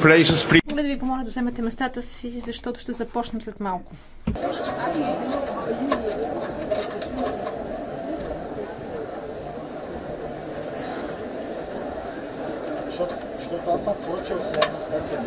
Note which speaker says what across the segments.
Speaker 1: places,
Speaker 2: Мога
Speaker 3: да ви помоля да вземете местата си, защото ще започнем след малко.
Speaker 4: Защото аз съм поръчал сега за степен.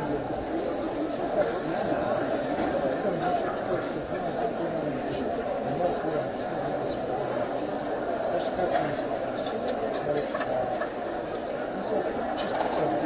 Speaker 4: чисто село.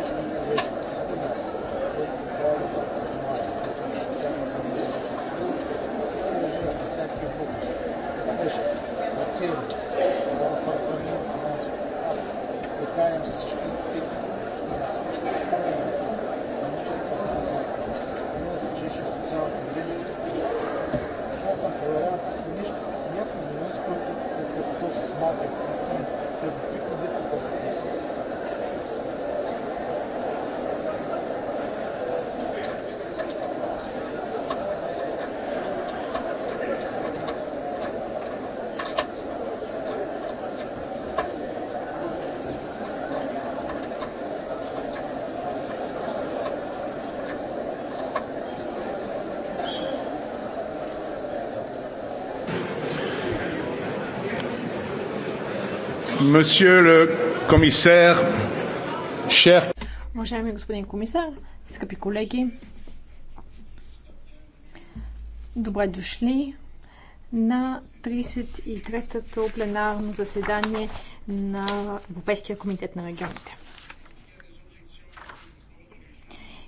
Speaker 4: Monsieur le commissaire, cher...
Speaker 3: Уважаеми господин комисар, скъпи колеги, добре дошли на 33-тото пленарно заседание на Европейския комитет на регионите.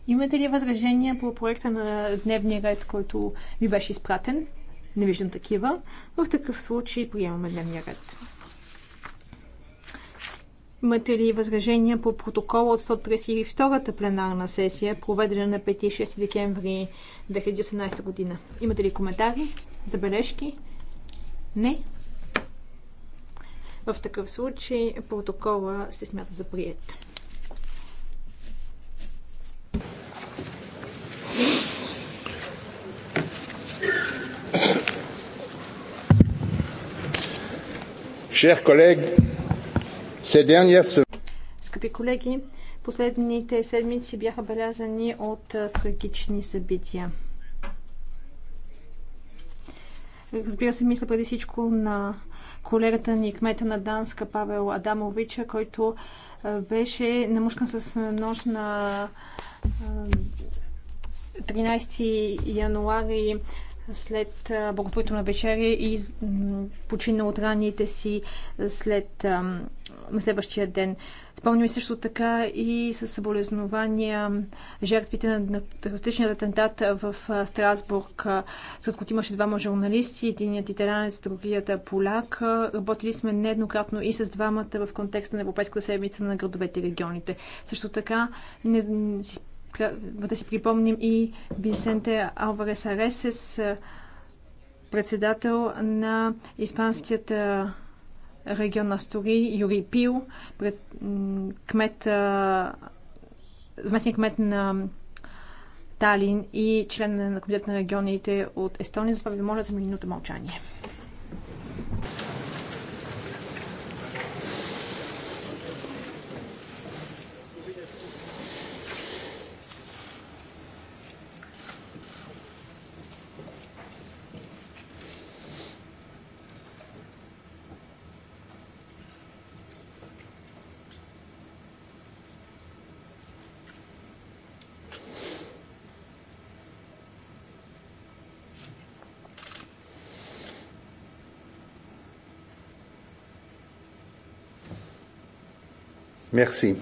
Speaker 3: Имате ли възражения по проекта на дневния ред, който ви беше изпратен? Не виждам такива. В такъв случай приемаме дневния ред. Имате ли възражения по протокола от 132-та пленарна сесия, проведена на 5 и 6 декември 2018 година? Имате ли коментари, забележки? Не? В такъв случай протокола се смята за прият.
Speaker 4: Chers колеги,
Speaker 3: Скъпи колеги, последните седмици бяха белязани от трагични събития. Разбира се, мисля преди всичко на колегата ни, кмета на Данска, Павел Адамовича, който беше намушкан с нож на 13 януари след благотворителна вечеря и почина от раните си след на следващия ден. Спомняме също така и с съболезнования жертвите на терористичният атентат в Страсбург, след които имаше двама журналисти, единият италянец, другият поляк. Работили сме нееднократно и с двамата в контекста на Европейската седмица на градовете и регионите. Също така не, да си припомним и Бисенте Алварес Аресес, е, председател на Испанският е, регион Стори, Юрий Пил, кмет, е, заместник кмет на Талин и член на комитет на регионите от Естония. това ви моля за минута мълчание. Merci.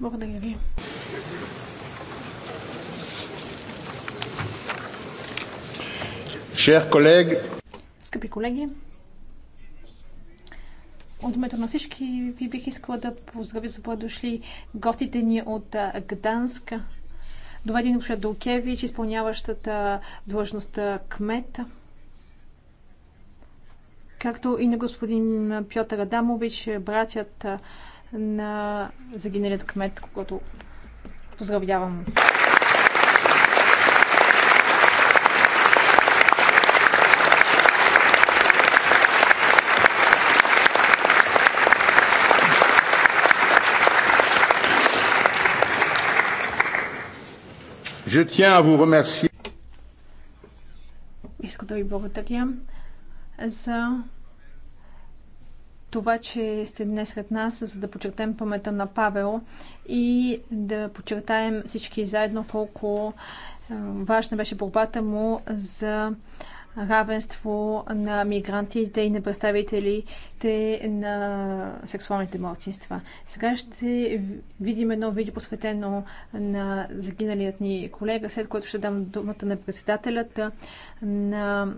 Speaker 3: Благодаря ви. Скъпи колеги, от името на всички ви бих искала да поздравя за дошли гостите ни от Гданск, доведени от Шадолкевич, изпълняващата длъжността кмета както и на господин Пьотър Адамович, братят на загиналият кмет, когато поздравявам.
Speaker 4: Je tiens à vous remercier.
Speaker 2: Искам
Speaker 3: да ви благодаря за това, че сте днес сред нас, за да подчертаем памета на Павел и да подчертаем всички заедно колко важна беше борбата му за равенство на мигрантите и на представителите на сексуалните младсинства. Сега ще видим едно видео посветено на загиналият ни колега, след което ще дам думата на председателята на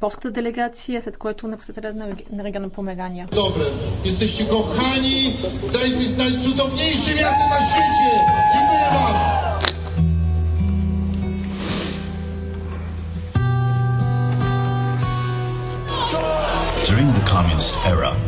Speaker 3: полската делегация, след което на председателя на, на региона Померания.
Speaker 4: Добре, jesteście kochani, to jest najcudowniejsze miasto na świecie. Dziękuję wam.
Speaker 1: During the communist era,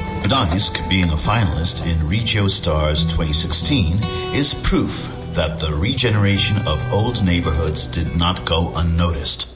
Speaker 1: Gdansk, being a finalist in Regio Stars 2016, is proof that the regeneration of old neighborhoods did not go unnoticed.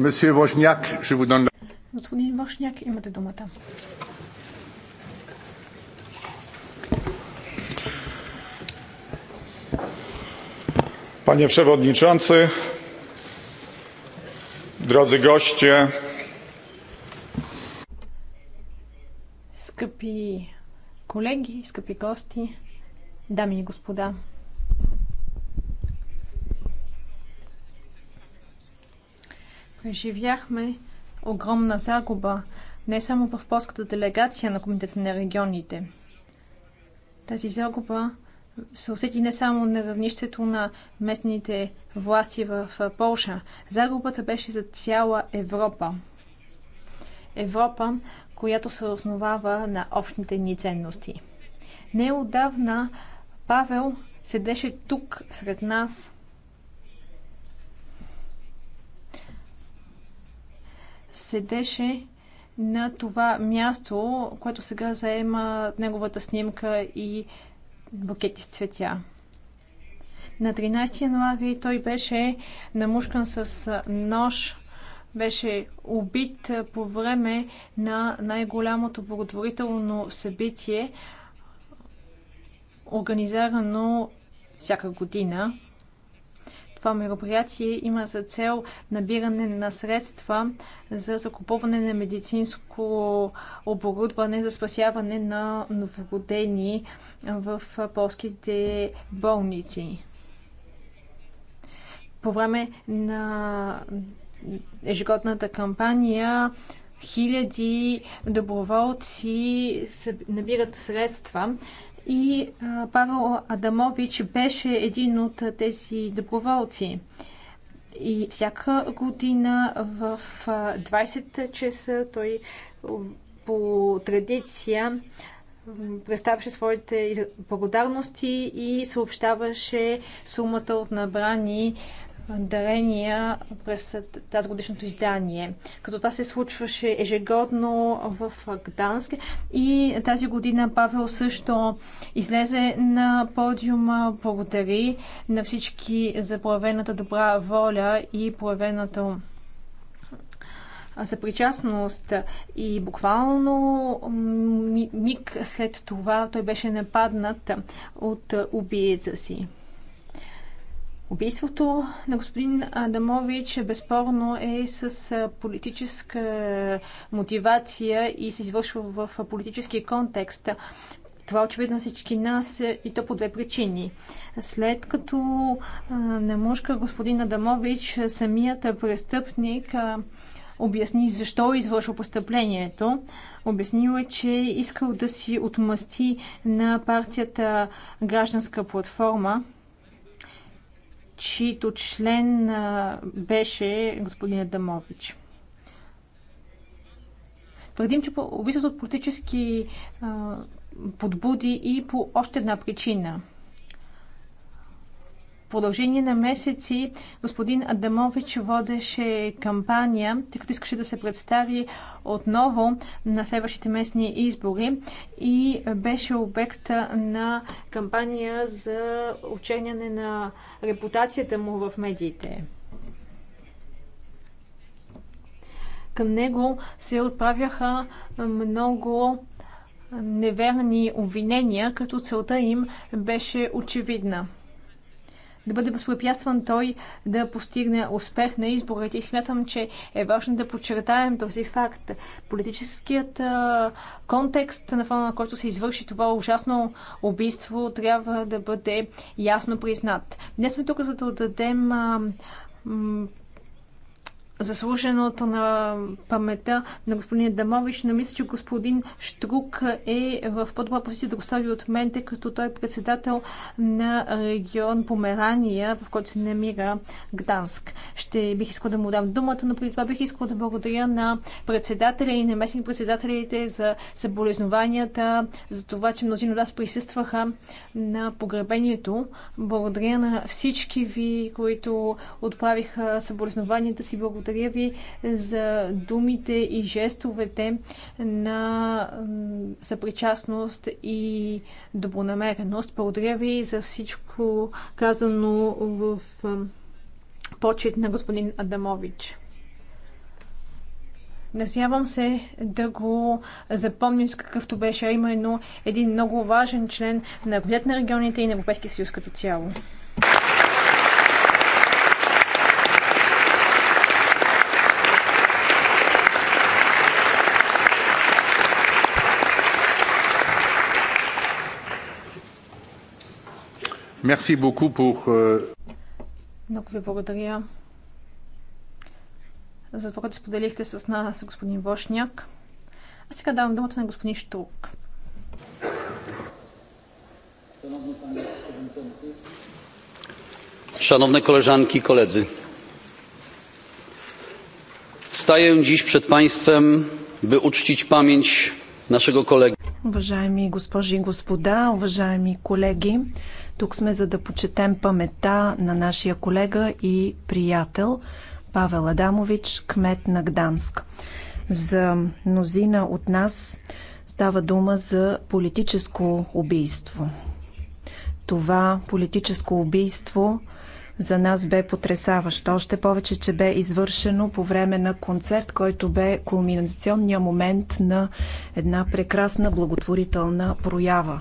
Speaker 3: Monsieur
Speaker 4: Вожняк, je vous donne...
Speaker 3: Господин Вошняк, имате думата.
Speaker 4: Panie Przewodniczący, drodzy goście,
Speaker 3: skupi kolegi, skupi gości, дами i господа. преживяхме огромна загуба не само в полската делегация на Комитета на регионите. Тази загуба се усети не само на равнището на местните власти в Полша. Загубата беше за цяла Европа. Европа, която се основава на общите ни ценности. Неодавна Павел седеше тук сред нас седеше на това място, което сега заема неговата снимка и букети с цветя. На 13 януари той беше намушкан с нож, беше убит по време на най-голямото благотворително събитие, организирано всяка година това мероприятие има за цел набиране на средства за закупуване на медицинско оборудване за спасяване на новородени в полските болници. По време на ежегодната кампания хиляди доброволци набират средства и а, Павел Адамович беше един от тези доброволци. И всяка година в 20 часа той по традиция представяше своите благодарности и съобщаваше сумата от набрани дарения през тази годишното издание. Като това се случваше ежегодно в Гданск и тази година Павел също излезе на подиума, благодари на всички за проявената добра воля и проявеното причастност и буквално миг след това той беше нападнат от убиеца си. Убийството на господин Адамович безспорно е с политическа мотивация и се извършва в политически контекст. Това очевидно всички нас е, и то по две причини. След като не мушка господин Адамович, самият престъпник обясни защо е извършил престъплението. Обяснил е, че е искал да си отмъсти на партията Гражданска платформа, чието член беше господин Адамович. Твърдим, че убийството от политически подбуди и по още една причина – продължение на месеци господин Адамович водеше кампания, тъй като искаше да се представи отново на следващите местни избори и беше обект на кампания за ученяне на репутацията му в медиите. Към него се отправяха много неверни обвинения, като целта им беше очевидна – да бъде възпрепятстван той да постигне успех на изборите. И смятам, че е важно да подчертаем този факт. Политическият контекст, на фона на който се извърши това ужасно убийство, трябва да бъде ясно признат. Днес сме тук, за да отдадем заслуженото на памета на господин Дамович, но мисля, че господин Штрук е в по-добра позиция да го стави от мен, тъй като той е председател на регион Померания, в който се намира Гданск. Ще бих искал да му дам думата, но преди това бих искал да благодаря на председателя и на местни председателите за съболезнованията, за това, че мнозина от нас присъстваха на погребението. Благодаря на всички ви, които отправиха съболезнованията си. Благодаря благодаря ви за думите и жестовете на съпричастност и добронамереност. Благодаря ви за всичко казано в почет на господин Адамович. Насявам се да го запомним с какъвто беше, а именно един много важен член на бюджет на регионите и на Европейския съюз като цяло.
Speaker 4: Merci beaucoup pour... Euh,
Speaker 3: Много ви благодаря за това, което споделихте с нас, господин Вошняк. А сега давам думата на господин Штук.
Speaker 5: Szanowne koleżanki i koledzy,
Speaker 6: staję dziś przed Państwem, by uczcić pamięć naszego kolegi.
Speaker 7: Уважаеми госпожи и господа, уважаеми колеги, тук сме за да почетем памета на нашия колега и приятел Павел Адамович, кмет на Гданск. За мнозина от нас става дума за политическо убийство. Това политическо убийство за нас бе потрясаващо. Още повече, че бе извършено по време на концерт, който бе кулминационния момент на една прекрасна благотворителна проява,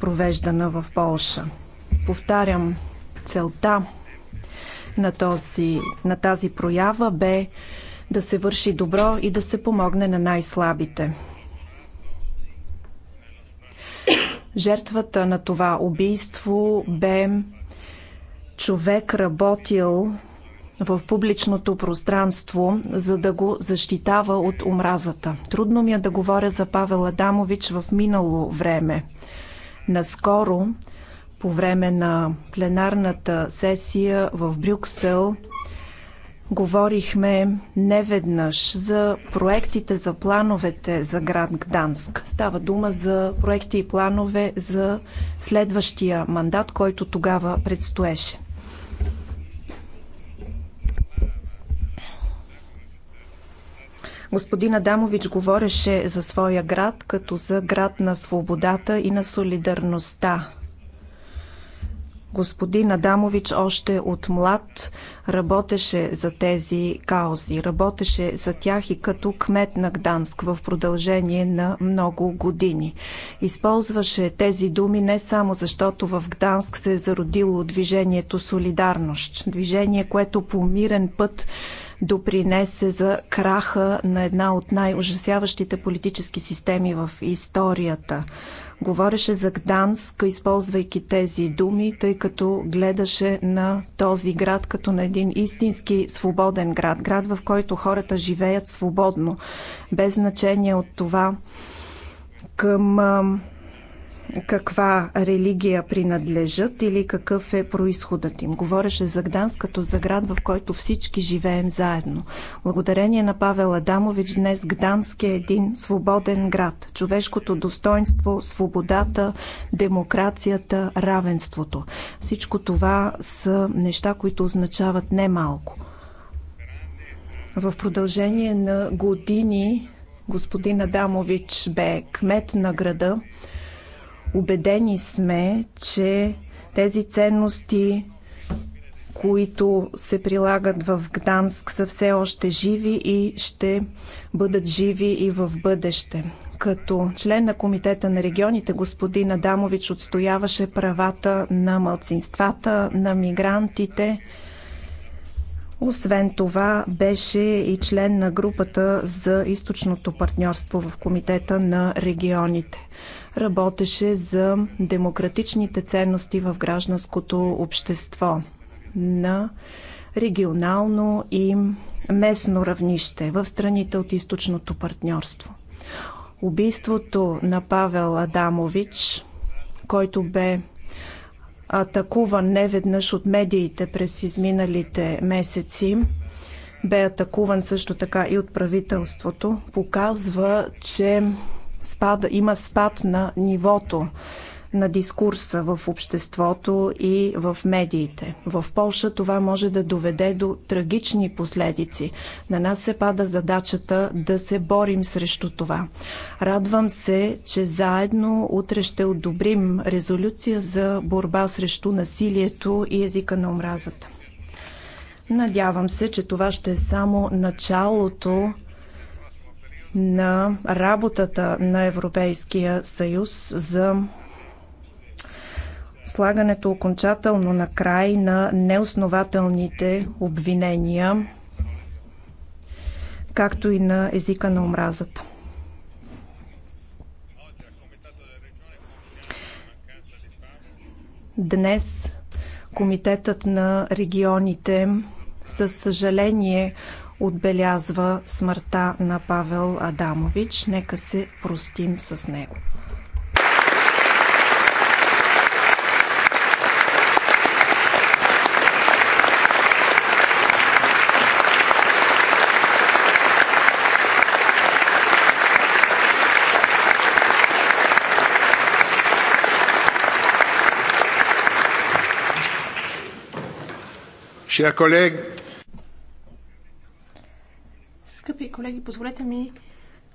Speaker 7: провеждана в Полша. Повтарям, целта на, този, на тази проява бе да се върши добро и да се помогне на най-слабите. Жертвата на това убийство бе човек работил в публичното пространство, за да го защитава от омразата. Трудно ми е да говоря за Павел Адамович в минало време. Наскоро по време на пленарната сесия в Брюксел говорихме неведнъж за проектите, за плановете за град Гданск. Става дума за проекти и планове за следващия мандат, който тогава предстоеше. Господин Адамович говореше за своя град като за град на свободата и на солидарността. Господин Адамович още от млад работеше за тези каузи, работеше за тях и като кмет на Гданск в продължение на много години. Използваше тези думи не само защото в Гданск се е зародило движението Солидарност, движение, което по мирен път допринесе за краха на една от най-ужасяващите политически системи в историята – Говореше за Гданск, използвайки тези думи, тъй като гледаше на този град като на един истински свободен град. Град, в който хората живеят свободно, без значение от това към каква религия принадлежат или какъв е происходът им. Говореше за Гданс като за град, в който всички живеем заедно. Благодарение на Павел Адамович днес Гданск е един свободен град. Човешкото достоинство, свободата, демокрацията, равенството. Всичко това са неща, които означават немалко. В продължение на години господин Адамович бе кмет на града. Убедени сме, че тези ценности, които се прилагат в Гданск, са все още живи и ще бъдат живи и в бъдеще. Като член на Комитета на регионите, господин Адамович отстояваше правата на мълцинствата, на мигрантите. Освен това, беше и член на групата за източното партньорство в Комитета на регионите работеше за демократичните ценности в гражданското общество на регионално и местно равнище в страните от източното партньорство. Убийството на Павел Адамович, който бе атакуван неведнъж от медиите през изминалите месеци, бе атакуван също така и от правителството, показва, че спада, има спад на нивото на дискурса в обществото и в медиите. В Польша това може да доведе до трагични последици. На нас се пада задачата да се борим срещу това. Радвам се, че заедно утре ще одобрим резолюция за борба срещу насилието и езика на омразата. Надявам се, че това ще е само началото на работата на Европейския съюз за слагането окончателно на край на неоснователните обвинения, както и на езика на омразата. Днес Комитетът на регионите със съжаление отбелязва смъртта на Павел Адамович. Нека се простим с него.
Speaker 4: Chers collègues,
Speaker 3: Скъпи колеги, позволете ми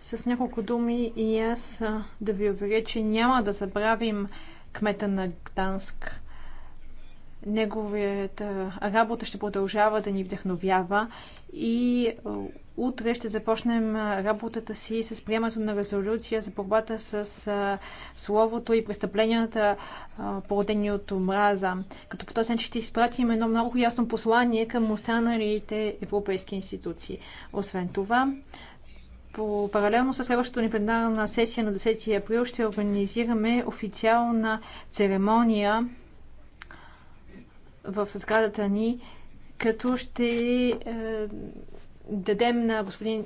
Speaker 3: с няколко думи и аз да ви уверя, че няма да забравим кмета на Гданск. Неговата работа ще продължава да ни вдъхновява и Утре ще започнем работата си с приемането на резолюция за борбата с словото и престъпленията, породени от омраза. Като по този начин ще изпратим едно много ясно послание към останалите европейски институции. Освен това, по, паралелно с следващото ни пленарна сесия на 10 април ще организираме официална церемония в сградата ни, като ще е, дадем на господин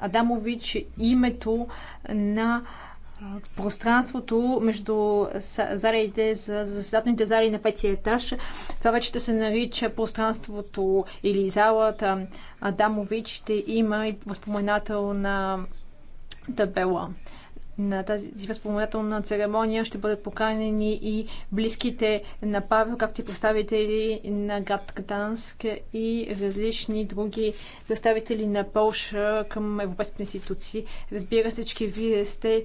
Speaker 3: Адамович името на пространството между залите, за заседателните зали на петия етаж. Това вече ще се нарича пространството или залата Адамович. Ще има и възпоменател на табела на тази възпоменателна церемония ще бъдат поканени и близките на Павел, както и представители на Гат Катанск и различни други представители на Полша към европейските институции. Разбира се, че вие сте е,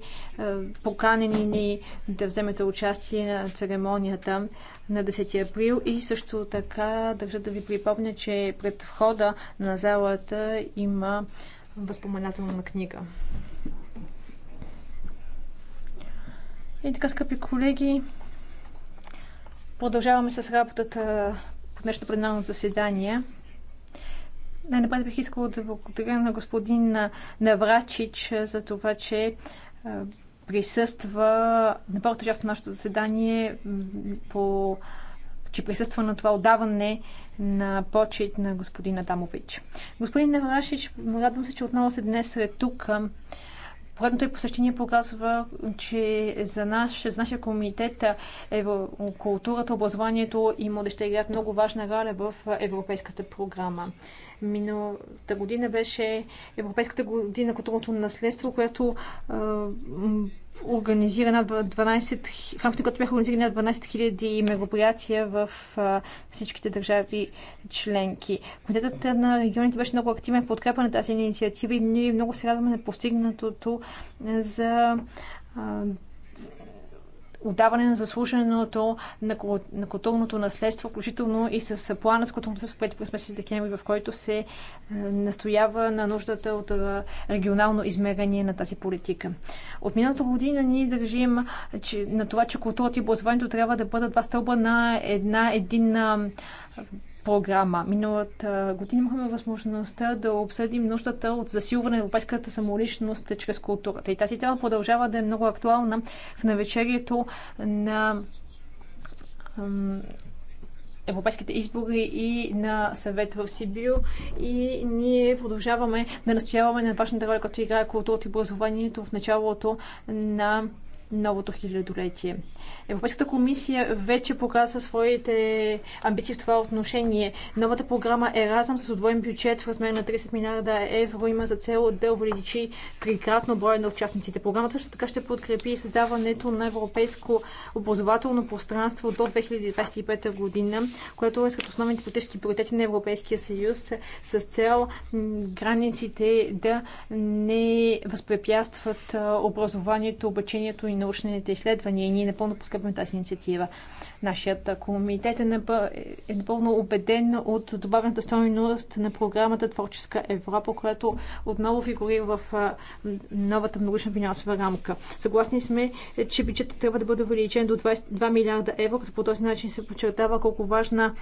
Speaker 3: поканени да вземете участие на церемонията на 10 април и също така държа да ви припомня, че пред входа на залата има възпоменателна книга. И така, скъпи колеги, продължаваме с работата по днешното пленарно заседание. Най-напред бих искала да благодаря на господин Наврачич за това, че присъства на първата част на нашето заседание по че присъства на това отдаване на почет на господин Адамович. Господин Наврашич, радвам се, че отново се днес е тук. Когато и посещение показва, че за, наш, за нашия комитет евро, културата, образованието и младеща играят много важна роля в европейската програма. Миналата година беше Европейската година културното наследство, което организира над 12, в рамките на която бяха организирани над 12 000 мероприятия в всичките държави членки. Комитетът на регионите беше много активен в подкрепа на тази инициатива и ние много се радваме на постигнатото за отдаване на заслуженото на, на културното наследство, включително и с плана, с който му се през месец декември, в който се е, настоява на нуждата от е, регионално измерение на тази политика. От миналата година ние държим че, на това, че културата и образованието трябва да бъдат два стълба на една единна програма. Миналата година имахме възможността да обсъдим нуждата от засилване на европейската самоличност чрез културата. И тази тема продължава да е много актуална в навечерието на европейските избори и на съвет в Сибио. И ние продължаваме да настояваме на важната роля, като играе културата и образованието в началото на новото хилядолетие. Европейската комисия вече показа своите амбиции в това отношение. Новата програма разъм с отвоен бюджет в размер на 30 милиарда евро има за цел да увеличи трикратно броя на участниците. Програмата също така ще подкрепи създаването на европейско образователно пространство до 2025 година, което е сред основните политически приоритети на Европейския съюз с цел границите да не възпрепятстват образованието, обучението и научните изследвания и ние напълно подкрепяме тази инициатива. Нашият комитет е, е напълно убеден от добавената стойност на програмата Творческа Европа, която отново фигурира в новата многогодишна финансова рамка. Съгласни сме, че бюджетът трябва да бъде увеличен до 22 милиарда евро, като по този начин се подчертава колко важна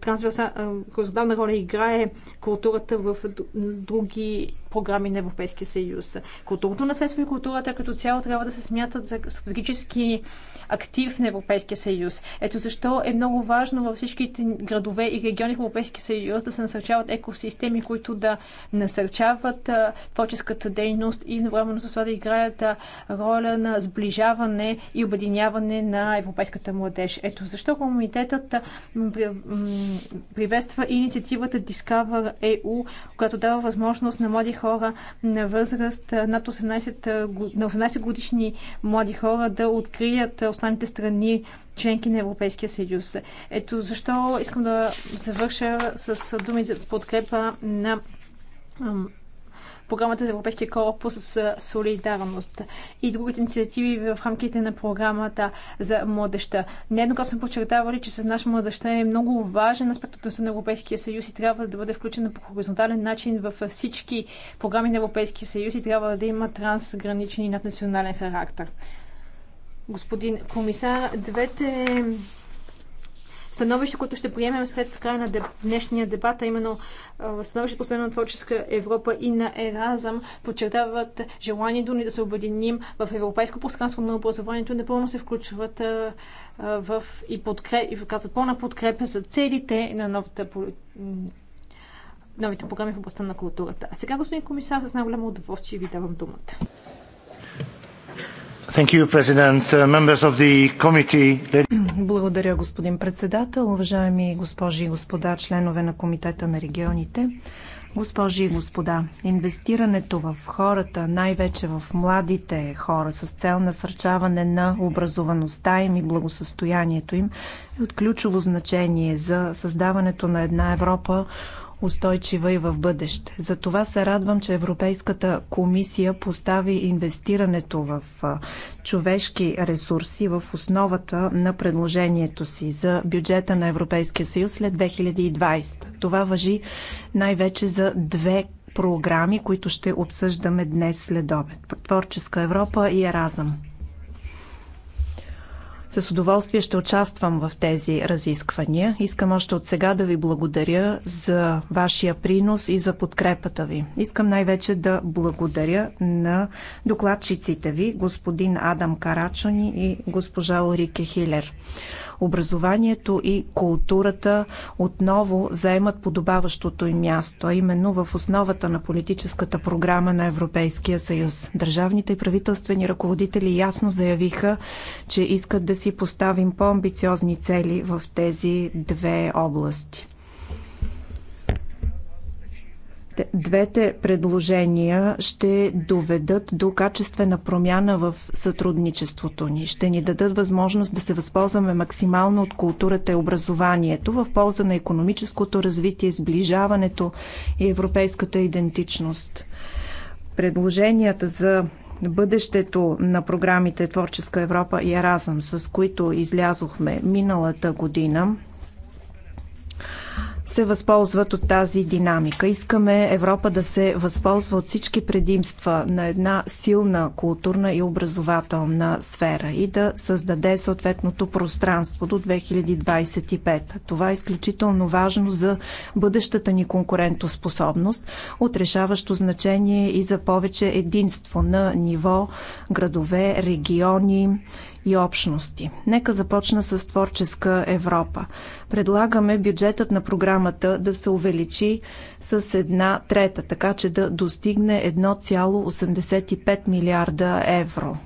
Speaker 3: трансверсална роля играе културата в други програми на Европейския съюз. Културното наследство и културата като цяло трябва да се смятат за стратегически актив на Европейския съюз. Ето защо е много важно във всичките градове и региони в Европейския съюз да се насърчават екосистеми, които да насърчават творческата дейност и едновременно с това да играят роля на сближаване и обединяване на европейската младеж. Ето защо комитетът приветства инициативата Discover EU, която дава възможност на млади хора на възраст над 18, на 18 годишни млади хора да открият останалите страни, членки на Европейския съюз. Ето защо искам да завърша с думи за подкрепа на програмата за Европейския корпус с солидарност и другите инициативи в рамките на програмата за младеща. Нееднократно сме подчертавали, че с нашата младеща е много важен аспект от на Европейския съюз и трябва да бъде включена по хоризонтален начин в всички програми на Европейския съюз и трябва да има трансграничен и наднационален характер господин комисар, двете становища, които ще приемем след края на днешния дебат, а именно становище последно на Творческа Европа и на Еразъм, подчертават желанието ни да се обединим в европейско пространство на образованието, напълно се включват а, в и, подкреп, и казват пълна подкрепа за целите на новата новите програми в областта на културата. А сега, господин комисар, с най-голямо удоволствие ви давам думата.
Speaker 1: You, uh,
Speaker 7: Благодаря, господин председател, уважаеми госпожи и господа, членове на Комитета на регионите. Госпожи и господа, инвестирането в хората, най-вече в младите хора, с цел насърчаване на образоваността им и благосъстоянието им, е от ключово значение за създаването на една Европа, устойчива и в бъдеще. Затова се радвам, че Европейската комисия постави инвестирането в човешки ресурси в основата на предложението си за бюджета на Европейския съюз след 2020. Това въжи най-вече за две програми, които ще обсъждаме днес след обед. Творческа Европа и Еразъм. С удоволствие ще участвам в тези разисквания. Искам още от сега да ви благодаря за вашия принос и за подкрепата ви. Искам най-вече да благодаря на докладчиците ви, господин Адам Карачони и госпожа Орике Хилер образованието и културата отново заемат подобаващото им място, а именно в основата на политическата програма на Европейския съюз. Държавните и правителствени ръководители ясно заявиха, че искат да си поставим по-амбициозни цели в тези две области. Двете предложения ще доведат до качествена промяна в сътрудничеството ни. Ще ни дадат възможност да се възползваме максимално от културата и образованието в полза на економическото развитие, сближаването и европейската идентичност. Предложенията за бъдещето на програмите Творческа Европа и Еразъм, с които излязохме миналата година, се възползват от тази динамика. Искаме Европа да се възползва от всички предимства на една силна културна и образователна сфера и да създаде съответното пространство до 2025. Това е изключително важно за бъдещата ни конкурентоспособност, от решаващо значение и за повече единство на ниво градове, региони, и общности. Нека започна с творческа Европа. Предлагаме бюджетът на програмата да се увеличи с една трета, така че да достигне 1,85 милиарда евро.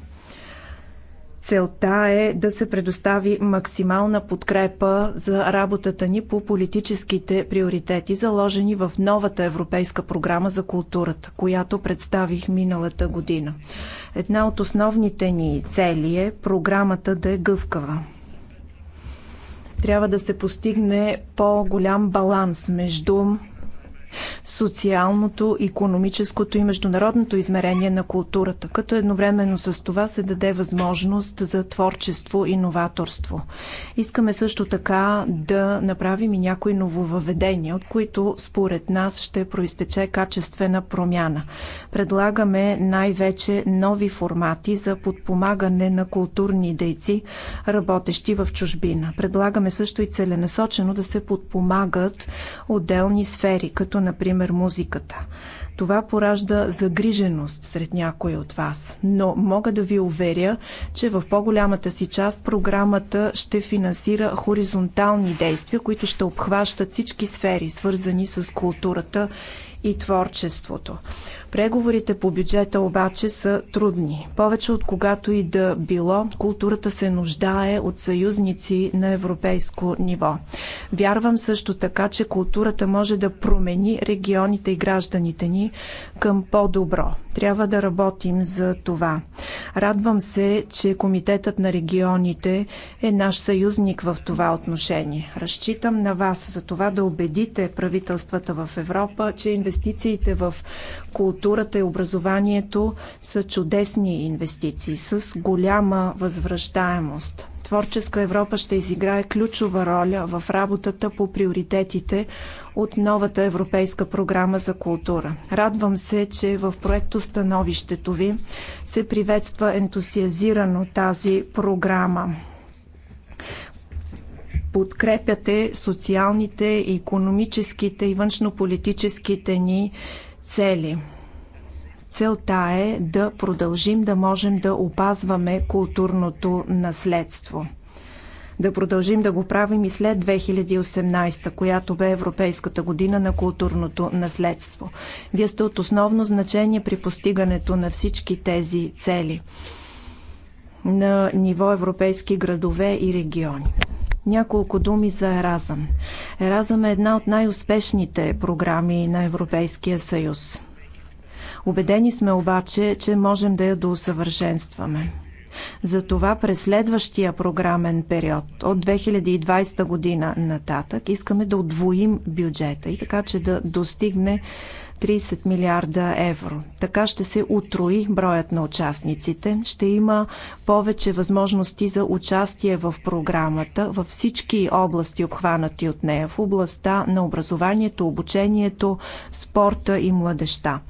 Speaker 7: Целта е да се предостави максимална подкрепа за работата ни по политическите приоритети, заложени в новата Европейска програма за културата, която представих миналата година. Една от основните ни цели е програмата да е гъвкава. Трябва да се постигне по-голям баланс между социалното, економическото и международното измерение на културата, като едновременно с това се даде възможност за творчество и новаторство. Искаме също така да направим и някои нововъведения, от които според нас ще проистече качествена промяна. Предлагаме най-вече нови формати за подпомагане на културни дейци, работещи в чужбина. Предлагаме също и целенасочено да се подпомагат отделни сфери, като например, музиката. Това поражда загриженост сред някои от вас, но мога да ви уверя, че в по-голямата си част програмата ще финансира хоризонтални действия, които ще обхващат всички сфери, свързани с културата и творчеството. Преговорите по бюджета обаче са трудни. Повече от когато и да било, културата се нуждае от съюзници на европейско ниво. Вярвам също така, че културата може да промени регионите и гражданите ни към по-добро. Трябва да работим за това. Радвам се, че Комитетът на регионите е наш съюзник в това отношение. Разчитам на вас за това да убедите правителствата в Европа, че инвестициите в културата и образованието са чудесни инвестиции с голяма възвръщаемост. Творческа Европа ще изиграе ключова роля в работата по приоритетите от новата Европейска програма за култура. Радвам се, че в проекто становището ви се приветства ентусиазирано тази програма подкрепяте социалните, економическите и външнополитическите ни цели. Целта е да продължим да можем да опазваме културното наследство. Да продължим да го правим и след 2018, която бе Европейската година на културното наследство. Вие сте от основно значение при постигането на всички тези цели на ниво европейски градове и региони. Няколко думи за Еразъм. Еразъм е една от най-успешните програми на Европейския съюз. Обедени сме обаче, че можем да я доусъвършенстваме. Затова през следващия програмен период от 2020 година нататък искаме да отвоим бюджета и така, че да достигне 30 милиарда евро. Така ще се утрои броят на участниците. Ще има повече възможности за участие в програмата във всички области, обхванати от нея, в областта на образованието, обучението, спорта и младеща.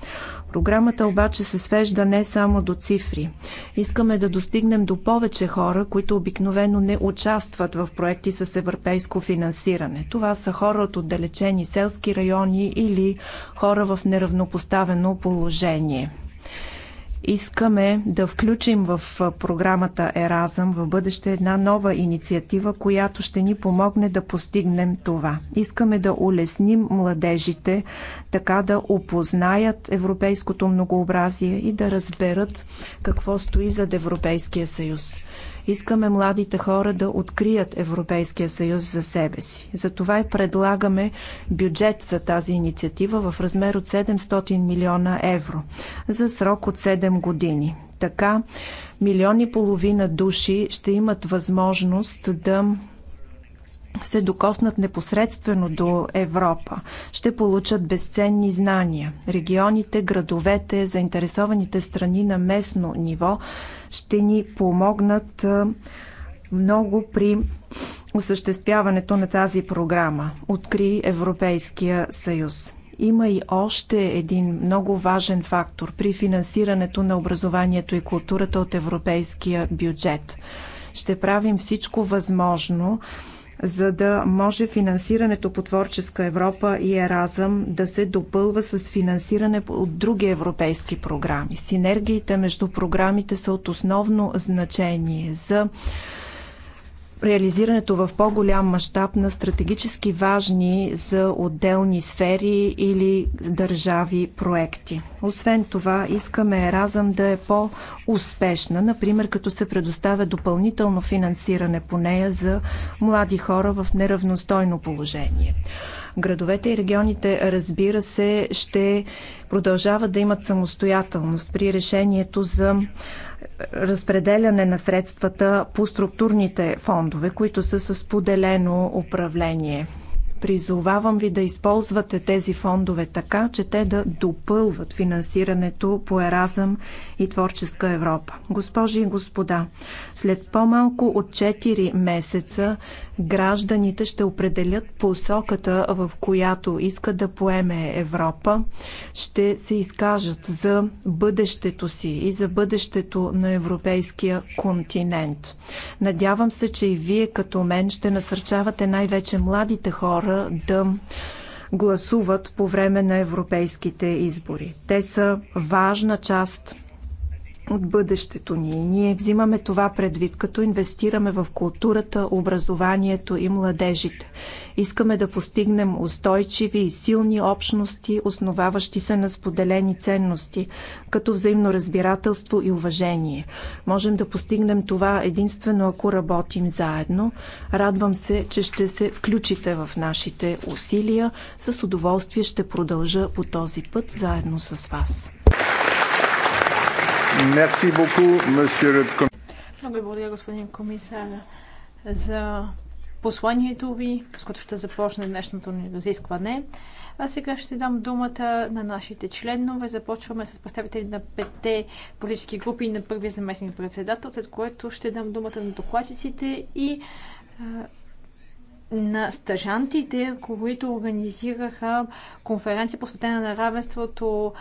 Speaker 7: Програмата обаче се свежда не само до цифри. Искаме да достигнем до повече хора, които обикновено не участват в проекти с европейско финансиране. Това са хора от отдалечени селски райони или хора в неравнопоставено положение. Искаме да включим в програмата Еразъм в бъдеще една нова инициатива, която ще ни помогне да постигнем това. Искаме да улесним младежите, така да опознаят европейското многообразие и да разберат какво стои зад Европейския съюз. Искаме младите хора да открият Европейския съюз за себе си. Затова и предлагаме бюджет за тази инициатива в размер от 700 милиона евро за срок от 7 години. Така милиони и половина души ще имат възможност да се докоснат непосредствено до Европа, ще получат безценни знания. Регионите, градовете, заинтересованите страни на местно ниво ще ни помогнат много при осъществяването на тази програма. Откри Европейския съюз има и още един много важен фактор при финансирането на образованието и културата от европейския бюджет. Ще правим всичко възможно за да може финансирането по Творческа Европа и Еразъм да се допълва с финансиране от други европейски програми. Синергиите между програмите са от основно значение за реализирането в по-голям мащаб на стратегически важни за отделни сфери или държави проекти. Освен това, искаме Еразъм да е по-успешна, например като се предоставя допълнително финансиране по нея за млади хора в неравностойно положение. Градовете и регионите, разбира се, ще продължават да имат самостоятелност при решението за разпределяне на средствата по структурните фондове, които са с поделено управление. Призовавам ви да използвате тези фондове така, че те да допълват финансирането по Еразъм и Творческа Европа. Госпожи и господа, след по-малко от 4 месеца гражданите ще определят посоката, в която искат да поеме Европа. Ще се изкажат за бъдещето си и за бъдещето на европейския континент. Надявам се, че и вие като мен ще насърчавате най-вече младите хора да гласуват по време на европейските избори. Те са важна част от бъдещето ни. Ние взимаме това предвид, като инвестираме в културата, образованието и младежите. Искаме да постигнем устойчиви и силни общности, основаващи се на споделени ценности, като взаимно разбирателство и уважение. Можем да постигнем това единствено ако работим заедно. Радвам се, че ще се включите в нашите усилия. С удоволствие ще продължа по този път заедно с вас.
Speaker 4: Много
Speaker 3: ви благодаря, господин комисар, за посланието ви, с което ще започне днешното ни разискване. А сега ще дам думата на нашите членове. Започваме с представители на пете политически групи и на първия заместник председател, след което ще дам думата на докладчиците и на стъжантите, които организираха конференция посветена на равенството,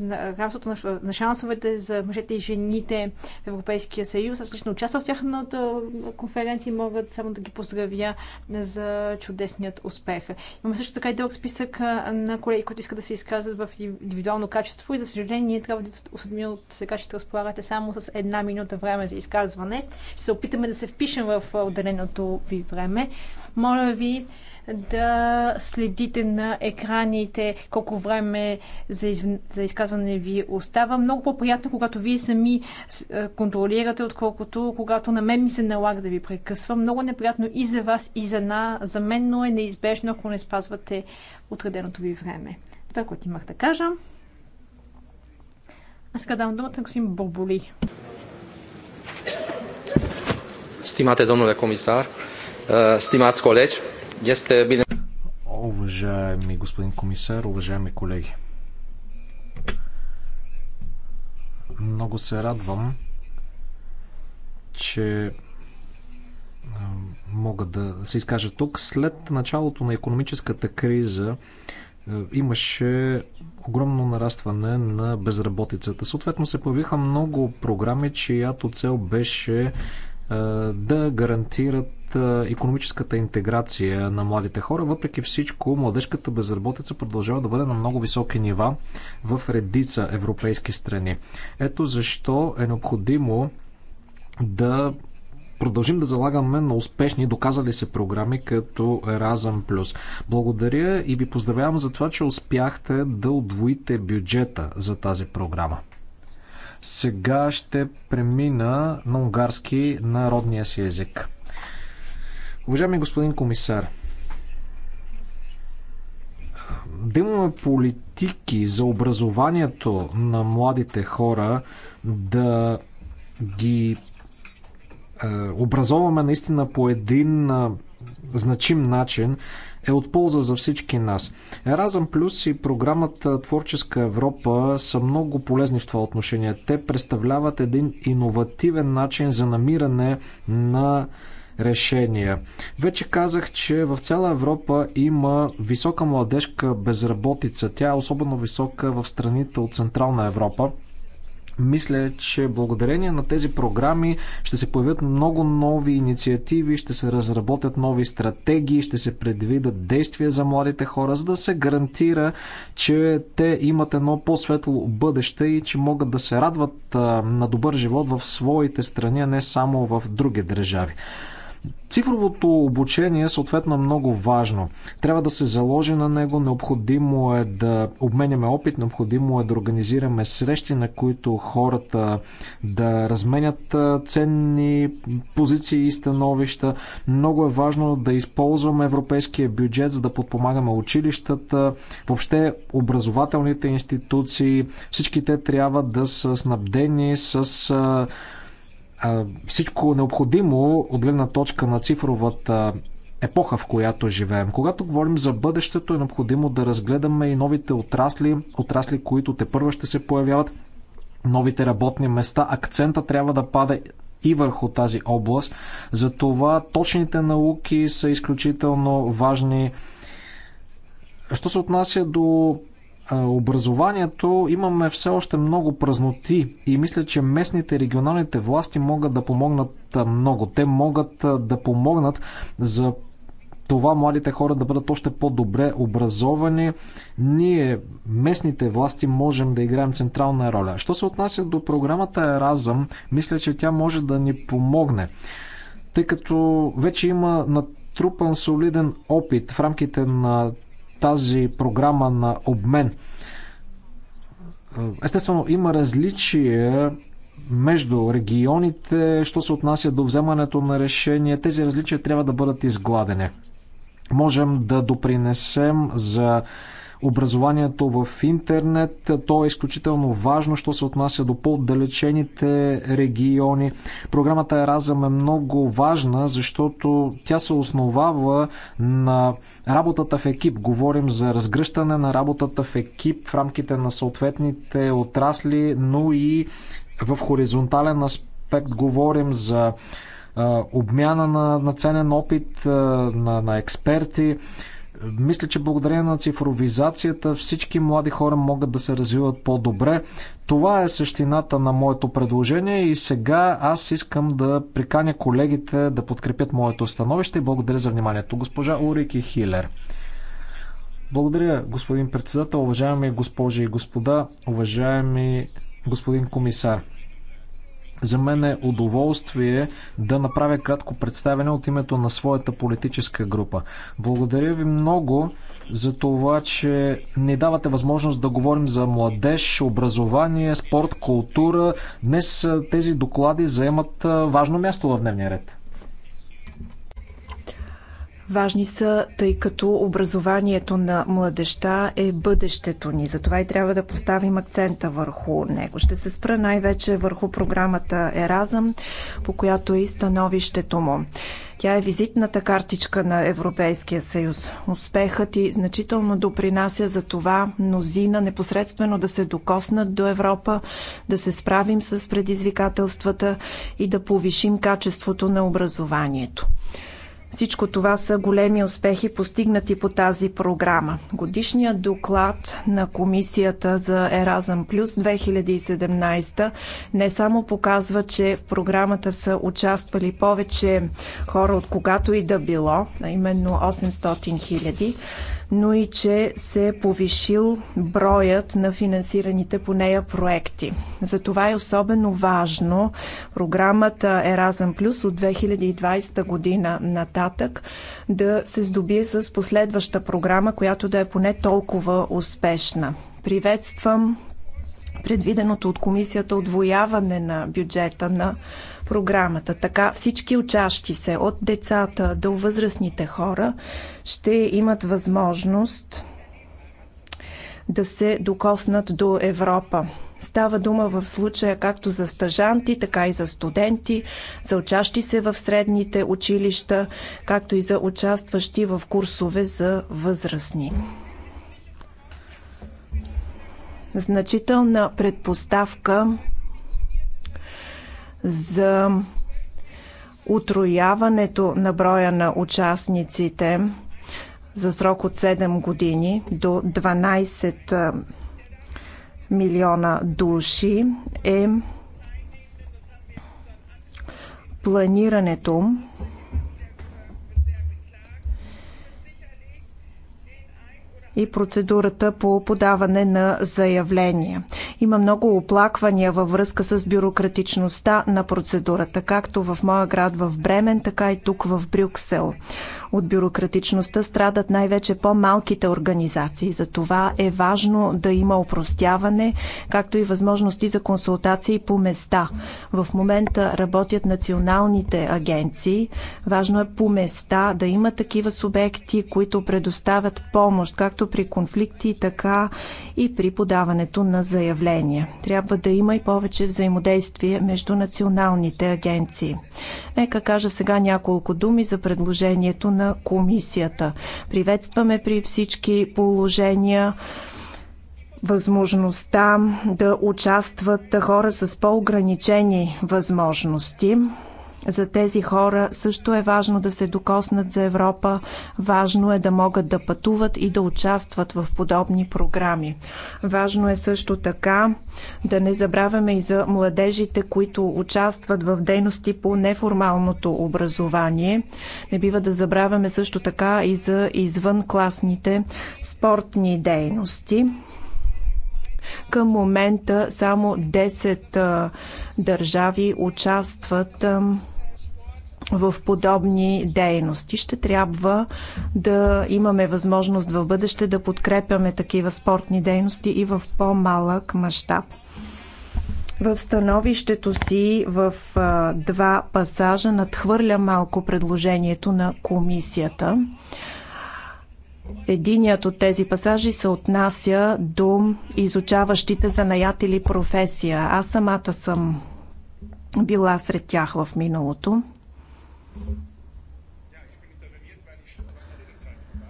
Speaker 3: на, равенството на, на шансовете за мъжете и жените в Европейския съюз. Аз лично участвах в тяхната конференция и могат само да ги поздравя за чудесният успех. Имаме също така и дълъг списък на колеги, които искат да се изказват в индивидуално качество и за съжаление ние трябва да осъдмим от сега, че разполагате само с една минута време за изказване. Ще се опитаме да се впишем в отделеното ви време. Моля ви да следите на екраните колко време за, из... за изказване ви остава. Много по-приятно, когато вие сами е, контролирате, отколкото когато на мен ми се налага да ви прекъсвам. Много неприятно и за вас, и за, на... за мен, но е неизбежно, ако не спазвате отреденото ви време. Това, е което имах да кажа. Аз сега давам думата на господин Борболи.
Speaker 6: Стимате, домнове комисар, Стимați э, colegi, este bine... Уважаеми господин комисар, уважаеми колеги. Много се радвам, че мога да се изкажа тук. След началото на економическата криза имаше огромно нарастване на безработицата. Съответно се появиха много програми, чиято цел беше да гарантират економическата интеграция на младите хора. Въпреки всичко, младежката безработица продължава да бъде на много високи нива в редица европейски страни. Ето защо е необходимо да продължим да залагаме на успешни, доказали се програми като Еразъм Плюс. Благодаря и ви поздравявам за това, че успяхте да удвоите бюджета за тази програма. Сега ще премина на унгарски народния си език. Уважаеми господин комисар, да имаме политики за образованието на младите хора, да ги е, образоваме наистина по един е, значим начин, е от полза за всички нас. Еразъм Плюс и програмата Творческа Европа са много полезни в това отношение. Те представляват един иновативен начин за намиране на решения. Вече казах, че в цяла Европа има висока младежка безработица. Тя е особено висока в страните от Централна Европа. Мисля, че благодарение на тези програми ще се появят много нови инициативи, ще се разработят нови стратегии, ще се предвидат действия за младите хора, за да се гарантира, че те имат едно по-светло бъдеще и че могат да се радват на добър живот в своите страни, а не само в други държави. Цифровото обучение е съответно много важно. Трябва да се заложи на него, необходимо е да обменяме опит, необходимо е да организираме срещи, на които хората да разменят ценни позиции и становища. Много е важно да използваме европейския бюджет, за да подпомагаме училищата, въобще образователните институции. Всички те трябва да са снабдени с всичко необходимо от гледна точка на цифровата епоха, в която живеем. Когато говорим за бъдещето, е необходимо да разгледаме и новите отрасли, отрасли, които те първа ще се появяват, новите работни места. Акцента трябва да пада и върху тази област. Затова точните науки са изключително важни. Що се отнася до образованието имаме все още много празноти и мисля, че местните регионалните власти могат да помогнат много. Те могат да помогнат за това младите хора да бъдат още по-добре образовани. Ние, местните власти, можем да играем централна роля. Що се отнася до програмата Еразъм, мисля, че тя може да ни помогне, тъй като вече има на трупан солиден опит в рамките на тази програма на обмен. Естествено, има различия между регионите, що се отнася до вземането на решения. Тези различия трябва да бъдат изгладени. Можем да допринесем за образованието в интернет. То е изключително важно, що се отнася до по-отдалечените региони. Програмата Еразъм е много важна, защото тя се основава на работата в екип. Говорим за разгръщане на работата в екип в рамките на съответните отрасли, но и в хоризонтален аспект говорим за обмяна на, на ценен опит, на, на експерти. Мисля, че благодарение на цифровизацията всички млади хора могат да се развиват по-добре. Това е същината на моето предложение и сега аз искам да приканя колегите да подкрепят моето становище и благодаря за вниманието. Госпожа Урики Хилер. Благодаря, господин председател, уважаеми госпожи и господа, уважаеми господин комисар. За мен е удоволствие да направя кратко представяне от името на своята политическа група. Благодаря ви много за това, че ни давате възможност да говорим за младеж, образование, спорт, култура. Днес тези доклади заемат важно място в дневния ред.
Speaker 7: Важни са, тъй като образованието на младеща е бъдещето ни. Затова и трябва да поставим акцента върху него. Ще се спра най-вече върху програмата Еразъм, по която е и становището му. Тя е визитната картичка на Европейския съюз. Успехът и значително допринася за това мнозина непосредствено да се докоснат до Европа, да се справим с предизвикателствата и да повишим качеството на образованието. Всичко това са големи успехи, постигнати по тази програма. Годишният доклад на Комисията за Еразъм Плюс 2017 не само показва, че в програмата са участвали повече хора от когато и да било, а именно 800 хиляди, но и че се е повишил броят на финансираните по нея проекти. Затова е особено важно програмата Еразъм Плюс от 2020 година нататък да се здобие с последваща програма, която да е поне толкова успешна. Приветствам предвиденото от комисията отвояване на бюджета на програмата. Така всички учащи се, от децата до възрастните хора, ще имат възможност да се докоснат до Европа. Става дума в случая както за стажанти, така и за студенти, за учащи се в средните училища, както и за участващи в курсове за възрастни. Значителна предпоставка за утрояването на броя на участниците за срок от 7 години до 12 милиона души е планирането и процедурата по подаване на заявления. Има много оплаквания във връзка с бюрократичността на процедурата, както в моя град в Бремен, така и тук в Брюксел. От бюрократичността страдат най-вече по-малките организации. За това е важно да има упростяване, както и възможности за консултации по места. В момента работят националните агенции. Важно е по места да има такива субекти, които предоставят помощ, както както при конфликти, така и при подаването на заявления. Трябва да има и повече взаимодействие между националните агенции. Нека кажа сега няколко думи за предложението на комисията. Приветстваме при всички положения възможността да участват хора с по-ограничени възможности за тези хора също е важно да се докоснат за Европа, важно е да могат да пътуват и да участват в подобни програми. Важно е също така да не забравяме и за младежите, които участват в дейности по неформалното образование. Не бива да забравяме също така и за извънкласните спортни дейности. Към момента само 10 държави участват в подобни дейности. Ще трябва да имаме възможност в бъдеще да подкрепяме такива спортни дейности и в по-малък мащаб. В становището си в а, два пасажа надхвърля малко предложението на комисията. Единият от тези пасажи се отнася до изучаващите занаят или професия. Аз самата съм била сред тях в миналото.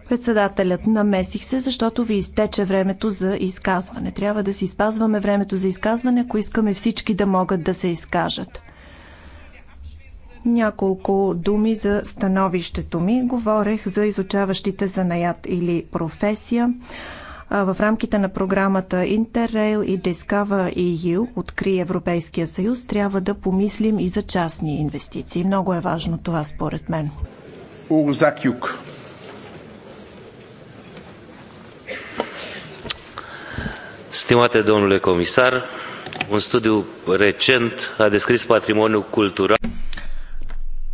Speaker 7: Председателят намесих се, защото ви изтече времето за изказване. Трябва да си спазваме времето за изказване, ако искаме всички да могат да се изкажат. Няколко думи за становището ми. Говорех за изучаващите занаят или професия в рамките на програмата Interrail и Discover EU Откри Европейския съюз трябва да помислим и за частни инвестиции. Много е важно това според мен.
Speaker 4: Урзак Юг. Stimate domnule
Speaker 8: comisar, un studiu recent a descris patrimoniul cultural.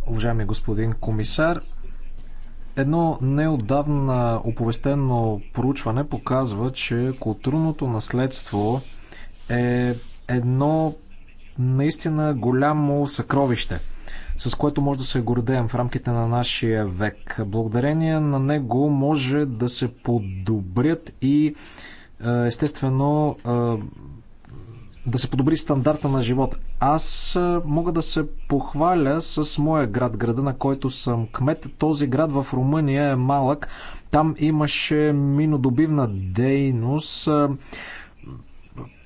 Speaker 6: Уважаеми господин комисар, Едно неодавна оповестено проучване показва, че културното наследство е едно наистина голямо съкровище, с което може да се гордеем в рамките на нашия век. Благодарение на него може да се подобрят и е, естествено е, да се подобри стандарта на живот. Аз мога да се похваля с моя град, града на който съм кмет. Този град в Румъния е малък. Там имаше минодобивна дейност.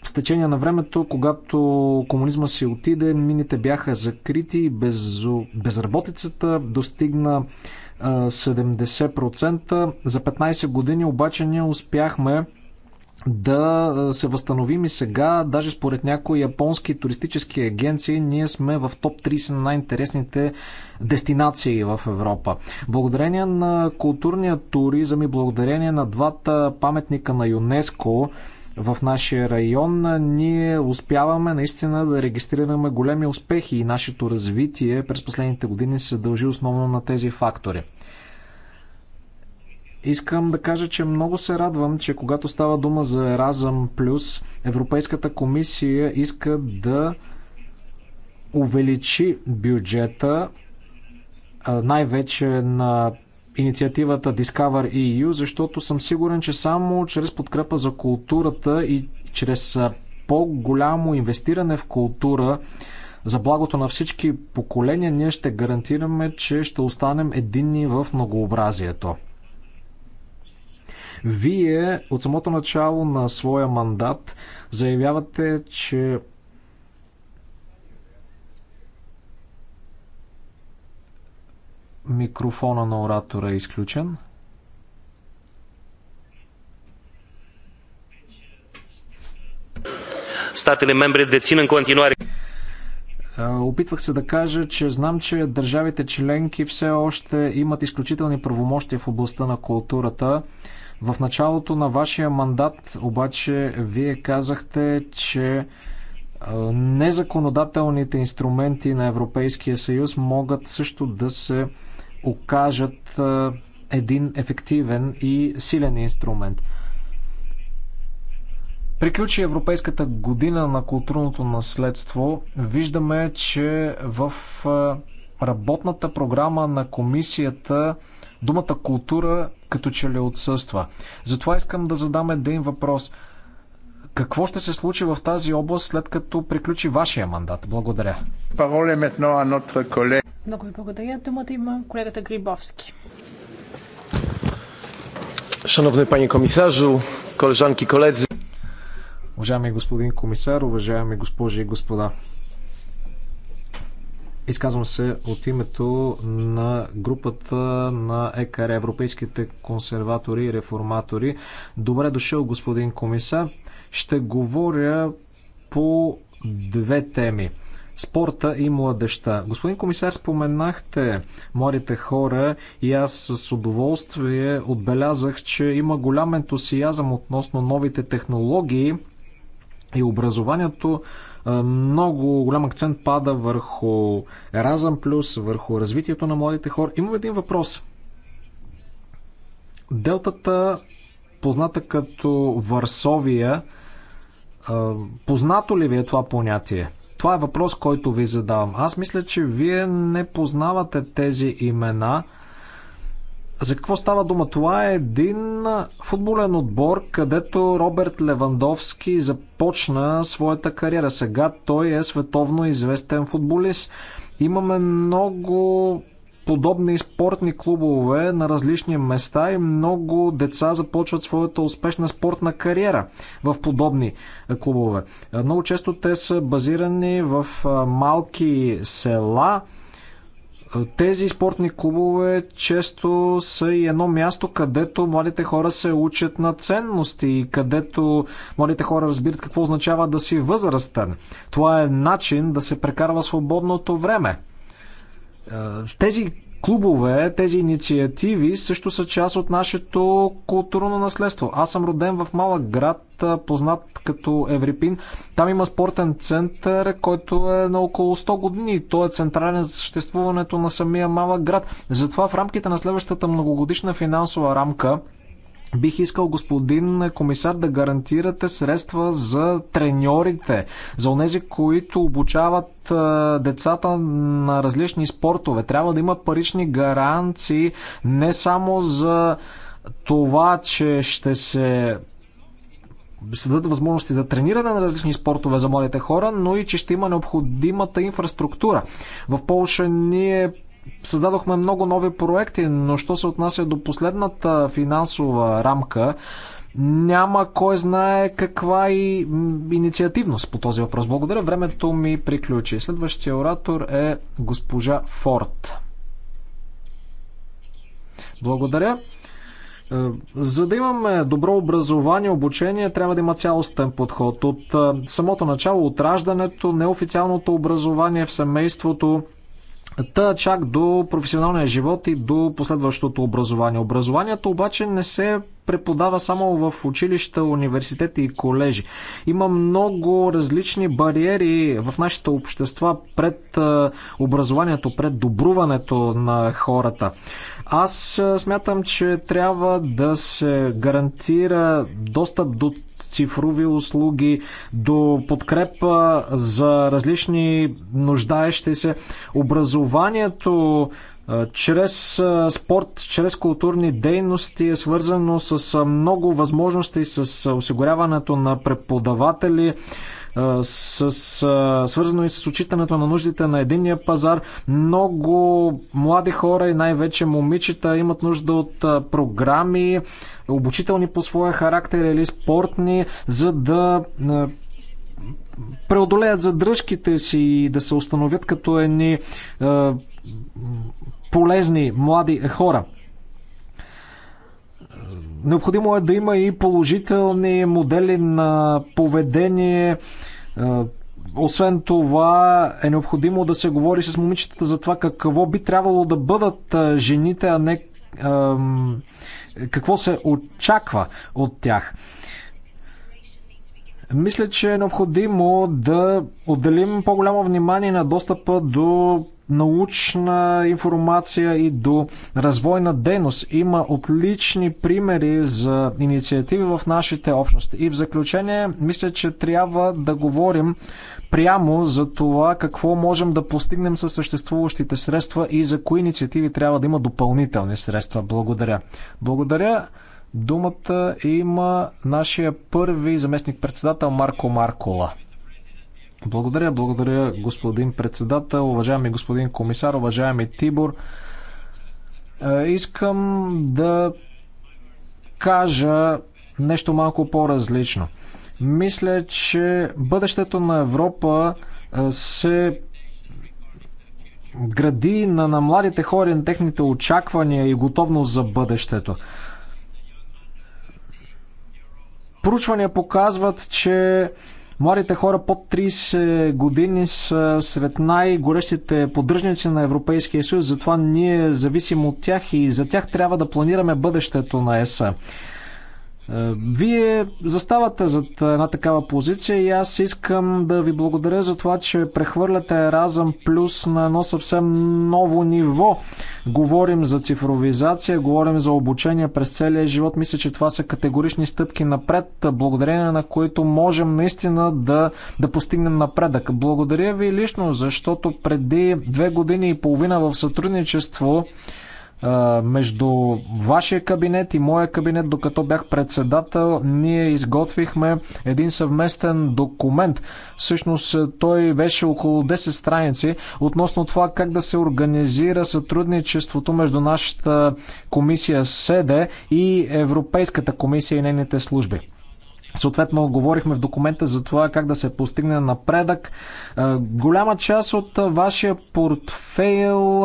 Speaker 6: В течение на времето, когато комунизма си отиде, мините бяха закрити, без... безработицата достигна 70%. За 15 години обаче ние успяхме да се възстановим и сега. Даже според някои японски туристически агенции, ние сме в топ 30 на най-интересните дестинации в Европа. Благодарение на културния туризъм и благодарение на двата паметника на ЮНЕСКО, в нашия район, ние успяваме наистина да регистрираме големи успехи и нашето развитие през последните години се дължи основно на тези фактори. Искам да кажа, че много се радвам, че когато става дума за Еразъм Плюс, Европейската комисия иска да увеличи бюджета най-вече на инициативата Discover EU, защото съм сигурен, че само чрез подкрепа за културата и чрез по-голямо инвестиране в култура за благото на всички поколения, ние ще гарантираме, че ще останем единни в многообразието. Вие от самото начало на своя мандат заявявате, че микрофона на оратора е изключен.
Speaker 8: Статели мембри децинен континуари.
Speaker 6: Опитвах се да кажа, че знам, че държавите членки все още имат изключителни правомощия в областта на културата. В началото на вашия мандат обаче вие казахте, че е, незаконодателните инструменти на Европейския съюз могат също да се окажат е, един ефективен и силен инструмент. Приключи Европейската година на културното наследство. Виждаме, че в е, работната програма на комисията думата култура като че ли отсъства. Затова искам да задам един въпрос. Какво ще се случи в тази област след като приключи вашия мандат? Благодаря.
Speaker 3: Много ви благодаря. Думата има колегата Грибовски.
Speaker 6: Шановни пани комисажу, колежанки, колеги. Уважаеми господин комисар, уважаеми госпожи и господа. Изказвам се от името на групата на ЕКР, Европейските консерватори и реформатори. Добре дошъл, господин комисар. Ще говоря по две теми спорта и младеща. Господин комисар, споменахте младите хора и аз с удоволствие отбелязах, че има голям ентусиазъм относно новите технологии и образованието много голям акцент пада върху Еразъм Плюс, върху развитието на младите хора. Имам един въпрос. Делтата, позната като Варсовия, познато ли ви е това понятие? Това е въпрос, който ви задавам. Аз мисля, че вие не познавате тези имена – за какво става дума? Това е един футболен отбор, където Роберт Левандовски започна своята кариера. Сега той е световно известен футболист. Имаме много подобни спортни клубове на различни места и много деца започват своята успешна спортна кариера в подобни клубове. Много често те са базирани в малки села, тези спортни клубове често са и едно място, където младите хора се учат на ценности и където младите хора разбират какво означава да си възрастен. Това е начин да се прекарва свободното време. Е, тези клубове, тези инициативи също са част от нашето културно наследство. Аз съм роден в малък град, познат като Еврипин. Там има спортен център, който е на около 100 години. Той е централен за съществуването на самия малък град. Затова в рамките на следващата многогодишна финансова рамка Бих искал, господин комисар, да гарантирате средства за треньорите, за онези, които обучават децата на различни спортове. Трябва да има парични гаранции не само за това, че ще се създадат възможности за трениране на различни спортове за младите хора, но и че ще има необходимата инфраструктура. В Полша ние създадохме много нови проекти, но що се отнася до последната финансова рамка, няма кой знае каква и инициативност по този въпрос. Благодаря, времето ми приключи. Следващия оратор е госпожа Форд. Благодаря. Е, за да имаме добро образование, обучение, трябва да има цялостен подход. От е, самото начало, от раждането, неофициалното образование в семейството, Та чак до професионалния живот и до последващото образование. Образованието обаче не се преподава само в училища, университети и колежи. Има много различни бариери в нашите общества пред образованието, пред добруването на хората. Аз смятам, че трябва да се гарантира достъп до цифрови услуги, до подкрепа за различни нуждаещи се. Образованието чрез спорт, чрез културни дейности е свързано с много възможности, с осигуряването на преподаватели, с, свързано и с отчитането на нуждите на единния пазар. Много млади хора и най-вече момичета имат нужда от програми, обучителни по своя характер или спортни, за да преодолеят задръжките си и да се установят като едни е, полезни млади хора. Необходимо е да има и положителни модели на поведение. Е, освен това е необходимо да се говори с момичетата за това какво би трябвало да бъдат е, жените, а не какво се очаква от тях. Мисля, че е необходимо да отделим по-голямо внимание на достъпа до научна информация и до развойна дейност. Има отлични примери за инициативи в нашите общности. И в заключение, мисля, че трябва да говорим прямо за това какво можем да постигнем със съществуващите средства и за кои инициативи трябва да има допълнителни средства. Благодаря. Благодаря. Думата има нашия първи заместник председател Марко Маркола. Благодаря, благодаря господин председател, уважаеми господин комисар, уважаеми Тибор. Е, искам да кажа нещо малко по-различно. Мисля, че бъдещето на Европа е, се гради на, на младите хора, на техните очаквания и готовност за бъдещето. Проучвания показват, че Младите хора под 30 години са сред най-горещите поддръжници на Европейския съюз, затова ние зависим от тях и за тях трябва да планираме бъдещето на ЕСА. Е, вие заставате зад една такава позиция и аз искам да ви благодаря за това, че прехвърляте Разъм Плюс на едно съвсем ново ниво. Говорим за цифровизация, говорим за обучение през целия живот. Мисля, че това са категорични стъпки напред, благодарение на които можем наистина да, да постигнем напредък. Благодаря ви лично, защото преди две години и половина в сътрудничество между вашия кабинет и моя кабинет, докато бях председател, ние изготвихме един съвместен документ. Всъщност той беше около 10 страници относно това как да се организира сътрудничеството между нашата комисия СЕДЕ и Европейската комисия и нейните служби. Съответно, говорихме в документа за това как да се постигне напредък. Голяма част от вашия портфейл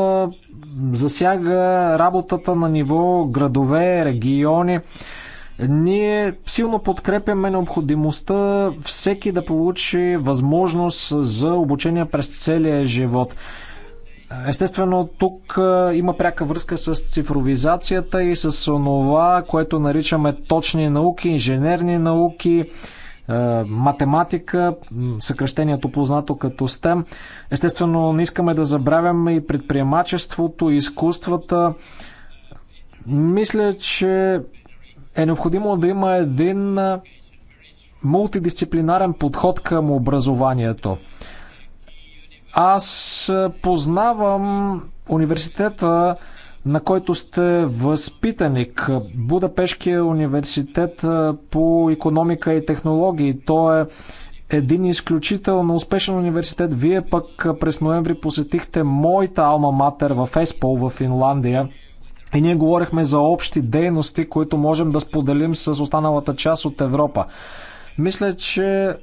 Speaker 6: засяга работата на ниво градове, региони. Ние силно подкрепяме необходимостта всеки да получи възможност за обучение през целия живот. Естествено, тук има пряка връзка с цифровизацията и с това, което наричаме точни науки, инженерни науки, математика, съкръщението познато като STEM. Естествено, не искаме да забравяме и предприемачеството, и изкуствата. Мисля, че е необходимо да има един мултидисциплинарен подход към образованието. Аз е, познавам университета, на който сте възпитаник. Будапешкия университет е, по економика и технологии. Той е един изключително успешен университет. Вие пък е, през ноември посетихте моята алма матер в Еспол в Финландия. И ние говорихме за общи дейности, които можем да споделим с останалата част от Европа. Мисля, че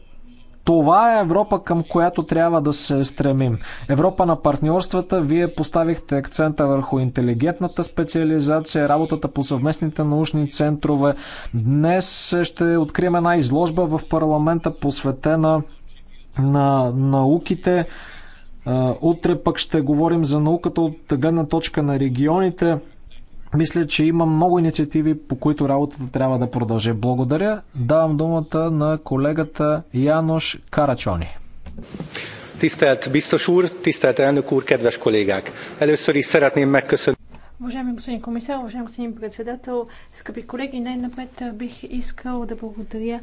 Speaker 6: това е Европа, към която трябва да се стремим. Европа на партньорствата, вие поставихте акцента върху интелигентната специализация, работата по съвместните научни центрове. Днес ще открием една изложба в парламента, посветена на науките. Е, утре пък ще говорим за науката от гледна точка на регионите. Мисля, че има много инициативи, по които работата трябва да продължи. Благодаря. Давам думата на колегата Янош Карачони.
Speaker 5: Tisztelt biztos úr, tisztelt elnök úr, kedves kollégák! Először is szeretném megköszönni.
Speaker 3: Уважаеми господин комисар, уважаеми господин председател, скъпи колеги, най-напред бих искал да благодаря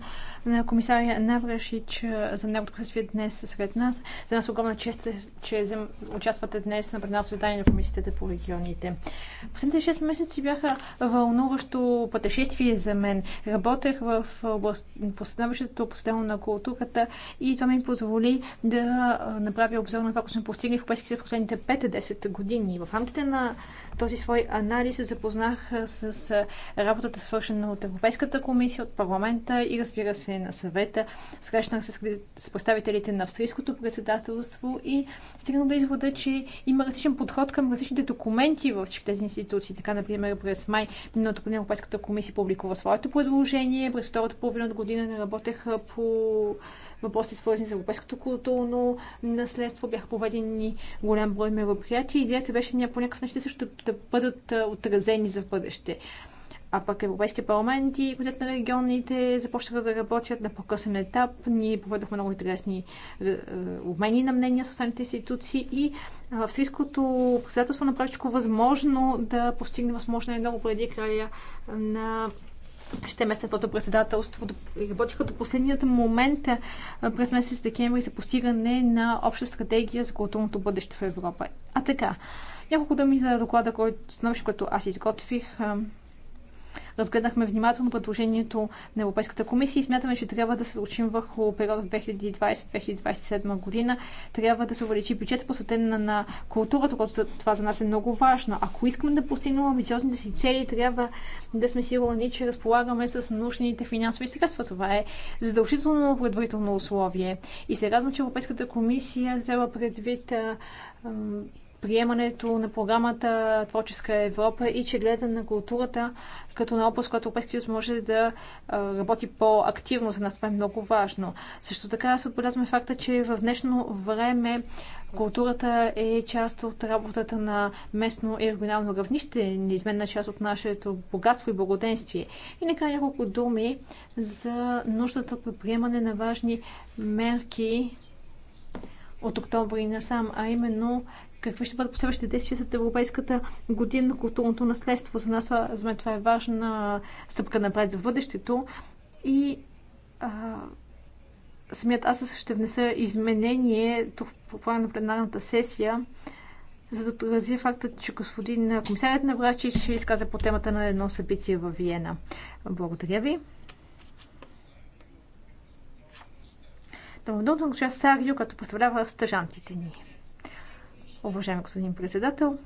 Speaker 3: на комисаря Наврашич за неговото присъствие днес сред нас. За нас огромна чест е, че участвате днес на пленарно заседание на комисията по регионите. Последните 6 месеца бяха вълнуващо пътешествие за мен. Работех в област, постановището постоянно на културата и това ми позволи да направя обзор на това, което сме постигнали в Европейския в последните 5-10 години. В рамките на този свой анализ се запознах с работата свършена от Европейската комисия, от парламента и разбира се на съвета. Срещнах се с представителите на австрийското председателство и стигнах до извода, че има различен подход към различните документи в всички тези институции. Така, например, през май миналото година Европейската комисия публикува своето предложение. През втората половина от година не работеха по въпроси, свързани с европейското културно наследство. Бяха проведени голям брой мероприятия. Идеята беше ние по някакъв начин също да, да бъдат отразени за бъдеще. А пък Европейския парламент и Комитет на регионите започнаха да работят на по-късен етап. Ние проведохме много интересни обмени на мнения с останалите институции и в австрийското председателство направи възможно да постигне възможно най-много преди края на ще местното председателство работиха до последният момент през месец декември за постигане на обща стратегия за културното бъдеще в Европа. А така, няколко думи за доклада, който, становище, аз изготвих разгледахме внимателно предложението на Европейската комисия и смятаме, че трябва да се случим върху периода 2020-2027 година. Трябва да се увеличи бюджет, посветен на, на културата, което това за нас е много важно. Ако искаме да постигнем амбициозните си цели, трябва да сме сигурни, че разполагаме с нужните финансови средства. Това е задължително предварително условие. И се радвам, че Европейската комисия взела предвид приемането на програмата Творческа Европа и че гледа на културата като на област, която Европейския съюз може да работи по-активно. За нас това е много важно. Също така се отбелязваме факта, че в днешно време културата е част от работата на местно и регионално равнище, неизменна част от нашето богатство и благоденствие. И нека няколко думи за нуждата при приемане на важни мерки от октомври насам, а именно какви ще бъдат последващите действия след Европейската година на културното наследство. За нас за мен това е важна стъпка напред за бъдещето. И а, самият аз ще внеса изменение тук по плана на пленарната сесия, за да отрази факта, че господин комисарят врачи ще изказа по темата на едно събитие в Виена. Благодаря ви. Домодонно част Сарио, като представлява стъжантите ни. Уважаеми господин председател,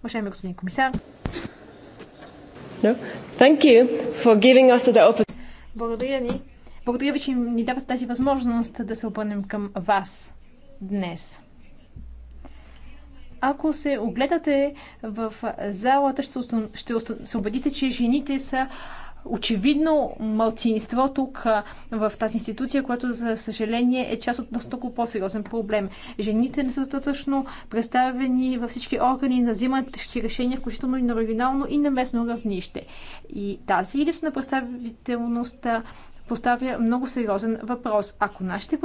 Speaker 3: уважаеми господин комисар. No. Thank you for giving us the open... Благодаря ви. Благодаря ви, че ни дават тази възможност да се обърнем към вас днес. Ако се огледате в залата, ще, устан... ще устан... се убедите, че жените са очевидно мълцинство тук в тази институция, което за съжаление е част от много по-сериозен проблем. Жените не са достатъчно представени във всички органи на тежки решения, включително и на регионално и на местно равнище. И тази липса на представителност поставя много сериозен въпрос. Ако нашите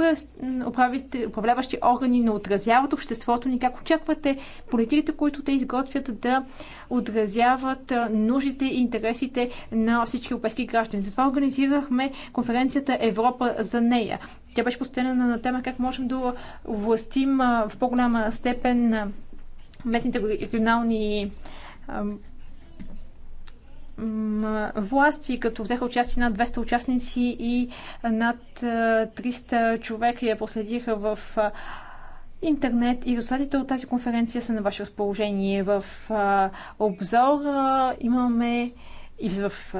Speaker 3: управите, управляващи органи не отразяват обществото ни, как очаквате политиките, които те изготвят да отразяват нуждите и интересите на всички европейски граждани? Затова организирахме конференцията Европа за нея. Тя беше постелена на тема как можем да властим в по-голяма степен местните регионални власти, като взеха участие над 200 участници и над 300 е, човека я последиха в е, интернет и резултатите от тази конференция са на ваше разположение. В е, обзора имаме и в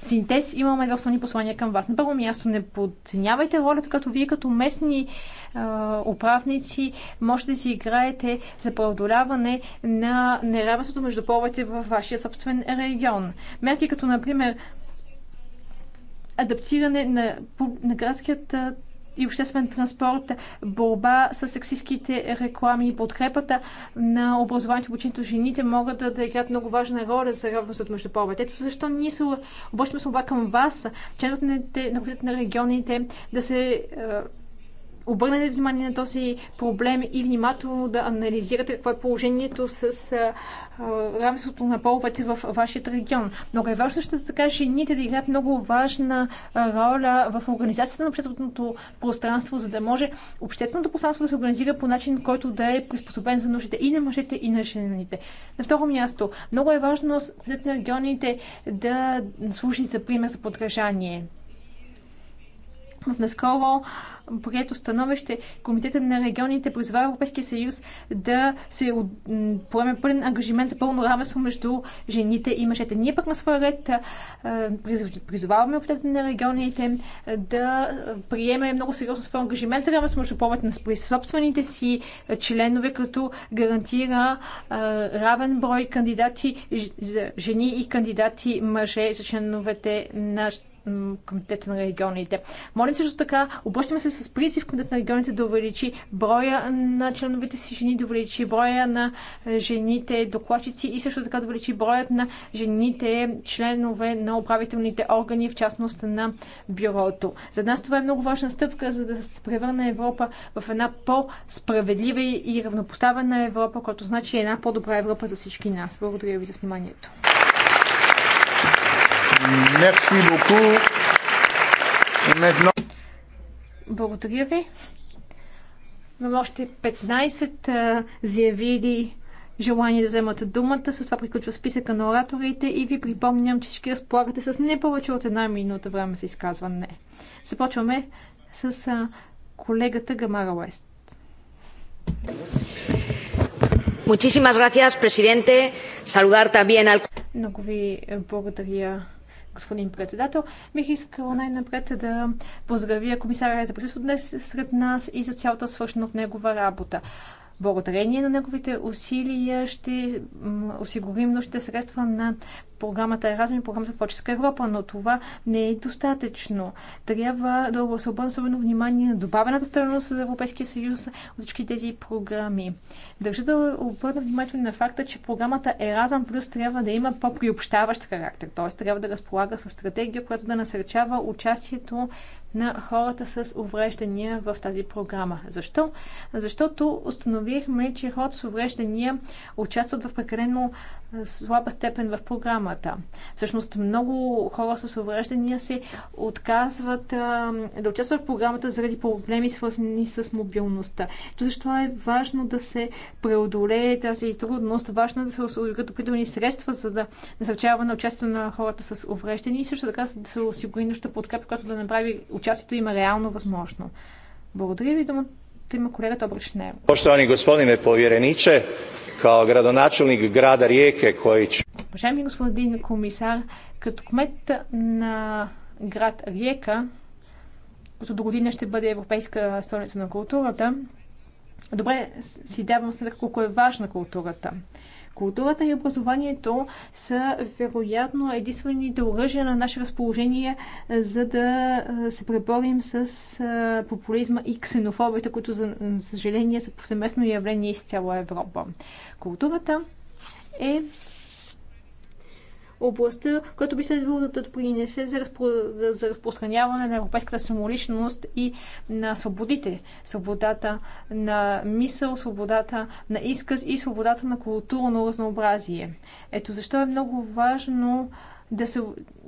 Speaker 3: синтез имаме две основни послания към вас. На първо място, не подценявайте ролята, като вие като местни а, управници можете да си играете за преодоляване на неравенството между половете във вашия собствен регион. Мерки като, например, адаптиране на, на градският и обществен транспорт, борба с сексистските реклами и подкрепата на образованието, обучението жените могат да, да играят много важна роля за равенството между половете. Ето защо ние се обръщаме с към вас, членовете на регионите, да се обърнете внимание на този проблем и внимателно да анализирате какво е положението с равенството на половете в вашия регион. Много е важно също така жените да играят много важна роля в организацията на общественото пространство, за да може общественото пространство да се организира по начин, който да е приспособен за нуждите и на мъжете, и на жените. На второ място, много е важно на регионите да служи за пример за подражание. В наскоро прието становище, Комитета на регионите призвава Европейския съюз да се поеме пълен ангажимент за пълно равенство между жените и мъжете. Ние пък на своя ред призоваваме Комитета на регионите да приеме много сериозно своя ангажимент за равенство между половете на собствените си членове, като гарантира равен брой кандидати жени и кандидати мъже за членовете на Комитета на регионите. Молим също така, обръщаме се с призив Комитет на регионите да увеличи броя на членовете си жени, да увеличи броя на жените докладчици и също така да увеличи броят на жените членове на управителните органи, в частност на бюрото. За нас това е много важна стъпка, за да се превърне Европа в една по-справедлива и равнопоставена Европа, която значи една по-добра Европа за всички нас. Благодаря ви за вниманието. Благодаря ви. Имаме още 15 заявили желание да вземат думата. С това приключва списъка на ораторите и ви припомням, че всички разполагате с не повече от една минута време за изказване. Започваме с колегата Гамара Уест. Много ви благодаря, господин председател. Бих искала най-напред да поздравя комисаря за присъство днес сред нас и за цялата свършена от негова работа. Благодарение на неговите усилия ще осигурим нужните средства на програмата Еразъм и програмата Творческа Европа, но това не е достатъчно. Трябва да се особено внимание на добавената стоеност за Европейския съюз от всички тези програми. Държа да обърна внимание на факта, че програмата Еразъм Плюс трябва да има по-приобщаващ характер, т.е. трябва да разполага с стратегия, която да насърчава участието на хората с увреждания в тази програма. Защо? Защото установихме, че хората с увреждания участват в прекалено слаба степен в програмата. Всъщност много хора с увреждания се отказват а, да участват в програмата заради проблеми свързани с мобилността. То защо е важно да се преодолее тази трудност, важно е да се осигурят допълнителни средства, за да насърчава на участието на хората с увреждания и също така да се осигури нужда подкрепа, която да направи участието им е реално възможно. Благодаря ви, думата има колегата Обречнев.
Speaker 5: Poštovani gospodine povjereniče, kao gradonačelnik grada Rijeke koji će...
Speaker 3: Уважаеми господин комисар, като кмет на град Риека, като до година ще бъде Европейска столица на културата, добре си давам сметка колко е важна културата. Културата и образованието са вероятно единствените оръжия на наше разположение, за да се преборим с популизма и ксенофобията, които за съжаление са повсеместно явление из цяла Европа. Културата е областта, която би следвало да принесе за, разпро... за разпространяване на европейската самоличност и на свободите. Свободата на мисъл, свободата на изказ и свободата на културно разнообразие. Ето защо е много важно да се,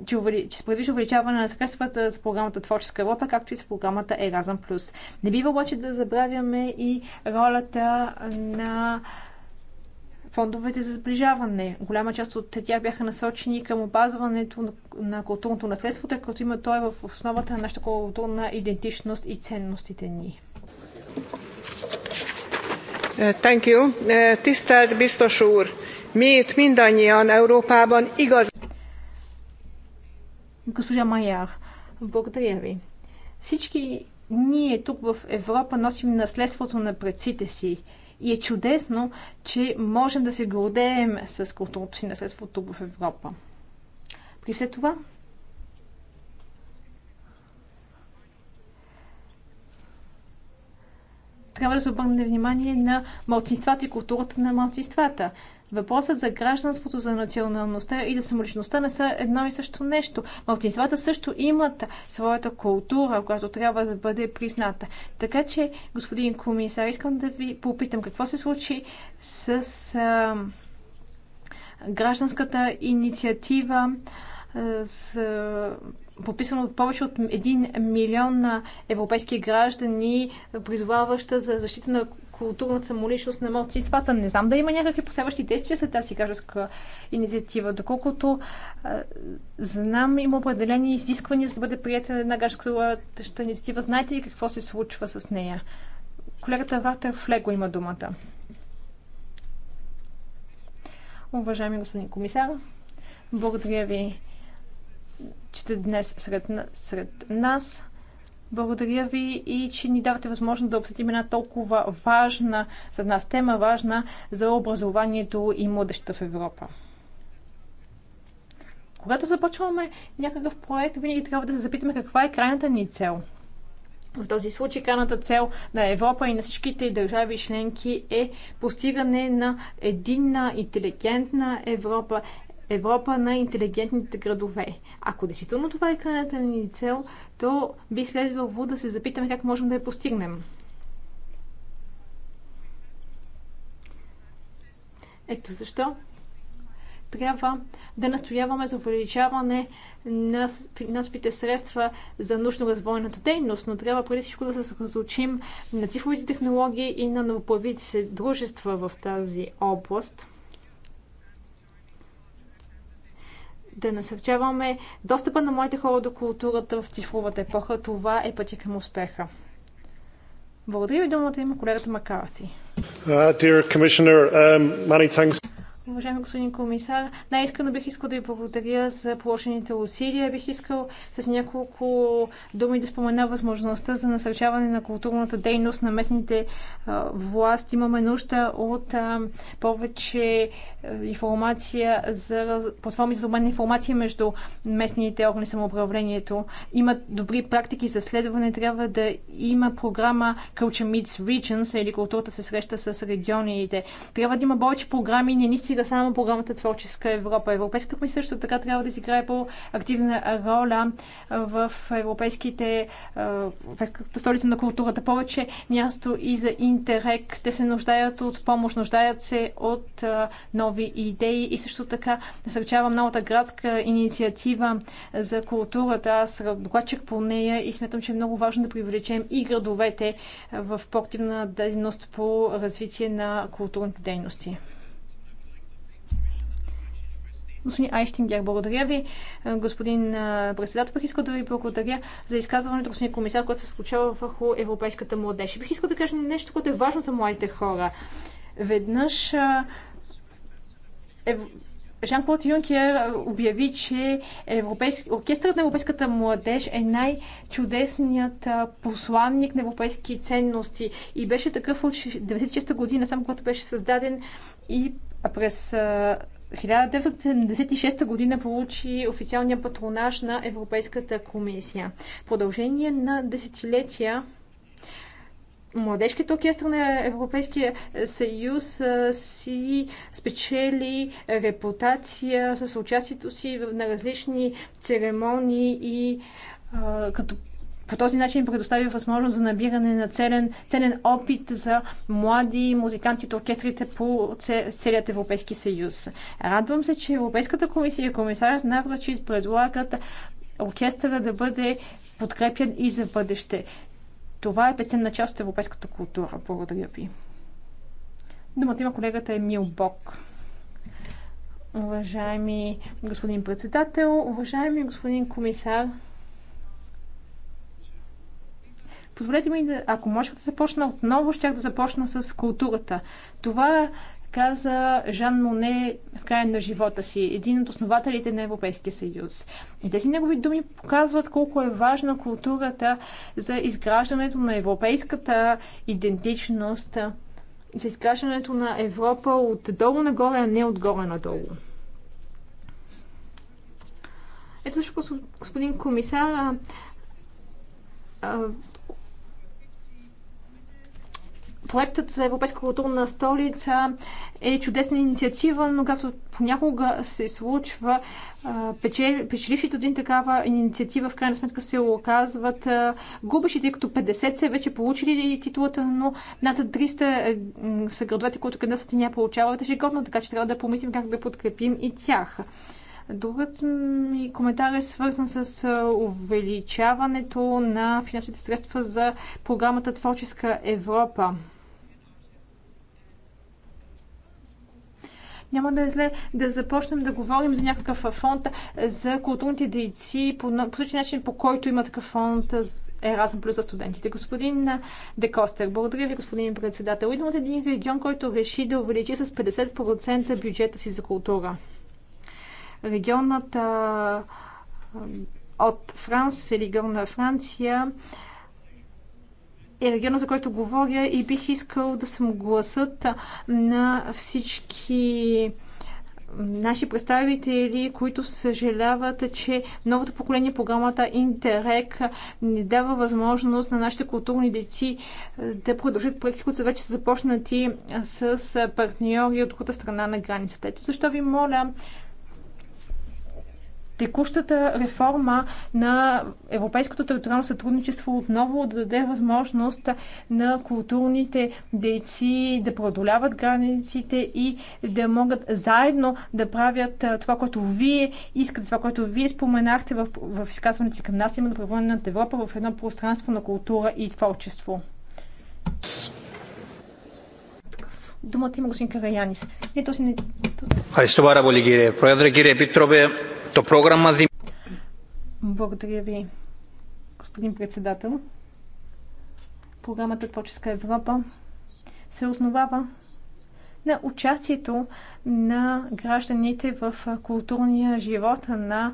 Speaker 3: че, че се предвижда увеличаване на средствата за програмата Творческа Европа, както и с програмата Еразъм Плюс. Не бива обаче да забравяме и ролята на фондовете за сближаване. Голяма част от тях бяха насочени към опазването на културното наследство, тъй като има той е в основата на нашата културна идентичност и ценностите ни. Е, thank you. Е, Госпожа Майяр, благодаря ви. Всички ние тук в Европа носим наследството на предците си и е чудесно, че можем да се гордеем с културното си наследство тук в Европа. При все това, трябва да се обърне внимание на малцинствата и културата на малцинствата. Въпросът за гражданството, за националността и за самоличността не са едно и също нещо. Малцинствата също имат своята култура, която трябва да бъде призната. Така че, господин комисар, искам да ви попитам какво се случи с а, гражданската инициатива с подписано от повече от 1 милион европейски граждани, призоваваща за защита на културната самоличност на Свата. Не знам да има някакви последващи действия след тази гражданска инициатива. Доколкото а, знам, има определени изисквания за да бъде приятен една гражданска инициатива. Знаете ли какво се случва с нея? Колегата Вартер Флего има думата. Уважаеми господин комисар, благодаря ви че сте днес сред, сред нас. Благодаря ви и че ни давате възможност да обсъдим една толкова важна за нас тема, важна за образованието и младеща в Европа. Когато започваме някакъв проект, винаги трябва да се запитаме каква е крайната ни цел. В този случай крайната цел на Европа и на всичките държави членки е постигане на единна, интелигентна Европа, Европа на интелигентните градове. Ако действително това е крайната ни цел, то би следвало да се запитаме как можем да я постигнем. Ето защо трябва да настояваме за увеличаване на финансовите средства за нужно развойната дейност, но трябва преди всичко да се съсредоточим на цифровите технологии и на новопоявите се дружества в тази област – да насърчаваме достъпа на моите хора до културата в цифровата епоха. Това е пътя към успеха. Благодаря ви, думата има колегата Макарси.
Speaker 1: Uh, dear Commissioner, um, many thanks.
Speaker 3: Уважаеми господин комисар, най-искрено бих искал да ви благодаря за положените усилия. Бих искал с няколко думи да спомена възможността за насърчаване на културната дейност на местните власти. Имаме нужда от повече информация за платформи за обмен на информация между местните органи самоуправлението. Има добри практики за следване. Трябва да има програма Culture Meets Regions или културата се среща с регионите. Трябва да има повече програми. Не ни се да само програмата Творческа Европа. Европейската комисия също така трябва да изиграе по-активна роля в европейските в столица на културата. Повече място и за интерек. Те се нуждаят от помощ, нуждаят се от нови идеи и също така насърчавам новата градска инициатива за културата. Аз докладчик по нея и смятам, че е много важно да привлечем и градовете в по-активна дейност по развитие на културните дейности. Господин Айштингер, благодаря ви. Господин председател, бих искал да ви благодаря за изказването, господин комисар, което се случва върху европейската младеж. Бих искал да кажа нещо, което е важно за младите хора. Веднъж ев... Жан-Клод Юнкер обяви, че европейски... оркестърът на европейската младеж е най-чудесният посланник на европейски ценности и беше такъв от 96-та година, само когато беше създаден и през 1976 година получи официалния патронаж на Европейската комисия. В Продължение на десетилетия Младежкият оркестър на Европейския съюз си спечели репутация с участието си на различни церемонии и като по този начин предоставя възможност за набиране на целен, целен опит за млади музиканти от оркестрите по целият Европейски съюз. Радвам се, че Европейската комисия и комисарят Навръчич предлагат оркестъра да бъде подкрепен и за бъдеще. Това е песен на част от европейската
Speaker 9: култура. Благодаря ви.
Speaker 3: Думата има колегата Емил Бок. Уважаеми господин председател, уважаеми господин комисар, Позволете ми, да, ако можех да започна отново, щях да започна с културата. Това каза Жан Моне в края на живота си, един от основателите на Европейския съюз. И тези негови думи показват колко е важна културата за изграждането на европейската идентичност, за изграждането на Европа отдолу нагоре, а не отгоре надолу. Ето също, господин комисар, проектът за Европейска културна столица е чудесна инициатива, но както понякога се случва, печелившите от един такава инициатива в крайна сметка се оказват тъй като 50 са вече получили титулата, но над 300 са градовете, които кандидатстват и няма получават ежегодно, така че трябва да помислим как да подкрепим и тях. Другът ми коментар е свързан с увеличаването на финансовите средства за програмата Творческа Европа. Няма да е зле да започнем да говорим за някакъв фонд за културните дейци по, по същия начин, по който има такъв фонд Еразъм плюс за студентите. Господин Декостер, благодаря ви, господин председател. Идем от един регион, който реши да увеличи с 50% бюджета си за култура. Регионът от Франс, регион на Франция, е региона, за който говоря и бих искал да съм гласът на всички наши представители, които съжаляват, че новото поколение програмата Интерек не дава възможност на нашите културни деци да продължат проекти, които са вече са започнати с партньори от другата страна на границата. Ето защо ви моля текущата реформа на европейското териториално сътрудничество отново да даде възможност на културните дейци да преодоляват границите и да могат заедно да правят това, което вие искате, това, което вие споменахте в, в изказването си към нас, има именно превърнат Европа в едно пространство на култура и творчество. Думата има господин Караянис. Не, то си не...
Speaker 5: Харисто Боли Гире. Проядра Гире, Битробе, το πρόγραμμα
Speaker 3: Благодаря ви, господин председател. Програмата Творческа Европа се основава на участието на гражданите в културния живот на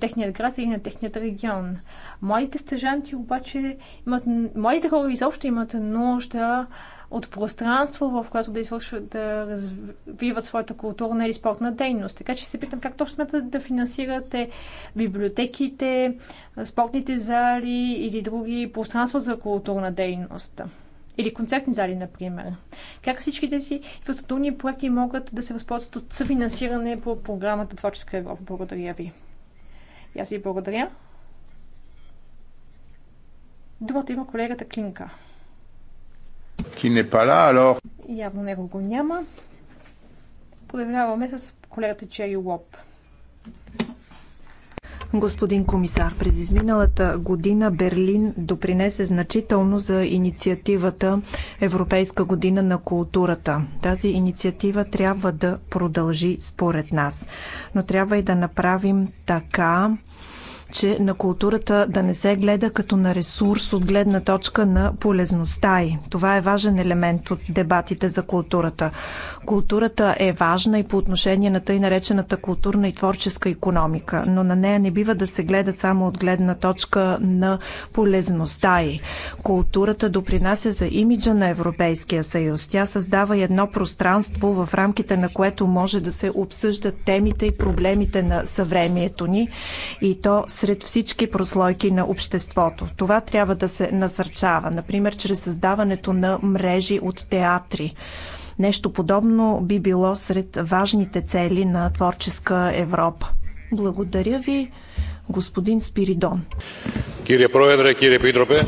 Speaker 3: техният град или на техният регион. Моите стъжанти обаче имат, Моите хора изобщо имат нужда от пространство, в което да извършват, да развиват своята културна или спортна дейност. Така че се питам как точно смятате да финансирате библиотеките, спортните зали или други пространства за културна дейност или концертни зали, например. Как всички тези инфраструктурни проекти могат да се възползват от съфинансиране по програмата Творческа Европа? Благодаря ви. И аз ви благодаря. Думата има колегата Клинка. Явно него го няма. Подявляваме с колегата Чери Лоп.
Speaker 7: Господин комисар, през изминалата година Берлин допринесе значително за инициативата Европейска година на културата. Тази инициатива трябва да продължи според нас, но трябва и да направим така, че на културата да не се гледа като на ресурс от гледна точка на полезността й. Това е важен елемент от дебатите за културата. Културата е важна и по отношение на тъй наречената културна и творческа економика, но на нея не бива да се гледа само от гледна точка на полезността й. Културата допринася за имиджа на Европейския съюз. Тя създава едно пространство, в рамките на което може да се обсъждат темите и проблемите на съвремието ни и то сред всички прослойки на обществото. Това трябва да се насърчава, например, чрез създаването на мрежи от театри. Нещо подобно би било сред важните цели на творческа Европа. Благодаря ви, господин Спиридон.
Speaker 8: Кире проведре, кире Питропе,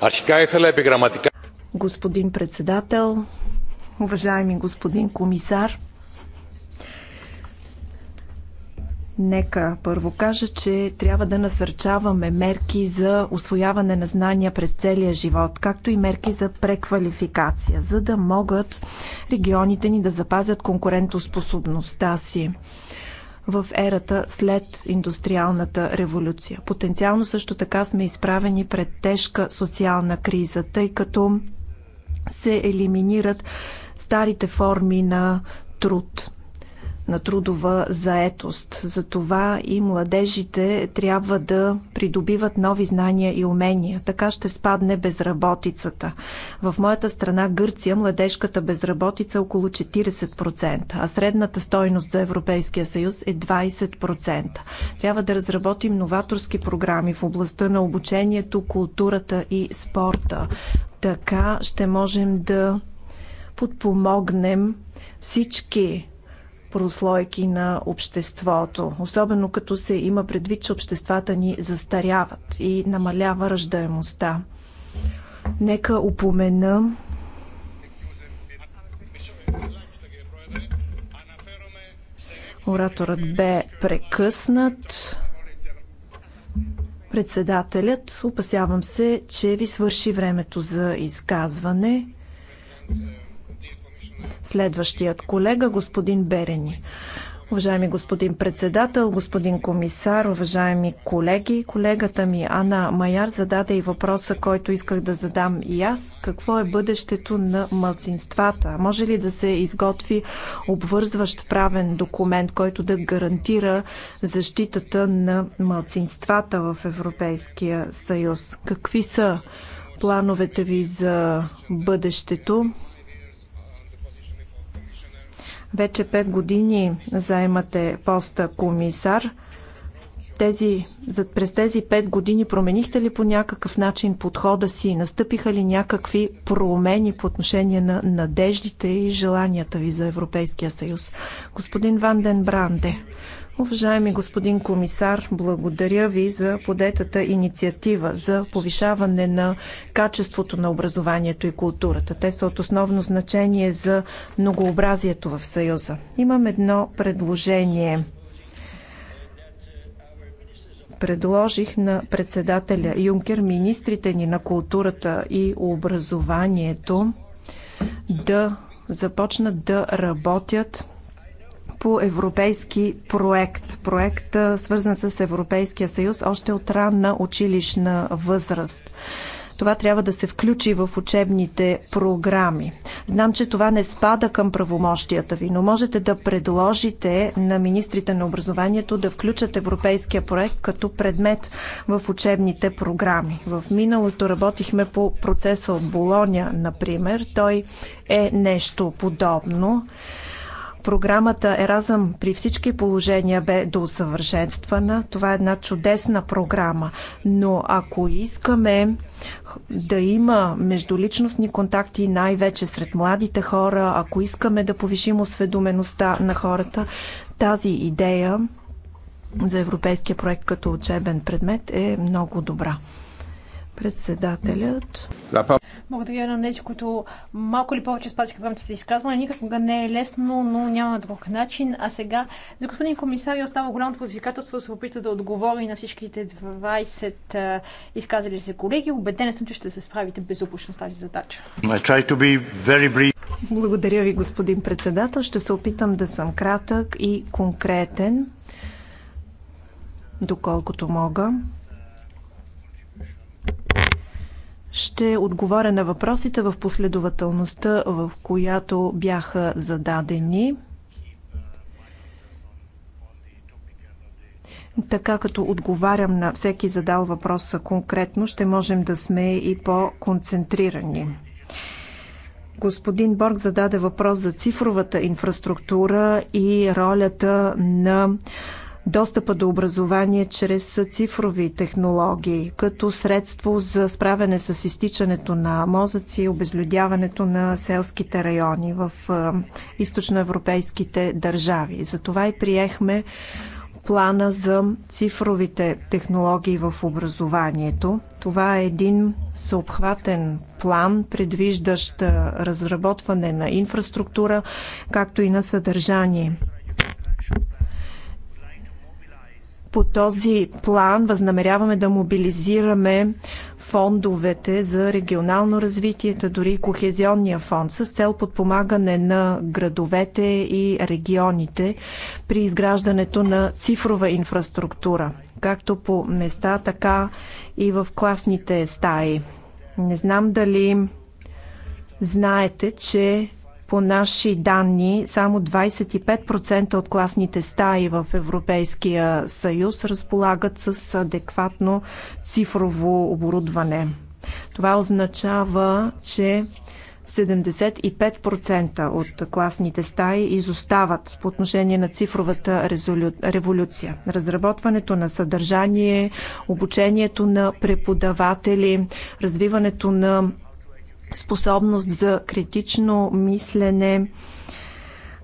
Speaker 8: архика ήθελα е епиграматика.
Speaker 7: Господин председател, уважаеми господин комисар, Нека първо кажа, че трябва да насърчаваме мерки за освояване на знания през целия живот, както и мерки за преквалификация, за да могат регионите ни да запазят конкурентоспособността си в ерата след индустриалната революция. Потенциално също така сме изправени пред тежка социална криза, тъй като се елиминират старите форми на труд на трудова заетост. Затова и младежите трябва да придобиват нови знания и умения. Така ще спадне безработицата. В моята страна Гърция младежката безработица е около 40%, а средната стойност за Европейския съюз е 20%. Трябва да разработим новаторски програми в областта на обучението, културата и спорта. Така ще можем да подпомогнем всички прослойки на обществото. Особено като се има предвид, че обществата ни застаряват и намалява ръждаемостта. Нека упомена Ораторът бе прекъснат. Председателят, опасявам се, че ви свърши времето за изказване. Следващият колега, господин Берени. Уважаеми господин председател, господин комисар, уважаеми колеги, колегата ми Ана Маяр, зададе и въпроса, който исках да задам и аз. Какво е бъдещето на мълцинствата? Може ли да се изготви обвързващ правен документ, който да гарантира защитата на мълцинствата в Европейския съюз? Какви са плановете ви за бъдещето? Вече пет години заемате поста комисар. Тези, през тези пет години променихте ли по някакъв начин подхода си? Настъпиха ли някакви промени по отношение на надеждите и желанията ви за Европейския съюз? Господин Ван Ден Бранде, Уважаеми господин комисар, благодаря ви за подетата инициатива за повишаване на качеството на образованието и културата. Те са от основно значение за многообразието в Съюза. Имам едно предложение предложих на председателя Юнкер министрите ни на културата и образованието да започнат да работят по европейски проект. Проект свързан с Европейския съюз още от ранна училищна възраст. Това трябва да се включи в учебните програми. Знам, че това не спада към правомощията ви, но можете да предложите на министрите на образованието да включат европейския проект като предмет в учебните програми. В миналото работихме по процеса от Болоня, например. Той е нещо подобно. Програмата Еразъм при всички положения бе доусъвършенствана. Това е една чудесна програма. Но ако искаме да има междуличностни контакти най-вече сред младите хора, ако искаме да повишим осведомеността на хората, тази идея за европейския проект като учебен предмет е много добра. Председателят.
Speaker 3: Мога да ги на тези, които малко или повече спазиха времето за изказване. Никакога не е лесно, но няма друг начин. А сега за господин комисар остава голямото предизвикателство да се опита да отговори на всичките 20 изказали се колеги. Обеден съм, че ще се справите безупречно с тази задача.
Speaker 7: Благодаря ви, господин председател. Ще се опитам да съм кратък и конкретен, доколкото мога. Ще отговоря на въпросите в последователността, в която бяха зададени. Така като отговарям на всеки задал въпроса конкретно, ще можем да сме и по-концентрирани. Господин Борг зададе въпрос за цифровата инфраструктура и ролята на достъпа до образование чрез цифрови технологии, като средство за справяне с изтичането на мозъци и обезлюдяването на селските райони в източноевропейските държави. Затова и приехме плана за цифровите технологии в образованието. Това е един съобхватен план, предвиждащ разработване на инфраструктура, както и на съдържание. По този план възнамеряваме да мобилизираме фондовете за регионално развитие, дори и кохезионния фонд, с цел подпомагане на градовете и регионите при изграждането на цифрова инфраструктура, както по места, така и в класните стаи. Не знам дали знаете, че по наши данни, само 25% от класните стаи в Европейския съюз разполагат с адекватно цифрово оборудване. Това означава, че 75% от класните стаи изостават по отношение на цифровата резолю... революция. Разработването на съдържание, обучението на преподаватели, развиването на способност за критично мислене,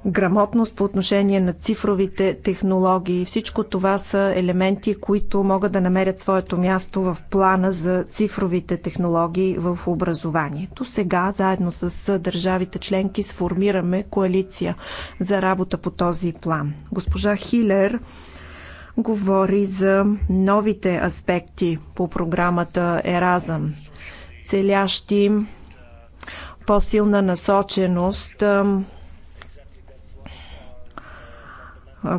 Speaker 7: грамотност по отношение на цифровите технологии. Всичко това са елементи, които могат да намерят своето място в плана за цифровите технологии в образованието. Сега, заедно с държавите членки, сформираме коалиция за работа по този план. Госпожа Хилер говори за новите аспекти по програмата Еразъм, целящи по-силна насоченост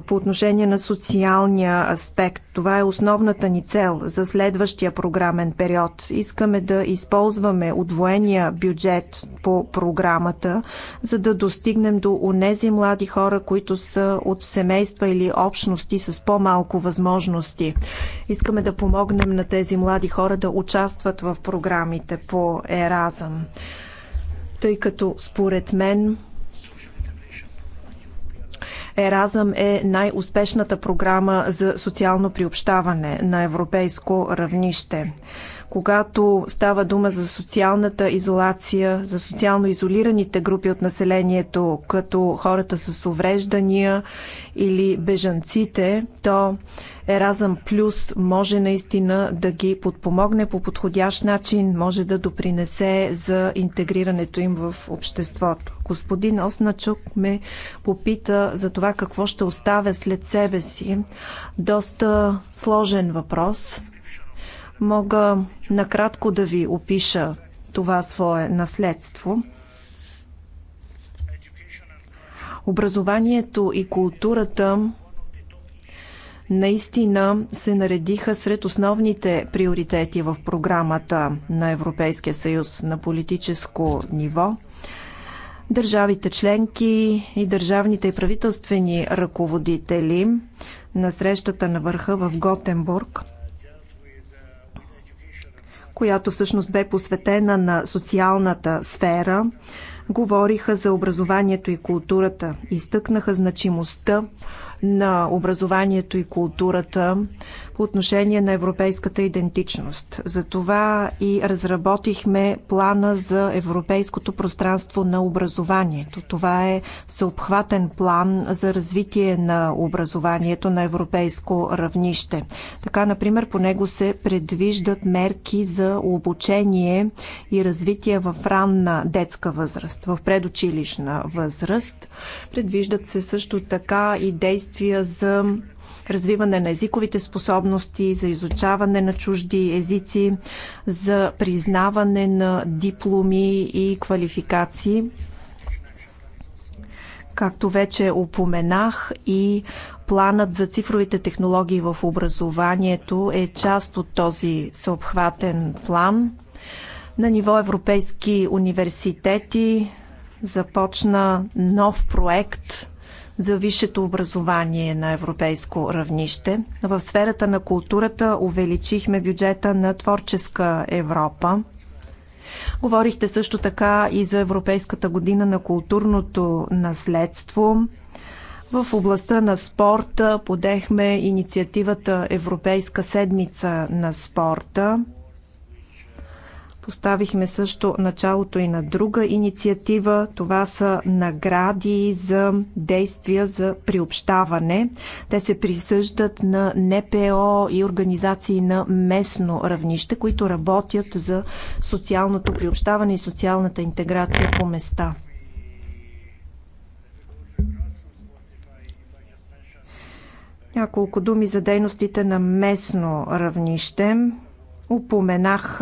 Speaker 7: по отношение на социалния аспект. Това е основната ни цел за следващия програмен период. Искаме да използваме отвоения бюджет по програмата, за да достигнем до онези млади хора, които са от семейства или общности с по-малко възможности. Искаме да помогнем на тези млади хора да участват в програмите по Еразъм тъй като според мен Еразъм е най-успешната програма за социално приобщаване на европейско равнище когато става дума за социалната изолация, за социално изолираните групи от населението, като хората с увреждания или бежанците, то Еразъм Плюс може наистина да ги подпомогне по подходящ начин, може да допринесе за интегрирането им в обществото. Господин Осначук ме попита за това какво ще оставя след себе си. Доста сложен въпрос. Мога накратко да ви опиша това свое наследство. Образованието и културата наистина се наредиха сред основните приоритети в програмата на Европейския съюз на политическо ниво. Държавите членки и държавните и правителствени ръководители на срещата на върха в Готенбург – която всъщност бе посветена на социалната сфера, говориха за образованието и културата, изтъкнаха значимостта на образованието и културата по отношение на европейската идентичност. Затова и разработихме плана за европейското пространство на образованието. Това е съобхватен план за развитие на образованието на европейско равнище. Така, например, по него се предвиждат мерки за обучение и развитие в ранна детска възраст, в предучилищна възраст. Предвиждат се също така и действия действия за развиване на езиковите способности, за изучаване на чужди езици, за признаване на дипломи и квалификации. Както вече упоменах и планът за цифровите технологии в образованието е част от този съобхватен план. На ниво европейски университети започна нов проект за висшето образование на европейско равнище. В сферата на културата увеличихме бюджета на Творческа Европа. Говорихте също така и за Европейската година на културното наследство. В областта на спорта подехме инициативата Европейска седмица на спорта – Поставихме също началото и на друга инициатива. Това са награди за действия за приобщаване. Те се присъждат на НПО и организации на местно равнище, които работят за социалното приобщаване и социалната интеграция по места. Няколко думи за дейностите на местно равнище. Упоменах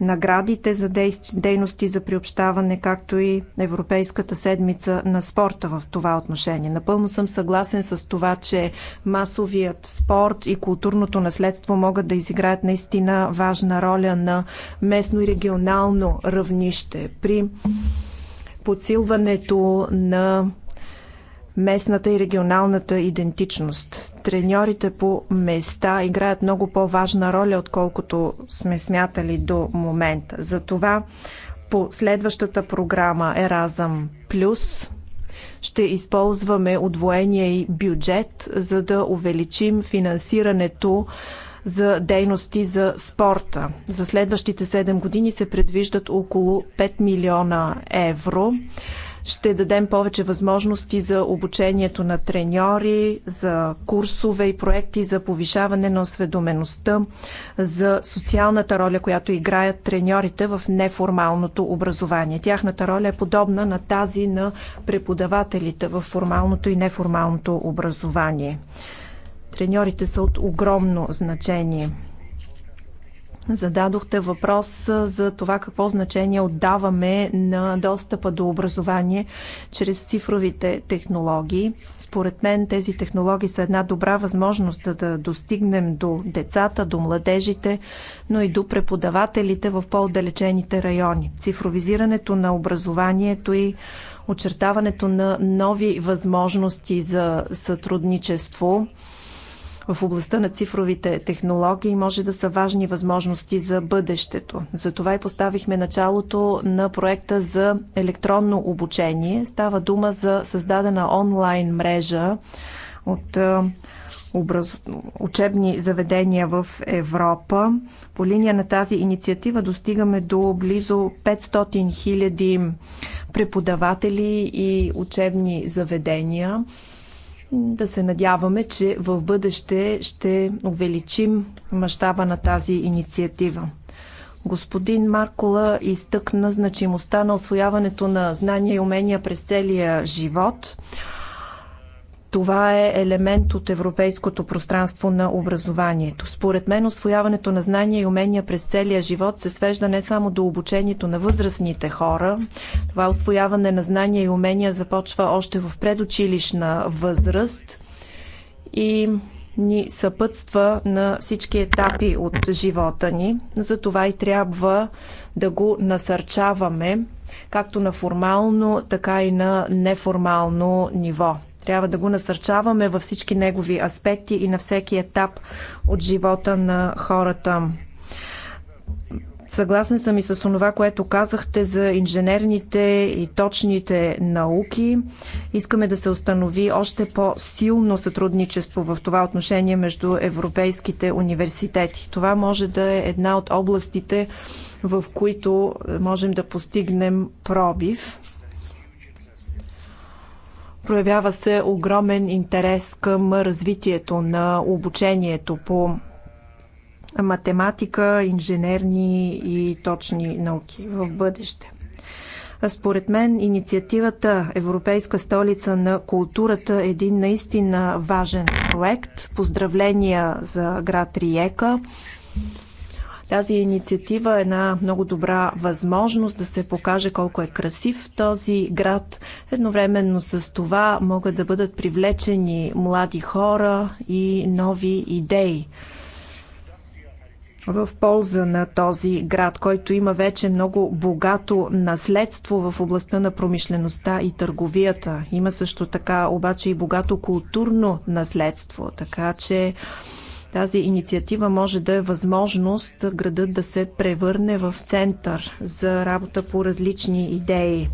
Speaker 7: наградите за дейности за приобщаване, както и Европейската седмица на спорта в това отношение. Напълно съм съгласен с това, че масовият спорт и културното наследство могат да изиграят наистина важна роля на местно и регионално равнище при подсилването на местната и регионалната идентичност. Треньорите по места играят много по-важна роля, отколкото сме смятали до момента. Затова по следващата програма Еразъм Плюс ще използваме удвоения и бюджет, за да увеличим финансирането за дейности за спорта. За следващите 7 години се предвиждат около 5 милиона евро. Ще дадем повече възможности за обучението на треньори, за курсове и проекти за повишаване на осведомеността, за социалната роля, която играят треньорите в неформалното образование. Тяхната роля е подобна на тази на преподавателите в формалното и неформалното образование. Треньорите са от огромно значение. Зададохте въпрос за това какво значение отдаваме на достъпа до образование чрез цифровите технологии. Според мен тези технологии са една добра възможност за да достигнем до децата, до младежите, но и до преподавателите в по-отдалечените райони. Цифровизирането на образованието и очертаването на нови възможности за сътрудничество – в областта на цифровите технологии може да са важни възможности за бъдещето. Затова и поставихме началото на проекта за електронно обучение. Става дума за създадена онлайн мрежа от образ... учебни заведения в Европа. По линия на тази инициатива достигаме до близо 500 000 преподаватели и учебни заведения. Да се надяваме, че в бъдеще ще увеличим мащаба на тази инициатива. Господин Маркола изтъкна значимостта на освояването на знания и умения през целия живот. Това е елемент от европейското пространство на образованието. Според мен, освояването на знания и умения през целия живот се свежда не само до обучението на възрастните хора. Това освояване на знания и умения започва още в предучилищна възраст и ни съпътства на всички етапи от живота ни. Затова и трябва да го насърчаваме както на формално, така и на неформално ниво. Трябва да го насърчаваме във всички негови аспекти и на всеки етап от живота на хората. Съгласен съм и с това, което казахте за инженерните и точните науки. Искаме да се установи още по-силно сътрудничество в това отношение между европейските университети. Това може да е една от областите, в които можем да постигнем пробив. Проявява се огромен интерес към развитието на обучението по математика, инженерни и точни науки в бъдеще. според мен инициативата Европейска столица на културата е един наистина важен проект. Поздравления за град Риека. Тази инициатива е една много добра възможност да се покаже колко е красив този град. Едновременно с това могат да бъдат привлечени млади хора и нови идеи в полза на този град, който има вече много богато наследство в областта на промишлеността и търговията. Има също така обаче и богато културно наследство, така че тази инициатива може да е възможност градът да се превърне в център за работа по различни идеи.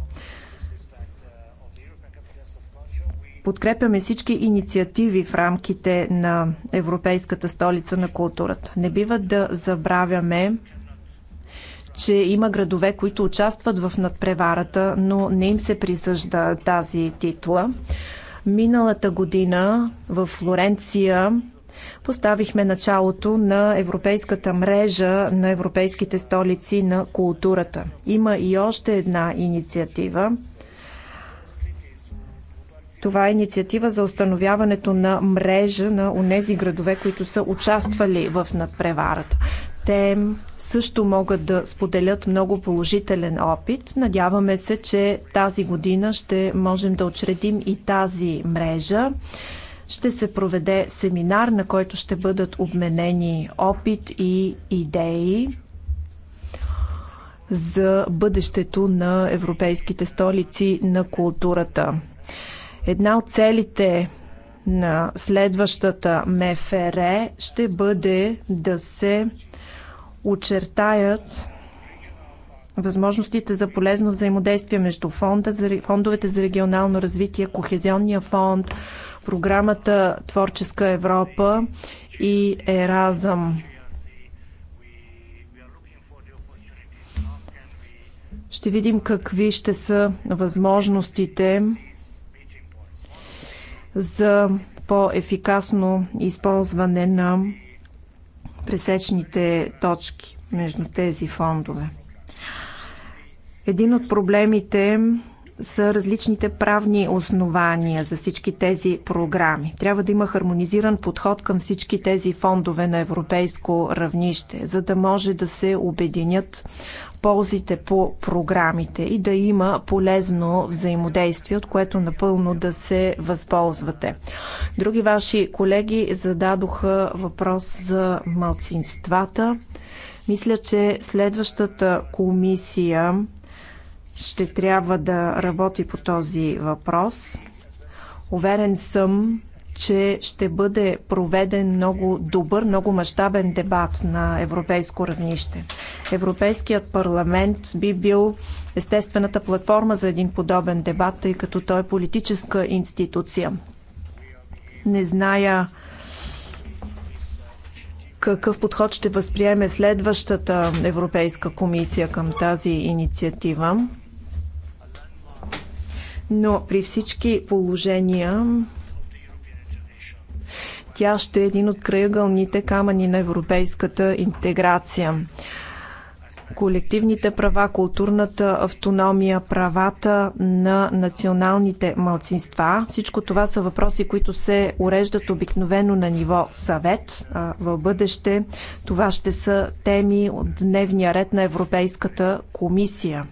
Speaker 7: Подкрепяме всички инициативи в рамките на Европейската столица на културата. Не бива да забравяме, че има градове, които участват в надпреварата, но не им се присъжда тази титла. Миналата година в Флоренция Поставихме началото на европейската мрежа на европейските столици на културата. Има и още една инициатива. Това е инициатива за установяването на мрежа на онези градове, които са участвали в надпреварата те също могат да споделят много положителен опит. Надяваме се, че тази година ще можем да очредим и тази мрежа ще се проведе семинар, на който ще бъдат обменени опит и идеи за бъдещето на европейските столици на културата. Една от целите на следващата МФР ще бъде да се очертаят възможностите за полезно взаимодействие между фонда фондовете за регионално развитие, Кохезионния фонд, програмата Творческа Европа и Еразъм. Ще видим какви ще са възможностите за по-ефикасно използване на пресечните точки между тези фондове. Един от проблемите са различните правни основания за всички тези програми. Трябва да има хармонизиран подход към всички тези фондове на европейско равнище, за да може да се обединят ползите по програмите и да има полезно взаимодействие, от което напълно да се възползвате. Други ваши колеги зададоха въпрос за малцинствата. Мисля, че следващата комисия ще трябва да работи по този въпрос. Уверен съм, че ще бъде проведен много добър, много мащабен дебат на европейско равнище. Европейският парламент би бил естествената платформа за един подобен дебат, тъй като той е политическа институция. Не зная какъв подход ще възприеме следващата Европейска комисия към тази инициатива но при всички положения тя ще е един от краъгълните камъни на европейската интеграция. Колективните права, културната автономия, правата на националните малцинства. Всичко това са въпроси, които се уреждат обикновено на ниво съвет. А в бъдеще това ще са теми от дневния ред на Европейската комисия.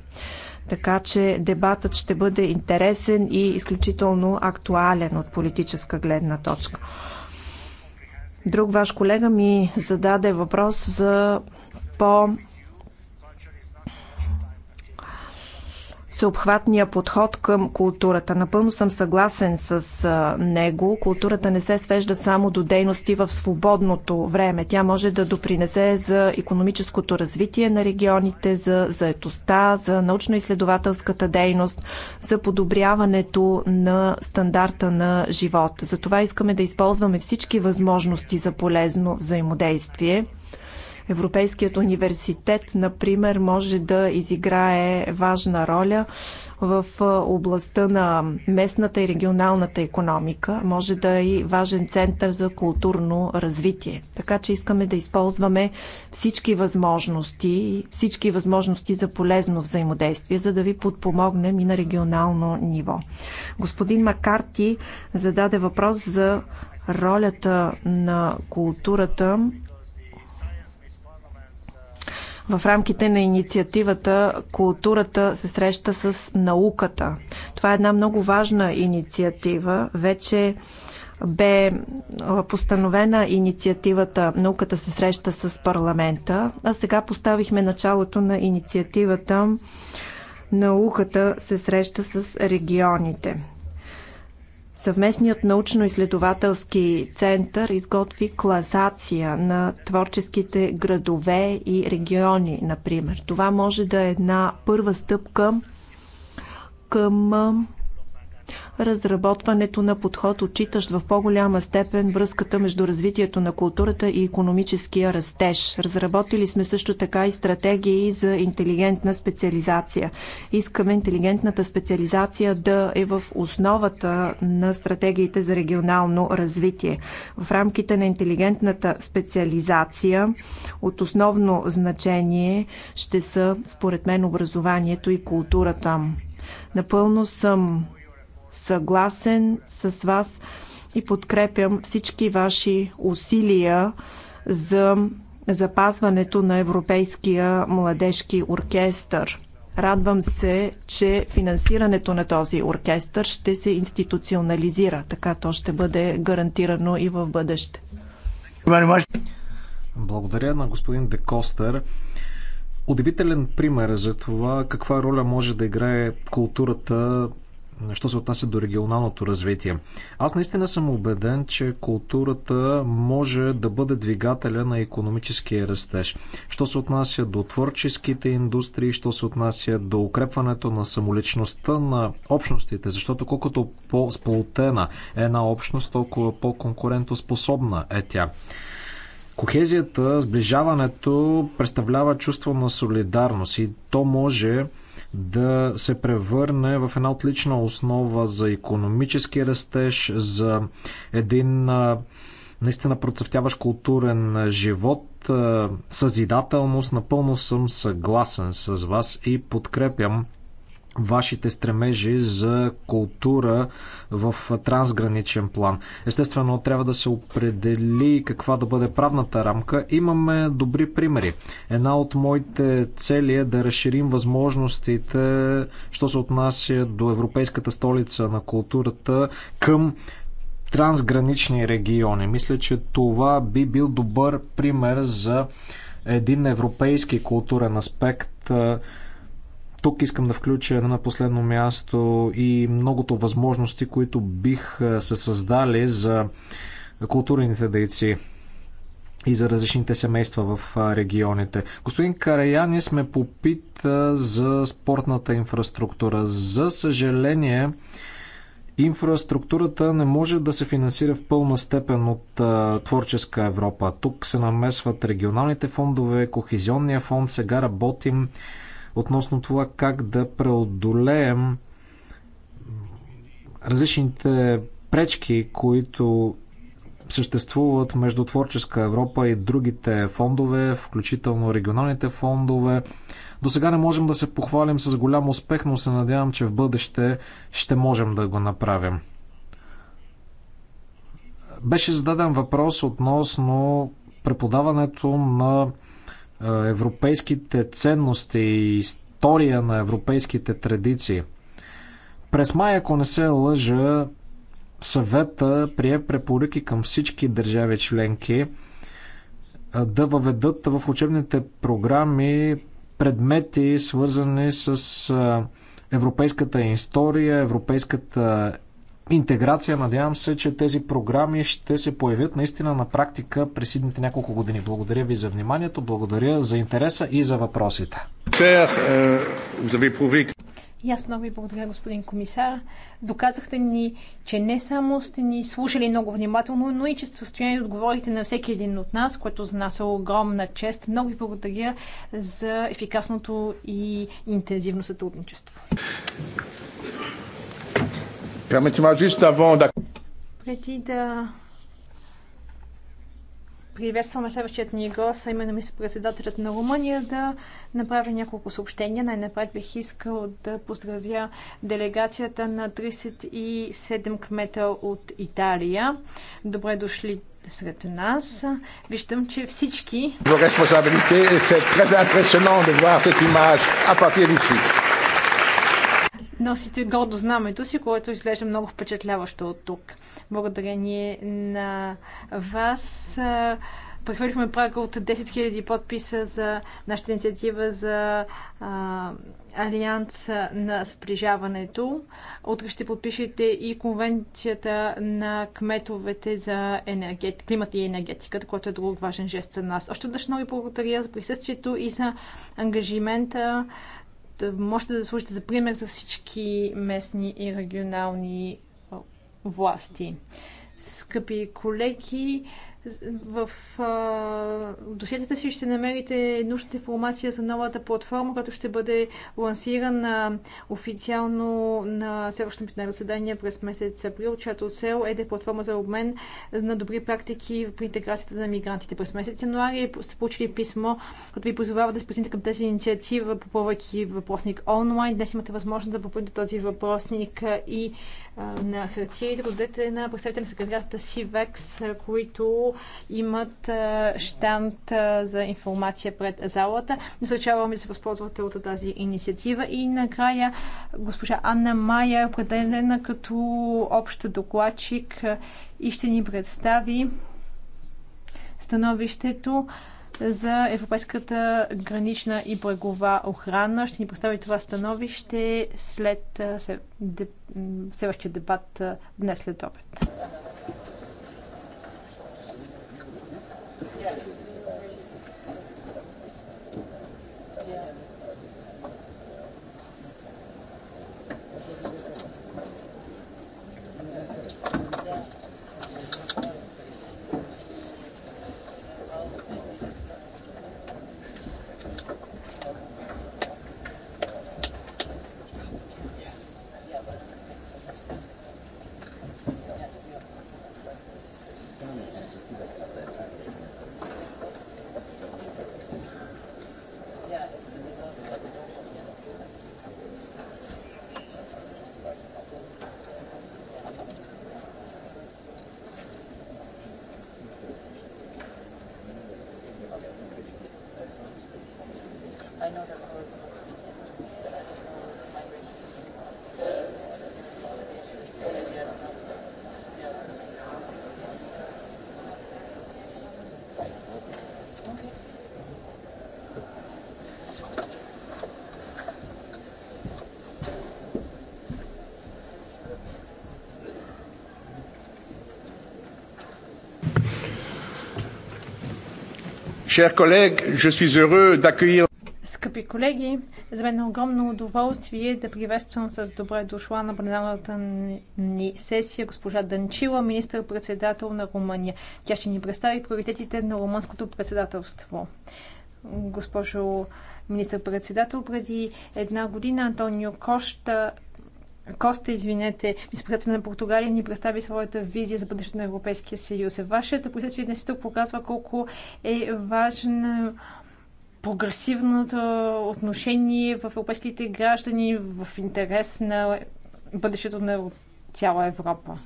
Speaker 7: Така че дебатът ще бъде интересен и изключително актуален от политическа гледна точка. Друг ваш колега ми зададе въпрос за по- всеобхватния подход към културата. Напълно съм съгласен с него. Културата не се свежда само до дейности в свободното време. Тя може да допринесе за економическото развитие на регионите, за заетостта, за научно-изследователската дейност, за подобряването на стандарта на живот. Затова искаме да използваме всички възможности за полезно взаимодействие. Европейският университет, например, може да изиграе важна роля в областта на местната и регионалната економика, може да е и важен център за културно развитие. Така че искаме да използваме всички възможности, всички възможности за полезно взаимодействие, за да ви подпомогнем и на регионално ниво. Господин Макарти зададе въпрос за ролята на културата в рамките на инициативата културата се среща с науката. Това е една много важна инициатива. Вече бе постановена инициативата Науката се среща с парламента, а сега поставихме началото на инициативата Науката се среща с регионите. Съвместният научно-изследователски център изготви класация на творческите градове и региони, например. Това може да е една първа стъпка към разработването на подход, отчитащ в по-голяма степен връзката между развитието на културата и економическия растеж. Разработили сме също така и стратегии за интелигентна специализация. Искаме интелигентната специализация да е в основата на стратегиите за регионално развитие. В рамките на интелигентната специализация от основно значение ще са, според мен, образованието и културата. Напълно съм съгласен с вас и подкрепям всички ваши усилия за запазването на Европейския младежки оркестър. Радвам се, че финансирането на този оркестър ще се институционализира. Така то ще бъде гарантирано и в бъдеще.
Speaker 6: Благодаря на господин Декостър. Удивителен пример е за това каква роля може да играе културата що се отнася до регионалното развитие. Аз наистина съм убеден, че културата може да бъде двигателя на економическия растеж. Що се отнася до творческите индустрии, що се отнася до укрепването на самоличността на общностите, защото колкото по сплутена е една общност, толкова по-конкурентоспособна е тя. Кохезията, сближаването представлява чувство на солидарност и то може да се превърне в една отлична основа за економически растеж, за един наистина процъфтяващ културен живот, съзидателност. Напълно съм съгласен с вас и подкрепям вашите стремежи за култура в трансграничен план. Естествено, трябва да се определи каква да бъде правната рамка. Имаме добри примери. Една от моите цели е да разширим възможностите, що се отнася до Европейската столица на културата, към трансгранични региони. Мисля, че това би бил добър пример за един европейски културен аспект, тук искам да включа на последно място и многото възможности, които бих се създали за културните дейци и за различните семейства в регионите. Господин Караяни сме попита за спортната инфраструктура. За съжаление, инфраструктурата не може да се финансира в пълна степен от а, Творческа Европа. Тук се намесват регионалните фондове, Кохезионния фонд. Сега работим относно това как да преодолеем различните пречки, които съществуват между Творческа Европа и другите фондове, включително регионалните фондове. До сега не можем да се похвалим с голям успех, но се надявам, че в бъдеще ще можем да го направим. Беше зададен въпрос относно преподаването на европейските ценности и история на европейските традиции. През май, ако не се лъжа, съвета прие препоръки към всички държави членки да въведат в учебните програми предмети, свързани с европейската история, европейската интеграция. Надявам се, че тези програми ще се появят наистина на практика през следните няколко години. Благодаря ви за вниманието, благодаря за интереса и за въпросите. Е,
Speaker 3: и аз много ви благодаря, господин комисар. Доказахте ни, че не само сте ни слушали много внимателно, но и че сте в състояние да отговорите на всеки един от нас, което за нас е огромна чест. Много ви благодаря за ефикасното и интензивно сътрудничество.
Speaker 4: Permettez-moi juste avant
Speaker 3: Приветствам Преди следващият ни гост, а именно мисля председателят на Румъния, да направя няколко съобщения. Най-напред бих искал да поздравя делегацията на 37 кмета от Италия. Добре дошли сред нас. Виждам, че всички...
Speaker 4: Vos responsabilités et c'est très impressionnant de voir cette image à
Speaker 3: носите гордо знамето си, което изглежда много впечатляващо от тук. Благодарение на вас прехвърлихме прага от 10 000 подписа за нашата инициатива за а, Алианс на сближаването. Утре ще подпишете и конвенцията на кметовете за енергет, климата и енергетиката, което е друг важен жест за нас. Още дъж ви благодаря за присъствието и за ангажимента можете да служите за пример за всички местни и регионални власти. Скъпи колеги, в а, досетата си ще намерите нужната информация за новата платформа, която ще бъде лансирана официално на следващото пленарно заседание през месец април, чиято цел е да е платформа за обмен на добри практики при интеграцията на мигрантите. През месец януари сте получили писмо, което ви позовава да се присъедините към тази инициатива, попълвайки въпросник онлайн. Днес имате възможност да попълните този въпросник и на хартия и трудете на представители на секретарята СИВЕКС, които имат штант за информация пред залата. Насърчаваме да се възползвате от тази инициатива. И накрая госпожа Анна Майя е определена като обща докладчик и ще ни представи становището за Европейската гранична и брегова охрана. Ще ни представи това становище след следващия дебат днес след обед.
Speaker 4: Chers collègues, je suis heureux d'accueillir
Speaker 3: Скъпи колеги, за мен е огромно удоволствие да приветствам с добре дошла на пленарната ни сесия госпожа Данчила, министър-председател на Румъния. Тя ще ни представи приоритетите на румънското председателство. Госпожо министър-председател, преди една година Антонио Кошта Коста, извинете, мисля на Португалия, ни представи своята визия за бъдещето на Европейския съюз. Вашето присъствие днес тук показва колко е важно прогресивното отношение в европейските граждани в интерес на бъдещето на цяла Европа.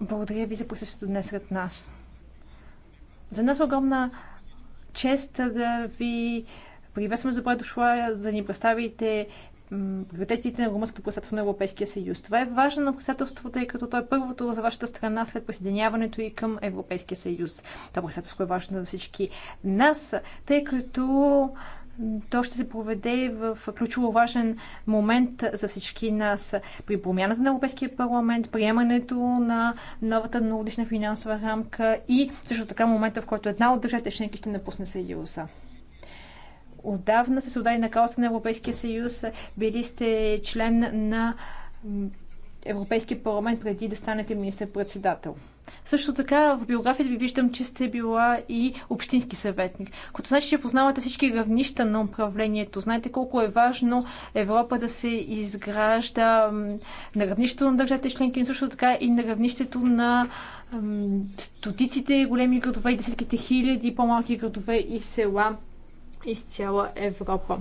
Speaker 3: Благодаря ви за присъствието днес сред нас. За нас е огромна чест да ви Приветствам за добре дошла за да ни представите приоритетите на румънското председателство на Европейския съюз. Това е важно на председателството, тъй като то е първото за вашата страна след присъединяването и към Европейския съюз. Това председателство е важно за всички нас, тъй като то ще се проведе в ключово важен момент за всички нас при промяната на Европейския парламент, приемането на новата налогична финансова рамка и също така момента, в който една от държавите членки ще напусне Съюза отдавна се отдали на каоса на Европейския съюз. Били сте член на Европейския парламент преди да станете министър-председател. Също така в биографията ви виждам, че сте била и общински съветник. Като значи, че познавате всички равнища на управлението, знаете колко е важно Европа да се изгражда на равнището на държавите членки, но също така и на равнището на стотиците големи градове и десетките хиляди по-малки градове и села из цяла Европа.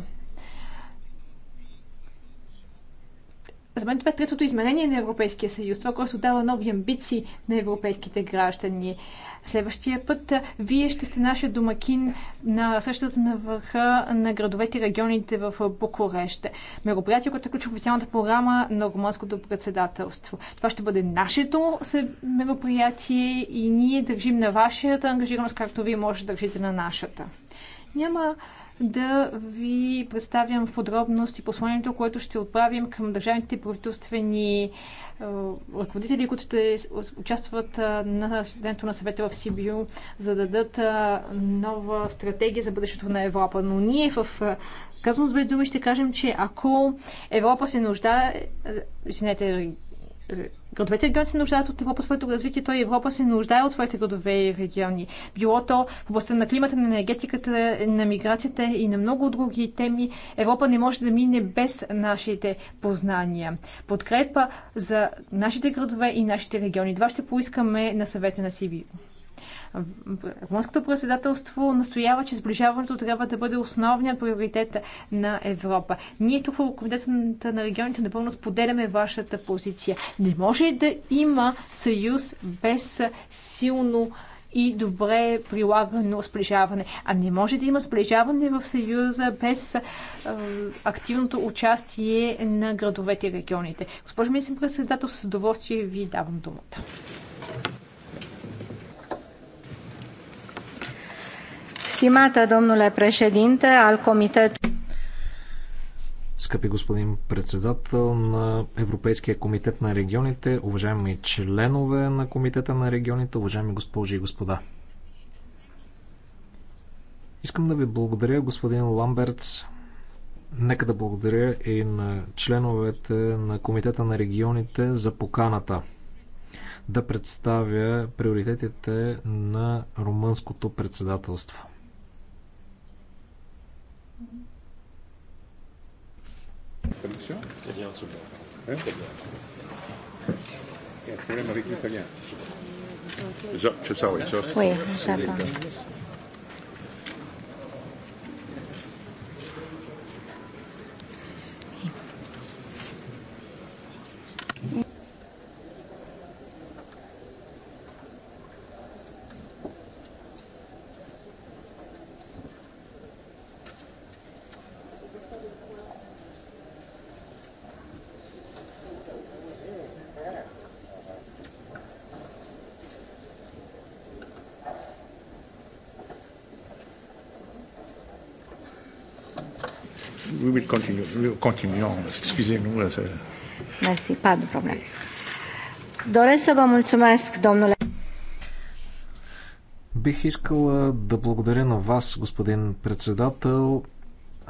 Speaker 3: За мен това е третото изменение на Европейския съюз, това, което дава нови амбиции на европейските граждани. Следващия път вие ще сте нашия домакин на същата на върха на градовете и регионите в Букуреще. Мероприятие, което включва официалната програма на румънското председателство. Това ще бъде нашето мероприятие и ние държим на вашата ангажираност, както вие може да държите на нашата. Няма да ви представям в подробности посланието, което ще отправим към държавните правителствени е, ръководители, които ще участват е, на заседанието на съвета в Сибио, за да дадат е, нова стратегия за бъдещето на Европа. Но ние в казвам с думи ще кажем, че ако Европа се нуждае, извинете, градовете региони се нуждаят от Европа своето развитие, той Европа се нуждае от своите градове и региони. Било то в областта на климата, на енергетиката, на миграцията и на много други теми, Европа не може да мине без нашите познания. Подкрепа за нашите градове и нашите региони. Това ще поискаме на съвета на Сибио. Румънското председателство настоява, че сближаването трябва да бъде основният приоритет на Европа. Ние тук в Комитета на регионите напълно споделяме вашата позиция. Не може да има съюз без силно и добре прилагано сближаване. А не може да има сближаване в Съюза без а, активното участие на градовете и регионите. Госпожо Министр председател, с удоволствие ви давам думата. Стимата domnule președinte al Comitetului
Speaker 6: скъпи господин председател на Европейския комитет на регионите, уважаеми членове на Комитета на регионите, уважаеми госпожи и господа. Искам да ви благодаря, господин Ламбертс. Нека да благодаря и на членовете на Комитета на регионите за поканата да представя приоритетите на румънското председателство.
Speaker 4: Il y a un problème avec l'italien. Ciao, ciao, Continuăm, excusez-nous. Euh,
Speaker 10: Mersi, pas de problem.
Speaker 3: Doresc să vă mulțumesc, domnule.
Speaker 6: Бих искала да благодаря на вас, господин председател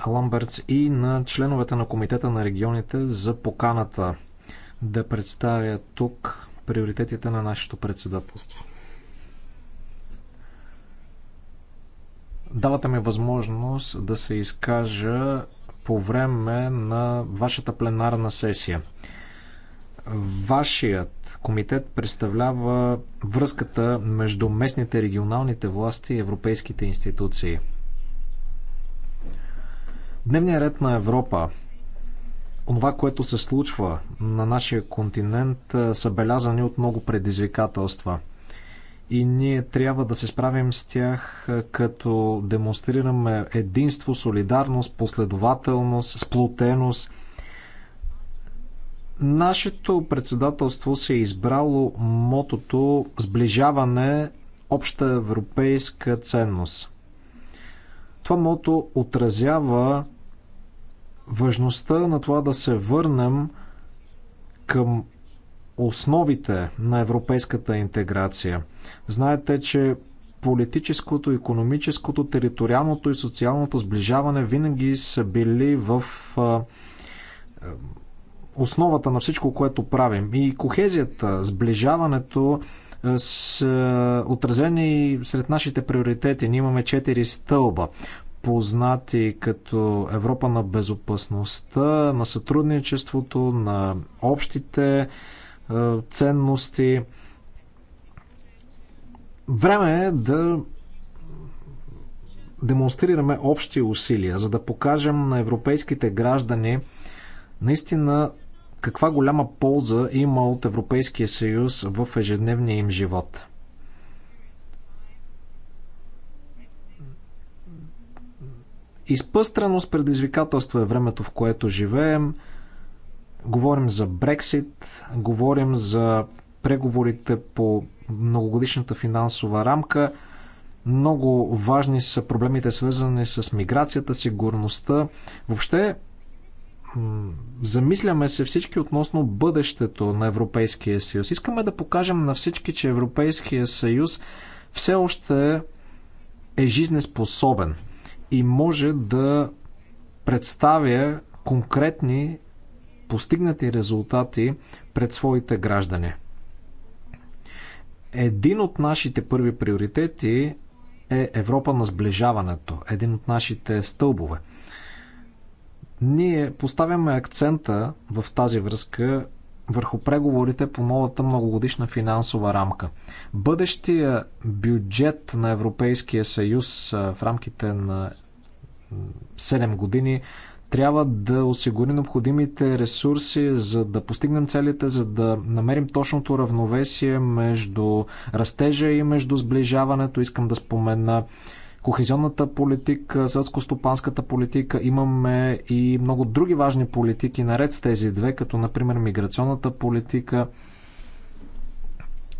Speaker 6: Ламбертс и на членовете на Комитета на регионите за поканата да представя тук приоритетите на нашето председателство. Давате ми възможност да се изкажа по време на вашата пленарна сесия. Вашият комитет представлява връзката между местните регионалните власти и европейските институции. Дневният ред на Европа, това, което се случва на нашия континент, е, са белязани от много предизвикателства – и ние трябва да се справим с тях, е, като демонстрираме единство, солидарност, последователност, сплотеност. Нашето председателство се е избрало мотото Сближаване обща европейска ценност. Това мото отразява важността на това да се върнем към основите на европейската интеграция. Знаете, че политическото, економическото, териториалното и социалното сближаване винаги са били в основата на всичко, което правим. И кохезията, сближаването са отразени сред нашите приоритети. Ние имаме четири стълба познати като Европа на безопасността, на сътрудничеството, на общите ценности. Време е да демонстрираме общи усилия, за да покажем на европейските граждани наистина каква голяма полза има от Европейския съюз в ежедневния им живот. Изпъстрено с предизвикателство е времето, в което живеем. Говорим за Брексит, говорим за преговорите по многогодишната финансова рамка. Много важни са проблемите, свързани с миграцията, сигурността. Въобще, замисляме се всички относно бъдещето на Европейския съюз. Искаме да покажем на всички, че Европейския съюз все още е жизнеспособен и може да представя конкретни постигнати резултати пред своите граждани. Един от нашите първи приоритети е Европа на сближаването, един от нашите стълбове. Ние поставяме акцента в тази връзка върху преговорите по новата многогодишна финансова рамка. Бъдещия бюджет на Европейския съюз в рамките на 7 години трябва да осигури необходимите ресурси, за да постигнем целите, за да намерим точното равновесие между растежа и между сближаването. Искам да спомена кохезионната политика, селско-стопанската политика. Имаме и много други важни политики наред с тези две, като например миграционната политика.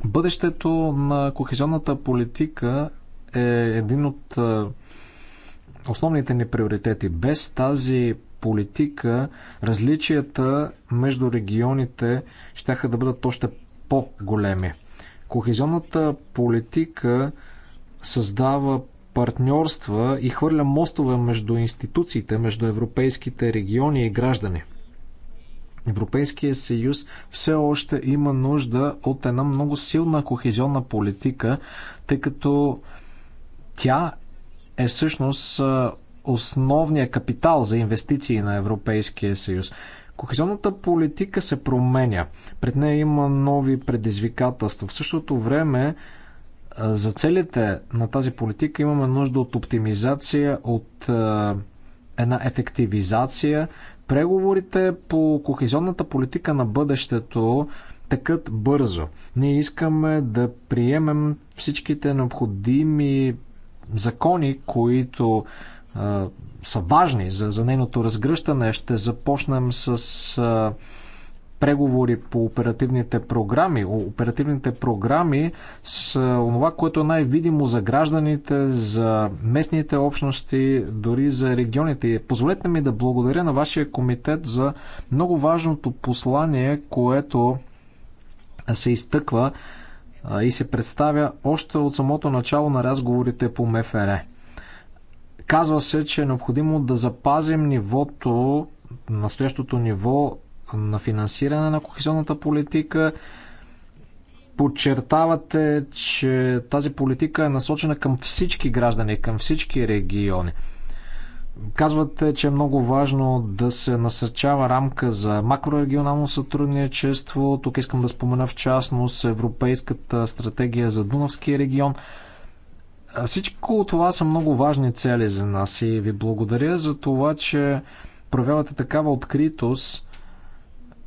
Speaker 6: Бъдещето на кохезионната политика е един от е, основните ни приоритети. Без тази политика различията между регионите ще да бъдат още по-големи. Кохезионната политика създава партньорства и хвърля мостове между институциите, между европейските региони и граждани. Европейския съюз все още има нужда от една много силна кохезионна политика, тъй като тя е всъщност основният капитал за инвестиции на Европейския съюз. Кохезионната политика се променя. Пред нея има нови предизвикателства. В същото време за целите на тази политика имаме нужда от оптимизация, от една ефективизация. Преговорите по кохезионната политика на бъдещето текат бързо. Ние искаме да приемем всичките необходими закони, които а, са важни за, за нейното разгръщане. Ще започнем с а, преговори по оперативните програми. Оперативните програми са онова, което е най-видимо за гражданите, за местните общности, дори за регионите. Позволете ми да благодаря на вашия комитет за много важното послание, което се изтъква и се представя още от самото начало на разговорите по МФР. Казва се, че е необходимо да запазим нивото, настоящото ниво на финансиране на кохезионната политика. Подчертавате, че тази политика е насочена към всички граждани, към всички региони. Казвате, че е много важно да се насърчава рамка за макрорегионално сътрудничество. Тук искам да спомена в частност Европейската стратегия за Дунавския регион. Всичко това са много важни цели за нас и ви благодаря за това, че проявявате такава откритост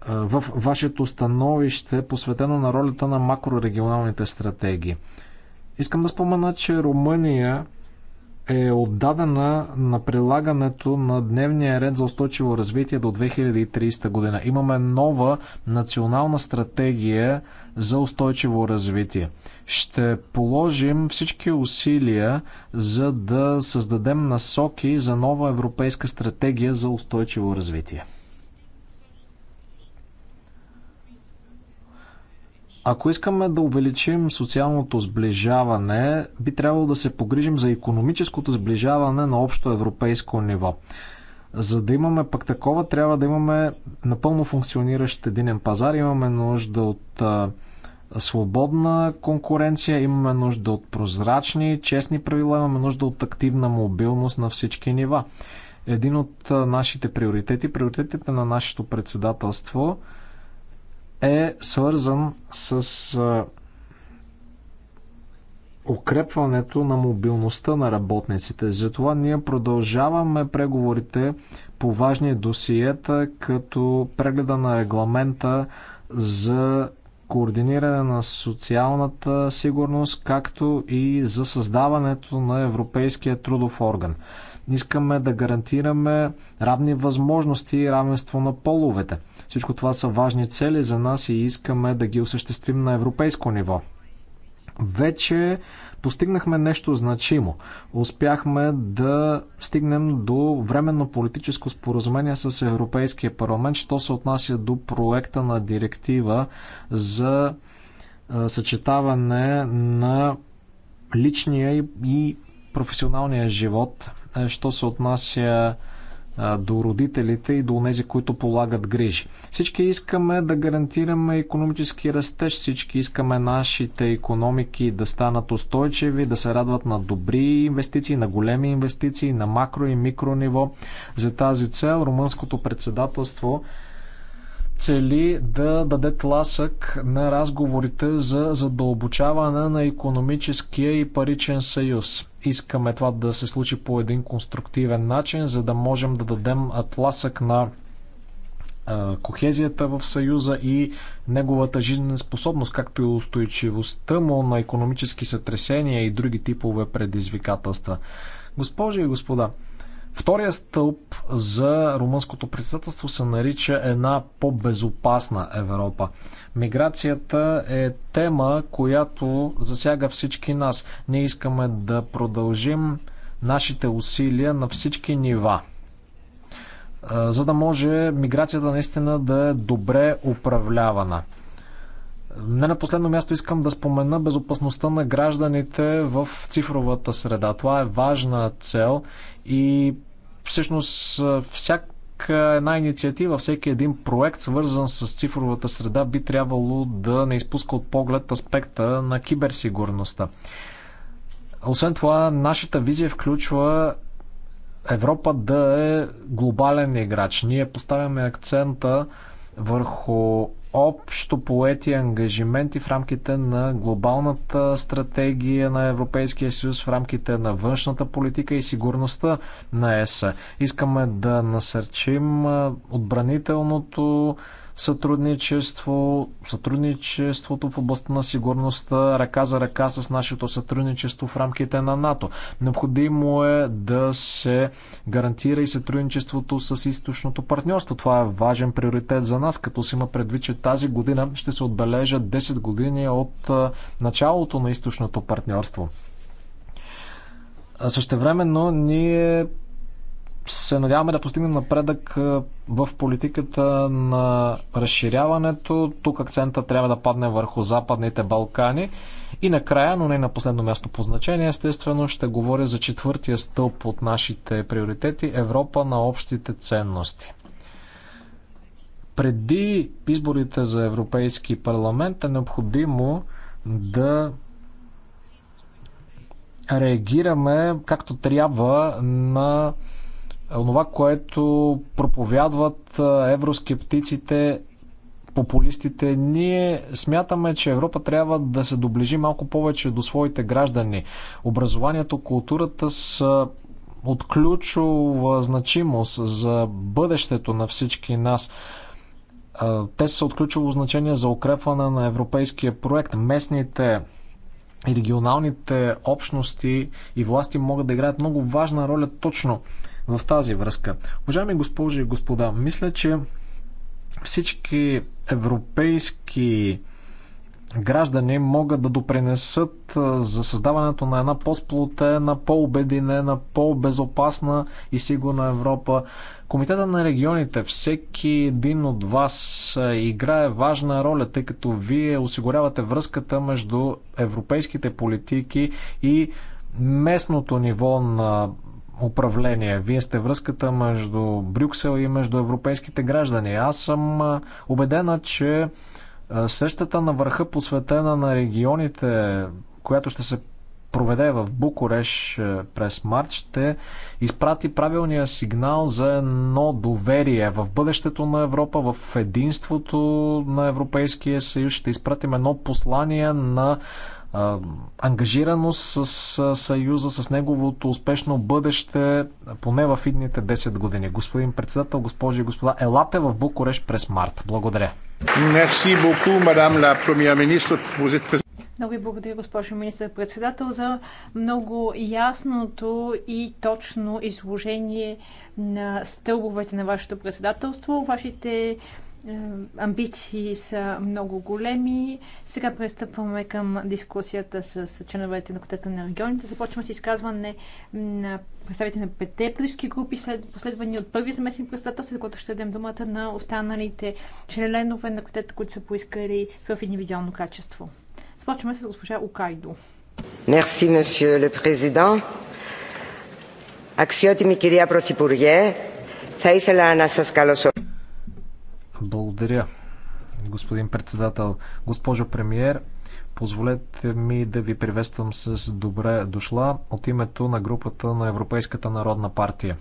Speaker 6: в вашето становище, посветено на ролята на макрорегионалните стратегии. Искам да спомена, че Румъния е отдадена на прилагането на дневния ред за устойчиво развитие до 2030 година. Имаме нова национална стратегия за устойчиво развитие. Ще положим всички усилия за да създадем насоки за нова европейска стратегия за устойчиво развитие. Ако искаме да увеличим социалното сближаване, би трябвало да се погрижим за економическото сближаване на общо европейско ниво. За да имаме пък такова, трябва да имаме напълно функциониращ единен пазар. Имаме нужда от а, свободна конкуренция, имаме нужда от прозрачни, честни правила, имаме нужда от активна мобилност на всички нива. Един от нашите приоритети, приоритетите на нашето председателство е свързан с укрепването на мобилността на работниците. Затова ние продължаваме преговорите по важни досиета, като прегледа на регламента за координиране на социалната сигурност, както и за създаването на Европейския трудов орган. Искаме да гарантираме равни възможности и равенство на половете. Всичко това са важни цели за нас и искаме да ги осъществим на европейско ниво. Вече постигнахме нещо значимо. Успяхме да стигнем до временно политическо споразумение с Европейския парламент, що се отнася до проекта на директива за съчетаване на личния и професионалния живот е, що се отнася е, до родителите и до тези, които полагат грижи. Всички искаме да гарантираме економически растеж, всички искаме нашите економики да станат устойчиви, да се радват на добри инвестиции, на големи инвестиции, на макро и микро ниво. За тази цел румънското председателство цели да даде тласък на разговорите за задълбочаване на економическия и паричен съюз. Искаме това да се случи по един конструктивен начин, за да можем да дадем тласък на кохезията в Съюза и неговата жизнеспособност, както и устойчивостта му на економически сътресения и други типове предизвикателства. Госпожи и господа, Втория стълб за румънското председателство се нарича една по-безопасна Европа. Миграцията е тема, която засяга всички нас. Ние искаме да продължим нашите усилия на всички нива за да може миграцията наистина да е добре управлявана. Не на последно място искам да спомена безопасността на гражданите в цифровата среда. Това е важна цел и Всъщност, всяка една инициатива, всеки един проект, свързан с цифровата среда, би трябвало да не изпуска от поглед аспекта на киберсигурността. Освен това, нашата визия включва Европа да е глобален играч. Ние поставяме акцента върху общо поети ангажименти в рамките на глобалната стратегия на Европейския съюз, в рамките на външната политика и сигурността на ЕС. Искаме да насърчим отбранителното сътрудничество, сътрудничеството в областта на сигурността ръка за ръка с нашето сътрудничество в рамките на НАТО. Необходимо е да се гарантира и сътрудничеството с източното партньорство. Това е важен приоритет за нас, като си има предвид, че тази година ще се отбележат 10 години от началото на източното партньорство. Същевременно ние се надяваме да постигнем напредък в политиката на разширяването. Тук акцента трябва да падне върху Западните Балкани. И накрая, но не на последно място по значение, естествено ще говоря за четвъртия стълб от нашите приоритети Европа на общите ценности. Преди изборите за Европейски парламент е необходимо да реагираме както трябва на онова, което проповядват евроскептиците, популистите. Ние смятаме, че Европа трябва да се доближи малко повече до своите граждани. Образованието, културата са от ключова значимост за бъдещето на всички нас. Те са от ключово значение за укрепване на европейския проект. Местните и регионалните общности и власти могат да играят много важна роля точно в тази връзка. Уважаеми госпожи и господа, мисля, че всички европейски граждани могат да допринесат за създаването на една по-сплутена, по-обединена, по-безопасна и сигурна Европа. Комитета на регионите, всеки един от вас играе важна роля, тъй като вие осигурявате връзката между европейските политики и местното ниво на управление. Вие сте връзката между Брюксел и между европейските граждани. Аз съм убедена, че срещата на върха, посветена на регионите, която ще се проведе в Букуреш през март, ще изпрати правилния сигнал за едно доверие в бъдещето на Европа, в единството на Европейския съюз. Ще изпратим едно послание на ангажираност с Съюза, с неговото успешно бъдеще, поне в идните 10 години. Господин председател, госпожи и господа, елате в Букуреш през март. Благодаря. Merci beaucoup, madame la première ministre.
Speaker 3: Много ви благодаря, госпожо министър-председател, за много ясното и точно изложение на стълбовете на вашето председателство. Вашите е, амбиции са много големи. Сега пристъпваме към дискусията с членовете на Котета на регионите. Започваме с изказване на представители на пете политически групи, след, последвани от първи заместни председател, след което ще дадем думата на останалите членове на Котета, които са поискали в индивидуално качество. Започваме с госпожа Окайдо.
Speaker 9: Мерси, месье ле президент. Αξιότιμη κυρία Протипурье, θα ήθελα να σας καλωσορίσω.
Speaker 6: Благодаря, господин председател. Госпожо премиер, позволете ми да ви приветствам с добре дошла от името на групата на Европейската народна партия.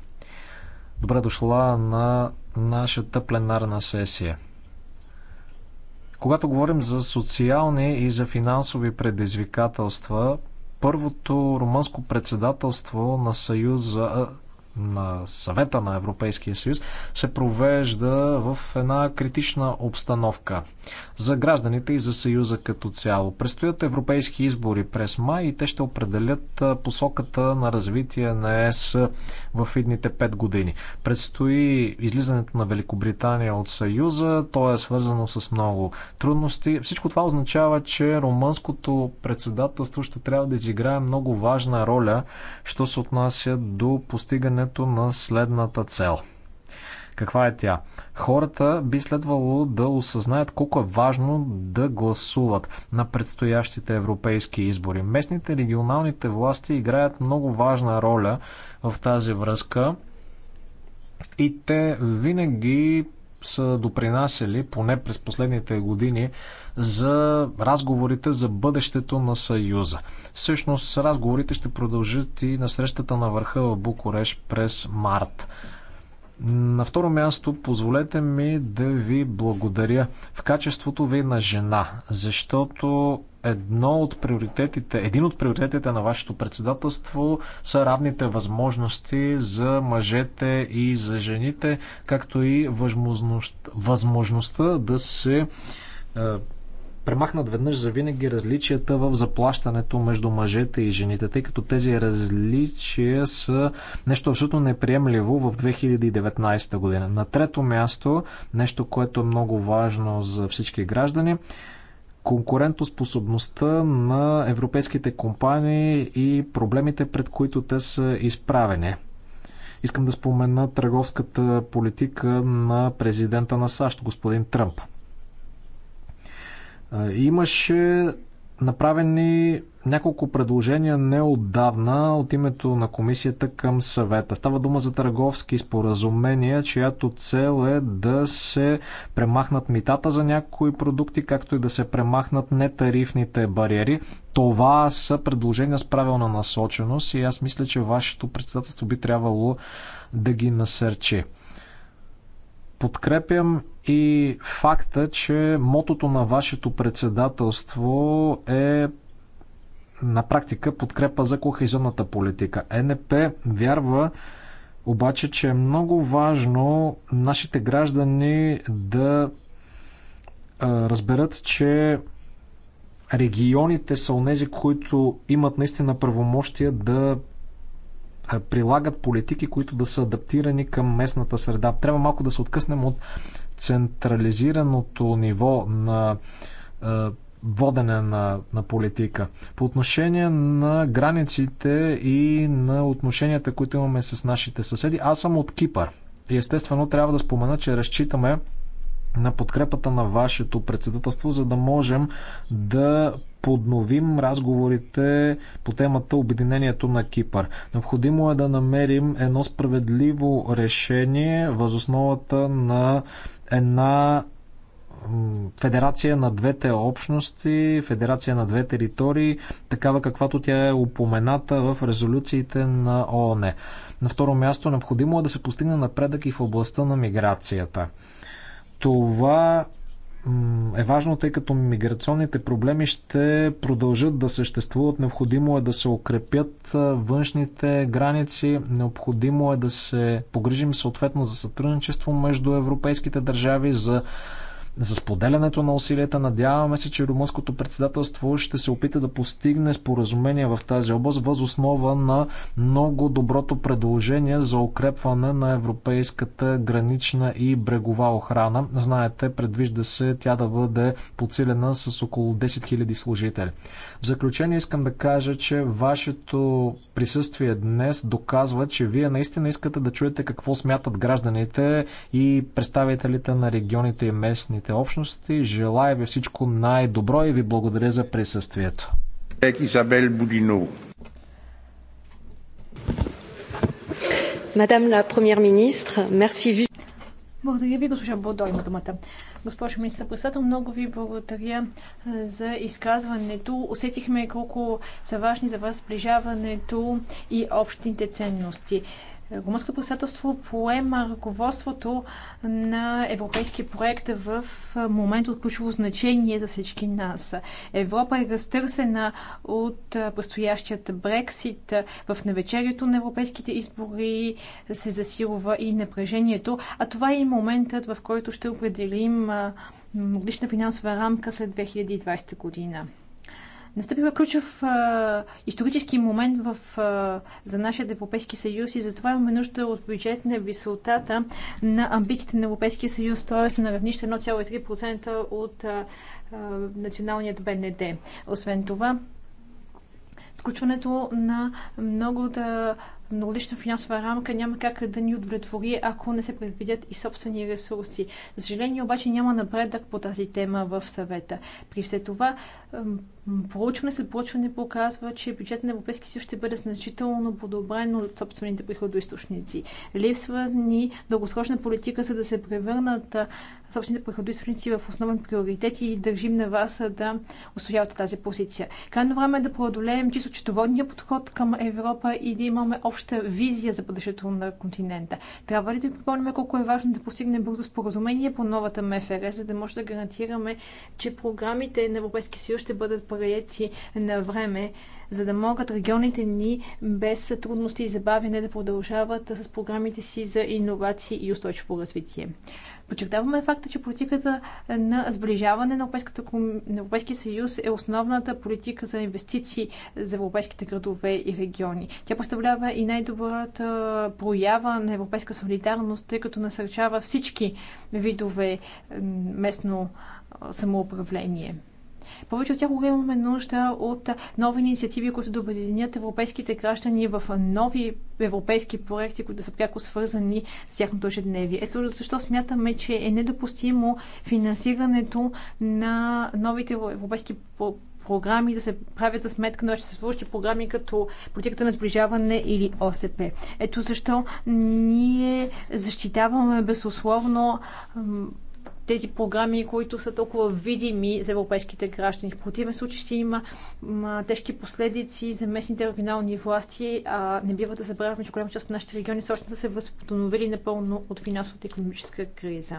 Speaker 6: Добре дошла на нашата пленарна сесия. Когато говорим за социални и за финансови предизвикателства, първото румънско председателство на Съюза на съвета на Европейския съюз се провежда в една критична обстановка за гражданите и за съюза като цяло. Предстоят европейски избори през май и те ще определят посоката на развитие на ЕС в идните 5 години. Предстои излизането на Великобритания от съюза, то е свързано с много трудности. Всичко това означава, че румънското председателство ще трябва да изиграе много важна роля, що се отнася до постигане постигането на следната цел. Каква е тя? Хората би следвало да осъзнаят колко е важно да гласуват на предстоящите европейски избори. Местните регионалните власти играят много важна роля в тази връзка и те винаги са допринасяли, поне през последните години, за разговорите за бъдещето на Съюза. Всъщност разговорите ще продължат и на срещата на върха в Букуреш през март. На второ място, позволете ми да ви благодаря в качеството ви на жена, защото едно от приоритетите, един от приоритетите на вашето председателство са равните възможности за мъжете и за жените, както и възможност, възможността да се е, премахнат веднъж за винаги различията в заплащането между мъжете и жените, тъй като тези различия са нещо абсолютно неприемливо в 2019 година. На трето място, нещо, което е много важно за всички граждани, конкурентоспособността на европейските компании и проблемите, пред които те са изправени. Искам да спомена търговската политика на президента на САЩ, господин Тръмп – Имаше направени няколко предложения неотдавна от името на комисията към съвета. Става дума за търговски споразумения, чиято цел е да се премахнат митата за някои продукти, както и да се премахнат нетарифните бариери. Това са предложения с правилна насоченост и аз мисля, че вашето председателство би трябвало да ги насърчи. Подкрепям и факта, че мотото на вашето председателство е на практика подкрепа за кохезионната политика. Е НП вярва обаче, че е много важно нашите граждани да разберат, че регионите са онези, които имат наистина правомощия да прилагат политики, които да са адаптирани към местната среда. Трябва малко да се откъснем от централизираното ниво на е, водене на, на политика. По отношение на границите и на отношенията, които имаме с нашите съседи, аз съм от Кипър. И естествено трябва да спомена, че разчитаме на подкрепата на вашето председателство, за да можем да подновим разговорите по темата Обединението на Кипър. Необходимо е да намерим едно справедливо решение възосновата на една федерация на двете общности, федерация на две територии, такава каквато тя е упомената в резолюциите на ООН. На второ място, необходимо е да се постигне напредък и в областта на миграцията. Това е важно, тъй като миграционните проблеми ще продължат да съществуват. Необходимо е да се укрепят външните граници, необходимо е да се погрижим съответно за сътрудничество между европейските държави, за за споделянето на усилията. Надяваме се, че румънското председателство ще се опита да постигне споразумение в тази област въз основа на много доброто предложение за укрепване на европейската гранична и брегова охрана. Знаете, предвижда се тя да бъде подсилена с около 10 000 служители. В заключение искам да кажа, че вашето присъствие днес доказва, че вие наистина искате да чуете какво смятат гражданите и представителите на регионите и местните ромските общности. Желая ви всичко най-добро и ви благодаря за присъствието.
Speaker 4: Изабел Будино. Мадам ла премьер министр, мерси
Speaker 3: Благодаря ви, госпожа Бодо, има думата. Госпожо министър председател, много ви благодаря за изказването. Усетихме колко са важни за вас сближаването и общите ценности. Румънското председателство поема ръководството на европейския проект в момент от ключово значение за всички нас. Европа е разтърсена от предстоящият Брексит. В навечерието на европейските избори се засилва и напрежението, а това е и моментът, в който ще определим годишна финансова рамка след 2020 година настъпива ключов а, исторически момент в, а, за нашия Европейски съюз и затова имаме нужда от бюджет на висотата на амбициите на Европейския съюз, т.е. на равнище 1,3% от а, а, националният БНД. Освен това, сключването на много да многолична финансова рамка няма как да ни удовлетвори, ако не се предвидят и собствени ресурси. За съжаление обаче няма напредък по тази тема в съвета. При все това проучване след проучване показва, че бюджет на Европейския съюз ще бъде значително подобрен от собствените приходоисточници. Липсва ни дългосрочна политика, за да се превърнат собствените приходоисточници в основен приоритет и държим на вас да освоявате тази позиция. Крайно време е да преодолеем чисто четоводния подход към Европа и да имаме обща визия за бъдещето на континента. Трябва ли да ви припомним колко е важно да постигнем бързо споразумение по новата МФР, за да може да гарантираме, че програмите на Европейския съюз ще бъдат приети на време, за да могат регионите ни без трудности и забавяне да продължават с програмите си за иновации и устойчиво развитие. Подчертаваме факта, че политиката на сближаване на, на Европейския съюз е основната политика за инвестиции за европейските градове и региони. Тя представлява и най-добрата проява на европейска солидарност, тъй като насърчава всички видове местно самоуправление. Повече от всякога имаме нужда от нови инициативи, които да обединят европейските граждани в нови европейски проекти, които са пряко свързани с тяхното ежедневие. Ето защо смятаме, че е недопустимо финансирането на новите европейски програми да се правят за сметка на съществуващи програми като политиката на сближаване или ОСП. Ето защо ние защитаваме безусловно тези програми, които са толкова видими за европейските граждани. В противен случай ще има тежки последици за местните регионални власти, а не бива да забравяме, че голяма част от нашите региони също са се възстановили напълно от финансовата и економическа криза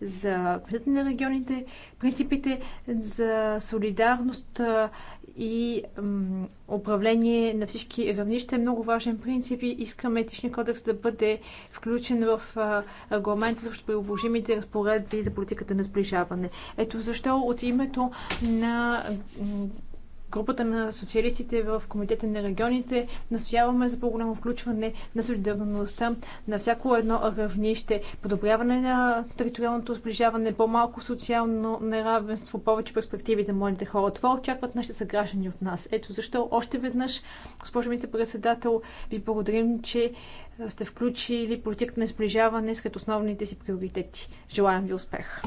Speaker 3: за Комитета на регионите, принципите за солидарност и управление на всички равнища е много важен принцип и искаме етичния кодекс да бъде включен в регламента за приложимите разпоредби за политиката на сближаване. Ето защо от името на групата на социалистите в Комитета на регионите настояваме за по-голямо включване на солидарността на всяко едно равнище, подобряване на териториалното сближаване, по-малко социално неравенство, повече перспективи за младите хора. Това очакват нашите съграждани от нас. Ето защо още веднъж, госпожо министър председател, ви благодарим, че сте включили политик на сближаване сред основните си приоритети. Желаем ви успех!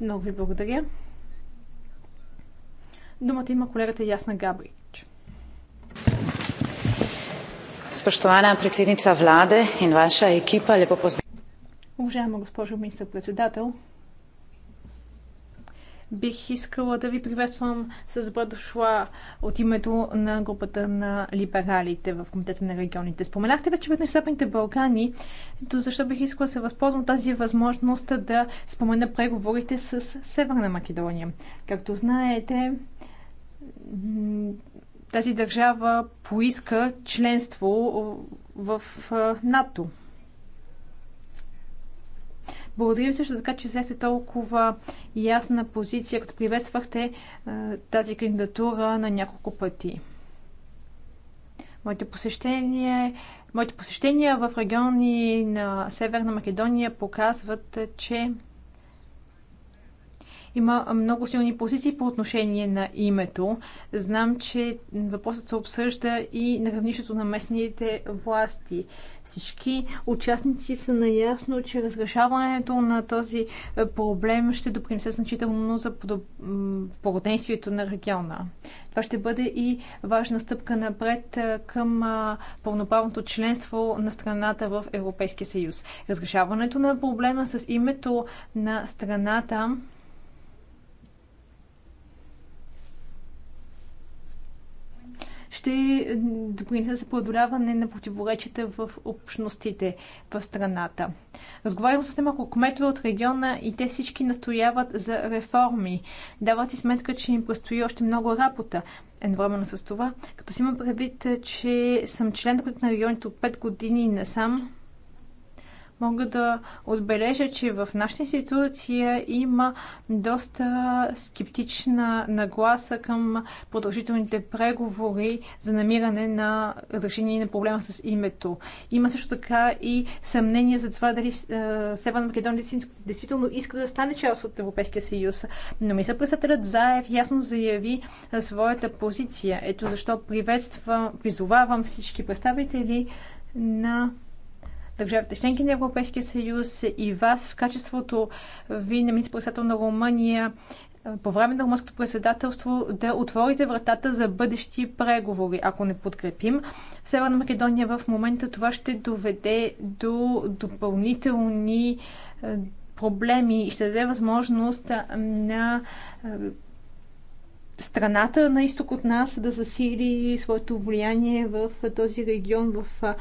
Speaker 3: Много ви благодаря. Думата има колегата Ясна Габрич.
Speaker 7: Spoštovana председница владе и ваша екипа, лепо pozdravljeni.
Speaker 3: Уважаема госпожо министър-председател, бих искала да ви приветствам с добра дошла от името на групата на либералите в Комитета на регионите. Споменахте вече веднъж Западните Балкани, защо бих искала да се възползвам тази възможност да спомена преговорите с Северна Македония. Както знаете, тази държава поиска членство в НАТО. Благодарим също така, че взехте толкова ясна позиция, като приветствахте тази кандидатура на няколко пъти. Моите посещения, моите посещения в региони на Северна Македония показват, че има много силни позиции по отношение на името. Знам, че въпросът се обсъжда и на равнището на местните власти. Всички участници са наясно, че разрешаването на този е, проблем ще допринесе значително за породенствието на региона. Това ще бъде и важна стъпка напред е, към е, пълноправното членство на страната в Европейския съюз. Разрешаването на проблема с името на страната ще допринесе за преодоляване на противоречията в общностите в страната. Разговарям с немалко кметове от региона и те всички настояват за реформи. Дават си сметка, че им предстои още много работа. Едновременно с това, като си има предвид, че съм член на регионите от 5 години и насам, мога да отбележа, че в нашата институция има доста скептична нагласа към продължителните преговори за намиране на разрешение на проблема с името. Има също така и съмнение за това дали е, Северна Македония действително иска да стане част от Европейския съюз. Но мисля председателят Заев ясно заяви е, своята позиция. Ето защо приветства, призовавам всички представители на държавите членки на Европейския съюз и вас в качеството ви на министр-председател на Румъния е, по време на румънското председателство да отворите вратата за бъдещи преговори. Ако не подкрепим Северна Македония в момента, това ще доведе до допълнителни е, проблеми и ще даде възможност на е, страната на изток от нас да засили своето влияние в този регион в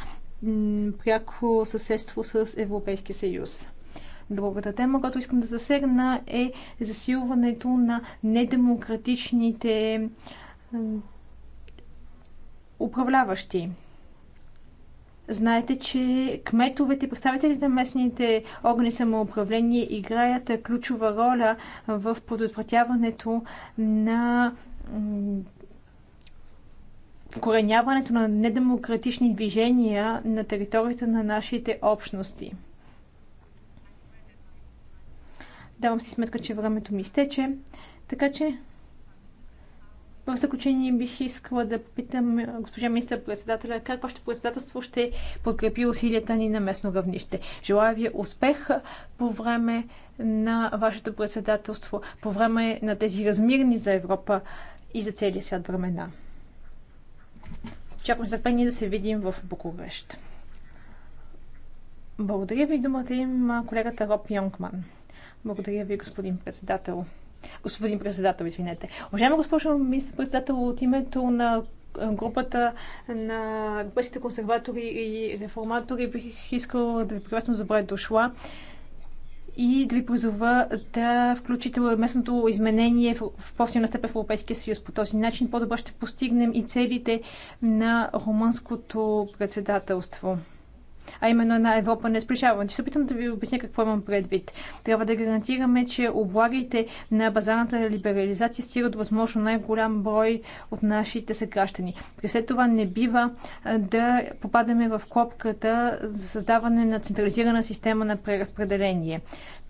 Speaker 3: пряко съседство с Европейския съюз. Другата тема, която искам да засегна е засилването на недемократичните управляващи. Знаете, че кметовете, представителите на местните органи самоуправление играят ключова роля в предотвратяването на вкореняването на недемократични движения на територията на нашите общности. Давам си сметка, че времето ми изтече, така че в заключение бих искала да питам е, госпожа министър-председателя как вашето председателство ще подкрепи усилията ни на местно равнище. Желая ви успех по време на вашето председателство, по време на тези размирни за Европа и за целия свят времена. Чакам с търпение да се видим в Букурещ. Благодаря ви. Думата има колегата Роб Йонгман. Благодаря ви, господин председател. Господин председател, извинете. Уважаема госпожо министър-председател, от името на групата на бъдещите консерватори и реформатори бих искала да ви приветствам за добре дошла и да ви призова да включите местното изменение в по-силна степен в Европейския съюз. По този начин по-добре ще постигнем и целите на румънското председателство а именно една Европа не спрещава. Ще се опитам да ви обясня какво имам предвид. Трябва да гарантираме, че облагите на базарната либерализация стигат възможно най-голям брой от нашите съграждани. При след това не бива да попадаме в копката за създаване на централизирана система на преразпределение.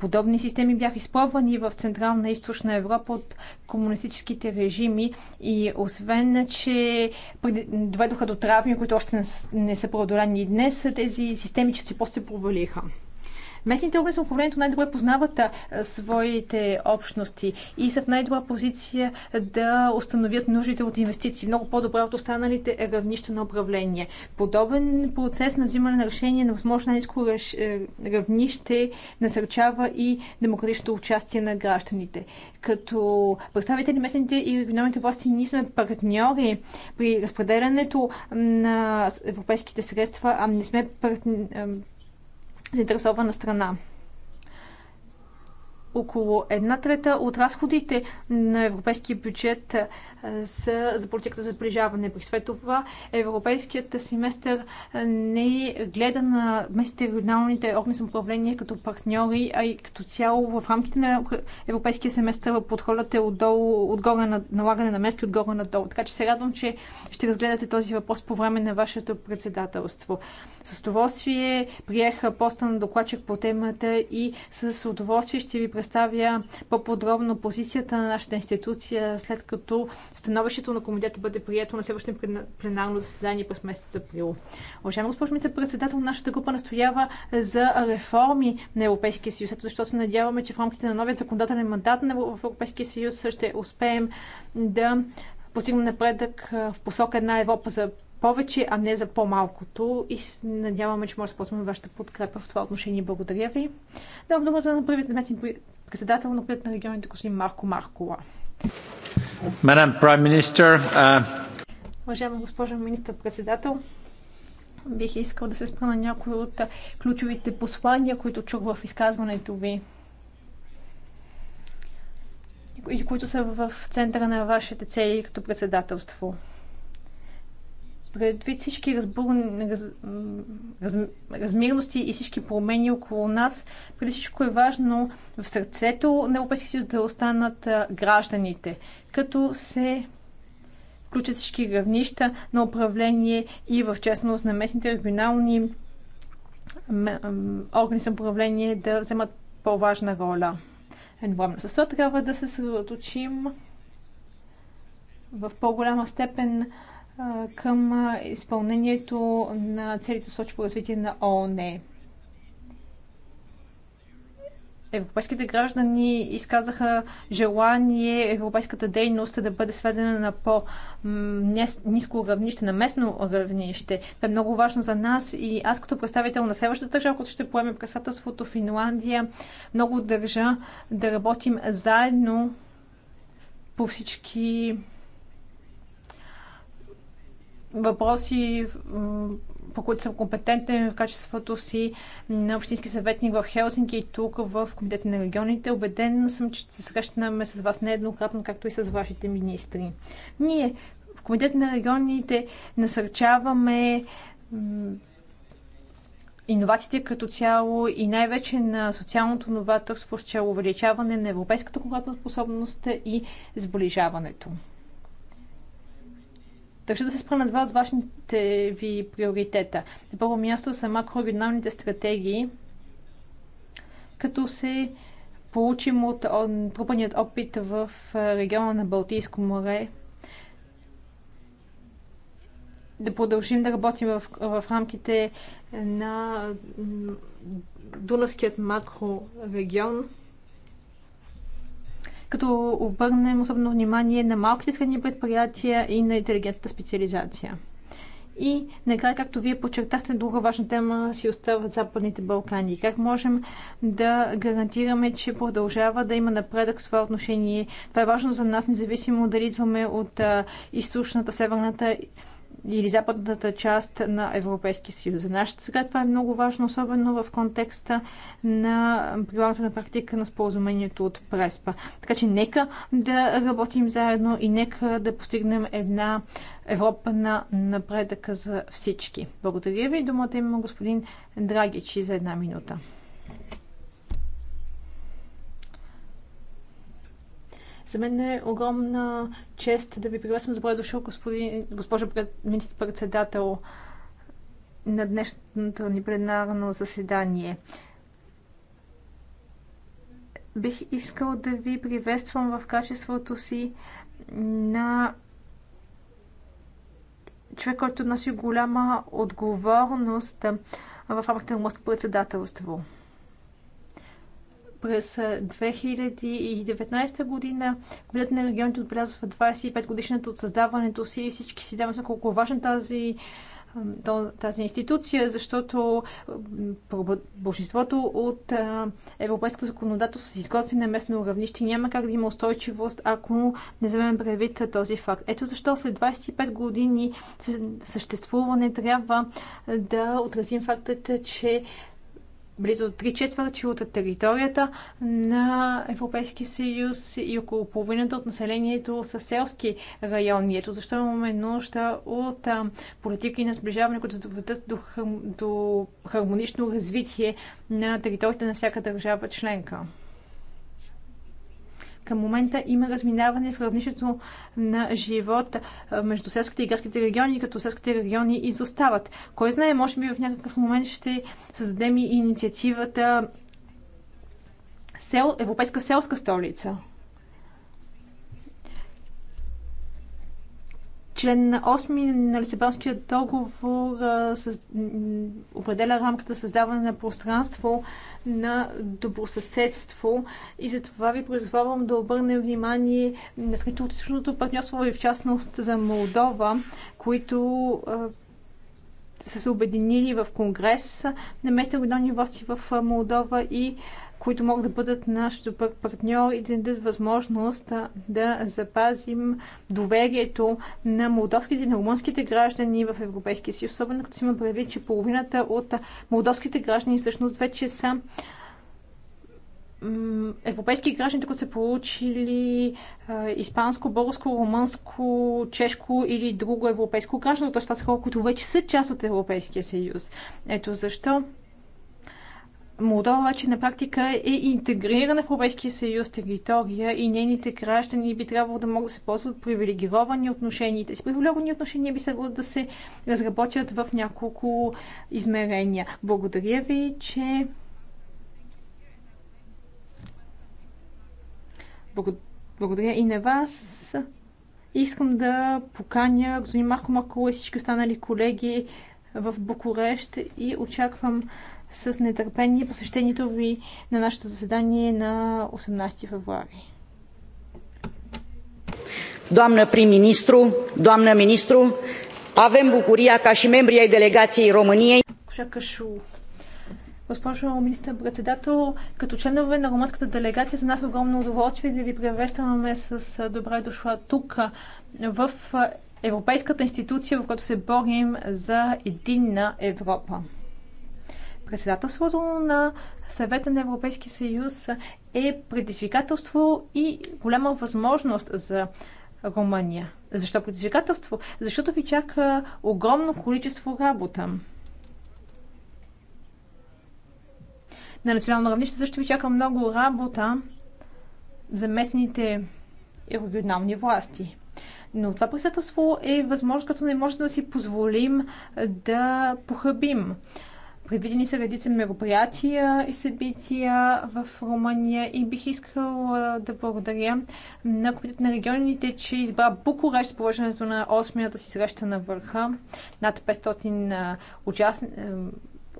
Speaker 3: Подобни системи бяха изпробвани в Централна и Източна Европа от комунистическите режими и освен, че доведоха до травми, които още не са преодолени днес, тези системи че и после провалиха. Местните органи на управлението най-добре познават своите общности и са в най-добра позиция да установят нуждите от инвестиции, много по-добре от останалите равнища на управление. Подобен процес на взимане на решение на възможно най-низко е, равнище насърчава и демократичното участие на гражданите. Като представители местните и регионалните власти ние сме партньори при разпределянето на европейските средства, а не сме партньори заинтересована страна около една трета от разходите на европейския бюджет са за политиката за сближаване. При свето това европейският семестър не гледа на местните регионалните органи за управление като партньори, а и като цяло в рамките на европейския семестър подходът е отдолу, отгоре на налагане на мерки отгоре надолу. Така че се радвам, че ще разгледате този въпрос по време на вашето председателство. С удоволствие приех поста на докладчик по темата и с удоволствие ще ви представя по-подробно позицията на нашата институция, след като становището на комитета бъде прието на следващото пленарно заседание през месец април. Уважаема госпожо председател, нашата група настоява за реформи на Европейския съюз, защото се надяваме, че в рамките на новия законодателен мандат на Европейския съюз ще успеем да постигнем напредък в посока една Европа за повече, а не за по-малкото. И надяваме, че може да използваме вашата подкрепа в това отношение. Благодаря ви. Давам думата на първият заместник председател на на регионите, господин Марко Маркова.
Speaker 5: Мадам Прайм Министър.
Speaker 3: Уважаема госпожа министър-председател, бих искал да се спра на някои от ключовите послания, които чух в изказването ви и които са в центъра на вашите цели като председателство предвид всички разбурни, раз, раз, размирности и всички промени около нас, преди всичко е важно в сърцето на Европейския съюз да останат гражданите, като се включат всички равнища на управление и в честност на местните регионални органи за управление да вземат по-важна роля. Едновременно с това трябва да се съсредоточим в по-голяма степен към изпълнението на целите сочово развитие на ООН. Европейските граждани изказаха желание европейската дейност да бъде сведена на по-низко равнище, на местно равнище. Това е много важно за нас и аз като представител на следващата държава, която ще поеме председателството Финландия, много държа да работим заедно по всички въпроси, по които съм компетентен в качеството си на общински съветник в Хелсинки и тук в Комитета на регионите. Обеден съм, че се срещнаме с вас нееднократно, както и с вашите министри. Ние в Комитета на регионите насърчаваме иновациите като цяло и най-вече на социалното новаторство с цяло, увеличаване на европейската способност и сближаването. Държа да се спра на два от важните ви приоритета. На първо място са макрорегионалните стратегии, като се получим от трупаният опит в региона на Балтийско море, да продължим да работим в, в рамките на Дунавският макрорегион. регион като обърнем особено внимание на малките средни предприятия и на интелигентната специализация. И накрая, както вие подчертахте, друга важна тема си остават Западните Балкани. Как можем да гарантираме, че продължава да има напредък в това отношение? Това е важно за нас, независимо дали идваме от източната, северната или западната част на Европейския съюз. За нашата сега това е много важно, особено в контекста на прилагането на практика на споразумението от Преспа. Така че нека да работим заедно и нека да постигнем една Европа на напредъка за всички. Благодаря ви. Думата има господин Драгичи за една минута. За мен е огромна чест да ви приветствам. Добре дошъл, госпожо госпожа министр-председател на днешното ни пленарно заседание. Бих искал да ви приветствам в качеството си на човек, който носи голяма отговорност в рамките на морското председателство. През 2019 година Комитет на регионите отбелязва 25 годишната от създаването си и всички си даваме колко е важна тази тази институция, защото божеството от европейското законодателство се изготви на местно равнище. Няма как да има устойчивост, ако не вземем предвид този факт. Ето защо след 25 години съществуване трябва да отразим фактът, че близо 3 четвърти от територията на Европейския съюз и около половината от населението са селски райони. Ето защо имаме нужда от политики на сближаване, които доведат до, хар... до хармонично развитие на територията на всяка държава членка. Към момента има разминаване в равнището на живот между селските и градските региони, като селските региони изостават. Кой знае, може би в някакъв момент ще създадем и инициативата Сел, Европейска селска столица. Член 8 на Лисабонския договор съз... определя рамката създаване на пространство на добросъседство и затова ви призовавам да обърнем внимание на стратегическото партньорство и в частност за Молдова, които са се обединили в Конгрес на местни регионални власти в Молдова и които могат да бъдат наш добър партньор и да ни дадат възможност да запазим доверието на молдовските и на румънските граждани в Европейския съюз, особено като си има предвид, че половината от молдовските граждани всъщност вече са европейски граждани, които са получили е, испанско, българско, румънско, чешко или друго европейско гражданство. това са хора, които вече са част от Европейския съюз. Ето защо Молдова вече на практика е интегрирана в Европейския съюз територия и нейните граждани би трябвало да могат да се ползват привилегировани отношения. Тези привилегировани отношения би следвало да се разработят в няколко измерения. Благодаря ви, че Благодаря и на вас. Искам да поканя господин Марко Маркова и всички останали колеги в Букурещ и очаквам с нетърпение посещението ви на нашето заседание на 18 февруари. Doamnă prim-ministru, doamnă ministru, avem bucuria ca și membrii ai delegației României. Госпожо министър-председател, като членове на румънската делегация, за нас е огромно удоволствие да ви приветстваме с добре дошла тук в Европейската институция, в която се борим за единна Европа. Председателството на съвета на Европейския съюз е предизвикателство и голяма възможност за Румъния. Защо предизвикателство? Защото ви чака огромно количество работа. На национално равнище също ви чака много работа за местните и регионални власти. Но това председателство е възможност, като не можем да си позволим да похъбим. Предвидени са редица мероприятия и събития в Румъния и бих искала да благодаря на Комитет на регионите, че избра Букурещ с положението на 8 мината си среща на върха. Над 500 участ...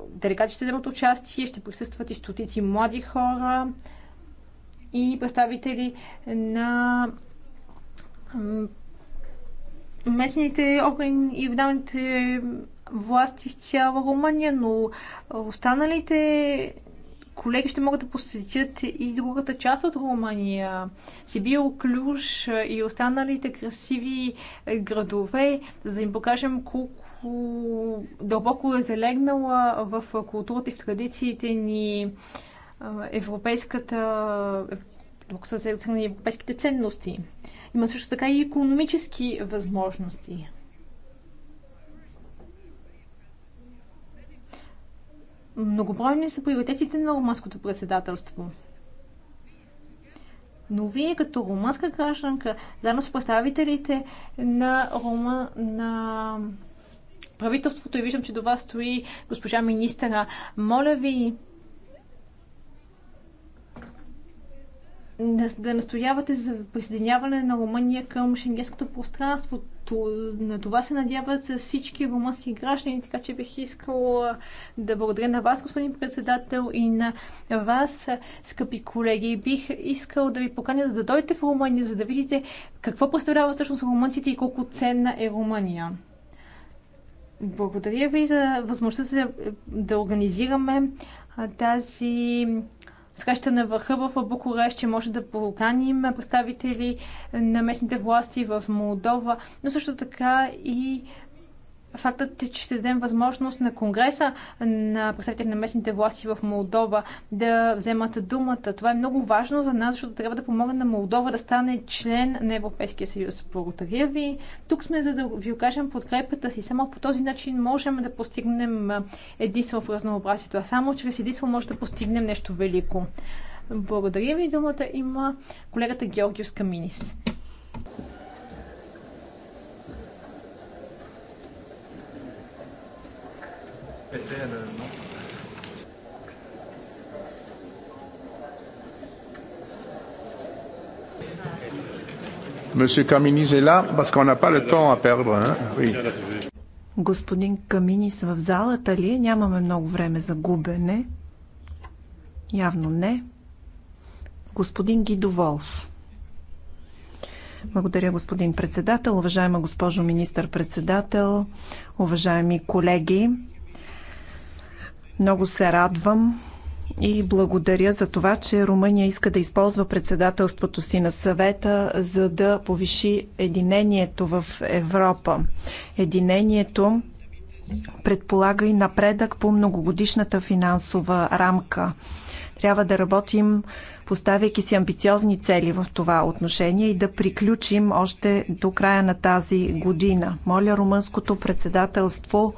Speaker 3: делегати ще вземат участие, ще присъстват и стотици млади хора и представители на местните органи и вдавните Власт из цяла Румъния, но останалите колеги ще могат да посетят и другата част от Румъния. Сибил, Клюш и останалите красиви градове, за да им покажем колко дълбоко е залегнала в културата и в традициите ни европейската европейските ценности. Има също така и економически възможности. Многобройни са приоритетите на румънското председателство. Но вие като румънска гражданка, заедно с представителите на, Рума, на правителството и виждам, че до вас стои госпожа министъра, моля ви да настоявате за присъединяване на Румъния към шенгенското пространство на това се надяват всички румънски граждани, така че бих искала да благодаря на вас, господин председател, и на вас, скъпи колеги. Бих искал да ви поканя да дойдете в Румъния, за да видите какво представлява всъщност румънците и колко ценна е Румъния. Благодаря ви за възможността да организираме тази среща на върха в Букурещ, че може да поканим представители на местните власти в Молдова, но също така и фактът е, че ще дадем възможност на Конгреса на представители на местните власти в Молдова да вземат думата. Това е много важно за нас, защото трябва да помогне на Молдова да стане член на Европейския съюз. Благодаря ви. Тук сме за да ви окажем подкрепата си. Само по този начин можем да постигнем единство в разнообразието, а само чрез единство може да постигнем нещо велико. Благодаря ви. Думата има колегата Георгиус Каминис.
Speaker 2: Е
Speaker 4: Monsieur Каминис là, parce qu'on n'a pas le temps à perdre. Hein? Oui.
Speaker 7: Господин Каминис в залата ли Нямаме много време за губене. Явно не. Господин Волф. Благодаря, господин председател. Уважаема госпожо министър-председател, уважаеми колеги, много се радвам и благодаря за това, че Румъния иска да използва председателството си на съвета, за да повиши единението в Европа. Единението предполага и напредък по многогодишната финансова рамка. Трябва да работим поставяйки си амбициозни цели в това отношение и да приключим още до края на тази година. Моля румънското председателство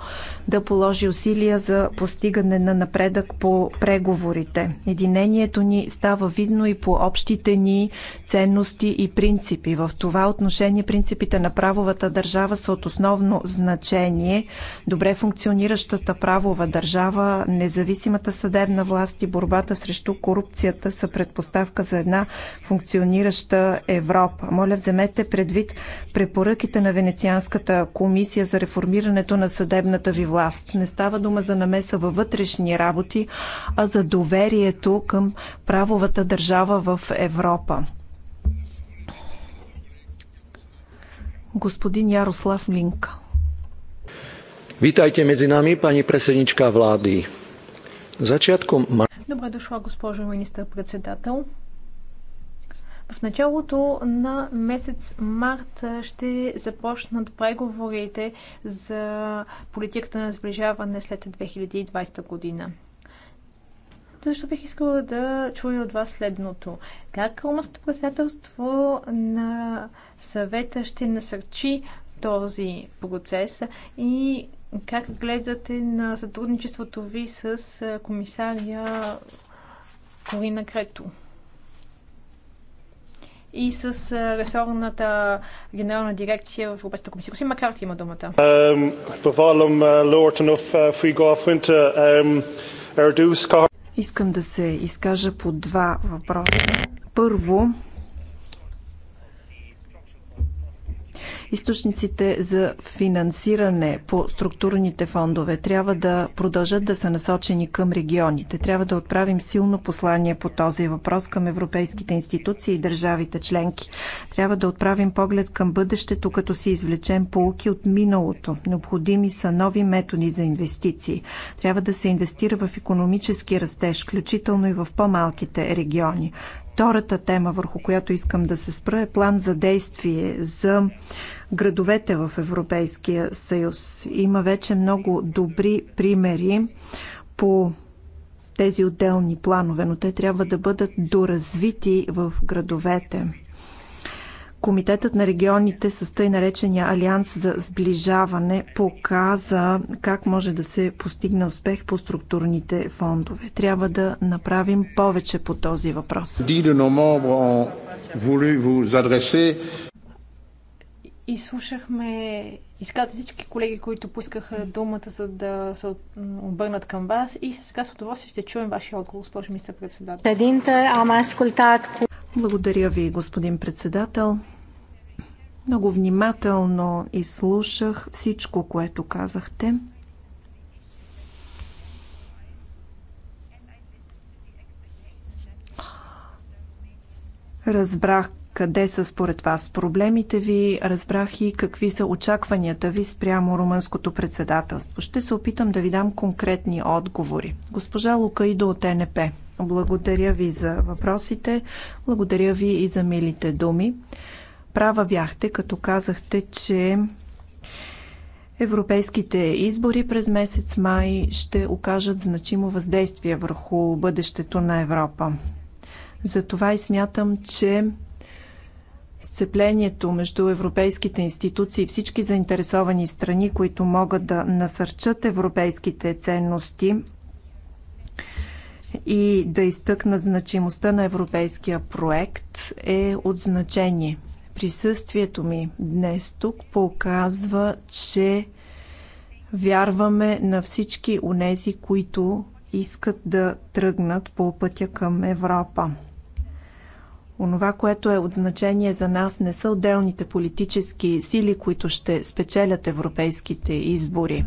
Speaker 7: да положи усилия за постигане на напредък по преговорите. Единението ни става видно и по общите ни ценности и принципи. В това отношение принципите на правовата държава са от основно значение. Добре функциониращата правова държава, независимата съдебна власт и борбата срещу корупцията са предпоставки предпоставка за една функционираща Европа. Моля, вземете предвид препоръките на Венецианската комисия за реформирането на съдебната ви власт. Не става дума за намеса във вътрешни работи, а за доверието към правовата държава в Европа. Господин Ярослав Линка.
Speaker 6: Vítajte medzi nami, pani predsednička vlády. Začiatkom
Speaker 3: Добре дошла, госпожо министър-председател. В началото на месец март ще започнат преговорите за политиката на сближаване след 2020 година. Защо бих искала да чуя от вас следното. Как румънското председателство на съвета ще насърчи този процес и как гледате на сътрудничеството ви с комисария Корина Крето? и с ресорната генерална дирекция в Европейската комисия. Господин Макарти има думата.
Speaker 1: Искам да
Speaker 7: се изкажа по два въпроса. Първо, Източниците за финансиране по структурните фондове трябва да продължат да са насочени към регионите. Трябва да отправим силно послание по този въпрос към европейските институции и държавите членки. Трябва да отправим поглед към бъдещето, като си извлечем полуки от миналото. Необходими са нови методи за инвестиции. Трябва да се инвестира в економически растеж, включително и в по-малките региони. Втората тема, върху която искам да се спра, е план за действие за градовете в Европейския съюз. Има вече много добри примери по тези отделни планове, но те трябва да бъдат доразвити в градовете. Комитетът на регионите с тъй наречения Алианс за сближаване показа как може да се постигне успех по структурните фондове. Трябва да направим повече по този въпрос.
Speaker 3: И слушахме изказват всички колеги, които поискаха думата, за да се обърнат към вас. И сега с удоволствие ще чуем вашия отговор, госпожо министър председател.
Speaker 7: Благодаря ви, господин председател. Много внимателно изслушах всичко, което казахте. Разбрах къде са според вас проблемите ви? Разбрах и какви са очакванията ви спрямо румънското председателство. Ще се опитам да ви дам конкретни отговори. Госпожа Лукаидо от НП. Благодаря ви за въпросите. Благодаря ви и за милите думи. Права бяхте, като казахте, че Европейските избори през месец май ще окажат значимо въздействие върху бъдещето на Европа. Затова и смятам, че сцеплението между европейските институции и всички заинтересовани страни, които могат да насърчат европейските ценности и да изтъкнат значимостта на европейския проект, е от значение. Присъствието ми днес тук показва, че вярваме на всички унези, които искат да тръгнат по пътя към Европа. Онова, което е от значение за нас, не са отделните политически сили, които ще спечелят европейските избори.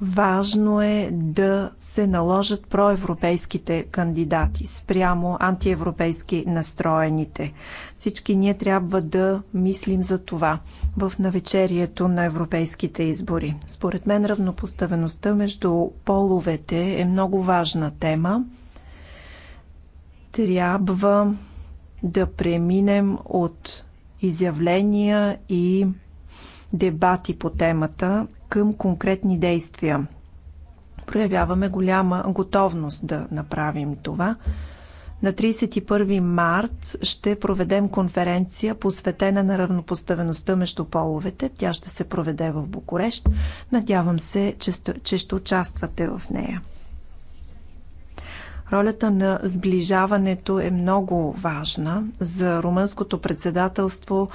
Speaker 7: Важно е да се наложат проевропейските кандидати спрямо антиевропейски настроените. Всички ние трябва да мислим за това в навечерието на европейските избори. Според мен равнопоставеността между половете е много важна тема. Трябва да преминем от изявления и дебати по темата към конкретни действия. Проявяваме голяма готовност да направим това. На 31 март ще проведем конференция посветена на равнопоставеността между половете. Тя ще се проведе в Букурещ. Надявам се, че, че ще участвате в нея. Ролята на сближаването е много важна. За румънското председателство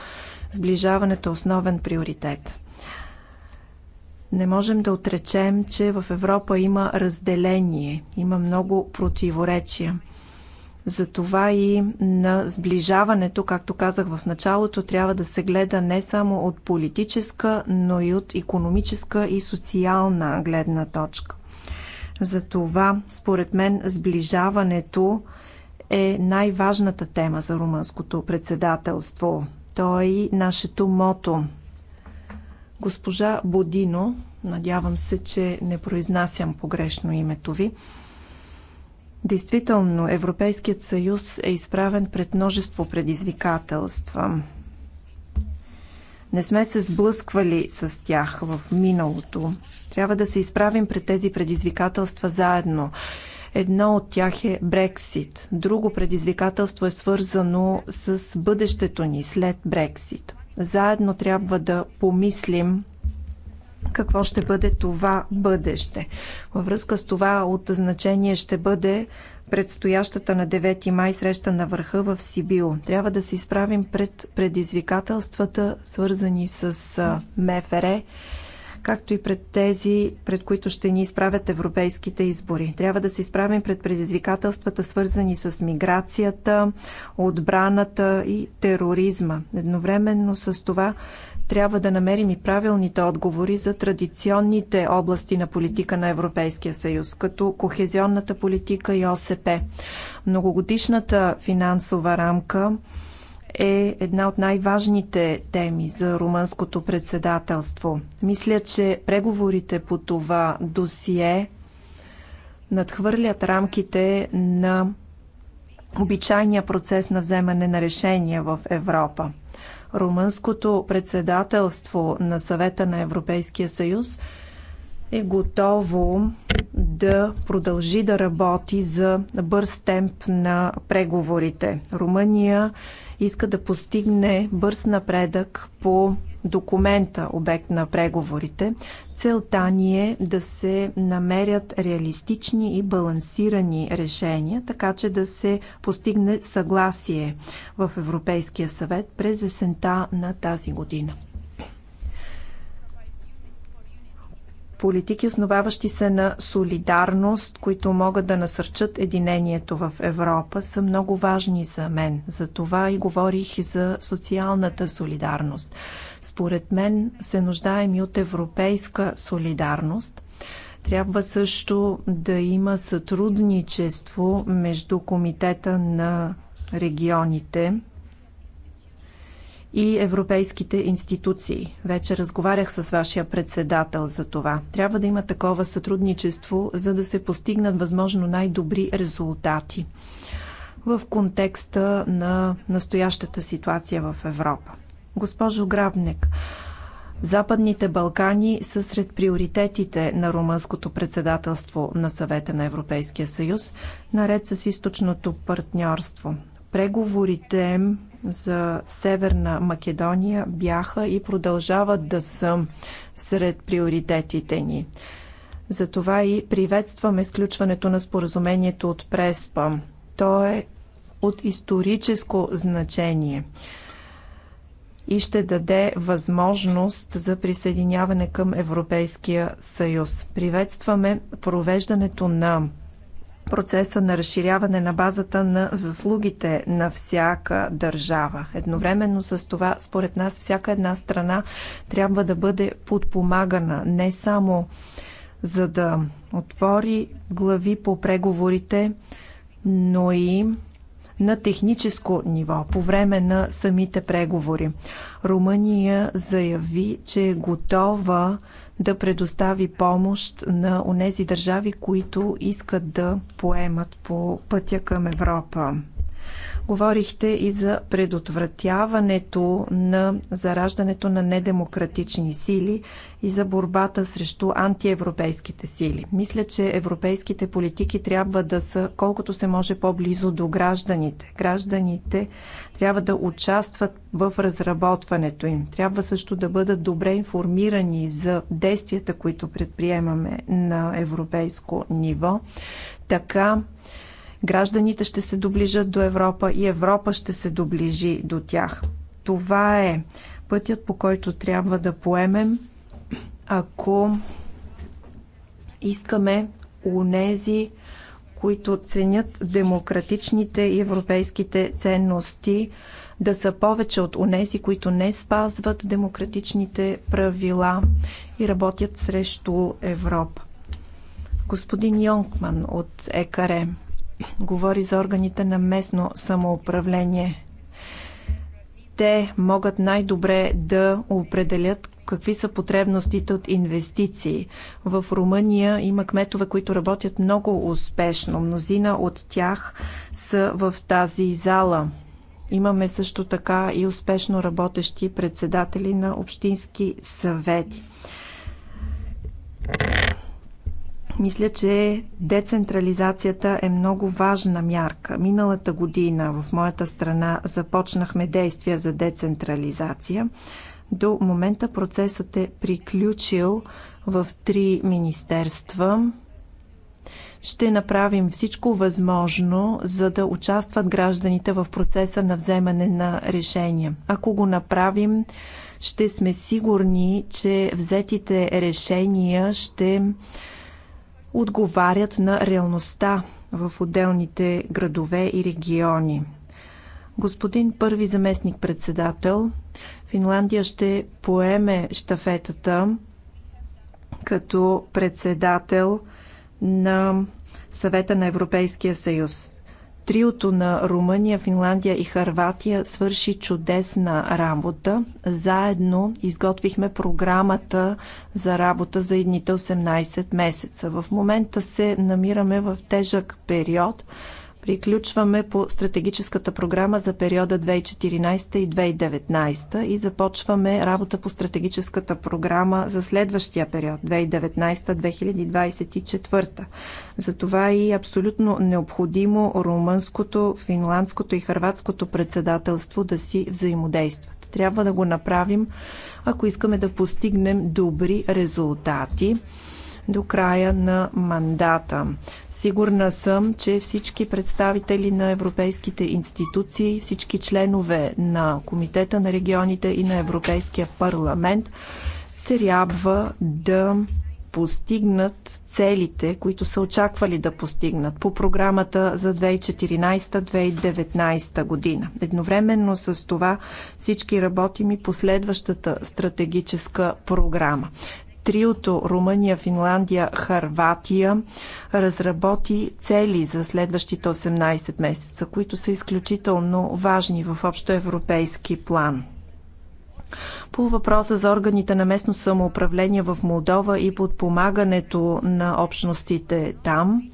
Speaker 7: сближаването е основен приоритет. Не можем да отречем, че в Европа има разделение, има много противоречия. Затова и на сближаването, както казах в началото, трябва да се гледа не само от политическа, но и от економическа и социална гледна точка. Затова, според мен, сближаването е най-важната тема за румънското председателство. То е и нашето мото. Госпожа Бодино, надявам се, че не произнасям погрешно името ви, Действително, Европейският съюз е изправен пред множество предизвикателства. Не сме се сблъсквали с тях в миналото. Трябва да се изправим пред тези предизвикателства заедно. Едно от тях е Брексит. Друго предизвикателство е свързано с бъдещето ни след Брексит. Заедно трябва да помислим какво ще бъде това бъдеще. Във връзка с това от значение ще бъде предстоящата на 9 май среща на върха в Сибил. Трябва да се изправим пред предизвикателствата, свързани с МФР както и пред тези, пред които ще ни изправят европейските избори. Трябва да се изправим пред предизвикателствата, свързани с миграцията, отбраната и тероризма. Едновременно с това трябва да намерим и правилните отговори за традиционните области на политика на Европейския съюз, като кохезионната политика и ОСП. Многогодишната финансова рамка е една от най-важните теми за румънското председателство. Мисля, че преговорите по това досие надхвърлят рамките на обичайния процес на вземане на решения в Европа. Румънското председателство на съвета на Европейския съюз е готово да продължи да работи за бърз темп на преговорите. Румъния иска да постигне бърз напредък по документа, обект на преговорите. Целта ни е да се намерят реалистични и балансирани решения, така че да се постигне съгласие в Европейския съвет през есента на тази година. политики, основаващи се на солидарност, които могат да насърчат единението в Европа, са много важни за мен. За това и говорих и за социалната солидарност. Според мен се нуждаем и от европейска солидарност. Трябва също да има сътрудничество между Комитета на регионите и европейските институции. Вече разговарях с вашия председател за това. Трябва да има такова сътрудничество, за да се постигнат възможно най-добри резултати в контекста на настоящата ситуация в Европа. Госпожо Грабник, Западните Балкани са сред приоритетите на румънското председателство на съвета на Европейския съюз, наред с източното партньорство. Преговорите за Северна Македония бяха и продължават да са сред приоритетите ни. Затова и приветстваме сключването на споразумението от Преспа. То е от историческо значение и ще даде възможност за присъединяване към Европейския съюз. Приветстваме провеждането на процеса на разширяване на базата на заслугите на всяка държава. Едновременно с това, според нас, всяка една страна трябва да бъде подпомагана не само за да отвори глави по преговорите, но и на техническо ниво по време на самите преговори. Румъния заяви, че е готова да предостави помощ на онези държави, които искат да поемат по пътя към Европа. Говорихте и за предотвратяването на зараждането на недемократични сили и за борбата срещу антиевропейските сили. Мисля, че европейските политики трябва да са колкото се може по-близо до гражданите. Гражданите трябва да участват в разработването им. Трябва също да бъдат добре информирани за действията, които предприемаме на европейско ниво. Така Гражданите ще се доближат до Европа и Европа ще се доближи до тях. Това е пътят, по който трябва да поемем, ако искаме унези, които ценят демократичните и европейските ценности, да са повече от унези, които не спазват демократичните правила и работят срещу Европа. Господин Йонкман от ЕКАРЕ говори за органите на местно самоуправление. Те могат най-добре да определят какви са потребностите от инвестиции. В Румъния има кметове, които работят много успешно. Мнозина от тях са в тази зала. Имаме също така и успешно работещи председатели на общински съвети. Мисля, че децентрализацията е много важна мярка. Миналата година в моята страна започнахме действия за децентрализация. До момента процесът е приключил в три министерства. Ще направим всичко възможно, за да участват гражданите в процеса на вземане на решения. Ако го направим, ще сме сигурни, че взетите решения ще отговарят на реалността в отделните градове и региони. Господин първи заместник председател, Финландия ще поеме штафетата като председател на съвета на Европейския съюз. Триото на Румъния, Финландия и Харватия свърши чудесна работа. Заедно изготвихме програмата за работа за едните 18 месеца. В момента се намираме в тежък период – Приключваме по стратегическата програма за периода 2014 и 2019 и започваме работа по стратегическата програма за следващия период 2019-2024. Затова е и абсолютно необходимо румънското, финландското и хърватското председателство да си взаимодействат. Трябва да го направим, ако искаме да постигнем добри резултати до края на мандата. Сигурна съм, че всички представители на европейските институции, всички членове на Комитета на регионите и на Европейския парламент трябва да постигнат целите, които са очаквали да постигнат по програмата за 2014-2019 година. Едновременно с това всички работим и последващата стратегическа програма триото Румъния, Финландия, Харватия разработи цели за следващите 18 месеца, които са изключително важни в общоевропейски план. По въпроса за органите на местно самоуправление в Молдова и подпомагането на общностите там,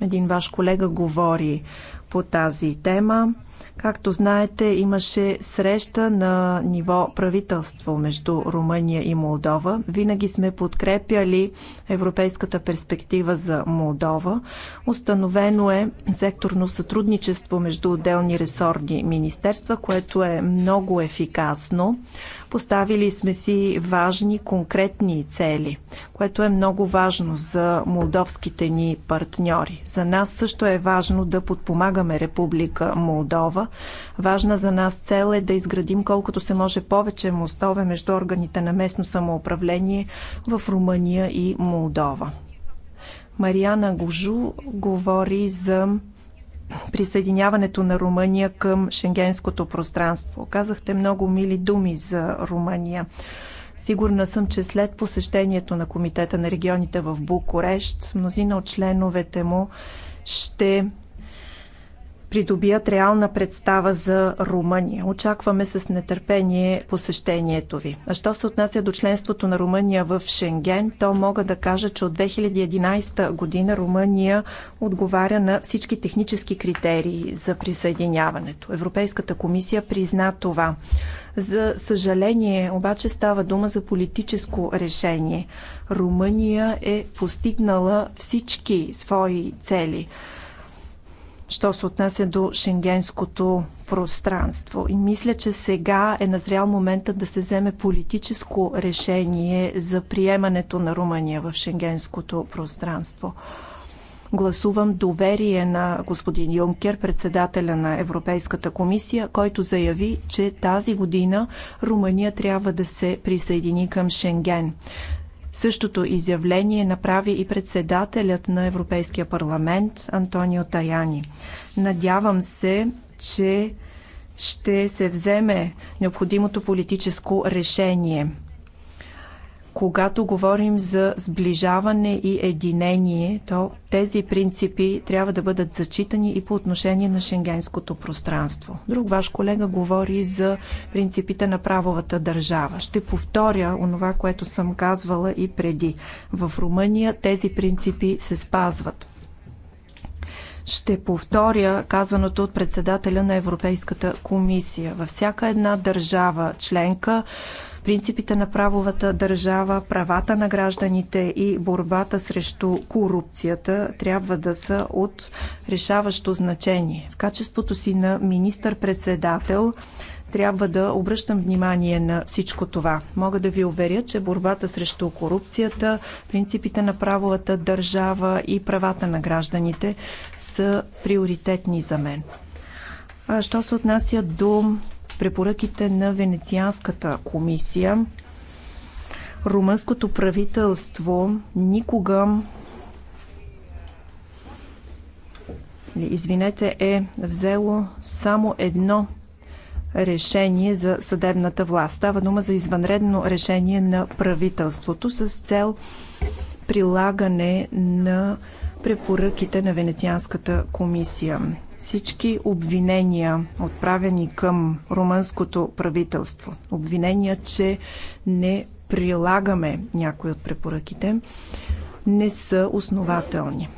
Speaker 7: един ваш колега говори по тази тема. Както знаете, имаше среща на ниво правителство между Румъния и Молдова. Винаги сме подкрепяли европейската перспектива за Молдова. Установено е секторно сътрудничество между отделни ресорни министерства, което е много ефикасно. Поставили сме си важни, конкретни цели, което е много важно за молдовските ни партньори. За нас също е важно да подпомагаме Република Молдова. Важна за нас цел е да изградим колкото се може повече мостове между органите на местно самоуправление в Румъния и Молдова. Мариана Гожу говори за присъединяването на Румъния към шенгенското пространство. Казахте много мили думи за Румъния. Сигурна съм, че след посещението на Комитета на регионите в Букурещ, мнозина от членовете му ще придобият реална представа за Румъния. Очакваме с нетърпение посещението ви. А що се отнася до членството на Румъния в Шенген, то мога да кажа, че от 2011 година Румъния отговаря на всички технически критерии за присъединяването. Европейската комисия призна това. За съжаление, обаче става дума за политическо решение. Румъния е постигнала всички свои цели – що се отнася до шенгенското пространство. И мисля, че сега е назрял моментът да се вземе политическо решение за приемането на Румъния в шенгенското пространство. Гласувам доверие на господин Юнкер, председателя на Европейската комисия, който заяви, че тази година Румъния трябва да се присъедини към Шенген. Същото изявление направи и председателят на Европейския парламент Антонио Таяни. Надявам се, че ще се вземе необходимото политическо решение – когато говорим за сближаване и единение, то тези принципи трябва да бъдат зачитани и по отношение на шенгенското пространство. Друг ваш колега говори за принципите на правовата държава. Ще повторя онова, което съм казвала и преди. В Румъния тези принципи се спазват. Ще повторя казаното от председателя на Европейската комисия. Във всяка една държава членка принципите на правовата държава, правата на гражданите и борбата срещу корупцията трябва да са от решаващо значение. В качеството си на министър-председател трябва да обръщам внимание на всичко това. Мога да ви уверя, че борбата срещу корупцията, принципите на правовата държава и правата на гражданите са приоритетни за мен. Що се отнася до препоръките на Венецианската комисия, румънското правителство никога извинете, е взело само едно решение за съдебната власт. Става дума за извънредно решение на правителството с цел прилагане на препоръките на Венецианската комисия всички обвинения, отправени към румънското правителство, обвинения, че не прилагаме някои от препоръките, не са основателни.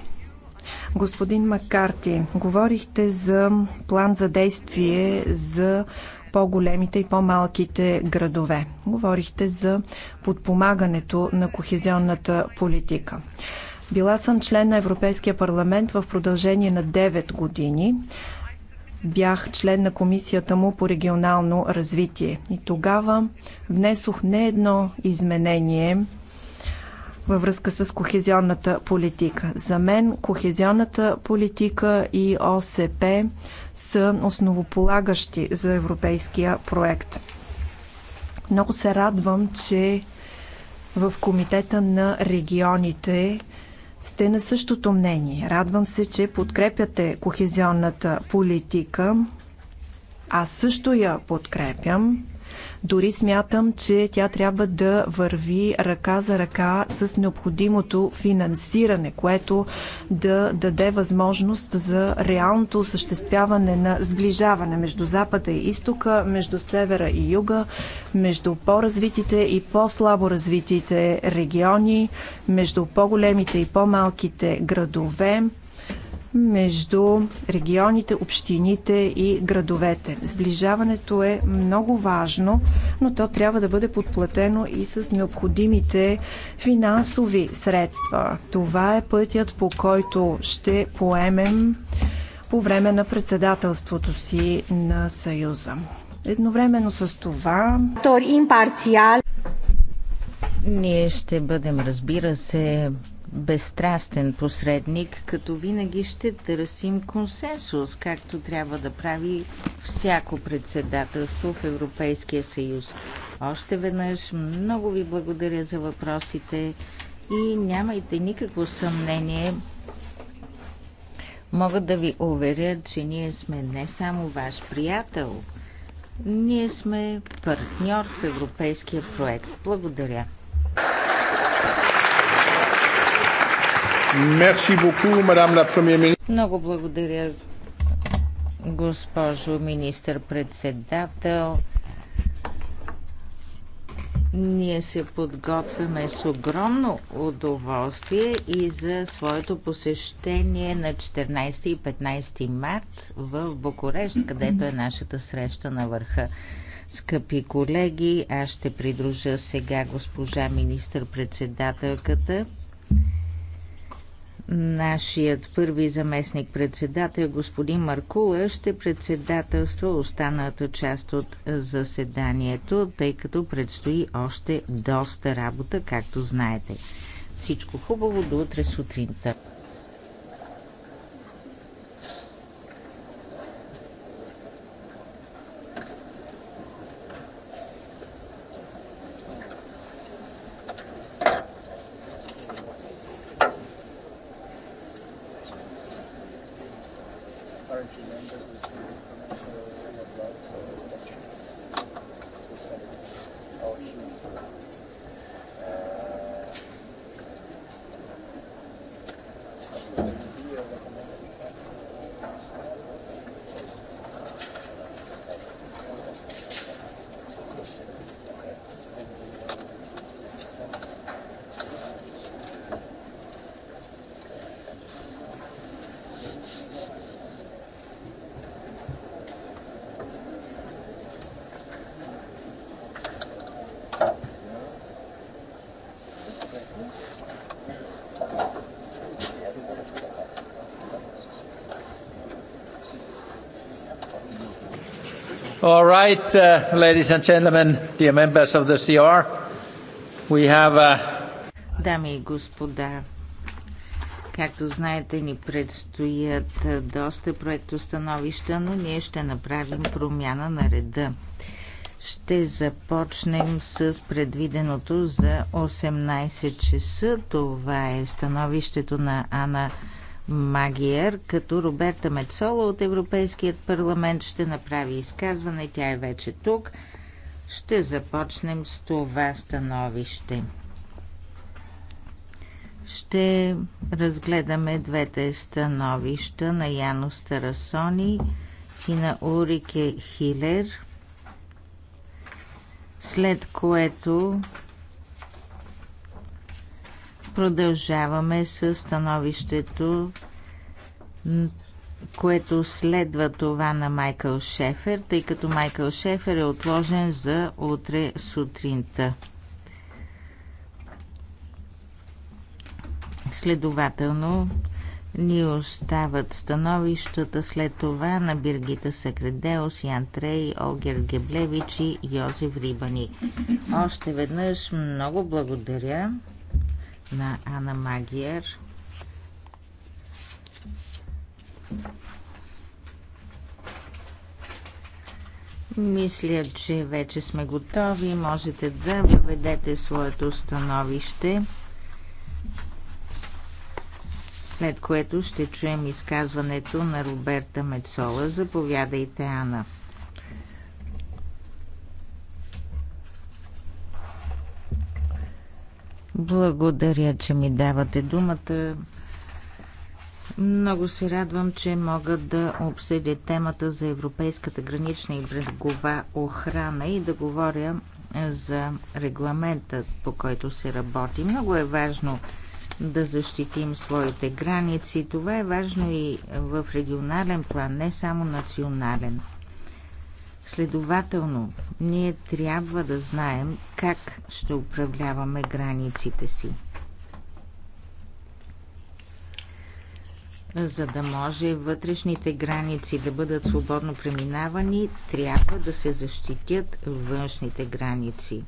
Speaker 7: Господин Макарти, говорихте за план за действие за по-големите и по-малките градове. Говорихте за подпомагането на кохезионната политика. Била съм член на Европейския парламент в продължение на 9 години. Бях член на комисията му по регионално развитие. И тогава внесох не едно изменение във връзка с кохезионната политика. За мен кохезионната политика и ОСП са основополагащи за европейския проект. Много се радвам, че в Комитета на регионите сте на същото мнение. Радвам се, че подкрепяте кохезионната политика. Аз също я подкрепям. Дори смятам, че тя трябва да върви ръка за ръка с необходимото финансиране, което да даде възможност за реалното осъществяване на сближаване между Запада и Изтока, между Севера и Юга, между по-развитите и по-слабо развитите региони, между по-големите и по-малките градове, между регионите, общините и градовете. Сближаването е много важно, но то трябва да бъде подплатено и с необходимите финансови средства. Това е пътят, по който ще поемем по време на председателството си на Съюза. Едновременно с това... Тор
Speaker 10: импарциал. Ние ще бъдем, разбира се, безстрастен посредник, като винаги ще търсим консенсус, както трябва да прави всяко председателство в Европейския съюз. Още веднъж много ви благодаря за въпросите и нямайте никакво съмнение. Мога да ви уверя, че ние сме не само ваш приятел, ние сме партньор в европейския проект. Благодаря. Много благодаря, госпожо министър-председател. Ние се подготвяме с огромно удоволствие и за своето посещение на 14 и 15 март в Букурещ, където е нашата среща на върха. Скъпи колеги, аз ще придружа сега госпожа министър-председателката Нашият първи заместник председател, господин Маркула, ще председателства останалата част от заседанието, тъй като предстои още доста работа, както знаете. Всичко хубаво до утре сутринта.
Speaker 5: right, uh, ladies and gentlemen, dear members of the CR, we have a... Uh,
Speaker 10: Дами и господа, както знаете, ни предстоят доста проектостановища, но ние ще направим промяна на реда. Ще започнем с предвиденото за 18 часа. Това е становището на Ана Ана Магиер, като Роберта Мецола от Европейският парламент ще направи изказване. Тя е вече тук. Ще започнем с това становище. Ще разгледаме двете становища на Яно Старасони и на Урике Хилер, след което Продължаваме с становището, което следва това на Майкъл Шефер, тъй като Майкъл Шефер е отложен за утре сутринта. Следователно, ни остават становищата след това на Биргита Сакредеос, Ян Трей, Огер Геблевич и Йозеф Рибани. Още веднъж много благодаря на Ана Магиер. Мисля, че вече сме готови. Можете да въведете своето становище, след което ще чуем изказването на Роберта Мецола. Заповядайте, Ана. Благодаря, че ми давате думата. Много се радвам, че мога да обсъдя темата за европейската гранична и брегова охрана и да говоря за регламента, по който се работи. Много е важно да защитим своите граници. Това е важно и в регионален план, не само национален. Следователно, ние трябва да знаем как ще управляваме границите си, за да може вътрешните граници да бъдат свободно преминавани, трябва да се защитят външните граници.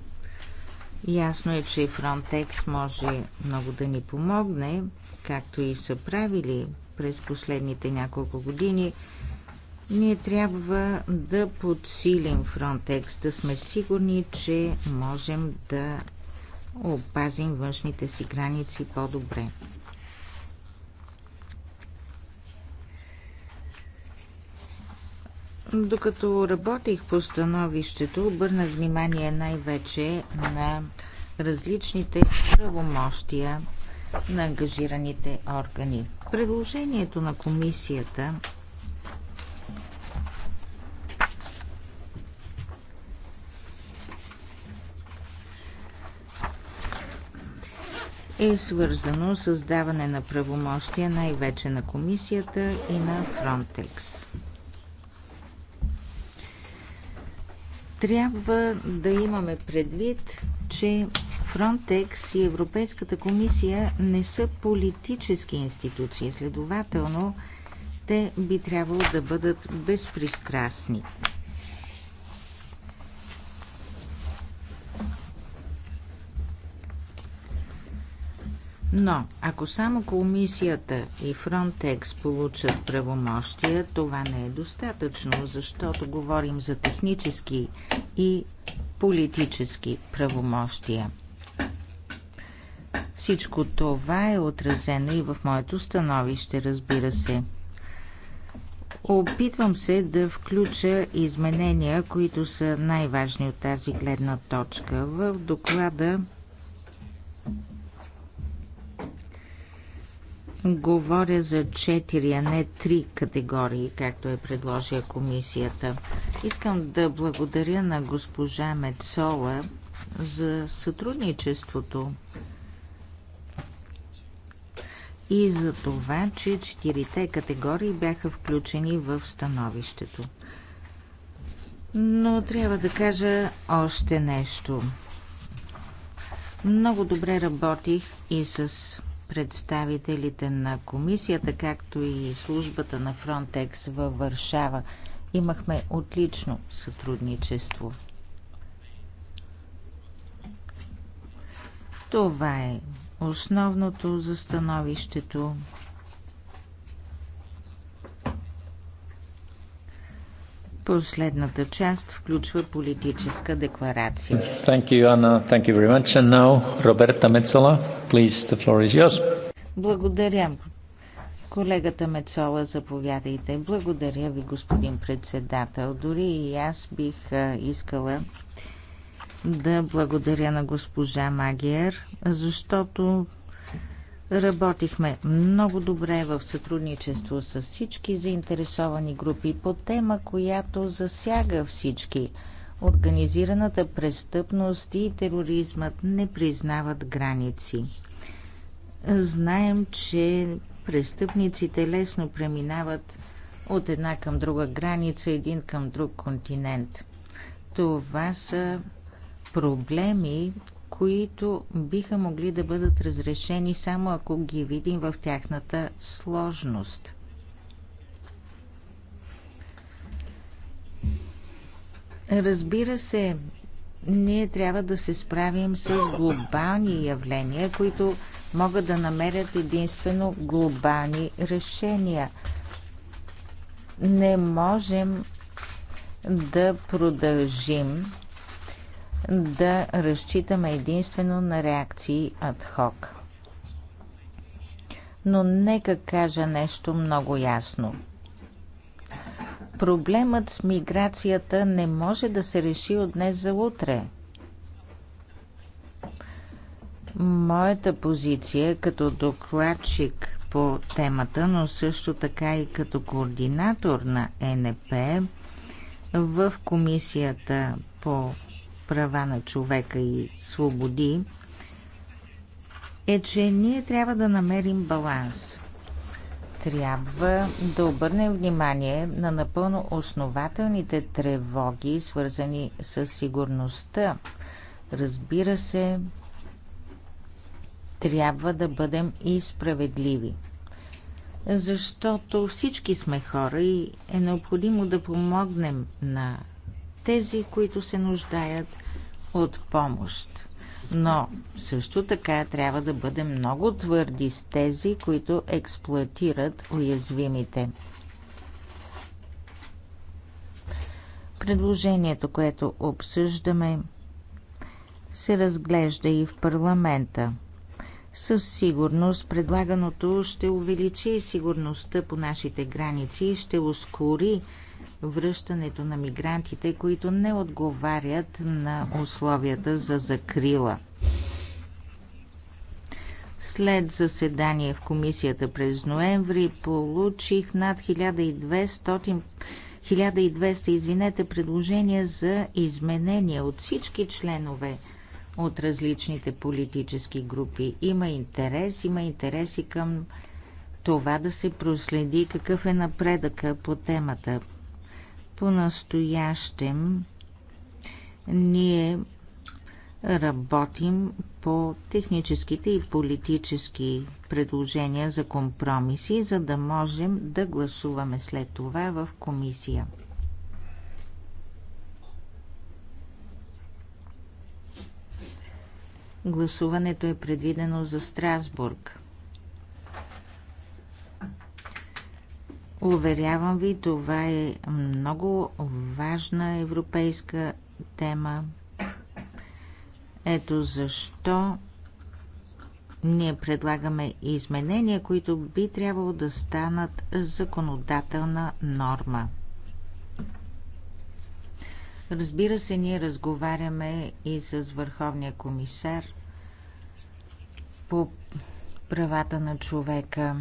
Speaker 10: Ясно е, че Frontex може много да ни помогне, както и са правили през последните няколко години – ние трябва да подсилим Frontex, да сме сигурни, че можем да опазим външните си граници по-добре. Докато работих по становището, обърнах внимание най-вече на различните правомощия на ангажираните органи. Предложението на комисията е свързано с даване на правомощия най-вече на комисията и на Фронтекс. Трябва да имаме предвид, че Фронтекс и Европейската комисия не са политически институции, следователно те би трябвало да бъдат безпристрастни. Но ако само комисията и Frontex получат правомощия, това не е достатъчно, защото говорим за технически и политически правомощия. Всичко това е отразено и в моето становище, разбира се. Опитвам се да включа изменения, които са най-важни от тази гледна точка. В доклада Говоря за 4, а не 3 категории, както е предложила комисията. Искам да благодаря на госпожа Мецола за сътрудничеството и за това, че четирите категории бяха включени в становището. Но трябва да кажа още нещо. Много добре работих и с представителите на комисията, както и службата на Frontex във Варшава. Имахме отлично сътрудничество. Това е основното за становището. Последната част включва политическа декларация.
Speaker 5: Thank you, Anna. Thank you very much. And now, Roberta Metzola, please, the floor is yours.
Speaker 10: Благодаря. Колегата Мецола, заповядайте. Благодаря ви, господин председател. Дори и аз бих искала да благодаря на госпожа Магиер, защото Работихме много добре в сътрудничество с всички заинтересовани групи по тема, която засяга всички. Организираната престъпност и тероризмът не признават граници. Знаем, че престъпниците лесно преминават от една към друга граница, един към друг континент. Това са проблеми, които биха могли да бъдат разрешени само ако ги видим в тяхната сложност. Разбира се, ние трябва да се справим с глобални явления, които могат да намерят единствено глобални решения. Не можем да продължим да разчитаме единствено на реакции адхок. Но нека кажа нещо много ясно. Проблемът с миграцията не може да се реши от днес за утре. Моята позиция като докладчик по темата, но също така и като координатор на НП в комисията по права на човека и свободи, е, че ние трябва да намерим баланс. Трябва да обърнем внимание на напълно основателните тревоги, свързани с сигурността. Разбира се, трябва да бъдем и справедливи. Защото всички сме хора и е необходимо да помогнем на тези, които се нуждаят от помощ. Но също така трябва да бъдем много твърди с тези, които експлуатират уязвимите. Предложението, което обсъждаме, се разглежда и в парламента. Със сигурност предлаганото ще увеличи сигурността по нашите граници и ще ускори връщането на мигрантите, които не отговарят на условията за закрила. След заседание в комисията през ноември получих над 1200, 1200 извинете, предложения за изменения от всички членове от различните политически групи. Има интерес, има интереси към това да се проследи какъв е напредъка по темата. По-настоящем ние работим по техническите и политически предложения за компромиси, за да можем да гласуваме след това в комисия. Гласуването е предвидено за Страсбург. Уверявам ви, това е много важна европейска тема. Ето защо ние предлагаме изменения, които би трябвало да станат законодателна норма. Разбира се, ние разговаряме и с Върховния комисар по правата на човека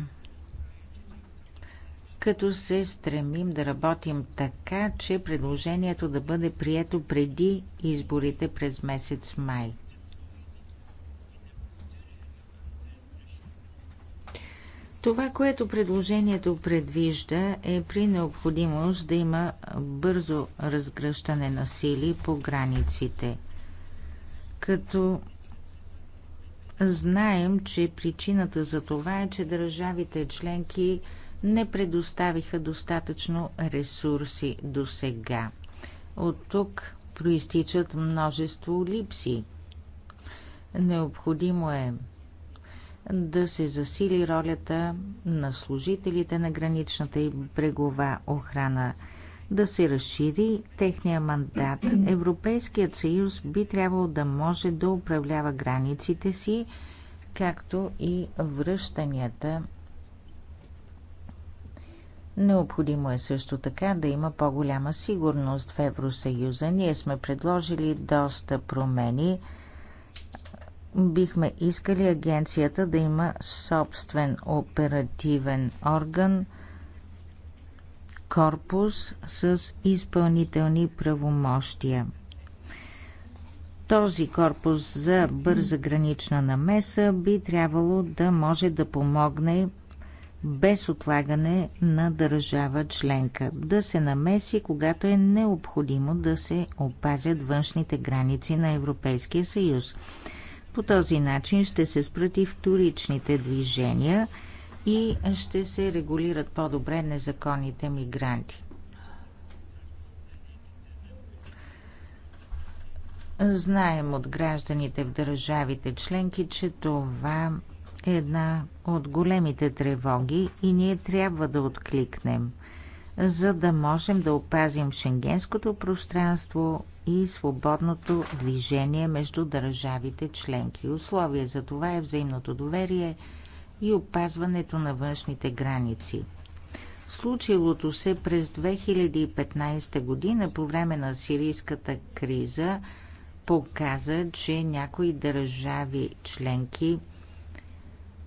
Speaker 10: като се стремим да работим така, че предложението да бъде прието преди изборите през месец май. Това, което предложението предвижда е при необходимост да има бързо разгръщане на сили по границите. Като знаем, че причината за това е, че държавите членки – не предоставиха достатъчно ресурси до сега. От тук проистичат множество липси. Необходимо е да се засили ролята на служителите на граничната и брегова охрана, да се разшири техния мандат. Европейският съюз би трябвало да може да управлява границите си, както и връщанията Необходимо е също така да има по-голяма сигурност в Евросъюза. Ние сме предложили доста промени. Бихме искали агенцията да има собствен оперативен орган, корпус с изпълнителни правомощия. Този корпус за бърза гранична намеса би трябвало да може да помогне без отлагане на държава членка, да се намеси, когато е необходимо да се опазят външните граници на Европейския съюз. По този начин ще се спрати вторичните движения и ще се регулират по-добре незаконните мигранти. Знаем от гражданите в държавите членки, че това е една от големите тревоги и ние трябва да откликнем, за да можем да опазим шенгенското пространство и свободното движение между държавите членки. Условие за това е взаимното доверие и опазването на външните граници. Случилото се през 2015 година по време на сирийската криза показа, че някои държави членки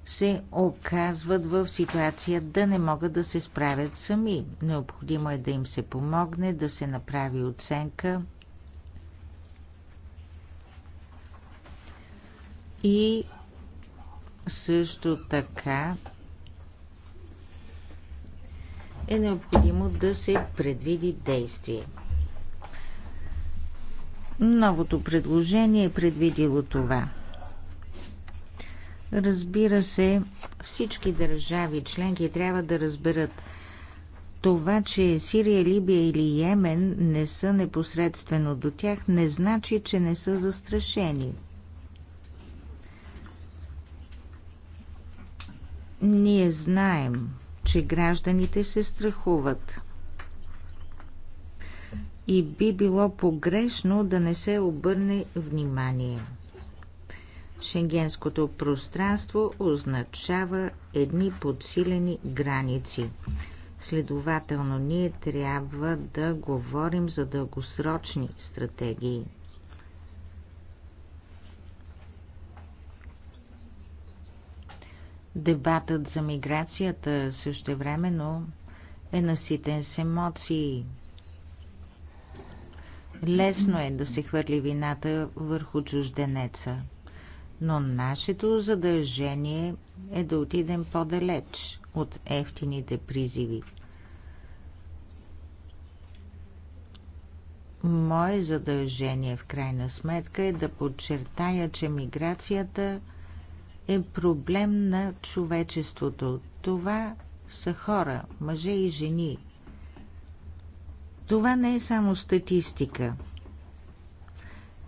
Speaker 10: се оказват в ситуация да не могат да се справят сами. Необходимо е да им се помогне, да се направи оценка и също така е необходимо да се предвиди действие. Новото предложение е предвидило това – Разбира се, всички държави членки трябва да разберат това, че Сирия, Либия или Йемен не са непосредствено до тях, не значи, че не са застрашени. Ние знаем, че гражданите се страхуват. И би било погрешно да не се обърне внимание. Шенгенското пространство означава едни подсилени граници. Следователно, ние трябва да говорим за дългосрочни стратегии. Дебатът за миграцията същевременно е наситен с емоции. Лесно е да се хвърли вината върху чужденеца – но нашето задължение е да отидем по-далеч от ефтините призиви. Мое задължение в крайна сметка е да подчертая, че миграцията е проблем на човечеството. Това са хора, мъже и жени. Това не е само статистика –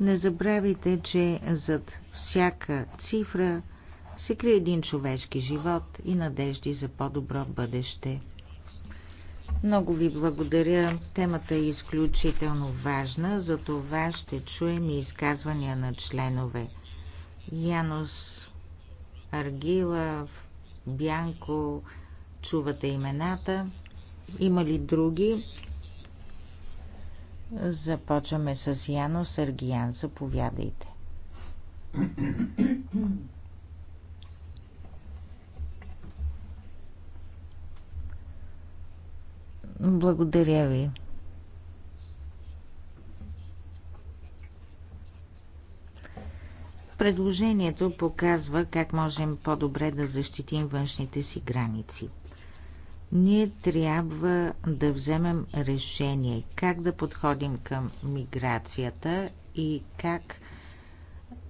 Speaker 10: не забравяйте, че зад всяка цифра се крие един човешки живот и надежди за по-добро бъдеще. Много ви благодаря. Темата е изключително важна, за това ще чуем и изказвания на членове. Янос Аргилов, Бянко, чувате имената. Има ли други? Започваме с Яно Сергиян. Заповядайте. Благодаря ви. Предложението показва как можем по-добре да защитим външните си граници. Ние трябва да вземем решение как да подходим към миграцията и как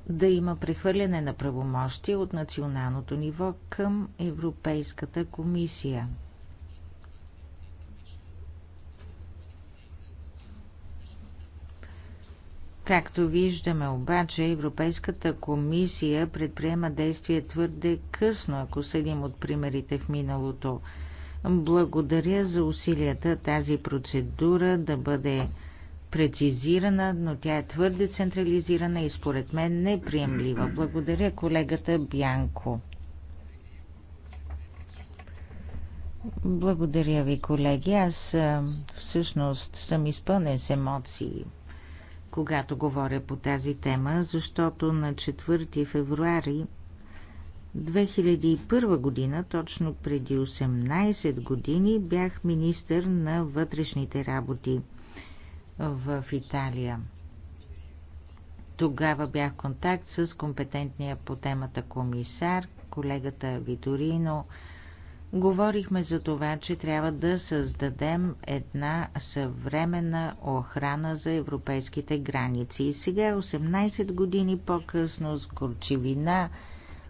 Speaker 10: да има прехвърляне на правомощия от националното ниво към Европейската комисия. Както виждаме обаче, Европейската комисия предприема действия твърде късно, ако съдим от примерите в миналото – благодаря за усилията тази процедура да бъде прецизирана, но тя е твърде централизирана и според мен неприемлива. Благодаря колегата Бянко. Благодаря ви, колеги. Аз всъщност съм изпълнен с емоции, когато говоря по тази тема, защото на 4 февруари 2001 година, точно преди 18 години, бях министър на вътрешните работи в Италия. Тогава бях в контакт с компетентния по темата комисар, колегата Виторино. Говорихме за това, че трябва да създадем една съвременна охрана за европейските граници. И сега, 18 години по-късно, с горчивина,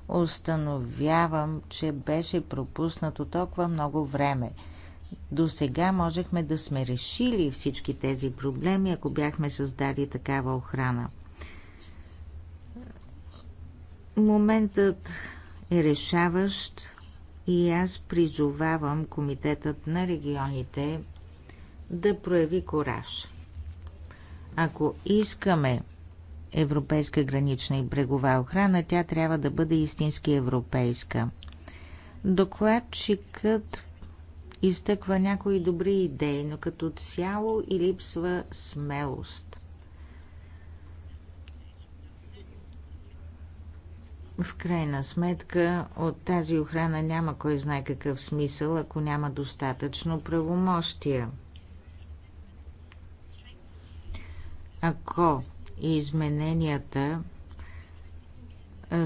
Speaker 10: установявам, че беше пропуснато толкова много време. До сега можехме да сме решили всички тези проблеми, ако бяхме създали такава охрана. Моментът е решаващ и аз призовавам Комитетът на регионите да прояви кораж. Ако искаме европейска гранична и брегова охрана, тя трябва да бъде истински европейска. Докладчикът изтъква някои добри идеи, но като цяло и липсва смелост. В крайна сметка от тази охрана няма кой знае какъв смисъл, ако няма достатъчно правомощия. Ако Измененията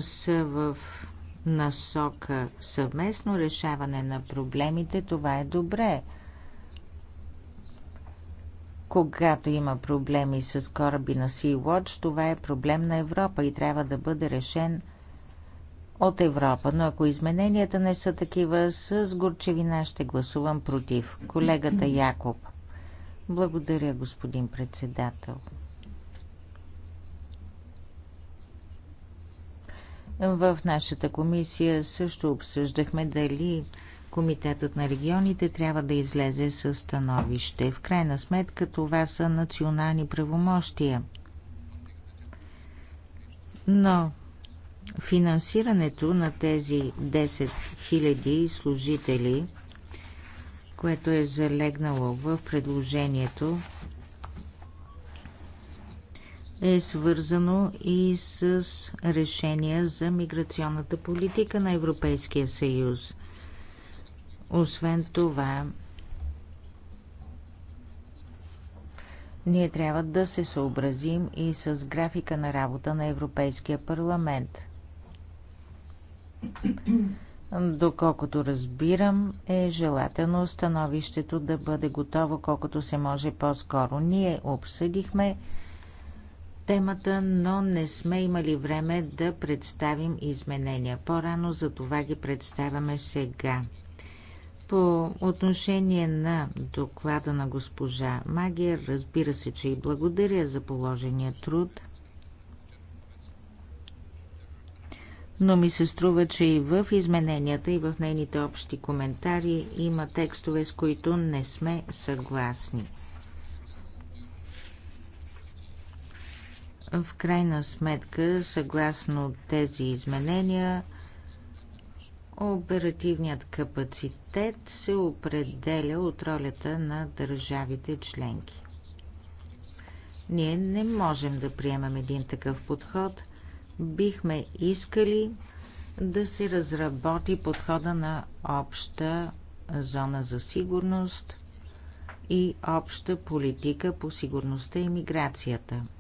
Speaker 10: са в насока съвместно решаване на проблемите. Това е добре. Когато има проблеми с кораби на Sea-Watch, това е проблем на Европа и трябва да бъде решен от Европа. Но ако измененията не са такива, с горчевина ще гласувам против. Колегата Якоб. Благодаря, господин председател. В нашата комисия също обсъждахме дали Комитетът на регионите трябва да излезе с становище. В крайна сметка това са национални правомощия. Но финансирането на тези 10 000 служители, което е залегнало в предложението, е свързано и с решения за миграционната политика на Европейския съюз. Освен това, ние трябва да се съобразим и с графика на работа на Европейския парламент. Доколкото разбирам, е желателно становището да бъде готово колкото се може по-скоро. Ние обсъдихме темата, но не сме имали време да представим изменения. По-рано за това ги представяме сега. По отношение на доклада на госпожа Магия, разбира се, че и благодаря за положения труд. Но ми се струва, че и в измененията, и в нейните общи коментари има текстове, с които не сме съгласни. В крайна сметка, съгласно тези изменения, оперативният капацитет се определя от ролята на държавите членки. Ние не можем да приемем един такъв подход. Бихме искали да се разработи подхода на обща зона за сигурност и обща политика по сигурността и миграцията –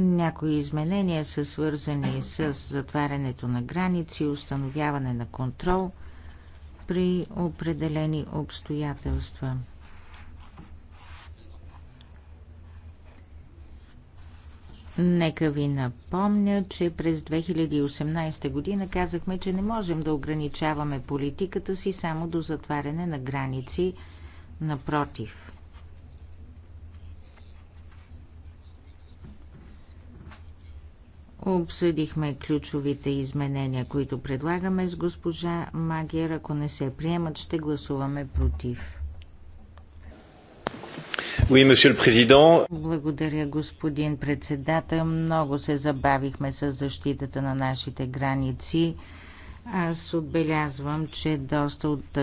Speaker 10: Някои изменения са свързани с затварянето на граници, установяване на контрол при определени обстоятелства. Нека ви напомня, че през 2018 година казахме, че не можем да ограничаваме политиката си само до затваряне на граници. Напротив, Обсъдихме ключовите изменения, които предлагаме с госпожа Магер. Ако не се приемат, ще гласуваме против.
Speaker 3: Oui,
Speaker 10: Благодаря, господин председател. Много се забавихме с защитата на нашите граници. Аз отбелязвам, че доста от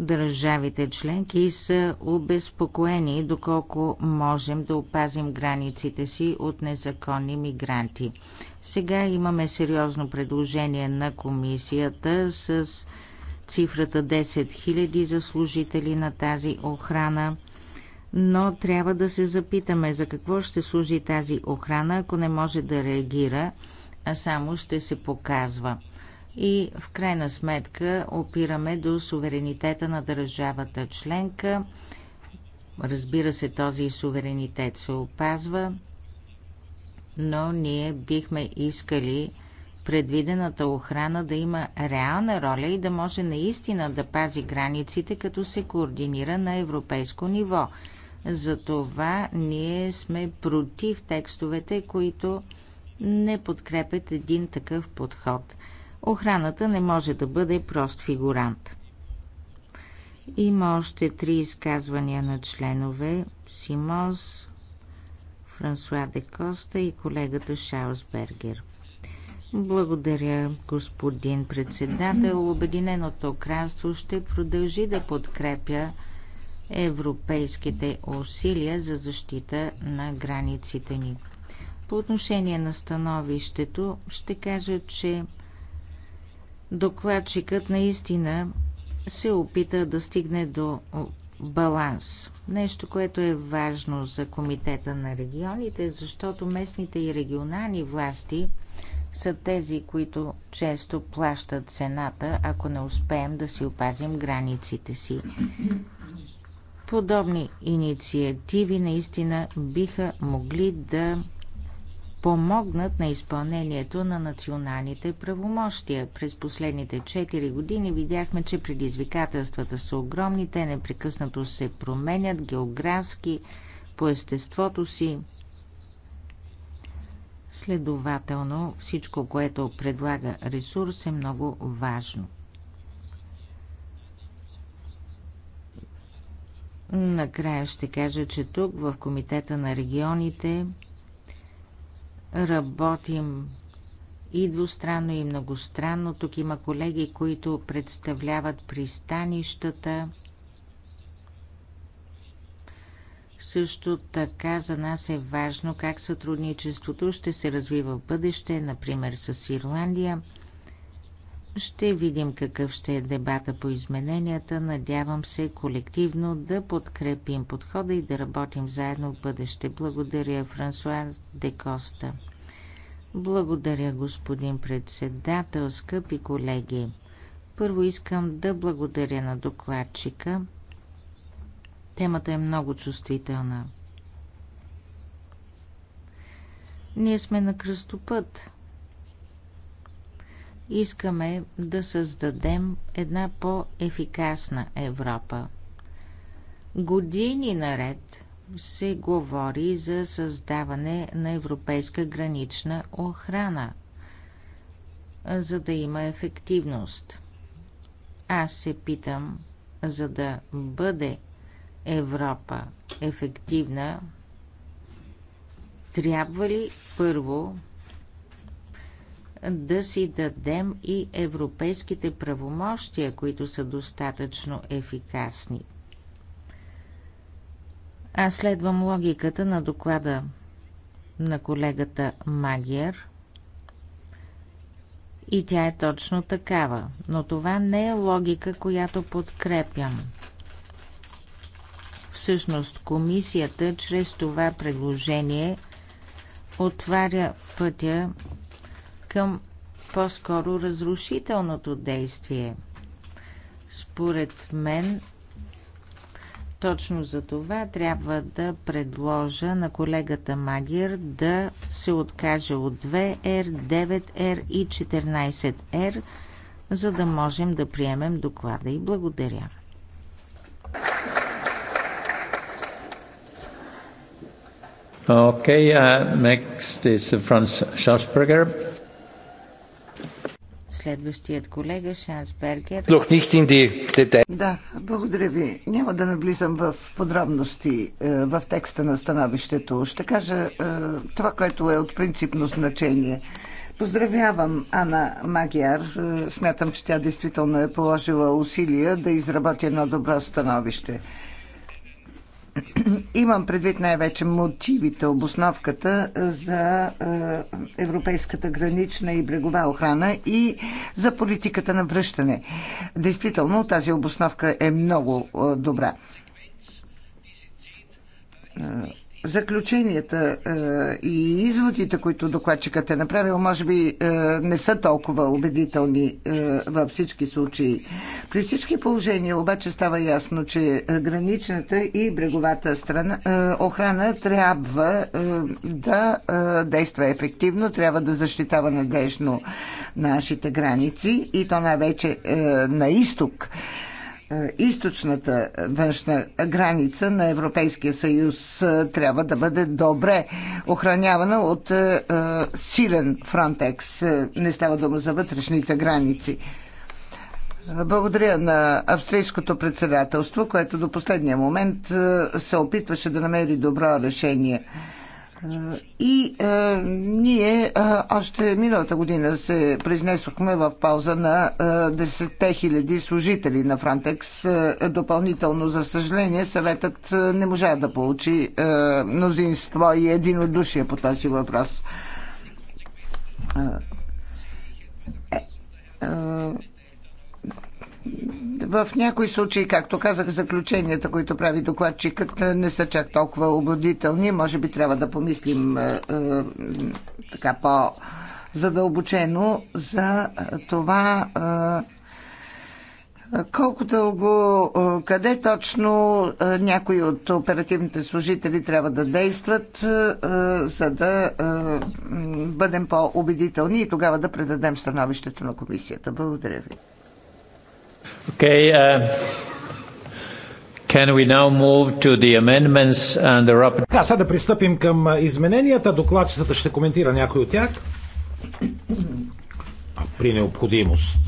Speaker 10: Държавите членки са обезпокоени доколко можем да опазим границите си от незаконни мигранти. Сега имаме сериозно предложение на комисията с цифрата 10 000 за служители на тази охрана. Но трябва да се запитаме за какво ще служи тази охрана, ако не може да реагира, а само ще се показва и в крайна сметка опираме до суверенитета на държавата членка. Разбира се, този суверенитет се опазва, но ние бихме искали предвидената охрана да има реална роля и да може наистина да пази границите, като се координира на европейско ниво. Затова ние сме против текстовете, които не подкрепят един такъв подход. Охраната не може да бъде прост фигурант. Има още три изказвания на членове Симос, Франсуа де Коста и колегата Шаусбергер. Благодаря, господин председател. Обединеното кралство ще продължи да подкрепя европейските усилия за защита на границите ни. По отношение на становището ще кажа, че докладчикът наистина се опита да стигне до баланс. Нещо, което е важно за Комитета на регионите, защото местните и регионални власти са тези, които често плащат цената, ако не успеем да си опазим границите си. Подобни инициативи наистина биха могли да помогнат на изпълнението на националните правомощия. През последните 4 години видяхме, че предизвикателствата са огромни, те непрекъснато се променят географски, по естеството си. Следователно, всичко, което предлага ресурс е много важно. Накрая ще кажа, че тук в Комитета на регионите Работим и двустранно, и многостранно. Тук има колеги, които представляват пристанищата. Също така за нас е важно как сътрудничеството ще се развива в бъдеще, например с Ирландия – ще видим какъв ще е дебата по измененията. Надявам се колективно да подкрепим подхода и да работим заедно в бъдеще. Благодаря, Франсуаз Декоста. Благодаря, господин председател, скъпи колеги. Първо искам да благодаря на докладчика. Темата е много чувствителна. Ние сме на кръстопът Искаме да създадем една по-ефикасна Европа. Години наред се говори за създаване на европейска гранична охрана, за да има ефективност. Аз се питам, за да бъде Европа ефективна, трябва ли първо да си дадем и европейските правомощия, които са достатъчно ефикасни. Аз следвам логиката на доклада на колегата Магиер и тя е точно такава, но това не е логика, която подкрепям. Всъщност комисията чрез това предложение отваря пътя към по-скоро разрушителното действие. Според мен, точно за това трябва да предложа на колегата Магир да се откаже от 2R, 9R и 14R, за да можем да приемем доклада. И благодаря.
Speaker 5: Okay, uh, next is Franz Schausberger
Speaker 10: следващият колега Шанс Бергер.
Speaker 9: Да, благодаря ви. Няма да навлизам в подробности е, в текста на становището. Ще кажа е, това, което е от принципно значение. Поздравявам Ана Магиар. Е, смятам, че тя действително е положила усилия да изработи едно добро становище. Имам предвид най-вече мотивите, обосновката за е, европейската гранична и брегова охрана и за политиката на връщане. Действително тази обосновка е много е, добра е, заключенията е, и изводите, които докладчикът е направил, може би е, не са толкова убедителни е, във всички случаи. При всички положения обаче става ясно, че граничната и бреговата страна, охрана трябва да действа ефективно, трябва да защитава надежно нашите граници и то най-вече на изток. Е, източната външна граница на Европейския съюз е, трябва да бъде добре охранявана от е, силен Фронтекс. Не става дума за вътрешните граници. Благодаря на австрийското председателство, което до последния момент се опитваше да намери добро решение. И а, ние а, още миналата година се произнесохме в пауза на а, 10 000 служители на Фронтекс. Допълнително, за съжаление, съветът не можа да получи а, мнозинство и единодушие по този въпрос. А, е, а, в някои случаи, както казах, заключенията, които прави докладчикът, не са чак толкова убедителни. Може би трябва да помислим е, е, така по-задълбочено за това. Е, колко дълго, е, къде точно е, някои от оперативните служители трябва да действат, е, за да бъдем по-убедителни и тогава да предадем становището на комисията. Благодаря ви.
Speaker 5: Okay. Uh, can we now move to the amendments and
Speaker 8: the Така, сега да пристъпим към измененията. Докладчицата ще коментира някой от тях. А при необходимост.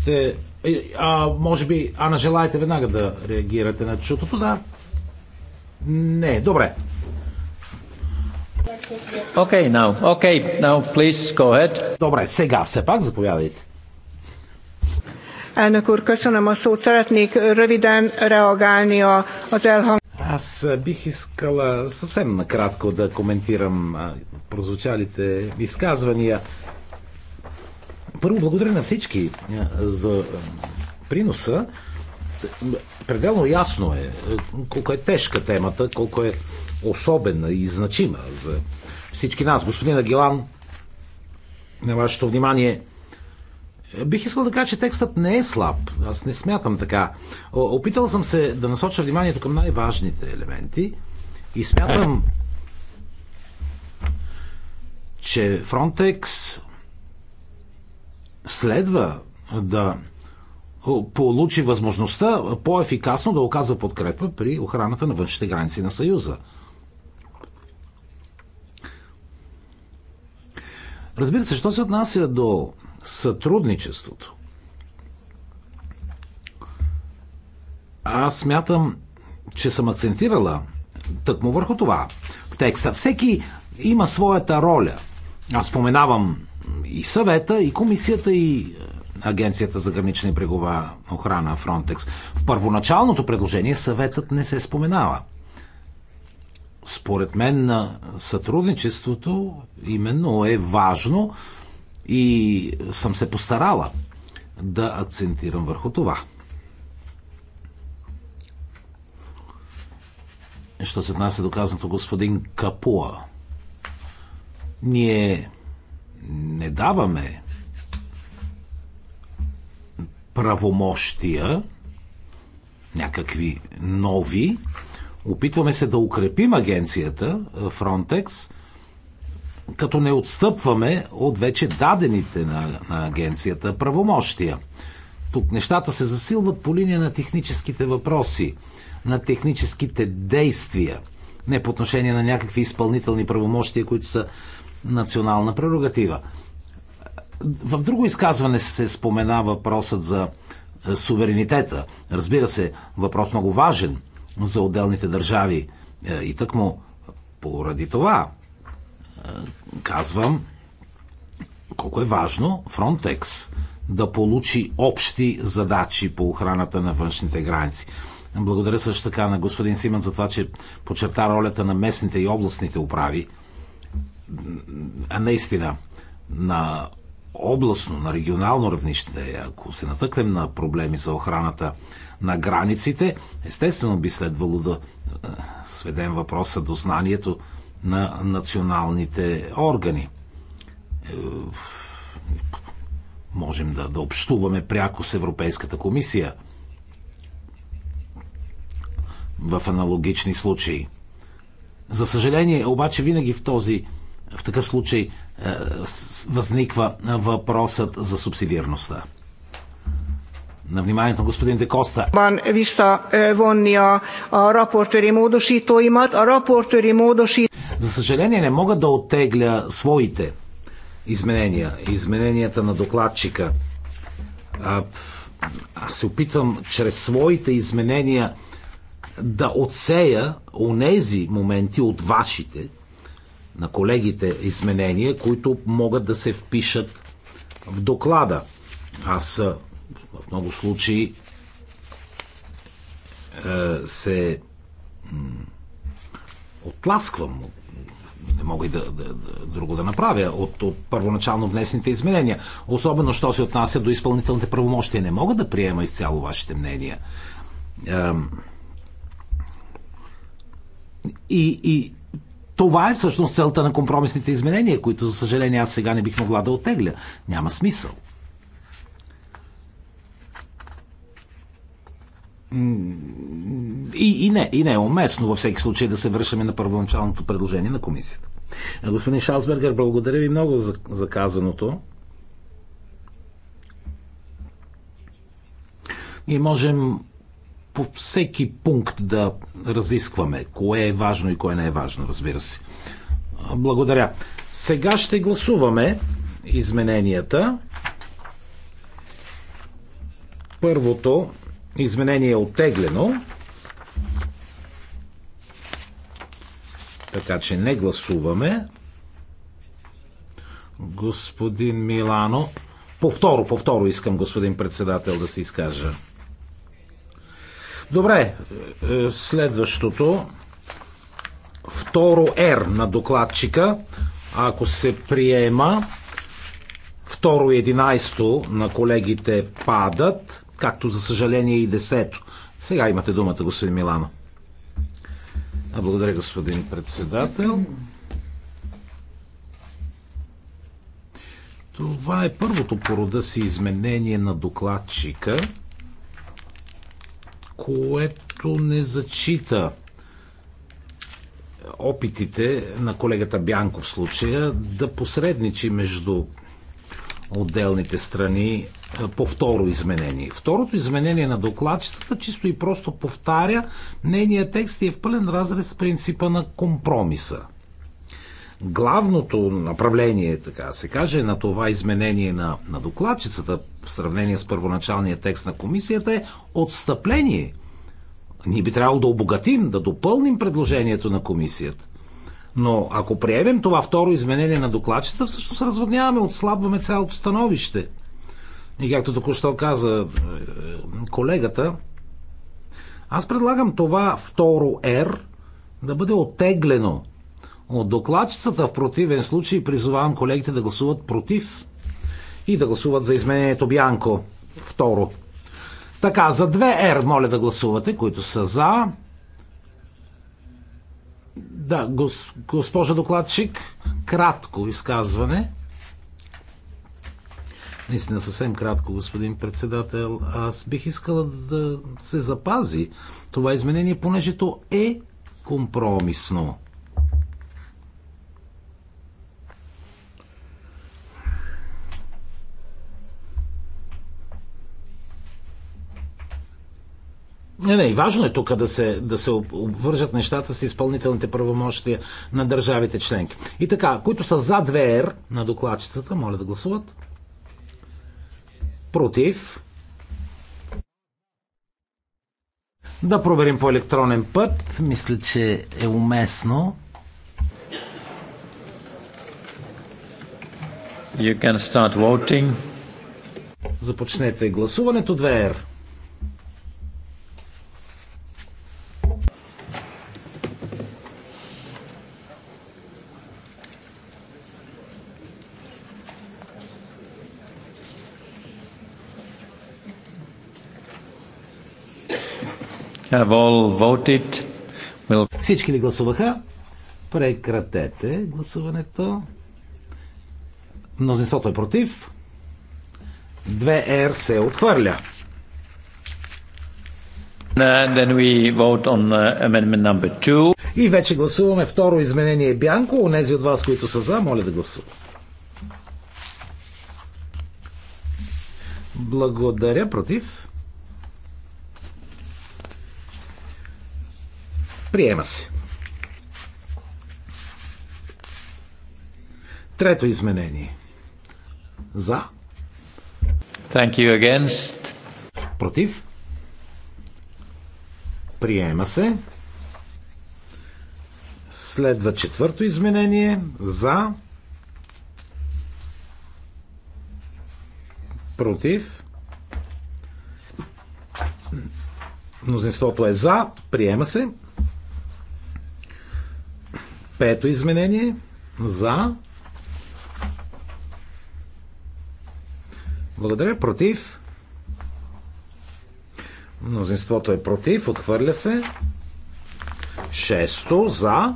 Speaker 8: Ще... Е, а, може би, Ана, желаете веднага да реагирате на чутото, да?
Speaker 5: Не, добре. Okay, now. Okay, now please go ahead. Добре, сега все пак заповядайте.
Speaker 9: Elnök úr, köszönöm a szót. Szeretnék röviden reagálni az elhang... Аз
Speaker 8: бих искала съвсем накратко да коментирам прозвучалите изказвания. Първо, благодаря на всички за приноса. Пределно ясно е колко е тежка темата, колко е особена и значима за всички нас. Господин Агилан, на вашето внимание – Бих искал да кажа, че текстът не е слаб. Аз не смятам така. Опитал съм се да насоча вниманието към най-важните елементи и смятам, че Frontex следва да получи възможността по-ефикасно да оказва подкрепа при охраната на външните граници на Съюза. Разбира се, що се отнася до сътрудничеството. Аз смятам, че съм акцентирала тъкмо върху това в текста. Всеки има своята роля. Аз споменавам и съвета, и комисията, и е, Агенцията за гранична и брегова охрана Фронтекс. В първоначалното предложение съветът не се споменава. Според мен е, сътрудничеството именно е важно и съм се постарала да акцентирам върху това. Що се отнася до казаното господин Капуа, ние не даваме правомощия, някакви нови. Опитваме се да укрепим агенцията Frontex като не отстъпваме от вече дадените на, на агенцията правомощия. Тук нещата се засилват по линия на техническите въпроси, на техническите действия, не по отношение на някакви изпълнителни правомощия, които са национална прерогатива. В друго изказване се спомена въпросът за е, суверенитета. Разбира се, въпрос много важен за отделните държави. Е, и тъкмо поради това е, казвам колко е важно Фронтекс да получи общи задачи по охраната на външните граници. Благодаря също така на господин Симан за това, че подчерта ролята на местните и областните управи. А наистина, на областно, на регионално равнище, ако се натъкнем на проблеми за охраната на границите, естествено би следвало да е, сведем въпроса до знанието на националните органи. Е, можем да, да общуваме пряко с Европейската комисия в аналогични случаи. За съжаление, обаче винаги в този в такъв случай е, възниква въпросът за субсидиарността. На вниманието господин господин Декоста. Ман виста вонния рапортери raportőri módosítóimat. A рапортери módosít... За съжаление не мога да оттегля своите изменения, измененията на докладчика. А, аз се опитвам чрез своите изменения да отсея онези моменти от вашите, на колегите изменения, които могат да се впишат в доклада. Аз в много случаи се отласквам от мога и да, да, да, друго да направя от, от първоначално внесените изменения. Особено, що се отнася до изпълнителните правомощия. Не мога да приема изцяло вашите мнения. И, и това е всъщност целта на компромисните изменения, които, за съжаление, аз сега не бих могла да отегля. Няма смисъл. И, и не, и не е уместно във всеки случай да се връщаме на първоначалното предложение на комисията. Господин Шалсбергер, благодаря ви много за, за казаното. И можем по всеки пункт да разискваме кое е важно и кое не е важно, разбира се. Благодаря. Сега ще гласуваме измененията. Първото изменение е оттеглено. Така че не гласуваме. Господин Милано. Повторо, повторо искам, господин председател, да се изкажа. Добре, е, е, следващото. Второ Р на докладчика, ако се приема, второ и единайсто на колегите падат, както за съжаление и десето. Сега имате думата, господин Милано. Благодаря, господин председател. Това е първото по рода си изменение на докладчика, което не зачита опитите на колегата Бянко в случая да посредничи между отделните страни е, по второ изменение. Второто изменение на докладчицата чисто и просто повтаря нейния текст и е в пълен разрез с принципа на компромиса. Главното направление, така се каже, на това изменение на, на докладчицата в сравнение с първоначалния текст на комисията е отстъпление. Ние би трябвало да обогатим, да допълним предложението на комисията. Но ако приемем това второ изменение на докладчета, всъщност разводняваме, отслабваме цялото становище. И както току-що каза е, колегата, аз предлагам това второ R да бъде оттеглено от докладчицата. В противен случай призовавам колегите да гласуват против и да гласуват за изменението Бянко второ. Така, за две r моля да гласувате, които са за. Да, госпожа докладчик, кратко изказване. Наистина съвсем кратко, господин председател. Аз бих искала да се запази това изменение, понеже то е компромисно. Не, не, и важно е тук да се, да се обвържат нещата с изпълнителните правомощия на държавите членки. И така, които са за 2 на докладчицата, моля да гласуват. Против. Да проверим по електронен път. Мисля, че е уместно. You can start voting. Започнете гласуването. 2R. Всички ли гласуваха? Прекратете гласуването. Мнозинството е против. 2R се отхвърля.
Speaker 5: Uh, И
Speaker 8: вече гласуваме второ изменение Бянко. Онези от вас, които са за, моля да гласуват. Благодаря. Против? Приема се. Трето изменение. За. Thank you against. Против. Приема се. Следва четвърто изменение. За. Против. Мнозинството е за. Приема се. Пето изменение. За. Благодаря. Против. Мнозинството е против. Отхвърля се. Шесто. За.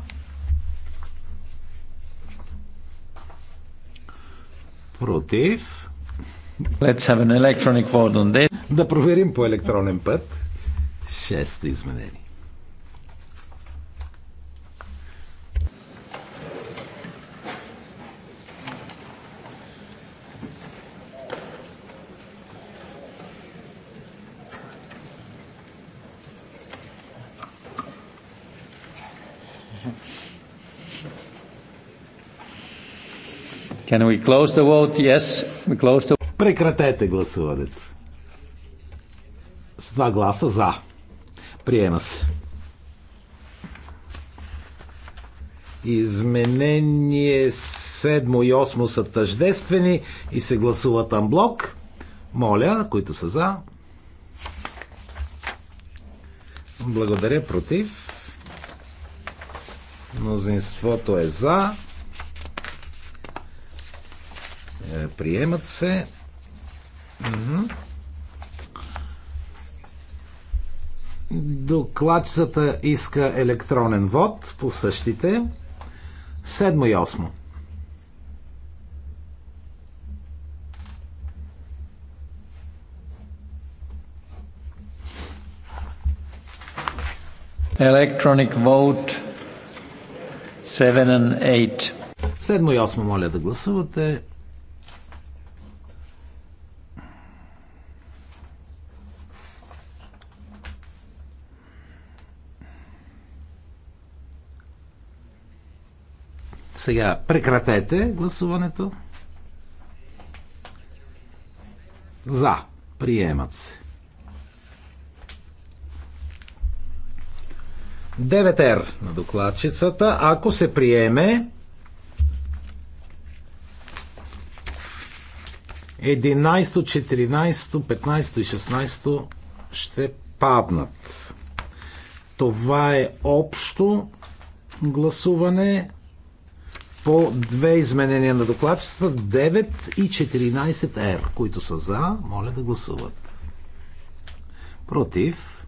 Speaker 8: Против. Let's have an electronic vote on this. Да проверим по електронен път. Шесто изменение.
Speaker 5: Can we close the vote? Yes, we close the... Прекратете гласуването.
Speaker 8: С два гласа за. Приема се. Изменение 7 и 8 са тъждествени и се гласуват блок. Моля, които са за. Благодаря, против. Мнозинството е за. Е, приемат се. Докладчицата иска електронен вод по същите. Седмо и осмо.
Speaker 5: Electronic vote 7 and 8. Седмо и осмо моля да гласувате.
Speaker 8: Сега прекратете гласуването. За. Приемат се. 9R на докладчицата. Ако се приеме, 11, 14, 15 и 16 ще паднат. Това е общо гласуване по две изменения на докладчета 9 и 14R, които са за, може да гласуват. Против.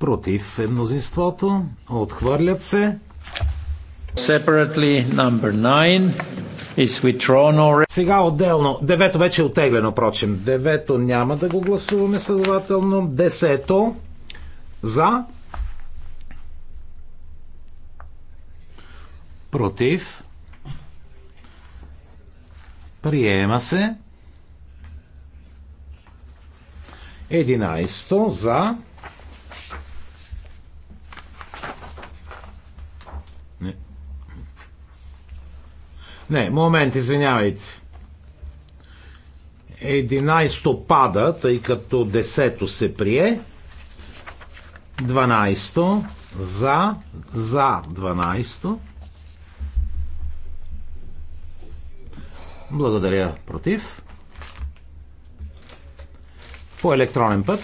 Speaker 8: Против е мнозинството. Отхвърлят се. Separately number 9 is withdrawn already. Сега отделно. Девето вече е отеглено, прочим. Девето няма да го гласуваме следователно. Десето. За. Против. Приема се. 11 за. Не. момент, извинявайте. 11 пада, тъй като 10 се прие. 12 за, за 12. Благодаря. Против? По електронен път.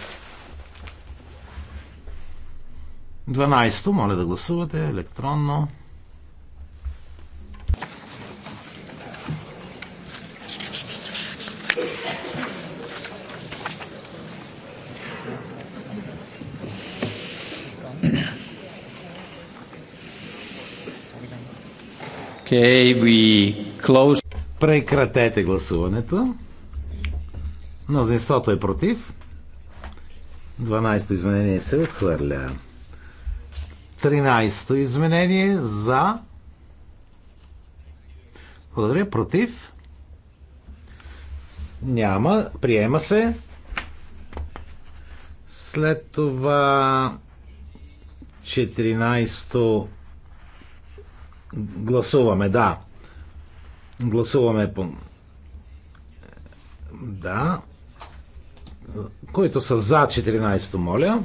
Speaker 8: 12-то, моля да гласувате електронно. Okay, we close Прекратете гласуването. Мнозинството е против. 12-то изменение се отхвърля. 13-то изменение за. Благодаря. Против. Няма. Приема се. След това 14-то гласуваме. Да. Гласуваме по... Да. Които са за 14-то, моля.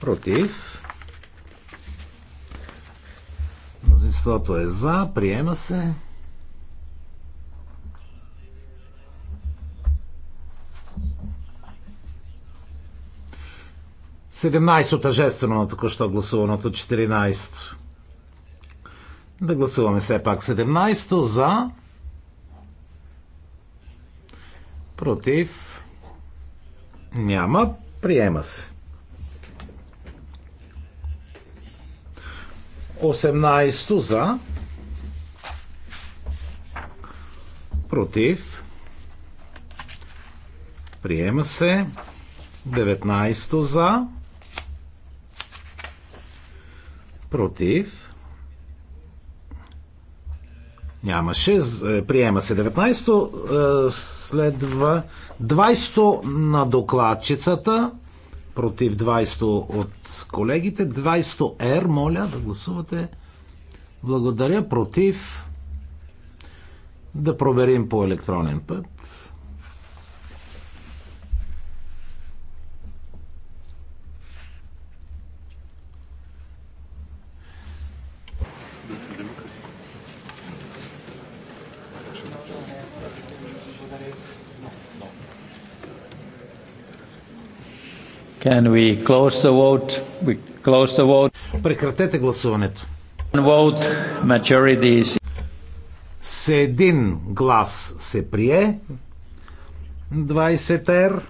Speaker 8: Против. Мнозинството е за. Приема се. 17 тъжествено на току-що гласуваното 14. Да гласуваме все пак 17 то за. Против. Няма. Приема се. 18 за. Против. Приема се. 19 за. Против. Нямаше. Е, приема се 19-то. Е, следва 20-то на докладчицата. Против 20-то от колегите. 20-то Р, моля да гласувате. Благодаря. Против. Да проверим по електронен път.
Speaker 5: Can we close the vote? We close the vote. Прекратете гласуването. Vote majority is...
Speaker 8: С един глас се прие. 20 р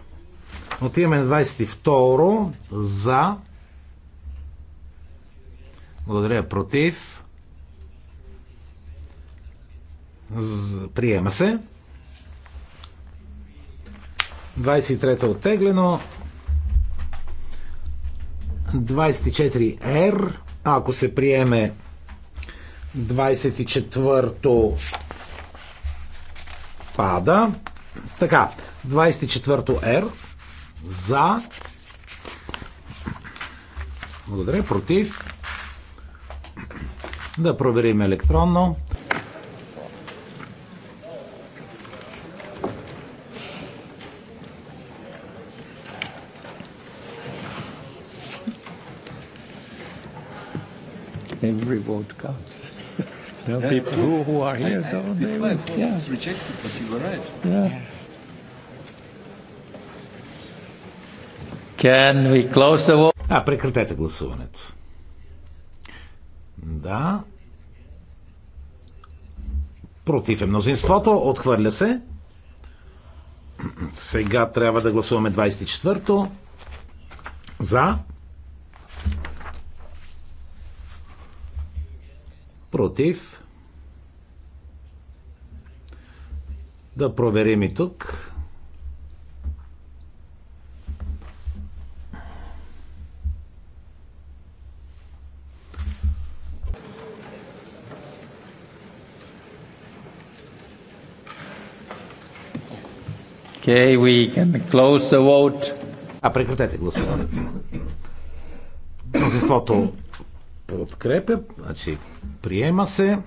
Speaker 8: Отиваме на 22-ро. За. Благодаря. Против. Приема се. 23 оттеглено. 24R, ако се приеме 24-то пада. Така, 24-то R за благодаря, против да проверим електронно.
Speaker 5: every vote counts. There are people who, who are here, I, so I, they my vote yeah. was
Speaker 6: rejected, but you were right.
Speaker 5: Yeah. Yeah. Can we close the vote? А, прекратете гласуването. Да.
Speaker 8: Против е мнозинството. Отхвърля се. Сега трябва да гласуваме 24-то. За. против. Да проверим и тук.
Speaker 5: Okay, we can close the vote. А прекратете гласуването. Мнозинството
Speaker 8: подкрепя, значи приема се.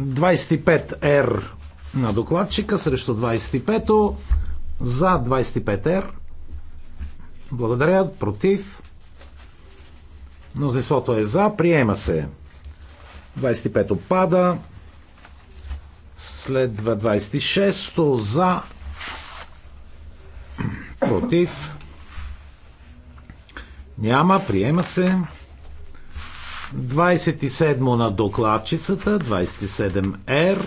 Speaker 8: 25R на докладчика срещу 25-то, за 25R. Благодаря, против. Мнозинството е за, приема се. 25-то пада. Следва 26-то за, против. Няма, приема се. 27 на докладчицата, 27R.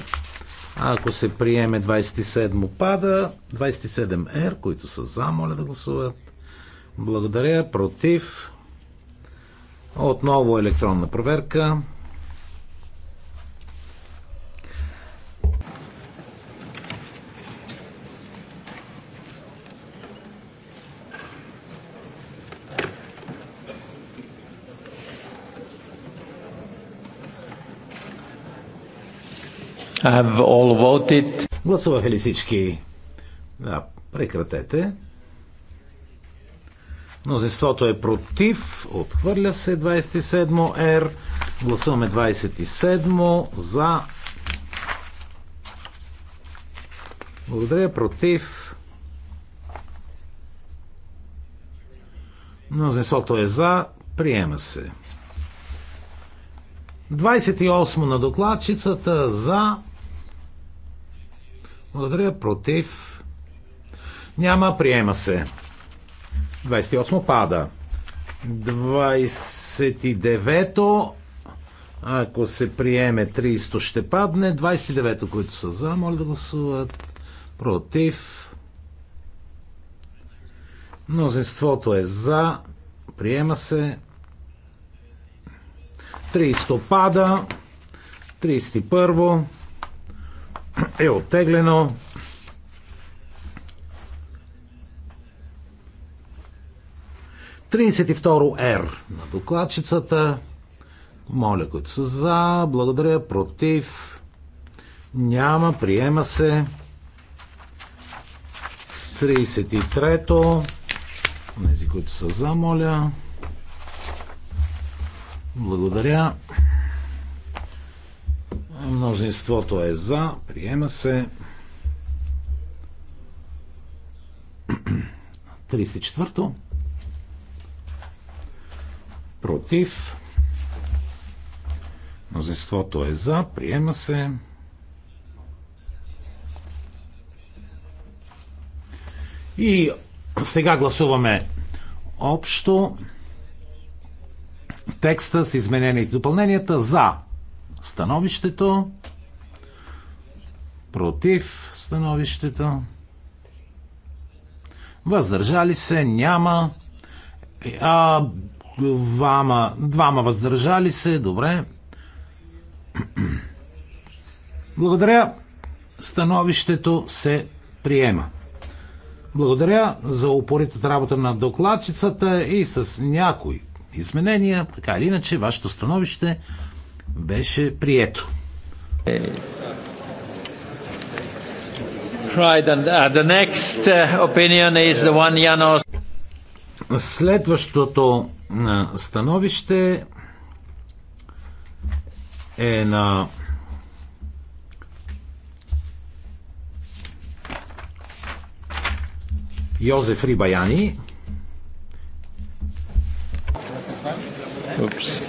Speaker 8: Ако се приеме 27 пада, 27R, които са за, моля да гласуват. Благодаря. Против. Отново електронна проверка. Have all voted. Гласуваха ли всички? Да, прекратете. Мнозинството е против. Отхвърля се 27 Р. Гласуваме 27 за. Благодаря. Против. Мнозинството е за. Приема се. 28 на докладчицата за. Благодаря. Против. Няма. Приема се. 28 пада. 29-то. Ако се приеме 300 ще падне. 29-то, които са за, моля да гласуват. Против. Мнозинството е за. Приема се. 30 пада. 31 е оттеглено. Тридесет и второ Р на докладчицата. Моля, които са за, благодаря, против. Няма, приема се. 33-то. Нези, които са за, моля. Благодаря. Мнозинството е за. Приема се. 34-то. Против. Мнозинството е за. Приема се. И сега гласуваме общо текста с и допълненията за становището, против становището, въздържали се няма, е, а, двама, двама въздържали се, добре. Благодаря, становището се приема. Благодаря за упоритата работа на докладчицата и с някои изменения, така или иначе, вашето становище беше прието. Uh,
Speaker 5: uh,
Speaker 8: Следващото становище е на Йозеф Рибаяни.
Speaker 6: Oops.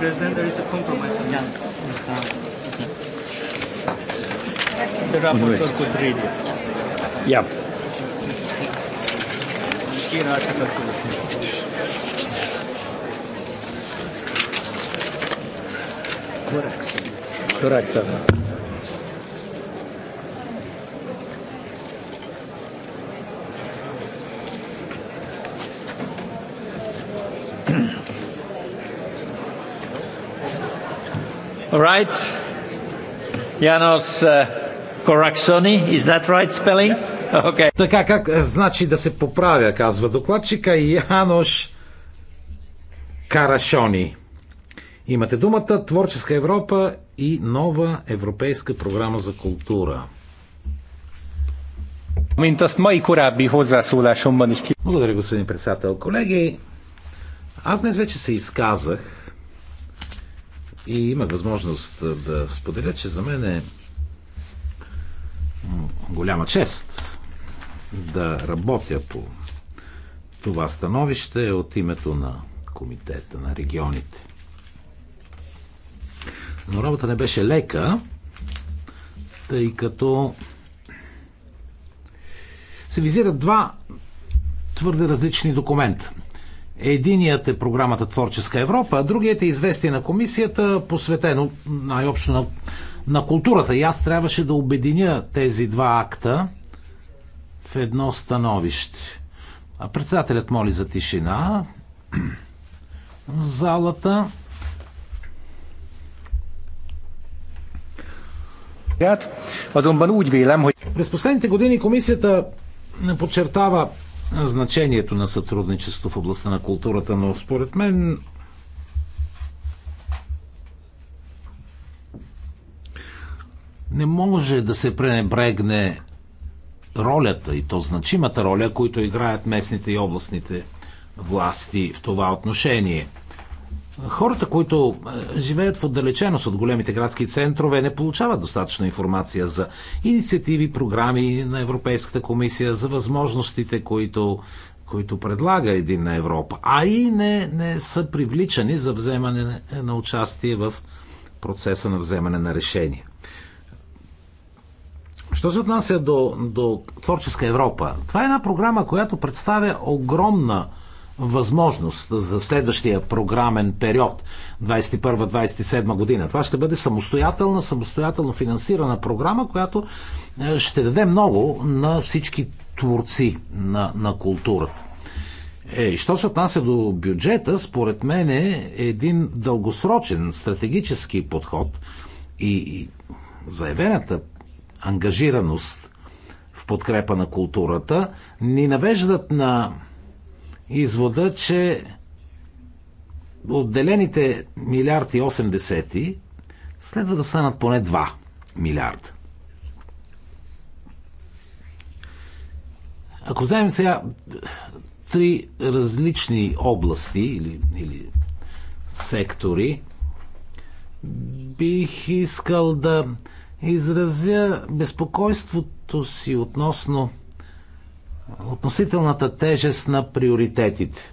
Speaker 9: President, there is a compromise on that.
Speaker 5: The rapporteur could read it. Yeah. Here Article 2. Correct. Correct, sir. right. Janos Кораксони, uh, is that right spelling? Okay. Така как, е, значи да се поправя, казва докладчика,
Speaker 8: Янош Карашони. Имате думата Творческа Европа и нова европейска програма за култура. Благодаря, господин председател. Колеги, аз днес вече се изказах и имах възможност да споделя, че за мен е голяма чест да работя по това становище от името на Комитета на регионите. Но работа не беше лека, тъй като се визират два твърде различни документа. Единият е програмата Творческа Европа, а другият е известие на комисията, посветено най-общо на, на културата. И аз трябваше да обединя тези два акта в едно становище. А председателят моли за тишина в залата. През последните години комисията подчертава значението на сътрудничество в областта на културата, но според мен не може да се пренебрегне ролята и то значимата роля, които играят местните и областните власти в това отношение. Хората, които е, живеят в отдалеченост от големите градски центрове, не получават достатъчно информация за инициативи, програми на Европейската комисия, за възможностите, които, които предлага на Европа, а и не, не са привличани за вземане на участие в процеса на вземане на решения. Що се отнася до, до Творческа Европа? Това е една програма, която представя огромна възможност за следващия програмен период 21-27 година. Това ще бъде самостоятелна, самостоятелно финансирана програма, която е, ще даде много на всички творци на, на културата. Е, що се отнася до бюджета, според мен е един дългосрочен стратегически подход и, и заявената ангажираност в подкрепа на културата ни навеждат на извода, че отделените милиард и 80 следва да станат поне 2 милиарда. Ако вземем сега три различни области или, или сектори, бих искал да изразя безпокойството си относно относителната тежест на приоритетите.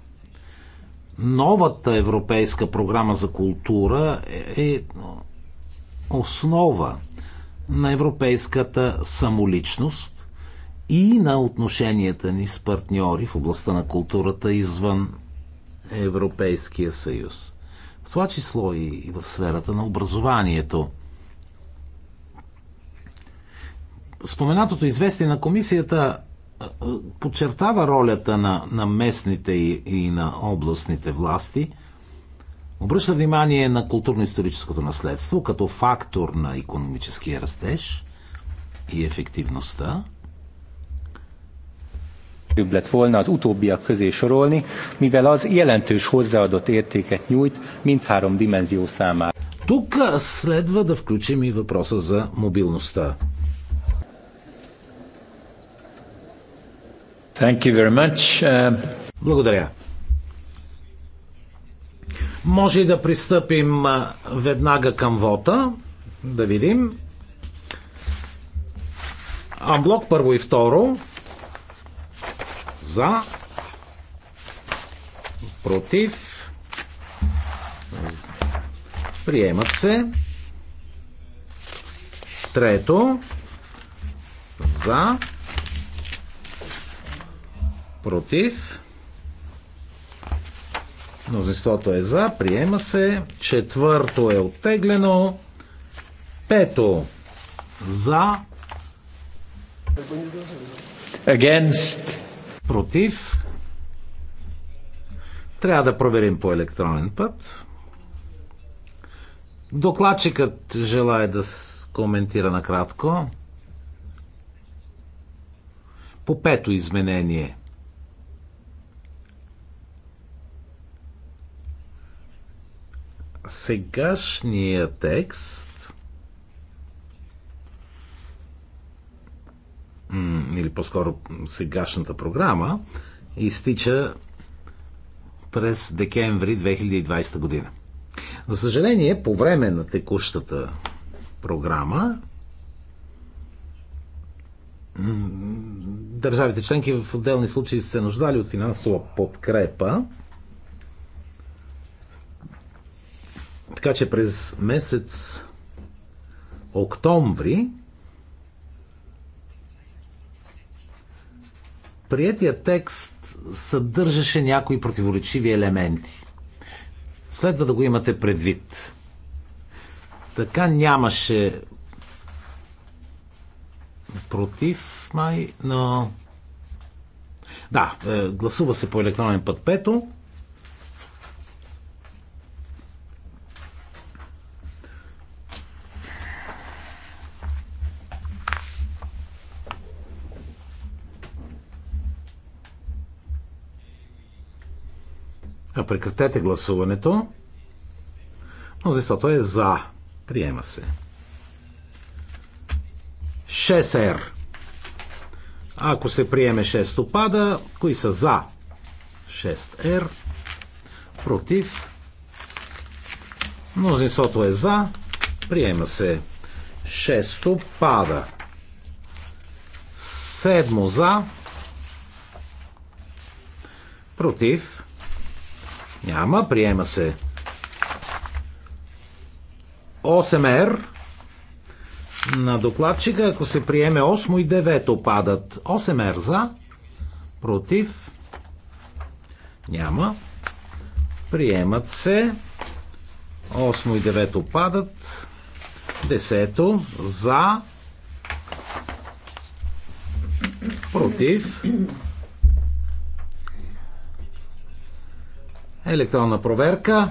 Speaker 8: Новата европейска програма за култура е, е основа на европейската самоличност и на отношенията ни с партньори в областта на културата извън Европейския съюз. В това число и в сферата на образованието. Споменатото известие на комисията подчертава ролята на, на местните и, и на областните власти, обръща внимание на културно-историческото наследство като фактор на економическия растеж и ефективността.
Speaker 5: Több lett volna az utóbbiak közé sorolni, mivel az jelentős hozzáadott értéket nyújt mindhárom dimenzió számára. Tuk,
Speaker 8: следва да включим и въпроса за мобилността. Thank you very much. Uh... Благодаря. Може и да пристъпим веднага към вота. Да видим. Амблок първо и второ. За. Против. Приемат се. Трето. За против. Мнозинството е за, приема се. Четвърто е оттеглено. Пето за. Against. Против. Трябва да проверим по електронен път. Докладчикът желая да коментира накратко. По пето изменение – сегашния текст или по-скоро сегашната програма изтича през декември 2020 година. За съжаление, по време на текущата програма държавите членки в отделни случаи са се нуждали от финансова подкрепа Така че през месец октомври приятия текст съдържаше някои противоречиви елементи. Следва да го имате предвид. Така нямаше против май, но... Да, е, гласува се по електронен път пето. Прекратете гласуването. Мнозинството е за. Приема се. 6R. Ако се приеме 6 опада, кои са за? 6R. Против. Мнозинството е за. Приема се. 6 пада. Седмо за. Против. Няма. Приема се. 8R на докладчика, ако се приеме 8 и 9 падат. 8R за, против, няма. Приемат се. 8 и 9 падат. 10 за, против, Електронна проверка.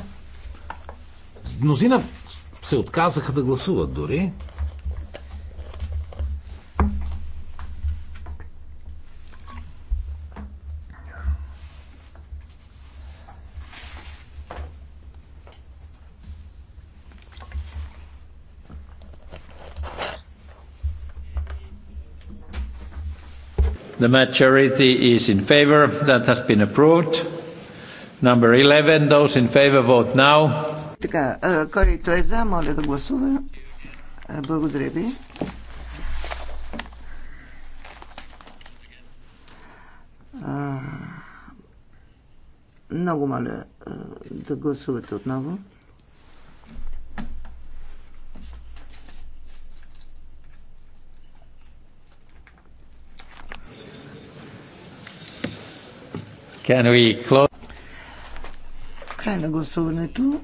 Speaker 8: Мнозина се отказаха да гласуват дори.
Speaker 5: The majority is in favor. That has been approved. Number 11, those in favor vote now.
Speaker 9: Така, който е за, моля да гласува. Благодаря ви. Много моля да гласувате отново.
Speaker 5: Can we close?
Speaker 9: Край на гласуването.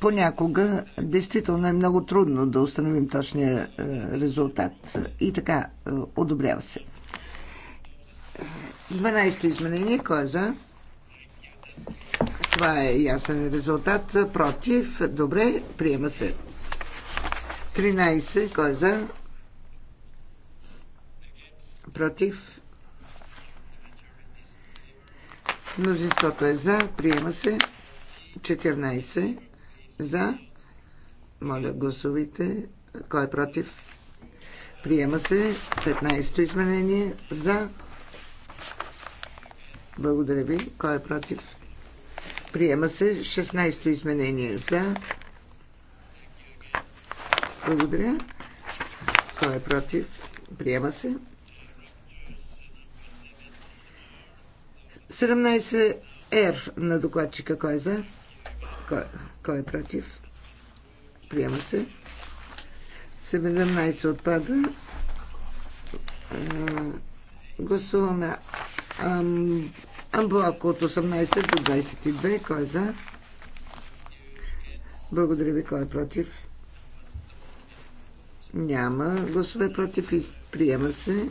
Speaker 9: Понякога действително е много трудно да установим точния е, резултат. И така, е, одобрява се. 12-то изменение. Кой е за? Това е ясен резултат. Против. Добре. Приема се. 13. Кой е за? Против. Мнозинството е за. Приема се. 14 за. Моля, гласувайте. Кой е против? Приема се. 15-то изменение за. Благодаря ви. Кой е против? Приема се 16-то изменение за. Благодаря. Кой е против? Приема се. 17R на докладчика. Кой е за? Кой, кой е против? Приема се. 17 отпада. Гласуваме амблок от 18 до 22. Кой е за? Благодаря ви. Кой е против? Няма гласове против и приема се.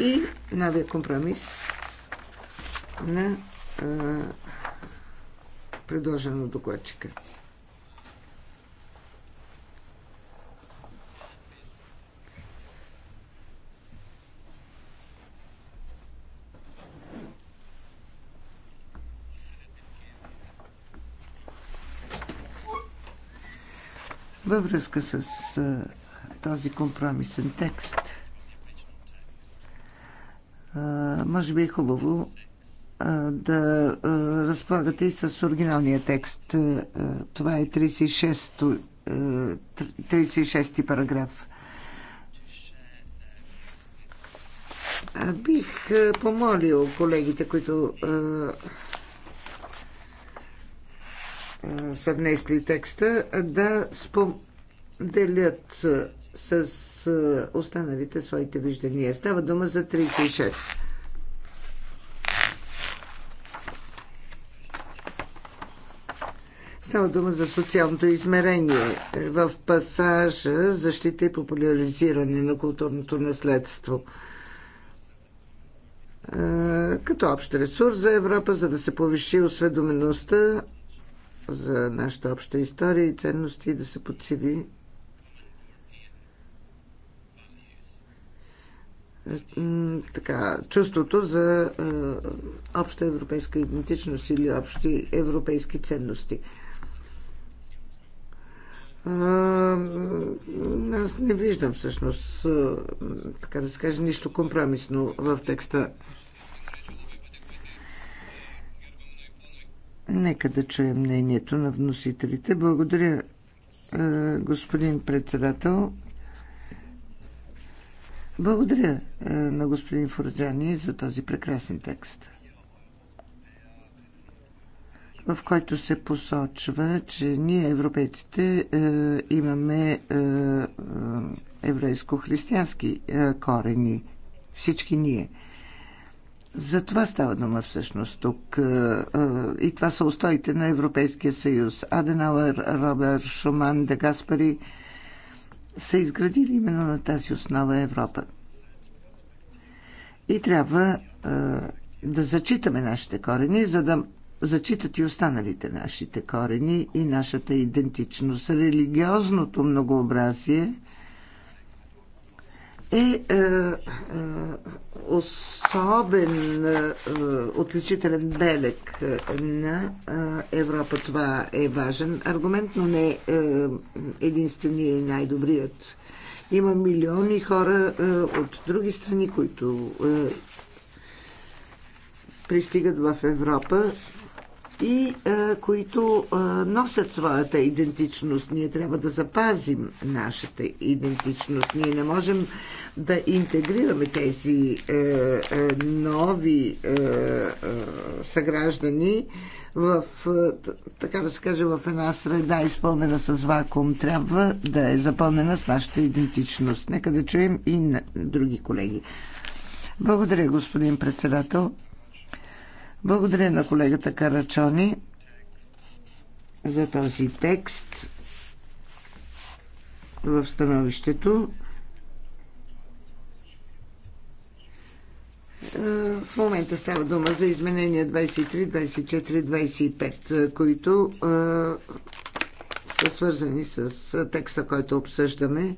Speaker 9: и новия компромис на а, предложено докладчика. Във връзка с а, този компромисен текст – може би е хубаво да разполагате и с оригиналния текст. Това е 36, ти параграф. Бих помолил колегите, които са внесли текста, да споделят с е, останалите своите виждания. Става дума за 36. Става дума за социалното измерение в пасажа защита и популяризиране на културното наследство е, като общ ресурс за Европа, за да се повиши осведомеността за нашата обща история и ценности и да се подсиви така, чувството за е, обща европейска идентичност или общи европейски ценности. Аз не виждам всъщност, е, така да се каже, нищо компромисно в текста. Нека да чуем мнението на вносителите. Благодаря, е, господин председател. Благодаря е, на господин Форджани за този прекрасен текст, в който се посочва, че ние, европейците, е, имаме е, еврейско-християнски корени. Всички ние. За това става дума всъщност тук. И това са устоите на Европейския съюз. Аденауер, Робер Шуман, Дегаспари. Гаспари – са изградили именно на тази основа Европа. И трябва е, да зачитаме нашите корени, за да зачитат и останалите нашите корени и нашата идентичност. Религиозното многообразие – е, е, е особен е, отличителен белег на е, Европа. Това е важен аргумент, но не е, единствения и най-добрият. Има милиони хора е, от други страни, които е, пристигат в Европа и а, е, които а, е, носят своята идентичност. Ние трябва да запазим нашата идентичност. Ние не можем да интегрираме тези е, е, нови е, е, съграждани в, е, така да се каже, в една среда, изпълнена с вакуум. Трябва да е запълнена с нашата идентичност. Нека да чуем и на други колеги. Благодаря, господин председател. Благодаря на колегата Карачони за този текст в становището. В момента става дума за изменения 23, 24, 25, които са свързани с текста, който обсъждаме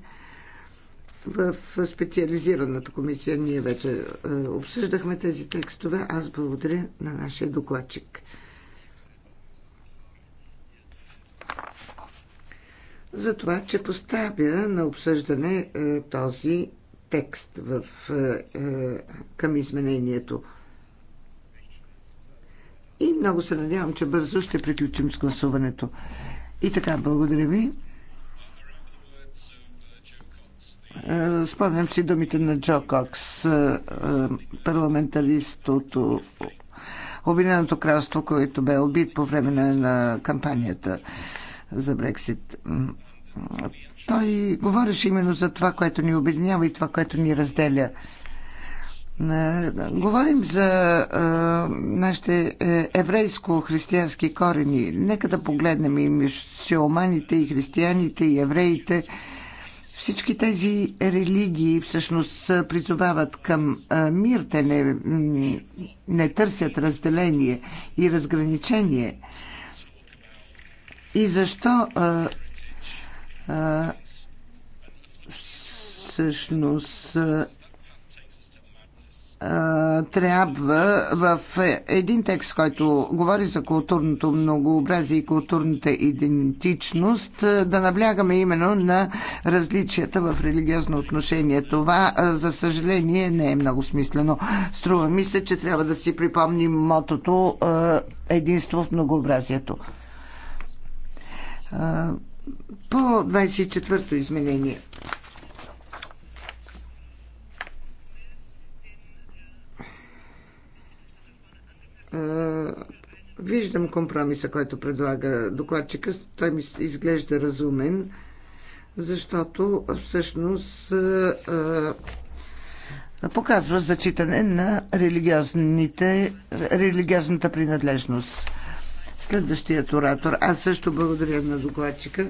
Speaker 9: в специализираната комисия ние вече е, обсъждахме тези текстове. Аз благодаря на нашия докладчик. За това, че поставя на обсъждане е, този текст в, е, към изменението. И много се надявам, че бързо ще приключим с гласуването. И така, благодаря ви. Спомням си думите на Джо Кокс, е, е, парламентарист от Обединеното кралство, който бе убит по време на кампанията за Брексит. Той говореше именно за това, което ни обединява и това, което ни разделя. Е, говорим за нашите еврейско-християнски корени. Нека да погледнем и мисиоманите, и християните, и евреите всички тези религии всъщност призовават към мир, те не, не търсят разделение и разграничение. И защо а, а, всъщност трябва в един текст, който говори за културното многообразие и културната идентичност, да наблягаме именно на различията в религиозно отношение. Това, за съжаление, не е много смислено. Струва ми се, че трябва да си припомним мотото Единство в многообразието. По 24-то изменение. виждам компромиса, който предлага докладчика. Той ми изглежда разумен, защото всъщност показва зачитане на религиозната принадлежност. Следващият оратор. Аз също благодаря на докладчика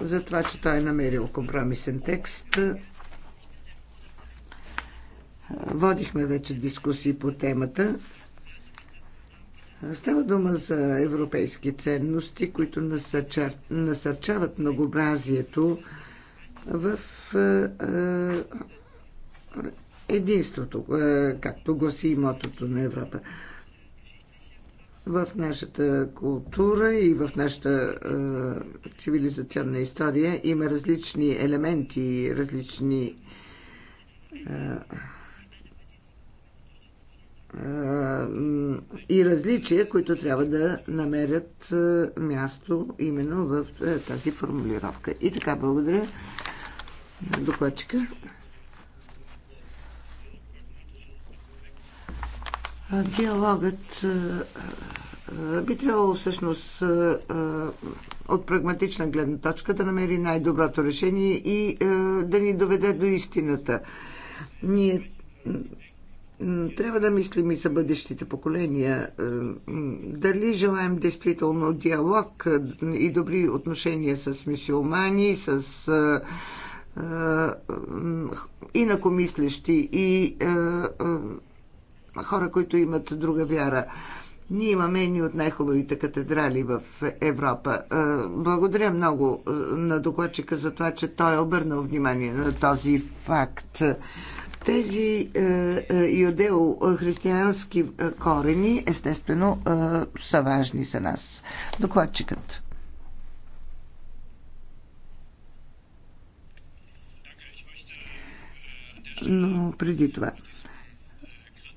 Speaker 9: за това, че той е намерил компромисен текст. Водихме вече дискусии по темата. Става дума за европейски ценности, които насърчават многообразието в единството, както гласи и мотото на Европа. В нашата култура и в нашата цивилизационна история има различни елементи, различни и различия, които трябва да намерят е, място именно в е, тази формулировка. И така, благодаря докладчика. Диалогът е, би трябвало всъщност от прагматична гледна точка да намери най-доброто решение и да ни доведе до истината. Ние трябва да мислим и за бъдещите поколения. Е, дали желаем действително диалог е, и добри отношения с мисиомани, с инакомислещи е, и хора, които имат друга вяра. Ние имаме едни от най-хубавите катедрали в Европа. Благодаря много на докладчика за това, че той е обърнал внимание на този факт. Тези е, е, юдео-християнски е, корени, естествено, са важни за нас. Докладчикът. Но преди това.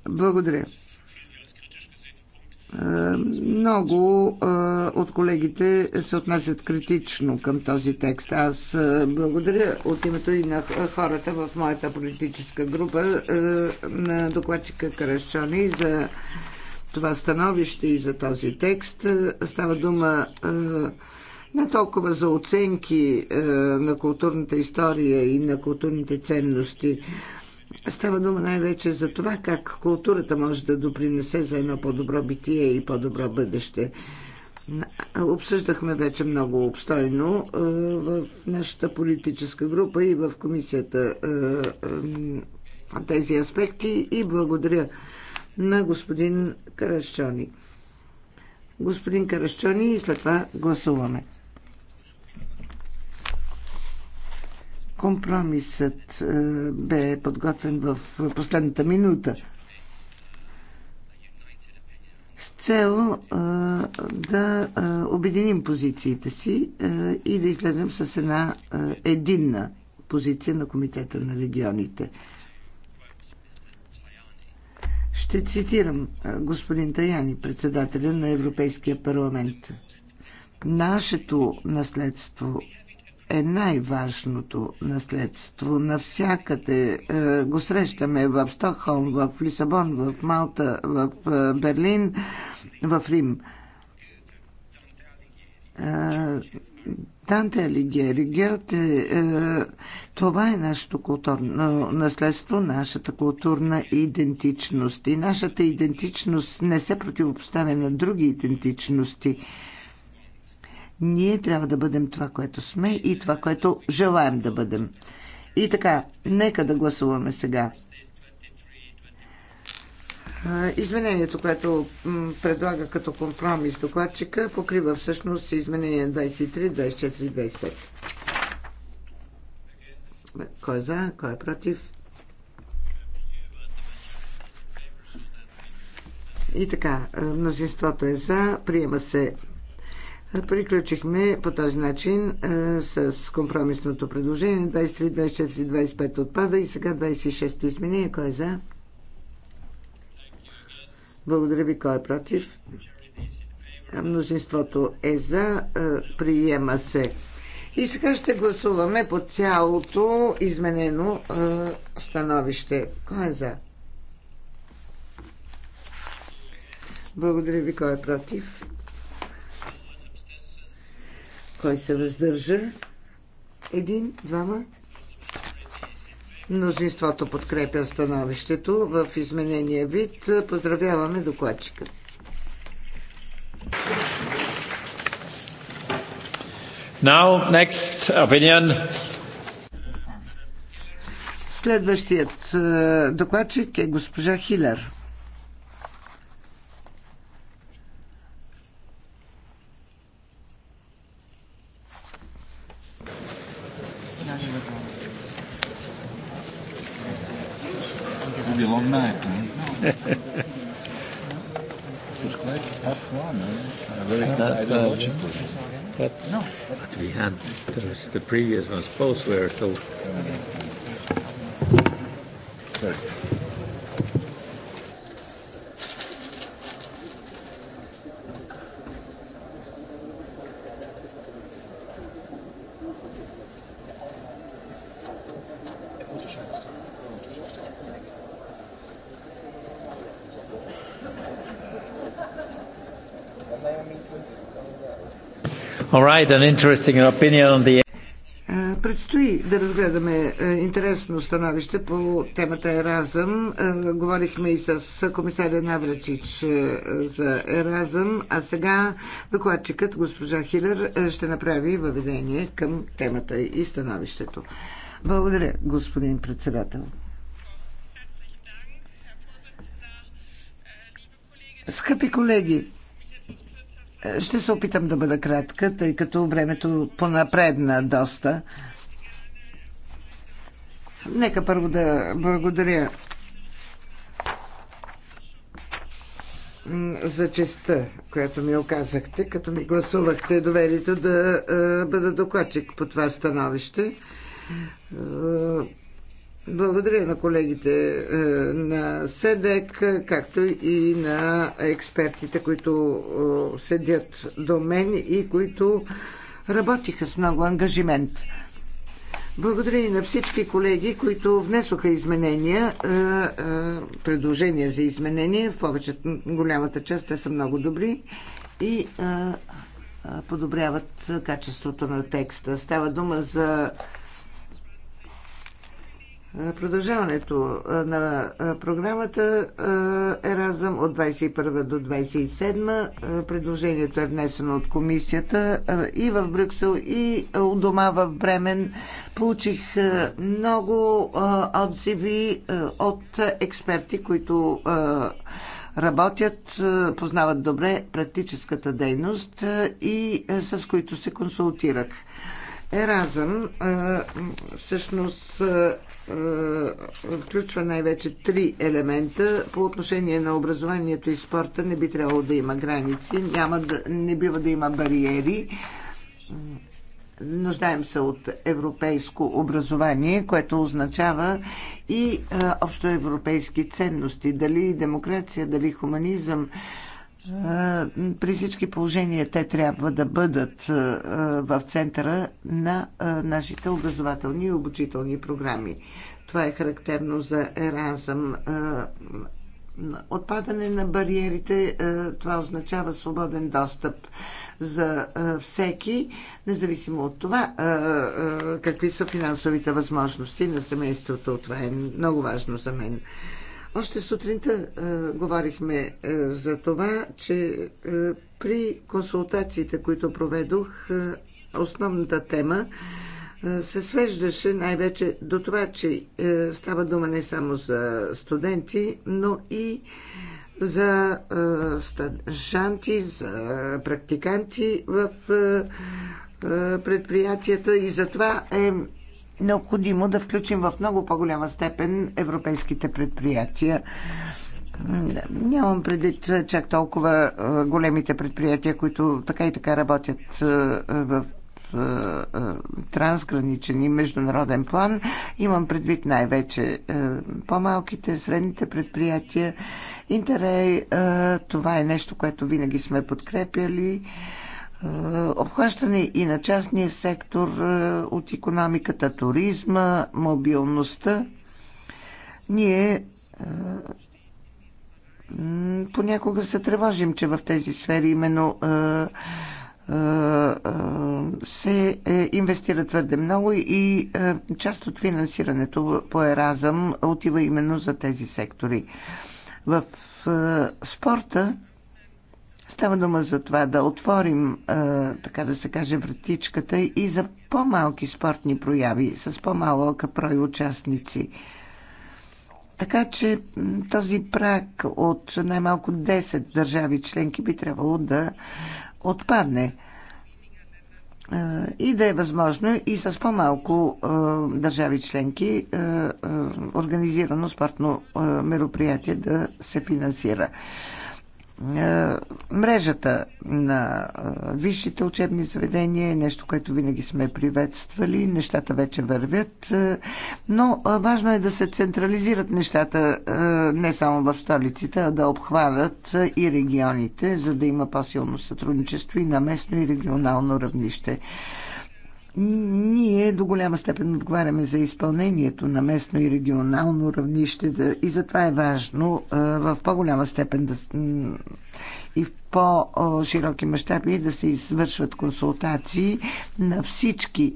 Speaker 9: Благодаря. Много от колегите се отнасят критично към този текст. Аз благодаря от името и на хората в моята политическа група на докладчика Карашчони за това становище и за този текст. Става дума не толкова за оценки на културната история и на културните ценности, Става дума най-вече за това как културата може да допринесе за едно по-добро битие и по-добро бъдеще. Обсъждахме вече много обстойно е, в нашата политическа група и в комисията е, е, тези аспекти и благодаря на господин Карашчони. Господин Карашчони и след това гласуваме. Компромисът е, бе подготвен в последната минута с цел е, да е, обединим позициите си и да излезем с една единна позиция на Комитета на регионите. Ще цитирам господин Таяни, председателя на Европейския парламент. Нашето наследство е най-важното наследство. Навсякъде е, го срещаме в Стокхолм, в Лисабон, в Малта, в е, Берлин, в Рим. Е, Данте Алигери, Геоте, това е нашето културно наследство, нашата културна идентичност. И нашата идентичност не се противопоставя на други идентичности. Ние трябва да бъдем това, което сме и това, което желаем да бъдем. И така, нека да гласуваме сега. Изменението, което предлага като компромис докладчика, покрива всъщност изменение 23, 24, 25. Кой е за, кой е против? И така, мнозинството е за, приема се Приключихме по този начин е, с компромисното предложение. 23, 24, 25 отпада и сега 26-то изменение. Кой е за? Благодаря ви. Кой е против? Мнозинството е за. Е, приема се. И сега ще гласуваме по цялото изменено е, становище. Кой е за? Благодаря ви. Кой е против? Кой се въздържа? Един, двама. Мнозинството подкрепя становището в изменения вид. Поздравяваме докладчика. Now, next opinion. Следващият е, докладчик е госпожа Хилер.
Speaker 2: long night,
Speaker 5: man. it was quite a tough one. Eh? Very ideological. But, no. but we had those, the previous ones both were so. Sorry.
Speaker 9: Предстои да разгледаме е, интересно становище по темата Еразъм. Е, говорихме и с комисаря Навречич е, за Еразъм, а сега докладчикът госпожа Хилер ще направи въведение към темата и становището. Благодаря, господин председател. Скъпи колеги, ще се опитам да бъда кратка, тъй като времето понапредна доста. Нека първо да благодаря за честа, която ми оказахте, като ми гласувахте доверието да е, бъда докладчик по това становище. Е, благодаря на колегите е, на СЕДЕК, както и на експертите, които е, седят до мен и които работиха с много ангажимент. Благодаря и на всички колеги, които внесоха изменения, е, предложения за изменения. В повечето, голямата част те са много добри и подобряват качеството на текста. Става дума за Продължаването на програмата Еразъм от 21 до 27. Предложението е внесено от комисията и в Брюксел, и у дома в Бремен. Получих много отзиви от експерти, които работят, познават добре практическата дейност и с които се консултирах. Еразъм всъщност е, включва най-вече три елемента. По отношение на образованието и спорта не би трябвало да има граници, няма да, не бива да има бариери. Нуждаем се от европейско образование, което означава и е, общоевропейски ценности, дали демокрация, дали хуманизъм. При всички положения те трябва да бъдат в центъра на нашите образователни и обучителни програми. Това е характерно за Еразъм. Отпадане на бариерите, това означава свободен достъп за всеки, независимо от това какви са финансовите възможности на семейството. Това е много важно за мен. Още сутринта а, е, говорихме а, е, за това, че а, е, при консултациите, които проведох, а, основната тема а, се свеждаше най-вече до това, че а, става дума не само за студенти, но и за а, стажанти, за практиканти в а, предприятията и затова е необходимо да включим в много по-голяма степен европейските предприятия. Нямам предвид чак толкова големите предприятия, които така и така работят в трансграничен и международен план. Имам предвид най-вече по-малките, средните предприятия. Интерей, това е нещо, което винаги сме подкрепяли. Е, обхващане и на частния сектор е, от економиката, туризма, мобилността. Ние е, понякога се тревожим, че в тези сфери именно се инвестира твърде много и част от финансирането по Еразъм отива именно за тези сектори. В спорта Става дума за това да отворим, така да се каже, вратичката и за по-малки спортни прояви, с по-малък брой участници. Така че този прак от най-малко 10 държави членки би трябвало да отпадне и да е възможно и с по-малко държави членки организирано спортно мероприятие да се финансира. Е, мрежата на е, висшите учебни заведения е нещо, което винаги сме приветствали. Нещата вече вървят, е, но важно е да се централизират нещата не само в столиците, а да обхванат и регионите, за да има по-силно сътрудничество и на местно и регионално равнище. Ние до голяма степен отговаряме за изпълнението на местно и регионално равнище да, и затова е важно в по-голяма степен да, и в по-широки мащаби да се извършват консултации на всички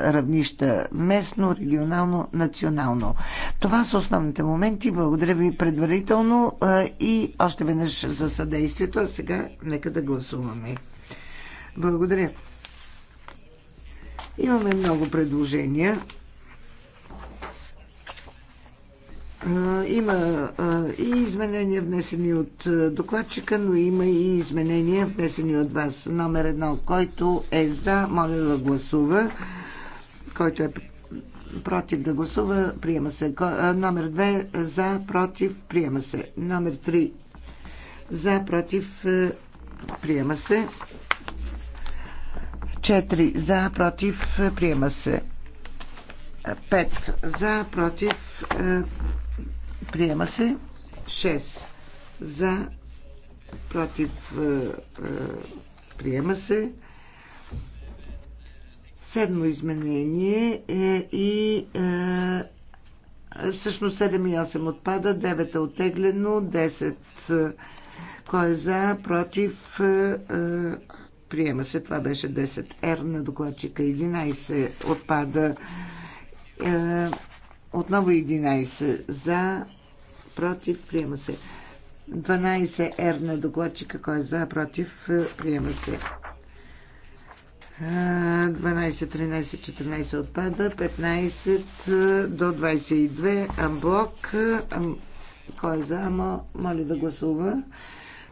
Speaker 9: равнища местно, регионално, национално. Това са основните моменти. Благодаря ви предварително и още веднъж за съдействието. А сега нека да гласуваме. Благодаря. Имаме много предложения. Има и изменения внесени от докладчика, но има и изменения внесени от вас. Номер едно, който е за, моля да гласува. Който е против да гласува, приема се. Номер две, за, против, приема се. Номер три, за, против, приема се. 4 за, против, е, приема се. 5 за, против, е, приема се. 6 за, против, е, приема се. Седмо изменение е и е, всъщност 7 и 8 отпада, 9 е оттеглено, 10 кой е за, против, е, Приема се. Това беше 10R на докладчика. 11 отпада. Е, отново 11 за, против, приема се. 12 Р на докладчика, кой е за, против, приема се. 12, 13, 14 отпада, 15 е, до 22 амблок, кой е за, моля да гласува,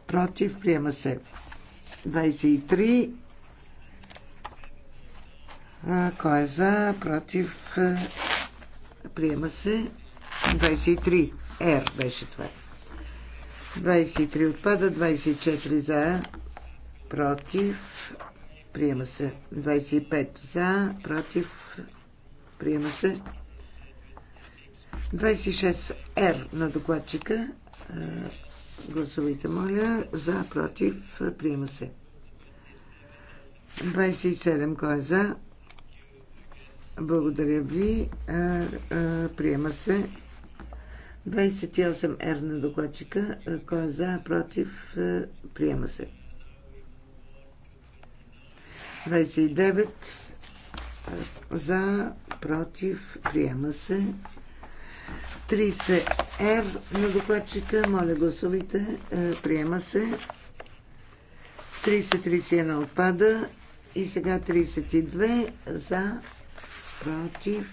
Speaker 9: против, приема се. 23. Кой е за? Против? Приема се. 23. Р беше това. 23 отпада, 24 за, против, приема се. 25 за, против, приема се. 26 Р на докладчика Гласувайте, моля. За, против, приема се. 27. Кой е за? Благодаря ви. приема се. 28 Р на докладчика. Кой е за, против, приема се. 29 за, против, приема се. 30R на докладчика. Моля, гласувайте. Е, приема се. 30-31 отпада. И сега 32 за, против,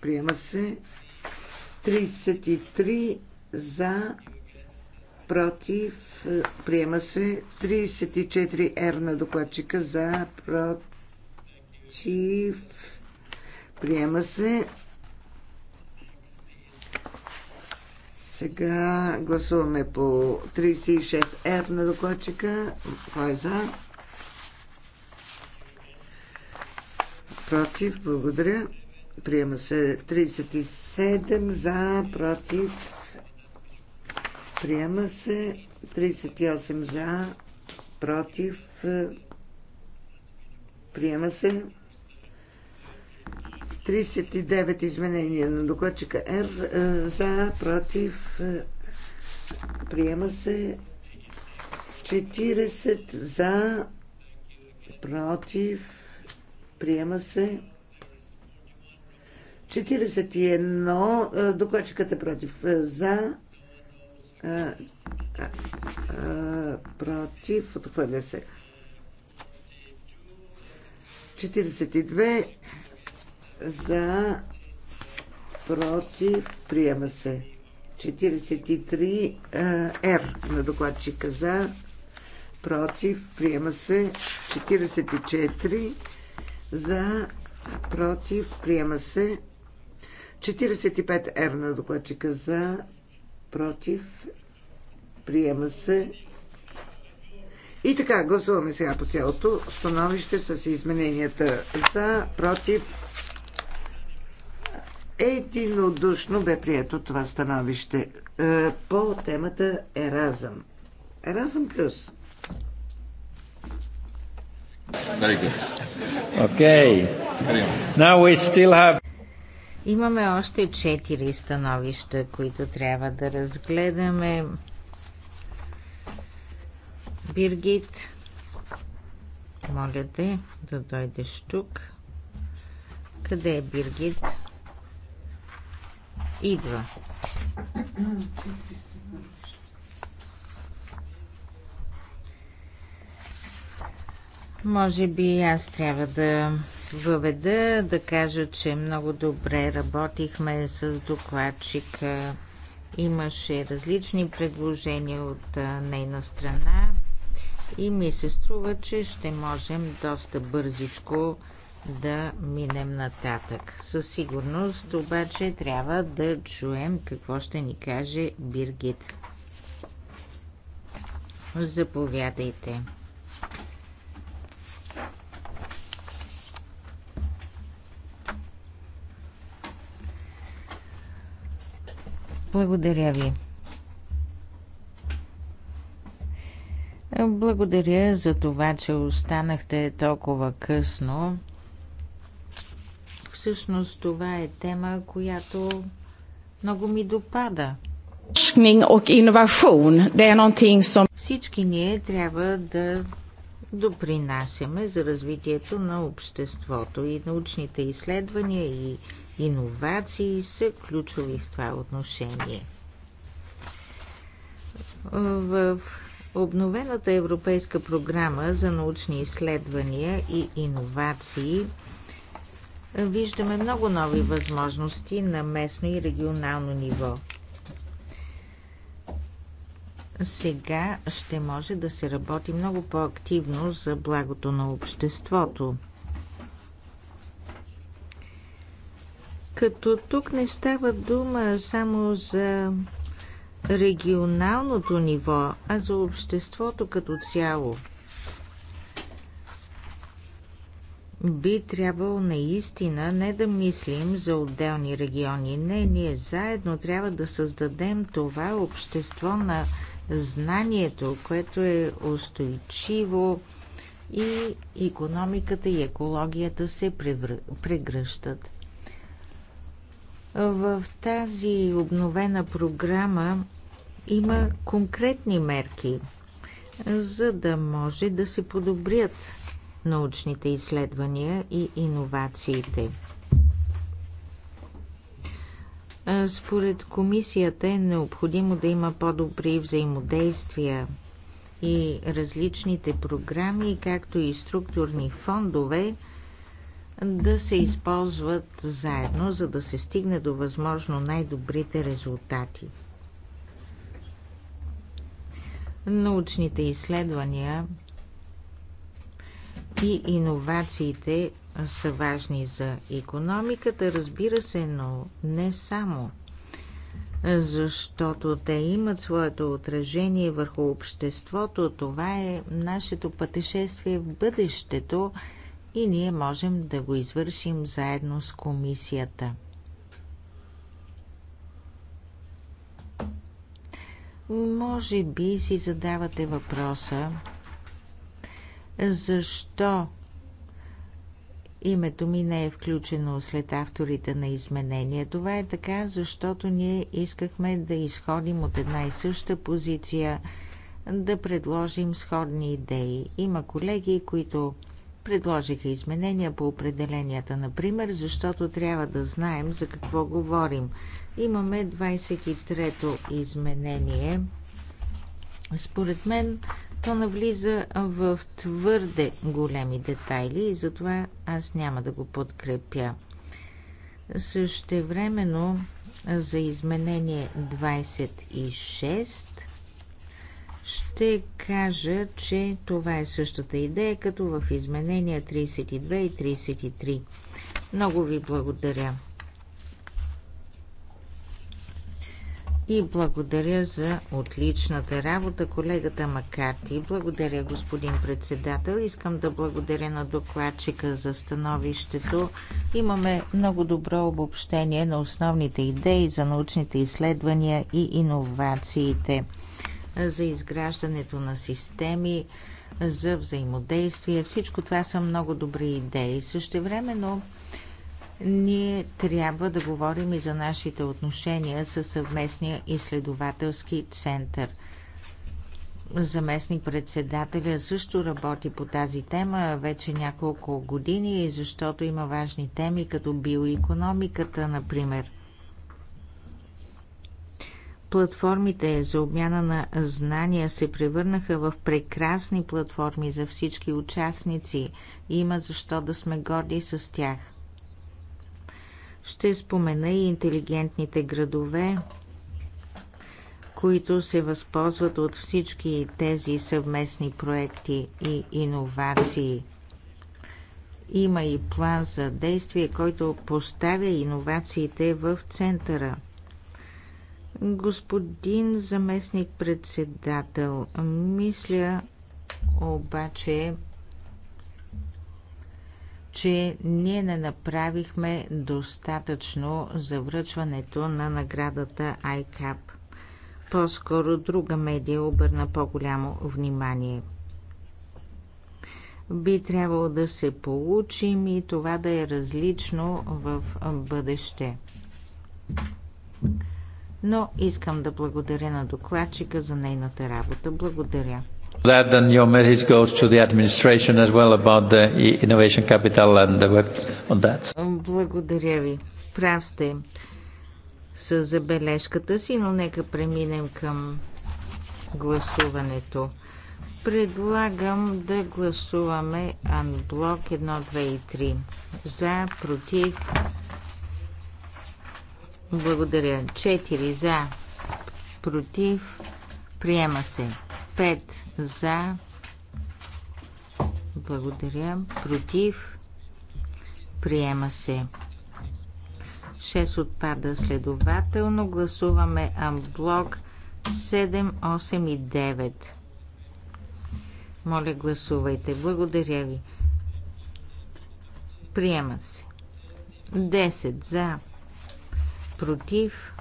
Speaker 9: приема се. 33 за, против, е, приема се. 34R на докладчика за, против, приема се. Сега гласуваме по 36R на докладчика. Кой е за? Против. Благодаря. Приема се 37 за, против. Приема се 38 за, против. Приема се 39 изменения на докладчика Р е, е, за, против, приема се 40 за, против, приема се 41 е, докладчикът е против за против отхвърля се 42 за против приема се 43 Р на докладчика за против приема се 44 за против приема се 45 Р на докладчика за против приема се и така, гласуваме сега по цялото становище с измененията за, против, единодушно бе прието това становище е, по темата Еразъм. Еразъм плюс.
Speaker 5: Okay. Now we still have...
Speaker 10: Имаме още четири становища, които трябва да разгледаме. Биргит, моля те да дойдеш тук. Къде е Биргит? идва. Може би аз трябва да въведа, да кажа, че много добре работихме с докладчика. Имаше различни предложения от нейна страна и ми се струва, че ще можем доста бързичко да минем нататък. Със сигурност обаче трябва да чуем какво ще ни каже Биргит. Заповядайте. Благодаря ви. Благодаря за това, че останахте толкова късно. Всъщност това е тема, която много ми допада. Всички ние трябва да допринасяме за развитието на обществото и научните изследвания и иновации са ключови в това отношение. В обновената европейска програма за научни изследвания и иновации – виждаме много нови възможности на местно и регионално ниво. Сега ще може да се работи много по-активно за благото на обществото. Като тук не става дума само за регионалното ниво, а за обществото като цяло – би трябвало наистина не да мислим за отделни региони. Не, ние заедно трябва да създадем това общество на знанието, което е устойчиво и економиката и екологията се прегръщат. В тази обновена програма има конкретни мерки, за да може да се подобрят научните изследвания и иновациите. Според комисията е необходимо да има по-добри взаимодействия и различните програми, както и структурни фондове да се използват заедно, за да се стигне до възможно най-добрите резултати. Научните изследвания и иновациите са важни за економиката, разбира се, но не само. Защото те имат своето отражение върху обществото. Това е нашето пътешествие в бъдещето и ние можем да го извършим заедно с комисията. Може би си задавате въпроса защо името ми не е включено след авторите на изменения. Това е така, защото ние искахме да изходим от една и съща позиция, да предложим сходни идеи. Има колеги, които предложиха изменения по определенията, например, защото трябва да знаем за какво говорим. Имаме 23-то изменение. Според мен то навлиза в твърде големи детайли и затова аз няма да го подкрепя. Същевременно за изменение 26 ще кажа, че това е същата идея, като в изменения 32 и 33. Много ви благодаря. и благодаря за отличната работа колегата Макарти. Благодаря, господин председател. Искам да благодаря на докладчика за становището. Имаме много добро обобщение на основните идеи за научните изследвания и иновациите, за изграждането на системи, за взаимодействие. Всичко това са много добри идеи. Също времено ние трябва да говорим и за нашите отношения с съвместния изследователски център. Заместник председателя също работи по тази тема вече няколко години, защото има важни теми, като биоекономиката, например. Платформите за обмяна на знания се превърнаха в прекрасни платформи за всички участници. и Има защо да сме горди с тях. Ще спомена и интелигентните градове, които се възползват от всички тези съвместни проекти и иновации. Има и план за действие, който поставя иновациите в центъра. Господин заместник председател, мисля обаче, че ние не направихме достатъчно за връчването на наградата ICAP. По-скоро друга медия обърна по-голямо внимание. Би трябвало да се получим и това да е различно в бъдеще. Но искам да благодаря на докладчика за нейната работа. Благодаря.
Speaker 5: That and your message goes to the administration as well about the innovation capital and the web on that.
Speaker 10: Благодаря ви. Прав сте с забележката си, но нека преминем към гласуването. Предлагам да гласуваме анблок 1, 2 и 3. За, против. Благодаря. 4 за, против. Приема се. 5 за. Благодаря. Против. Приема се. 6 отпада следователно. Гласуваме амблок 7, 8 и 9. Моля, гласувайте. Благодаря ви. Приема се. 10 за. Против.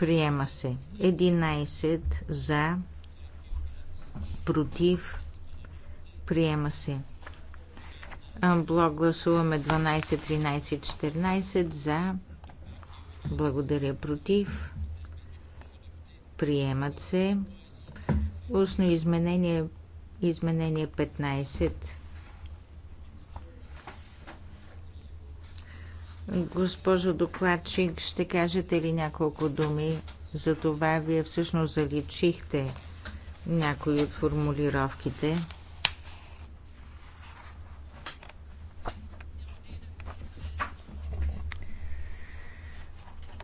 Speaker 10: Приема се. 11 за. Против. Приема се. Блок гласуваме 12, 13, 14 за. Благодаря. Против. Приемат се. Устно изменение, изменение 15 Госпожо докладчик, ще кажете ли няколко думи за това? Вие всъщност заличихте някои от формулировките.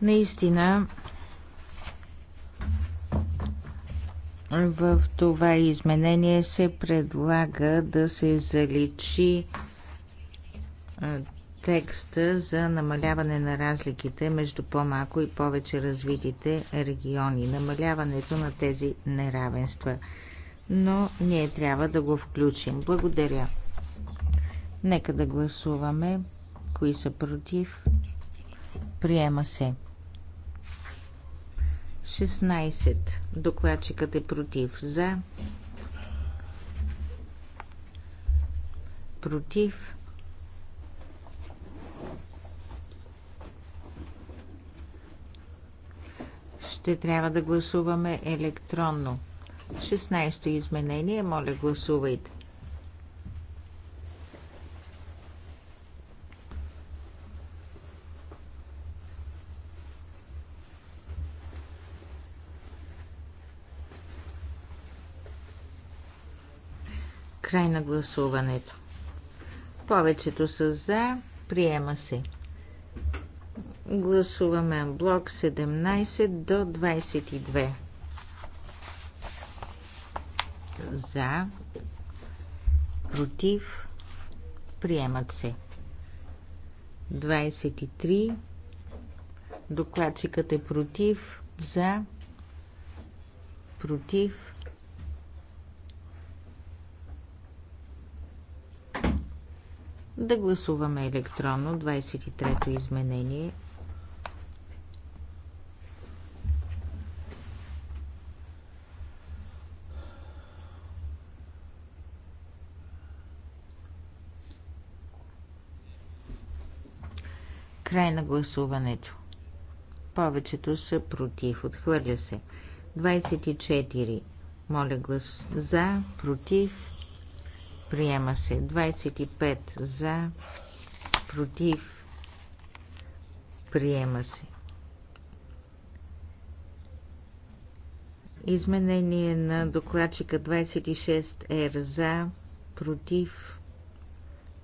Speaker 10: Наистина, в това изменение се предлага да се заличи текста за намаляване на разликите между по-малко и повече развитите региони, намаляването на тези неравенства. Но ние трябва да го включим. Благодаря. Нека да гласуваме. Кои са против? Приема се. 16. Докладчикът е против. За. Против. ще трябва да гласуваме електронно. 16-то изменение, моля гласувайте. Край на гласуването. Повечето са за, приема се. Гласуваме блок 17 до 22. За. Против. Приемат се. 23. Докладчикът е против. За. Против. Да гласуваме електронно 23-то изменение. 23. на гласуването. Повечето са против. Отхвърля се. 24. Моля глас за, против. Приема се. 25 за, против. Приема се. Изменение на докладчика 26 р за, против.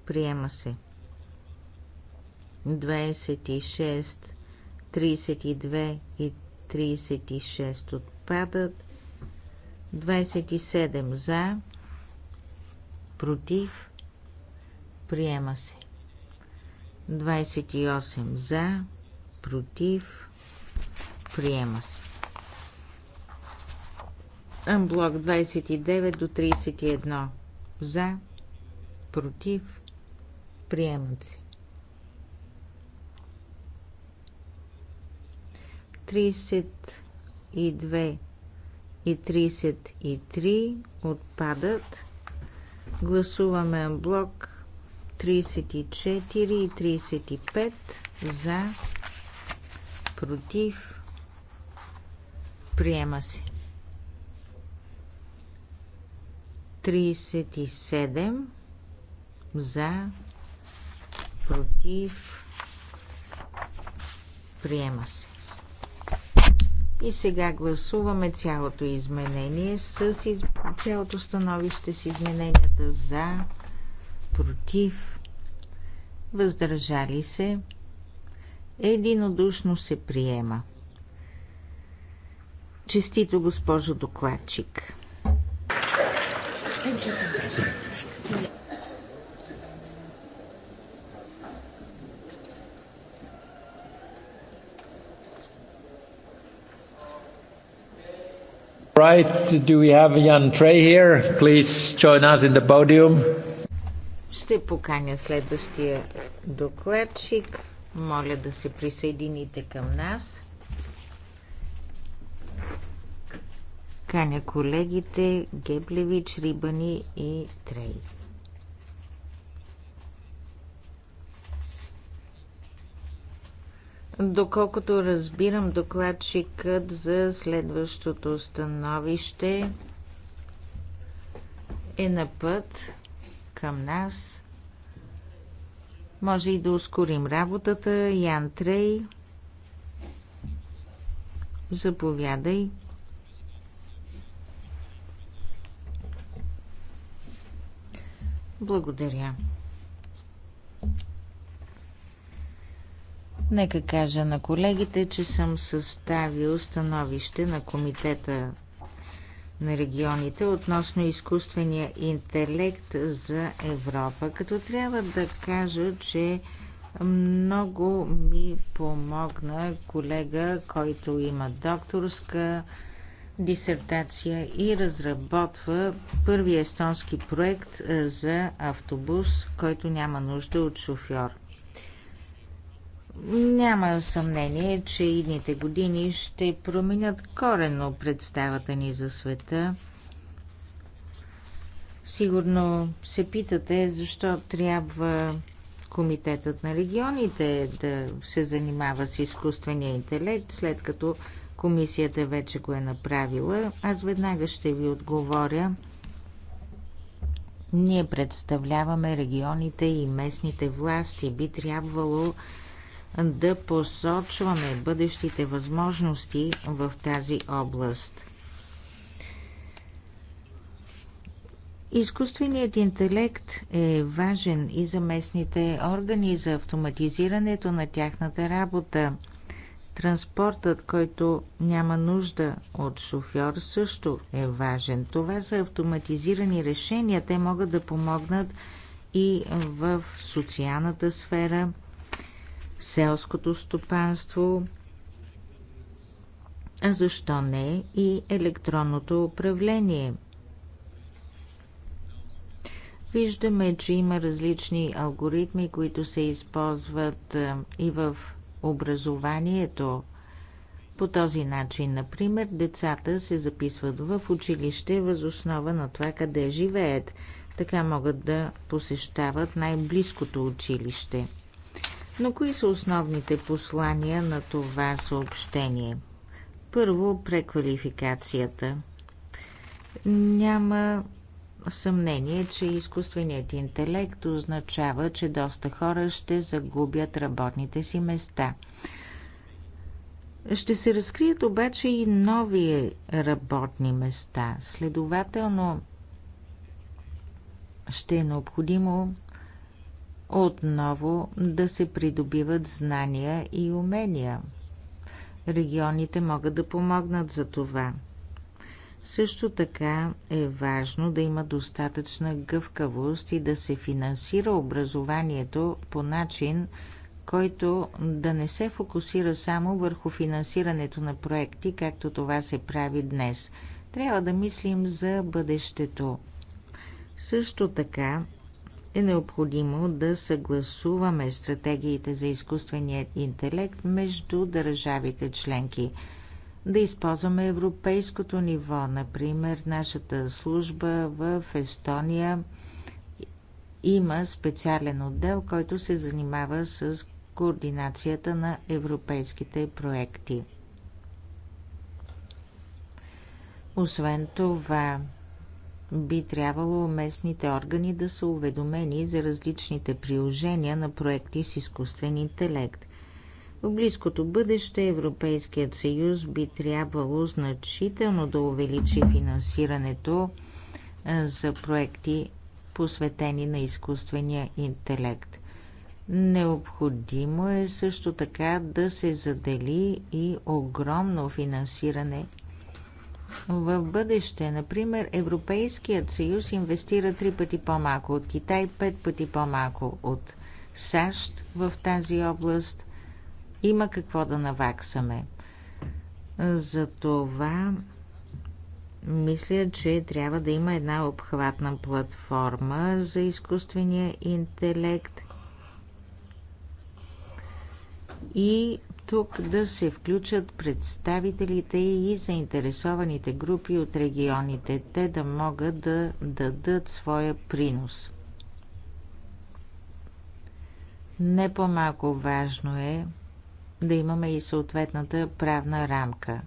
Speaker 10: Приема се. 26, 32 и 36 отпадат. 27 за, против, приема се. 28 за, против, приема се. Амблок 29 до 31 за, против, приемат се. 32 и 33 отпадат. Гласуваме блок 34 и 35 за, против, приема се. 37 за, против, приема се. И сега гласуваме цялото изменение с из... цялото становище с измененията за, против, въздържали се. Единодушно се приема. Честито, госпожо докладчик. Thank you.
Speaker 5: right, do we have Jan Trey here? Please join us in the podium.
Speaker 10: Ще поканя следващия докладчик. Моля да се присъедините към нас. Каня колегите Геблевич, Рибани и Трей. Доколкото разбирам докладчикът за следващото становище е на път към нас. Може и да ускорим работата. Ян Трей, заповядай. Благодаря. Нека кажа на колегите, че съм съставил становище на Комитета на регионите относно изкуствения интелект за Европа. Като трябва да кажа, че много ми помогна колега, който има докторска дисертация и разработва първи естонски проект за автобус, който няма нужда от шофьор. Няма съмнение, че идните години ще променят коренно представата ни за света. Сигурно се питате защо трябва Комитетът на регионите да се занимава с изкуствения интелект, след като комисията вече го е направила. Аз веднага ще ви отговоря. Ние представляваме регионите и местните власти. Би трябвало да посочваме бъдещите възможности в тази област. Изкуственият интелект е важен и за местните органи за автоматизирането на тяхната работа. Транспортът, който няма нужда от шофьор, също е важен. Това са автоматизирани решения. Те могат да помогнат и в социалната сфера – селското стопанство, а защо не и електронното управление. Виждаме, че има различни алгоритми, които се използват и в образованието. По този начин, например, децата се записват в училище въз основа на това къде живеят. Така могат да посещават най-близкото училище – но кои са основните послания на това съобщение? Първо, преквалификацията. Няма съмнение, че изкуственият интелект означава, че доста хора ще загубят работните си места. Ще се разкрият обаче и нови работни места. Следователно, ще е необходимо отново да се придобиват знания и умения. Регионите могат да помогнат за това. Също така е важно да има достатъчна гъвкавост и да се финансира образованието по начин, който да не се фокусира само върху финансирането на проекти, както това се прави днес. Трябва да мислим за бъдещето. Също така е необходимо да съгласуваме стратегиите за изкуствения интелект между държавите членки. Да използваме европейското ниво, например нашата служба в Естония има специален отдел, който се занимава с координацията на европейските проекти. Освен това, би трябвало местните органи да са уведомени за различните приложения на проекти с изкуствен интелект. В близкото бъдеще Европейският съюз би трябвало значително да увеличи финансирането за проекти посветени на изкуствения интелект. Необходимо е също така да се задели и огромно финансиране – в бъдеще. Например, Европейският съюз инвестира три пъти по-малко от Китай, пет пъти по-малко от САЩ в тази област. Има какво да наваксаме. Затова мисля, че трябва да има една обхватна платформа за изкуствения интелект и тук да се включат представителите и заинтересованите групи от регионите, те да могат да дадат своя принос. Не по-малко важно е да имаме и съответната правна рамка,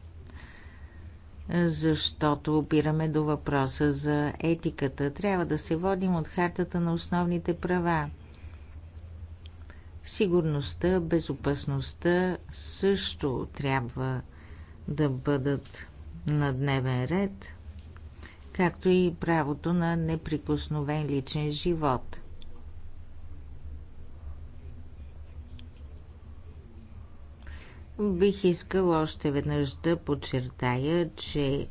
Speaker 10: защото опираме до въпроса за етиката. Трябва да се водим от хартата на основните права – Сигурността, безопасността също трябва да бъдат на дневен ред, както и правото на неприкосновен личен живот. Бих искала още веднъж да подчертая, че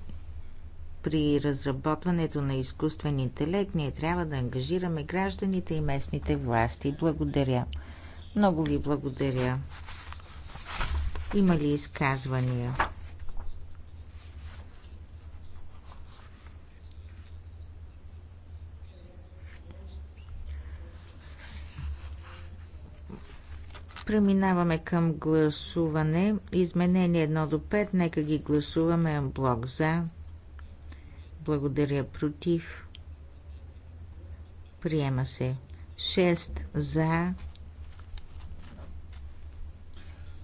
Speaker 10: при разработването на изкуствен интелект ние трябва да ангажираме гражданите и местните власти. Благодаря. Много ви благодаря. Има ли изказвания? Преминаваме към гласуване. Изменение 1 до 5. Нека ги гласуваме блок за. Благодаря против. Приема се. 6 за.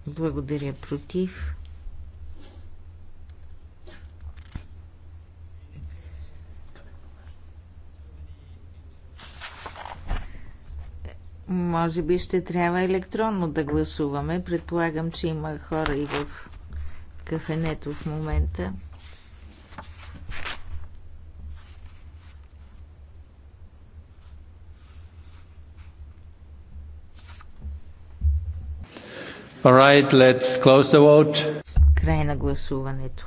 Speaker 10: Благодаря против. Може би ще трябва електронно да гласуваме. Предполагам, че има хора и в кафенето в момента.
Speaker 5: All right, let's close the vote.
Speaker 10: Край на гласуването.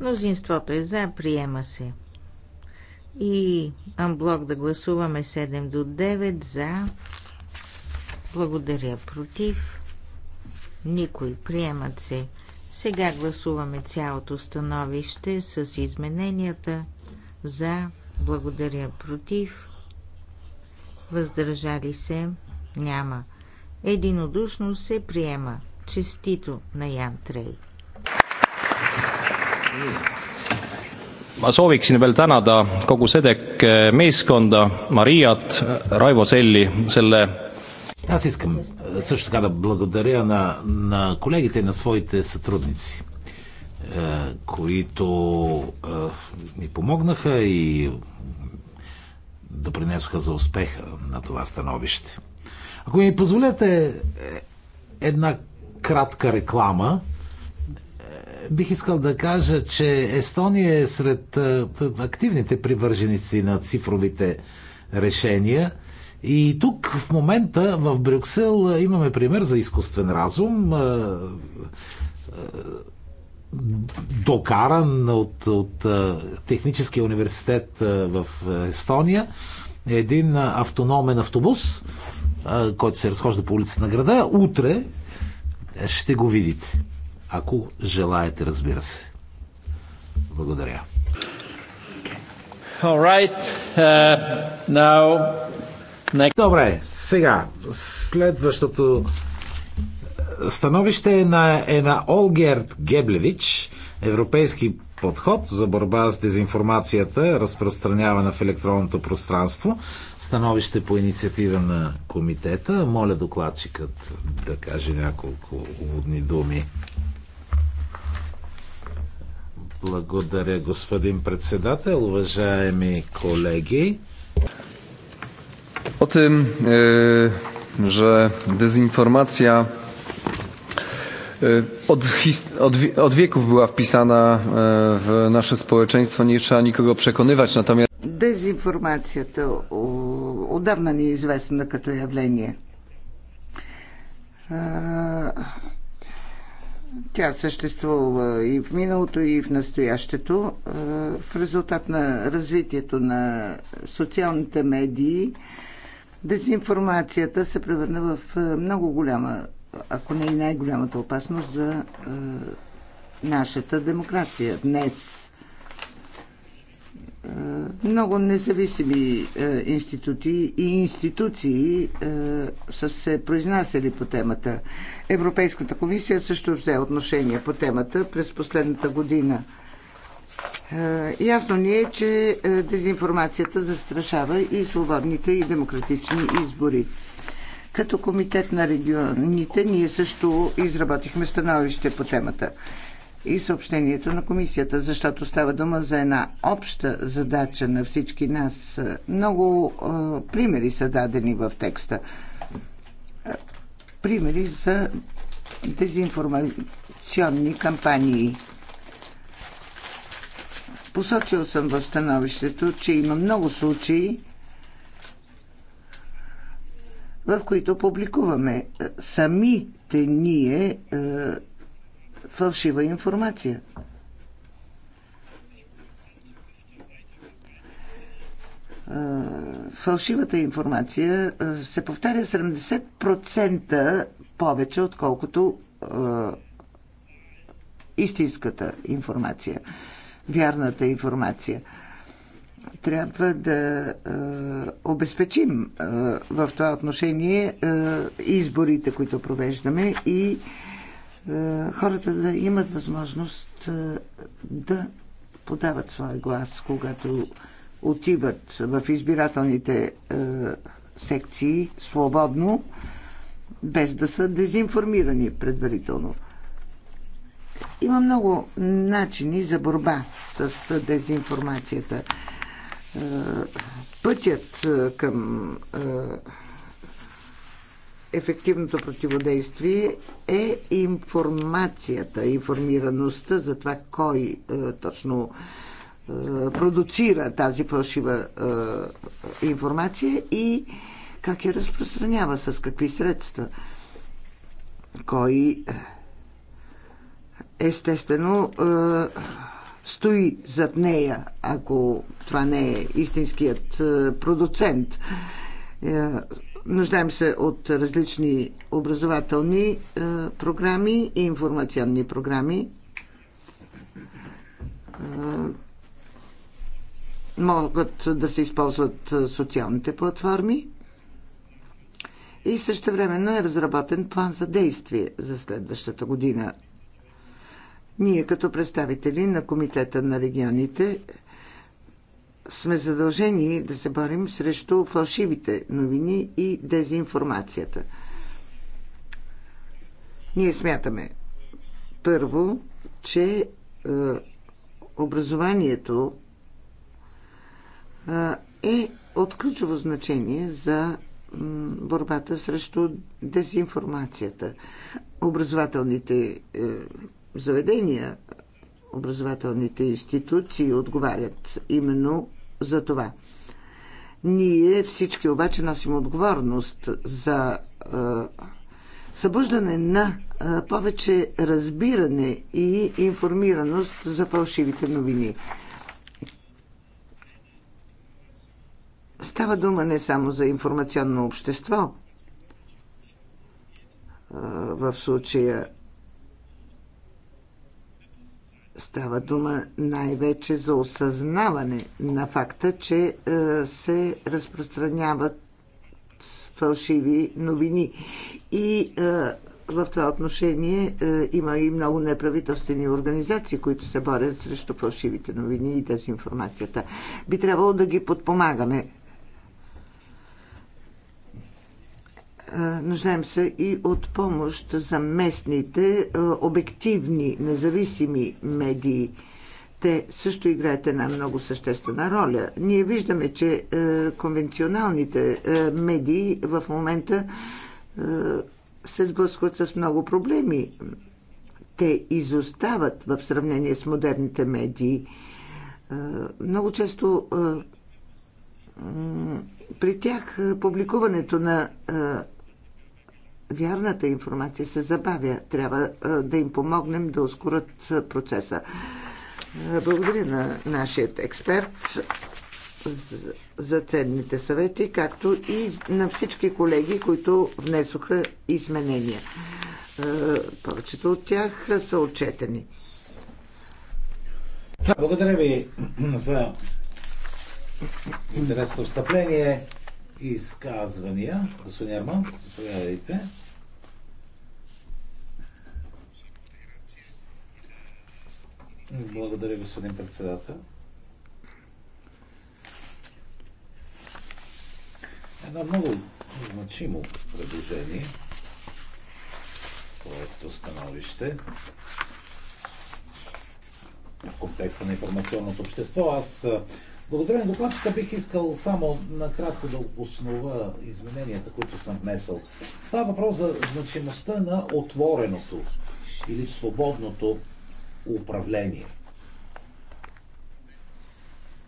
Speaker 10: Мнозинството е за, приема се. И амблок да гласуваме 7 до 9 за. Благодаря против. Никой приемат се. Сега гласуваме цялото становище с измененията за. Благодаря против. Въздържали се няма единодушно се приема. Честито на Ян Трей.
Speaker 6: ma sooviksin veel tänada kogu SEDEC eh, meeskonda, Mariat, eh, Raivo Selli selle
Speaker 8: Аз искам eh, също така да благодаря на, на колегите и на своите сътрудници, които ми помогнаха и допринесоха за успеха на това становище. Ако ми позволете е, една кратка реклама, е, бих искал да кажа, че Естония е сред е, активните привърженици на цифровите решения. И тук в момента в Брюксел имаме пример за изкуствен разум, докаран от, от Техническия университет в Естония един автономен автобус, който се разхожда по улицата на града. Утре ще го видите. Ако желаете, разбира се. Благодаря. Right.
Speaker 5: Uh,
Speaker 8: now... Next... Добре, сега следващото становище е на, е на Олгерт Геблевич, европейски подход за борба с дезинформацията, разпространявана в електронното пространство. Становище по инициатива на комитета. Моля докладчикът да каже няколко уводни думи. Благодаря, господин председател,
Speaker 6: уважаеми колеги. O tym, że dezinformacja E, od, od, od wieków była wpisana e, w nasze społeczeństwo, nie trzeba nikogo przekonywać, natomiast...
Speaker 9: Dezinformacja to Дезинформацията отдавна ни е известна to jawlenie. Тя съществува и в миналото, и в настоящето. В резултат на развитието на социалните медии, дезинформацията се превърна в много голяма ако не и е най-голямата опасност за е, нашата демокрация днес. Е, много независими е, институти и институции е, са се произнасяли по темата. Европейската комисия също взе отношение по темата през последната година. Е, ясно ни е, че е, дезинформацията застрашава и свободните и демократични избори. Като комитет на регионите ние също изработихме становище по темата и съобщението на комисията, защото става дума за една обща задача на всички нас. Много е, примери са дадени в текста. Примери за дезинформационни кампании. Посочил съм в становището, че има много случаи, в които публикуваме е, самите ние е, фалшива информация. Е, фалшивата информация се повтаря 70% повече, отколкото е, истинската информация, вярната информация трябва да е, обезпечим е, в това отношение е, изборите, които провеждаме и е, хората да имат възможност е, да подават своя глас, когато отиват в избирателните е, секции свободно, без да са дезинформирани предварително. Има много начини за борба с дезинформацията пътят към ефективното противодействие е информацията, информираността за това кой точно продуцира тази фалшива информация и как я разпространява, с какви средства. Кой естествено стои зад нея, ако това не е истинският е, продуцент. Е, нуждаем се от различни образователни е, програми и информационни програми. Могат да се използват социалните платформи. И също времено е разработен план за действие за следващата година ние като представители на Комитета на регионите сме задължени да се борим срещу фалшивите новини и дезинформацията. Ние смятаме първо, че е, образованието е от ключово значение за борбата срещу дезинформацията. Образователните е, заведения, образователните институции отговарят именно за това. Ние всички обаче носим отговорност за е, събуждане на е, повече разбиране и информираност за фалшивите новини. Става дума не само за информационно общество, е, в случая Става дума най-вече за осъзнаване на факта, че е, се разпространяват фалшиви новини. И е, в това отношение е, има и много неправителствени организации, които се борят срещу фалшивите новини и дезинформацията. Би трябвало да ги подпомагаме Нуждаем се и от помощ за местните обективни, независими медии. Те също играят една много съществена роля. Ние виждаме, че конвенционалните медии в момента се сблъскват с много проблеми. Те изостават в сравнение с модерните медии. Много често при тях публикуването на вярната информация се забавя. Трябва е, да им помогнем да ускорят е, процеса. Е, благодаря на нашият експерт за ценните съвети, както и на всички колеги, които внесоха изменения. Повечето от тях са отчетени. Благодаря ви за
Speaker 8: интересно встъпление и изказвания. Господин Ерман, заповядайте. Благодаря, господин председател. Едно много значимо предложение, проекто становище в контекста на информационното общество. Аз благодаря на докладчика бих искал само накратко да обоснова измененията, които съм внесъл. Става въпрос за значимостта на отвореното или свободното управление.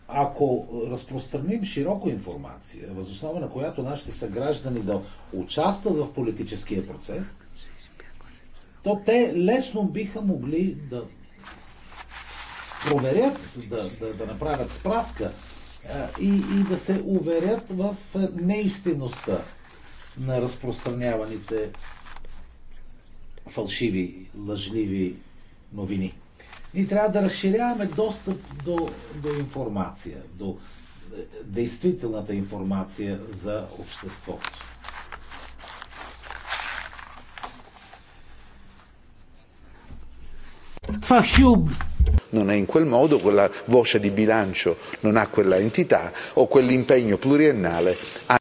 Speaker 8: Ако разпространим широко информация, възоснова на която нашите съграждани да участват в политическия процес, то те лесно биха могли да проверят, да, да, да направят справка и, и да се уверят в неистинността на разпространяваните фалшиви, лъжливи новини. Ние трябва да разширяваме достъп до, до информация, до е, действителната информация за обществото.
Speaker 4: хюб. non è in quel modo, quella voce di bilancio non ha quella entità o quell'impegno pluriennale. Ha...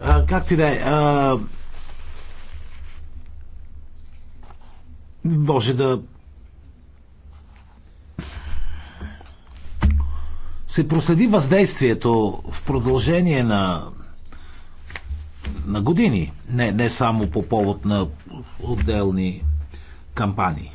Speaker 8: Ah, uh, както и да е, ah, може да се проследи въздействието в продължение на, на години, не, не само по повод на отделни кампании.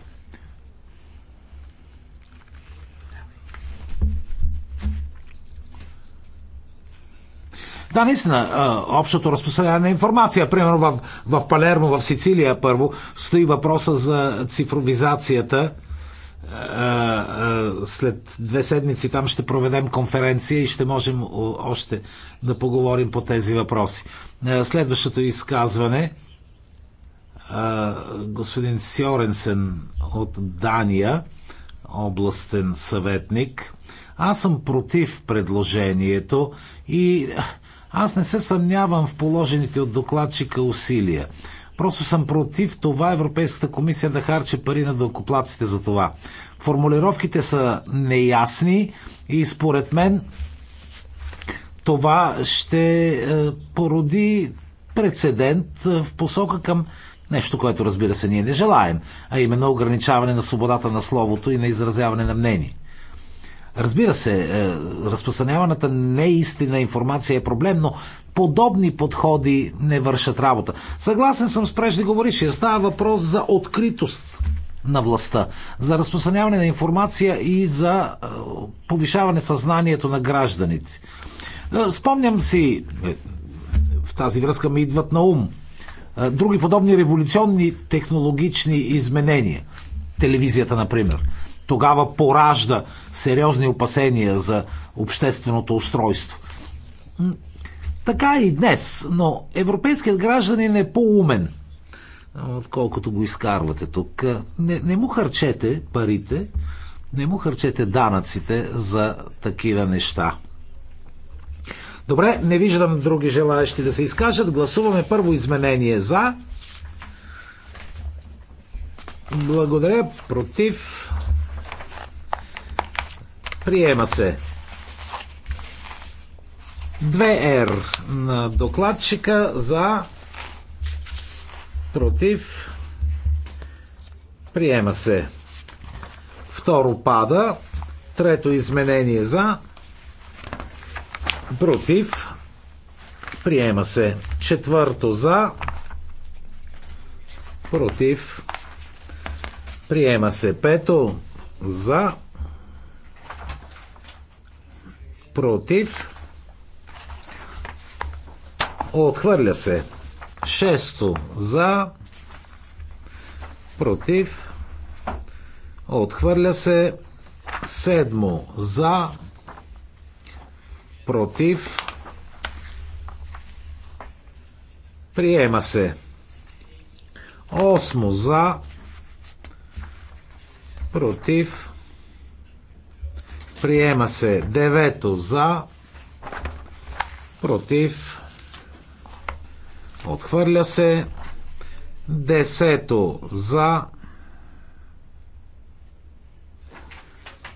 Speaker 8: Да, наистина, общото разпространяване на информация. Примерно в, в Палермо, в Сицилия първо, стои въпроса за цифровизацията след две седмици там ще проведем конференция и ще можем още да поговорим по тези въпроси. Следващото изказване господин Сьоренсен от Дания, областен съветник. Аз съм против предложението и аз не се съмнявам в положените от докладчика усилия. Просто съм против това Европейската комисия да харчи пари на дълкоплаците за това. Формулировките са неясни и според мен това ще е, породи прецедент е, в посока към нещо, което разбира се ние не желаем, а именно ограничаване на свободата на словото и на изразяване на мнение. Разбира се, е, разпространяваната неистина информация е проблем, но подобни подходи не вършат работа. Съгласен съм с преждеговорившия. Става въпрос за откритост на властта, за разпространяване на информация и за е, повишаване съзнанието на гражданите. Е, спомням си, е, в тази връзка ми идват на ум, други подобни революционни технологични изменения. Телевизията, например. Тогава поражда сериозни опасения за общественото устройство. Така и днес, но европейският гражданин е по-умен, отколкото го изкарвате тук. Не, не му харчете парите, не му харчете данъците за такива неща. Добре, не виждам други желаящи да се изкажат. Гласуваме първо изменение за. Благодаря. Против. Приема се. 2R на докладчика за против приема се. Второ пада. Трето изменение за против приема се. Четвърто за против приема се. Пето за против Отхвърля се. Шесто за. Против. Отхвърля се. Седмо за. Против. Приема се. Осмо за. Против. Приема се. Девето за. Против. Отхвърля се. Десето за.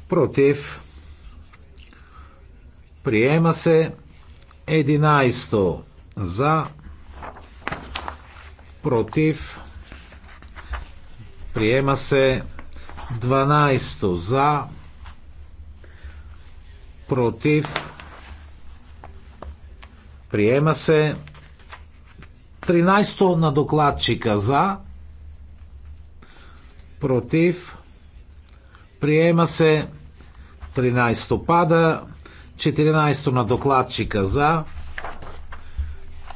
Speaker 8: Против. Приема се. Единайсто за. Против. Приема се. Дванайсто за. Против. Приема се. 13 то на докладчика за, против, приема се, 13 пада, 14 на докладчика за,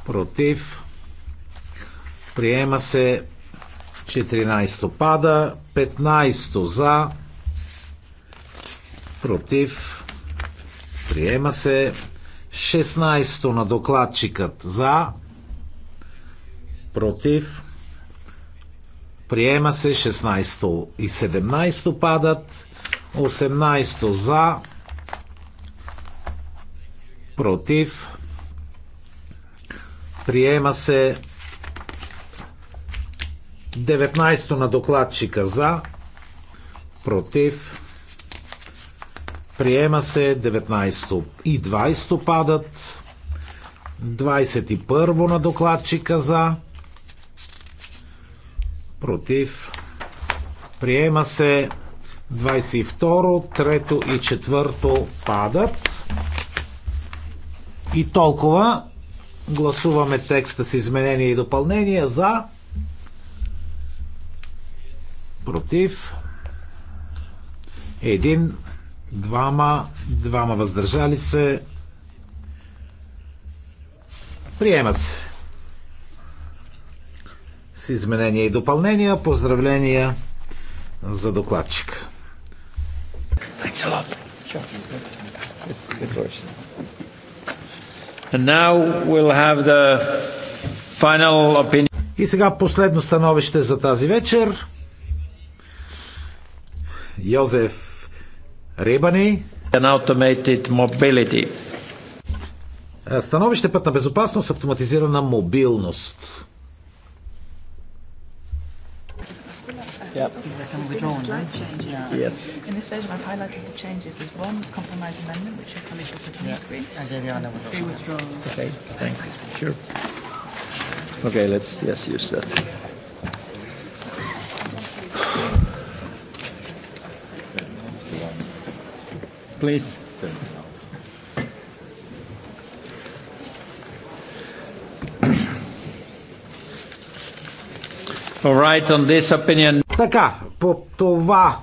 Speaker 8: против, приема се, 14 пада, 15 за, против, приема се, 16 на докладчикът за, против, приема се 16 и 17 падат, 18 за, против, приема се 19 на докладчика за, против, приема се 19 и 20 падат, 21 на докладчика за, против, приема се 22, 3 и 4 падат. И толкова гласуваме текста с изменение и допълнение за против един, двама, двама въздържали се. Приема се с изменения и допълнения. Поздравления за докладчик.
Speaker 5: Thanks a lot. And now we'll have the final opinion.
Speaker 8: И сега последно становище за тази вечер.
Speaker 5: Йозеф Рибани. An automated mobility.
Speaker 8: Становище път на безопасност, автоматизирана мобилност.
Speaker 5: Yep. They're some withdrawn, slight changes.
Speaker 3: Yeah. Yes. In this version, I've highlighted the changes. There's one compromise amendment, which your colleague will put on yeah. the screen.
Speaker 9: And then the other was also. withdrawals. Okay,
Speaker 5: thanks. Sure. Okay, let's yes use that. Please. All right, on this opinion. Така, по това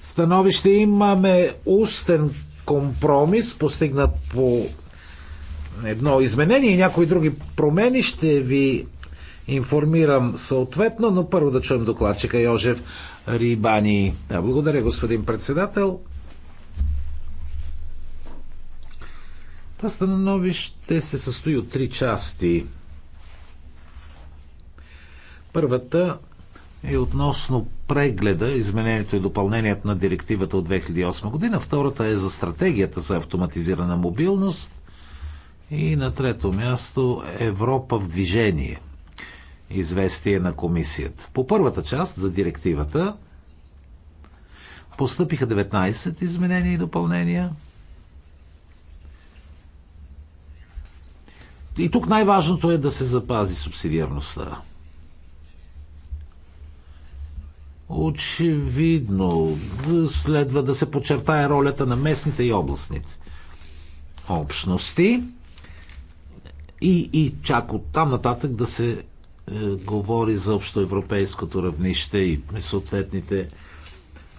Speaker 8: становище имаме устен компромис, постигнат по едно изменение и някои други промени. Ще ви информирам съответно, но първо да чуем докладчика Йожев Рибани. Да, благодаря, господин председател. Това становище се състои от три части – Първата е относно прегледа, изменението и допълнението на директивата от 2008 година. Втората е за стратегията за автоматизирана мобилност. И на трето място Европа в движение. Известие на комисията. По първата част за директивата постъпиха 19 изменения и допълнения. И тук най-важното е да се запази субсидиарността. Очевидно, следва да се подчертае ролята на местните и областните общности и, и чак от там нататък да се е, говори за общоевропейското равнище и съответните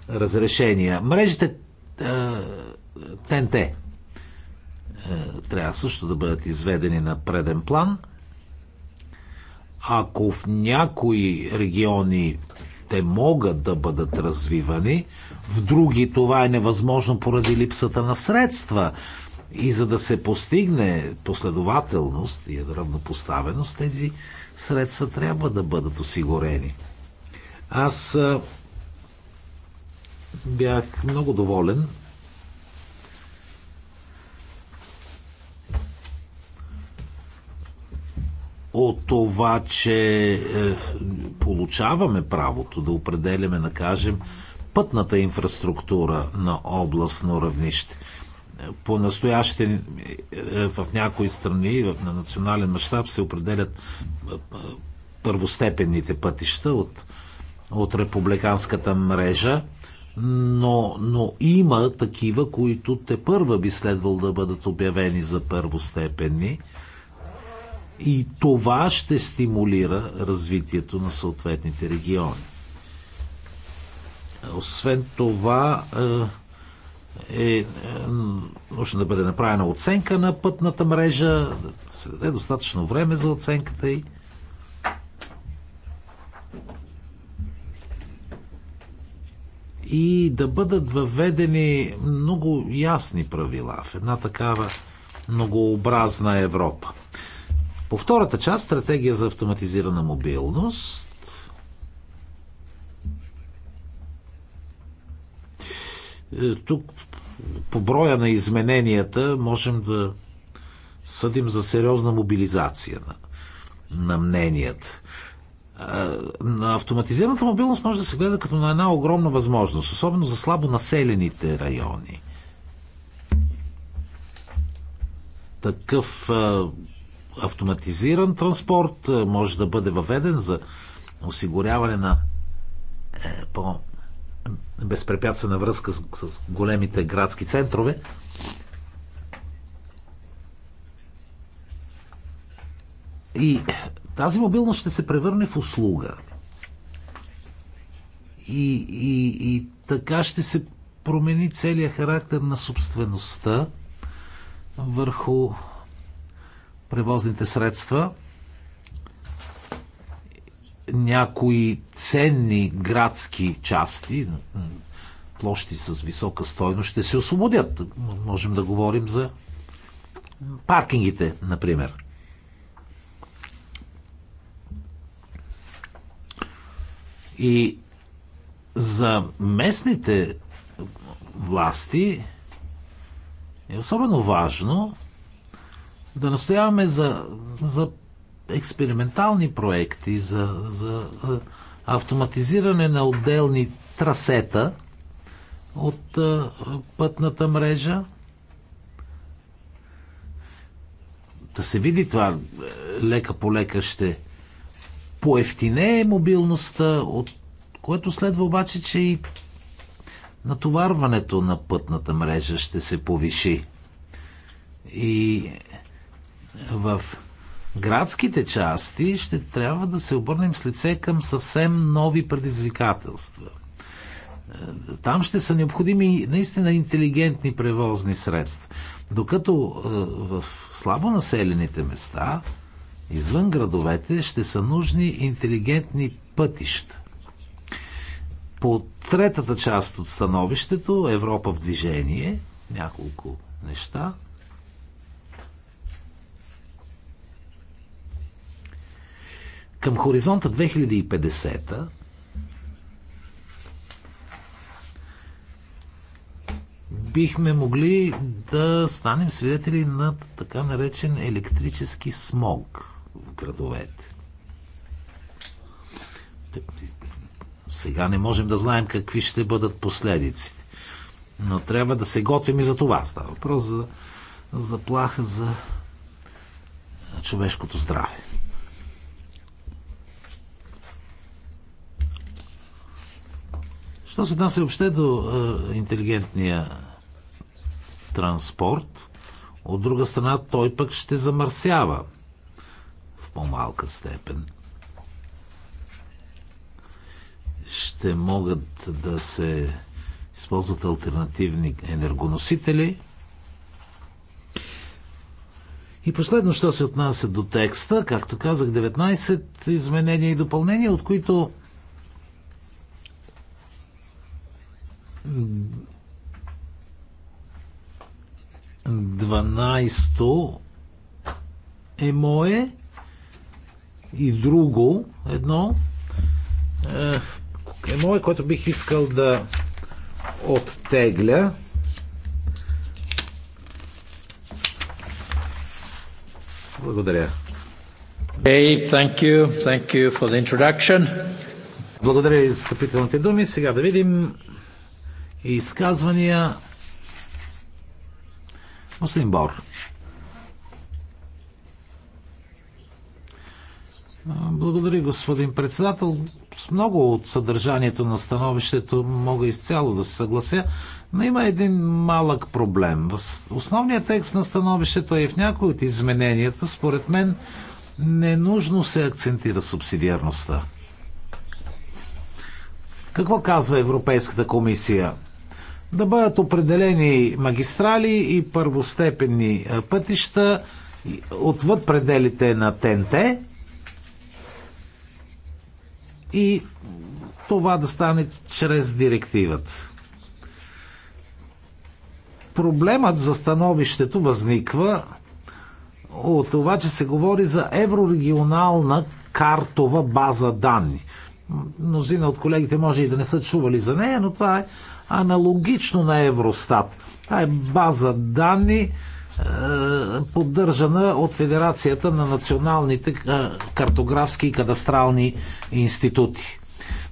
Speaker 8: разрешения. Мрежите е, ТНТ е, трябва също да бъдат изведени на преден план. Ако в някои региони те могат да бъдат развивани, в други това е невъзможно поради липсата на средства. И за да се постигне последователност и равнопоставеност, тези средства трябва да бъдат осигурени. Аз бях много доволен от това, че е, получаваме правото да определяме, да кажем, пътната инфраструктура на областно равнище. По настояще е, в някои страни на национален мащаб се определят е, първостепенните пътища от, от републиканската мрежа, но, но има такива, които те първа би следвал да бъдат обявени за първостепенни и това ще стимулира развитието на съответните региони. Освен това, е нужно е, е, да бъде направена оценка на пътната мрежа, да се даде достатъчно време за оценката й. И да бъдат въведени много ясни правила в една такава многообразна Европа. По втората част, стратегия за автоматизирана мобилност, е, тук по броя на измененията можем да съдим за сериозна мобилизация на, на мненията. Е, на автоматизираната мобилност може да се гледа като на една огромна възможност, особено за слабо населените райони. Такъв е, автоматизиран транспорт е, може да бъде въведен за осигуряване на е, по безпрепятствена връзка с, с големите градски центрове. И тази мобилност ще се превърне в услуга. И, и, и така ще се промени целият характер на собствеността върху превозните средства. Някои ценни градски части, площи с висока стойност, ще се освободят. Можем да говорим за паркингите, например. И за местните власти е особено важно да настояваме за, за експериментални проекти, за, за е, автоматизиране на отделни трасета от е, пътната мрежа. Да се види това е, лека по лека ще поевтине мобилността, от което следва обаче, че и натоварването на пътната мрежа ще се повиши. И в градските части ще трябва да се обърнем с лице към съвсем нови предизвикателства. Е, там ще са необходими наистина интелигентни превозни средства. Докато е, в слабо населените места, извън градовете, ще са нужни интелигентни пътища. По третата част от становището Европа в движение, няколко неща – Към хоризонта 2050 бихме могли да станем свидетели на така наречен електрически смог в градовете. Сега не можем да знаем какви ще бъдат последиците. Но трябва да се готвим и за това. Става въпрос за заплаха за човешкото здраве. Що се отнася въобще до е, интелигентния транспорт, от друга страна той пък ще замърсява в по-малка степен. Ще могат да се използват альтернативни енергоносители. И последно, що се отнася до текста, както казах, 19 изменения и допълнения, от които 12 е мое и друго едно е, е мое, което бих искал да оттегля.
Speaker 5: Благодаря. Hey, thank you. Thank you for the introduction. Благодаря за встъпителните
Speaker 8: думи. Сега да видим и изказвания. Господин Бор. Благодаря, господин председател. С много от съдържанието на становището мога изцяло да се съглася, но има един малък проблем. основният текст на становището е в някои от измененията, според мен, ненужно се акцентира субсидиарността. Какво казва Европейската комисия? да бъдат определени магистрали и първостепенни пътища отвъд пределите на ТНТ и това да стане чрез директивата. Проблемът за становището възниква от това, че се говори за еврорегионална картова база данни. Мнозина от колегите може и да не са чували за нея, но това е аналогично на Евростат. Това е база данни, е, поддържана от Федерацията на националните е, картографски и кадастрални институти.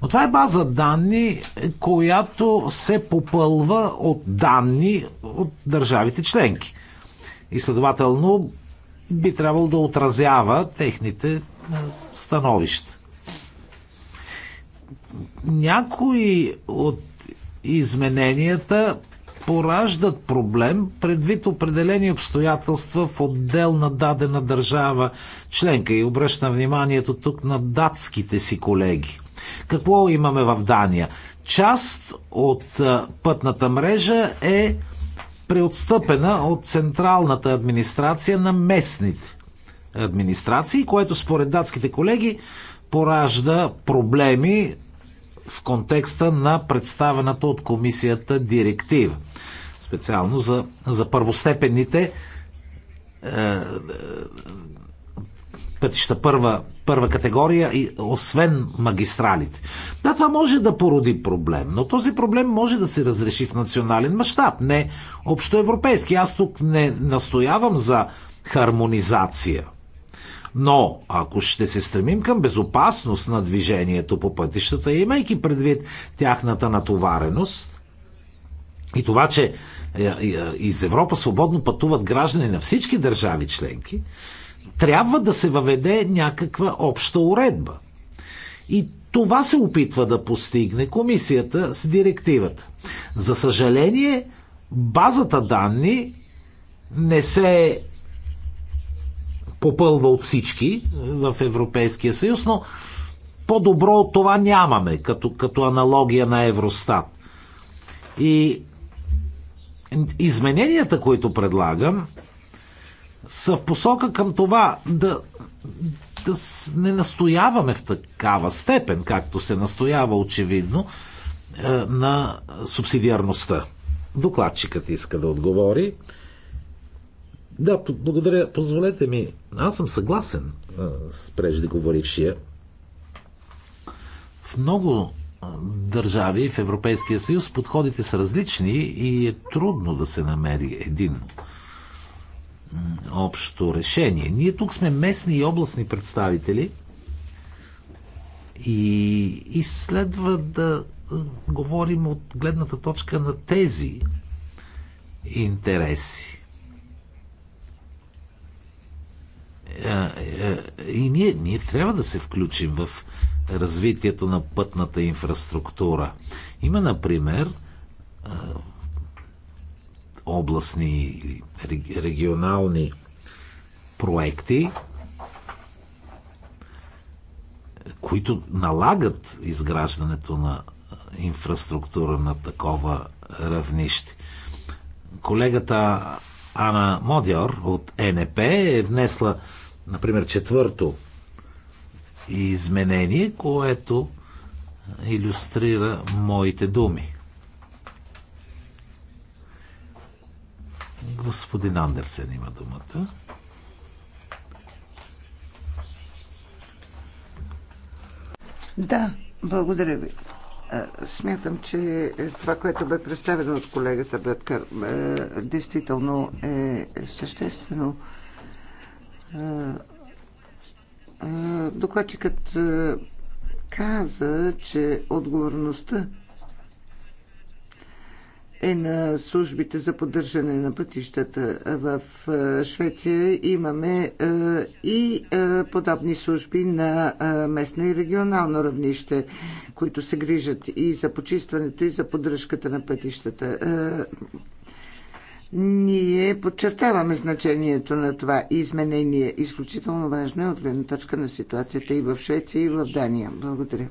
Speaker 8: Но това е база данни, която се попълва от данни от държавите членки. И следователно би трябвало да отразява техните е, становища. Някои от измененията пораждат проблем предвид определени обстоятелства в отдел на дадена държава членка. И обръщам вниманието тук на датските си колеги. Какво имаме в Дания? Част от пътната мрежа е преотстъпена от централната администрация на местните администрации, което според датските колеги поражда проблеми в контекста на представената от комисията директива. Специално за, за първостепенните е, пътища първа, първа категория, и, освен магистралите. Да, това може да породи проблем, но този проблем може да се разреши в национален мащаб, не общоевропейски. Аз тук не настоявам за хармонизация – но ако ще се стремим към безопасност на движението по пътищата, имайки предвид тяхната натовареност и това, че е, е, из Европа свободно пътуват граждани на всички държави членки, трябва да се въведе някаква обща уредба. И това се опитва да постигне комисията с директивата. За съжаление, базата данни не се попълва от всички в Европейския съюз, но по-добро от това нямаме, като, като аналогия на Евростат. И измененията, които предлагам, са в посока към това да, да не настояваме в такава степен, както се настоява очевидно, е, на субсидиарността. Докладчикът иска да отговори. Да, благодаря. Позволете ми. Аз съм съгласен с преждеговорившия. В много държави в Европейския съюз подходите са различни и е трудно да се намери един общо решение. Ние тук сме местни и областни представители и, и следва да говорим от гледната точка на тези интереси. Е, е, и ние, ние трябва да се включим в развитието на пътната инфраструктура. Има, например, е, областни или регионални проекти, които налагат изграждането на инфраструктура на такова равнище. Колегата Ана Модьор от НП е внесла например, четвърто изменение, което иллюстрира моите думи. Господин Андерсен има думата.
Speaker 9: Да, благодаря ви. Смятам, че това, което бе представено от колегата Бъткър, действително е съществено. Докладчикът каза, че отговорността е на службите за поддържане на пътищата. В Швеция имаме и подобни служби на местно и регионално равнище, които се грижат и за почистването, и за поддръжката на пътищата. Ние подчертаваме значението на това изменение. Изключително важно е от гледна точка на ситуацията и в Швеция, и в Дания. Благодаря.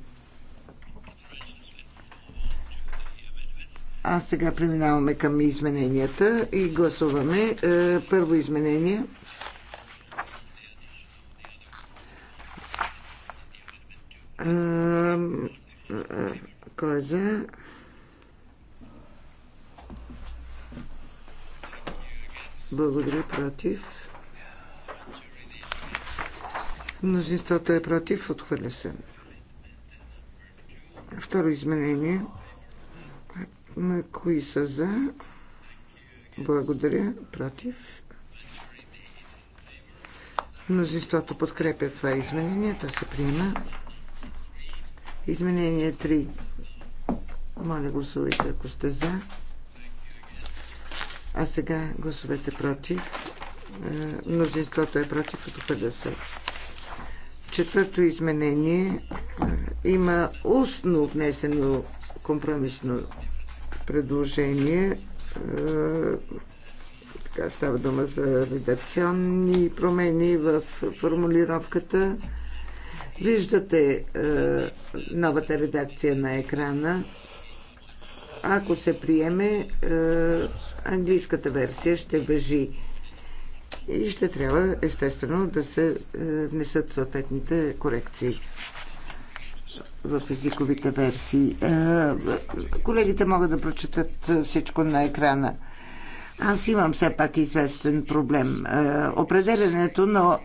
Speaker 9: А сега преминаваме към измененията и гласуваме е, първо изменение. Е, е, кой е за? Благодаря против. Мнозинството е против, отхвърля се. Второ изменение. Кои са за? Благодаря. Против. Мнозинството подкрепя това изменение. То се приема. Изменение 3. Моля, гласувайте, ако сте за. А сега гласовете против. Е, мнозинството е против, отхвърля 50. Четвърто изменение. Е, има устно внесено компромисно предложение. Е, така става дума за редакционни промени в формулировката. Виждате новата редакция на екрана ако се приеме, е, английската версия ще въжи и ще трябва естествено да се е, внесат съответните корекции в езиковите версии. Е, колегите могат да прочитат всичко на екрана. Аз имам все пак известен проблем. Определенето на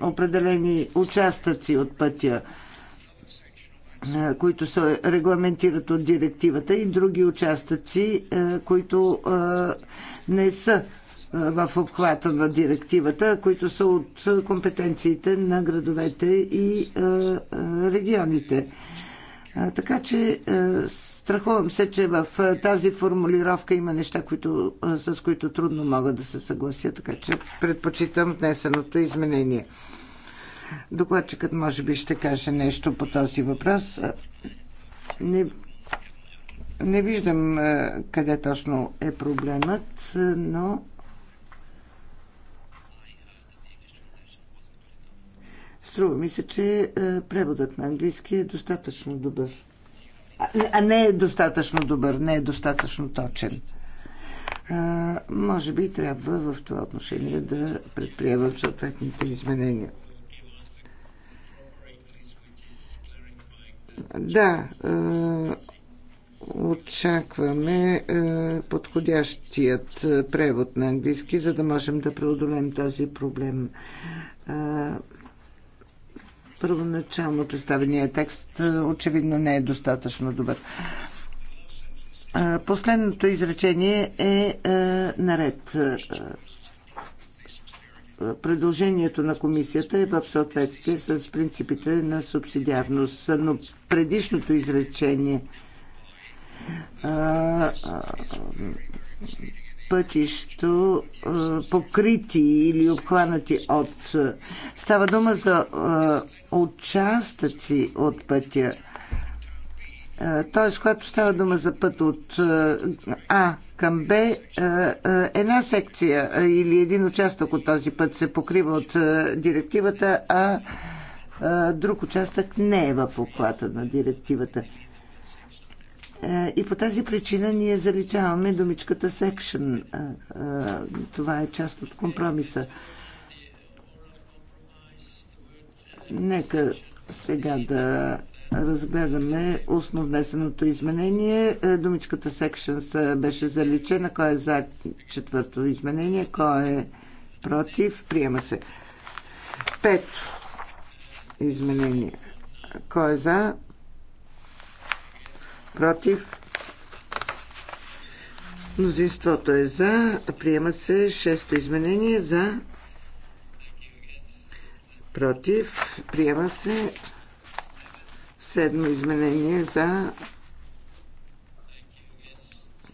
Speaker 9: определени участъци от пътя – които се регламентират от директивата и други участъци, които не са в обхвата на директивата, които са от компетенциите на градовете и регионите. Така че страхувам се, че в тази формулировка има неща, които, с които трудно мога да се съглася, така че предпочитам внесеното изменение. Докладчикът може би ще каже нещо по този въпрос. Не, не виждам е, къде точно е проблемът, е, но Струва ми се, че е, преводът на английски е достатъчно добър. А не е достатъчно добър, не е достатъчно точен. А, може би трябва в това отношение да предприемам съответните изменения. Да, е, очакваме е, подходящият е, превод на английски, за да можем да преодолем този проблем. Първоначално представения текст очевидно не е достатъчно добър. Последното изречение е наред предложението на комисията е в съответствие с принципите на субсидиарност, но предишното изречение пътищо, покрити или обхванати от. Става дума за участъци от пътя. Т.е. когато става дума за път от А към Б е, е, една секция е, или един участък от този път се покрива от директивата, а друг участък не е в обхвата на директивата. И по тази причина ние заличаваме думичката секшен. Това е част от компромиса. Нека сега да разгледаме устно внесеното изменение. Е, думичката sections беше заличена. Кой е за четвърто изменение? Кой е против? Приема се. Пето изменение. Кой е за? Против? Мнозинството е за. Приема се шесто изменение за. Против. Приема се Седмо изменение за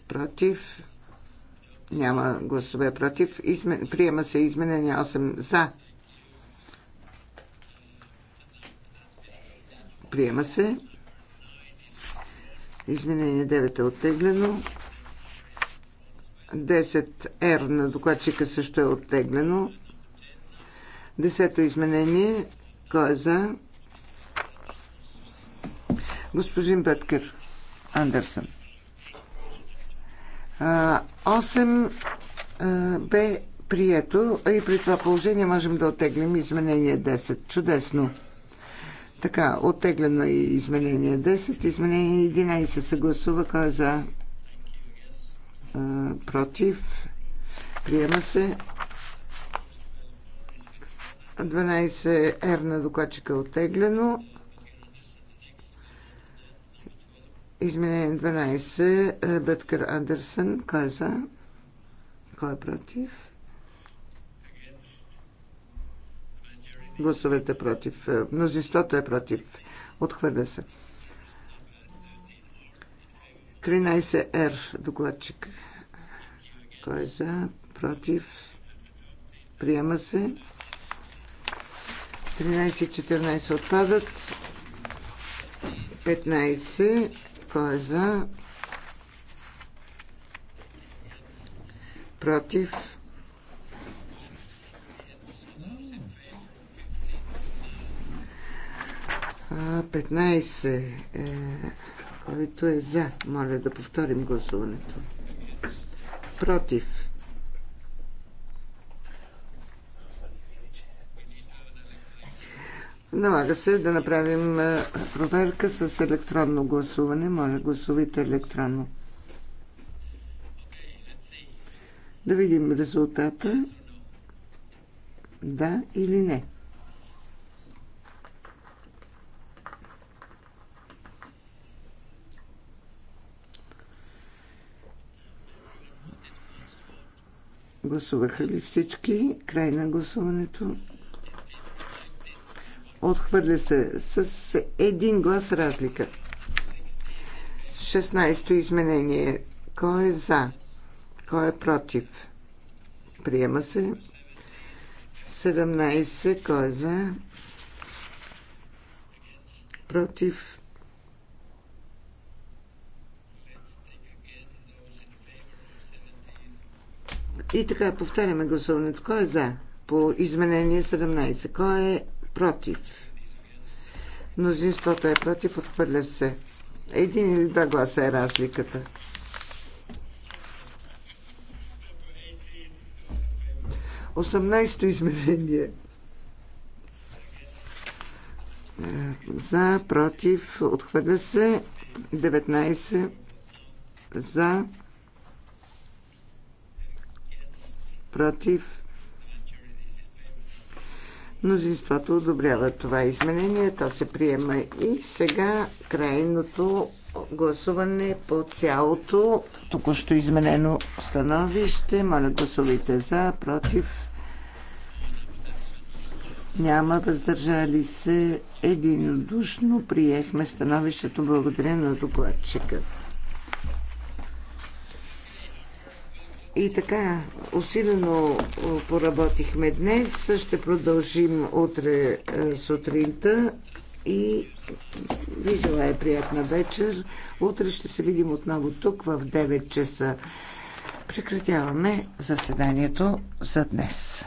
Speaker 9: против. Няма гласове против. Приема се изменение 8 за. Приема се. Изменение 9 е оттеглено. 10R на докладчика също е оттеглено. Десето изменение. Кой е за? Господин Беткер Андерсън. 8 бе прието и при това положение можем да оттеглим изменение 10. Чудесно. Така, отеглено е изменение 10. Изменение 11 се гласува. Кой е за? А, против. Приема се. 12 ерна докачика е оттеглено. Изменение 12. Е, Беткър Андерсън. Кой е за? Кой е против? Гласовете против. Е, мнозинството е против. Отхвърля се. 13R. Докладчик. Кой е за? Против? Приема се. 13 и 14 отпадат. 15 кой е Против? А, 15. Е, който е за. Моля да повторим гласуването. Против? 15. Налага се да направим е, проверка с електронно гласуване. Моля, гласувайте електронно. Да видим резултата. Да или не. Гласуваха ли всички? Край на гласуването. Отхвърля се с един глас разлика. 16-то изменение. Кой е за? Кой е против? Приема се. 17. Кой е за? Против. И така, повтаряме гласуването. Кой е за? По изменение 17. Кой е против. Мнозинството е против, отхвърля се. Един или два гласа е разликата. Осъмнайсто изменение. За, против, отхвърля се. 19 за, против, Мнозинството одобрява това изменение. То се приема и сега крайното гласуване по цялото току-що изменено становище. Моля гласувайте за, против. Няма въздържали се. Единодушно приехме становището. Благодаря на докладчика. И така, усилено поработихме днес, ще продължим утре сутринта и ви желая приятна вечер. Утре ще се видим отново тук в 9 часа. Прекратяваме заседанието за днес.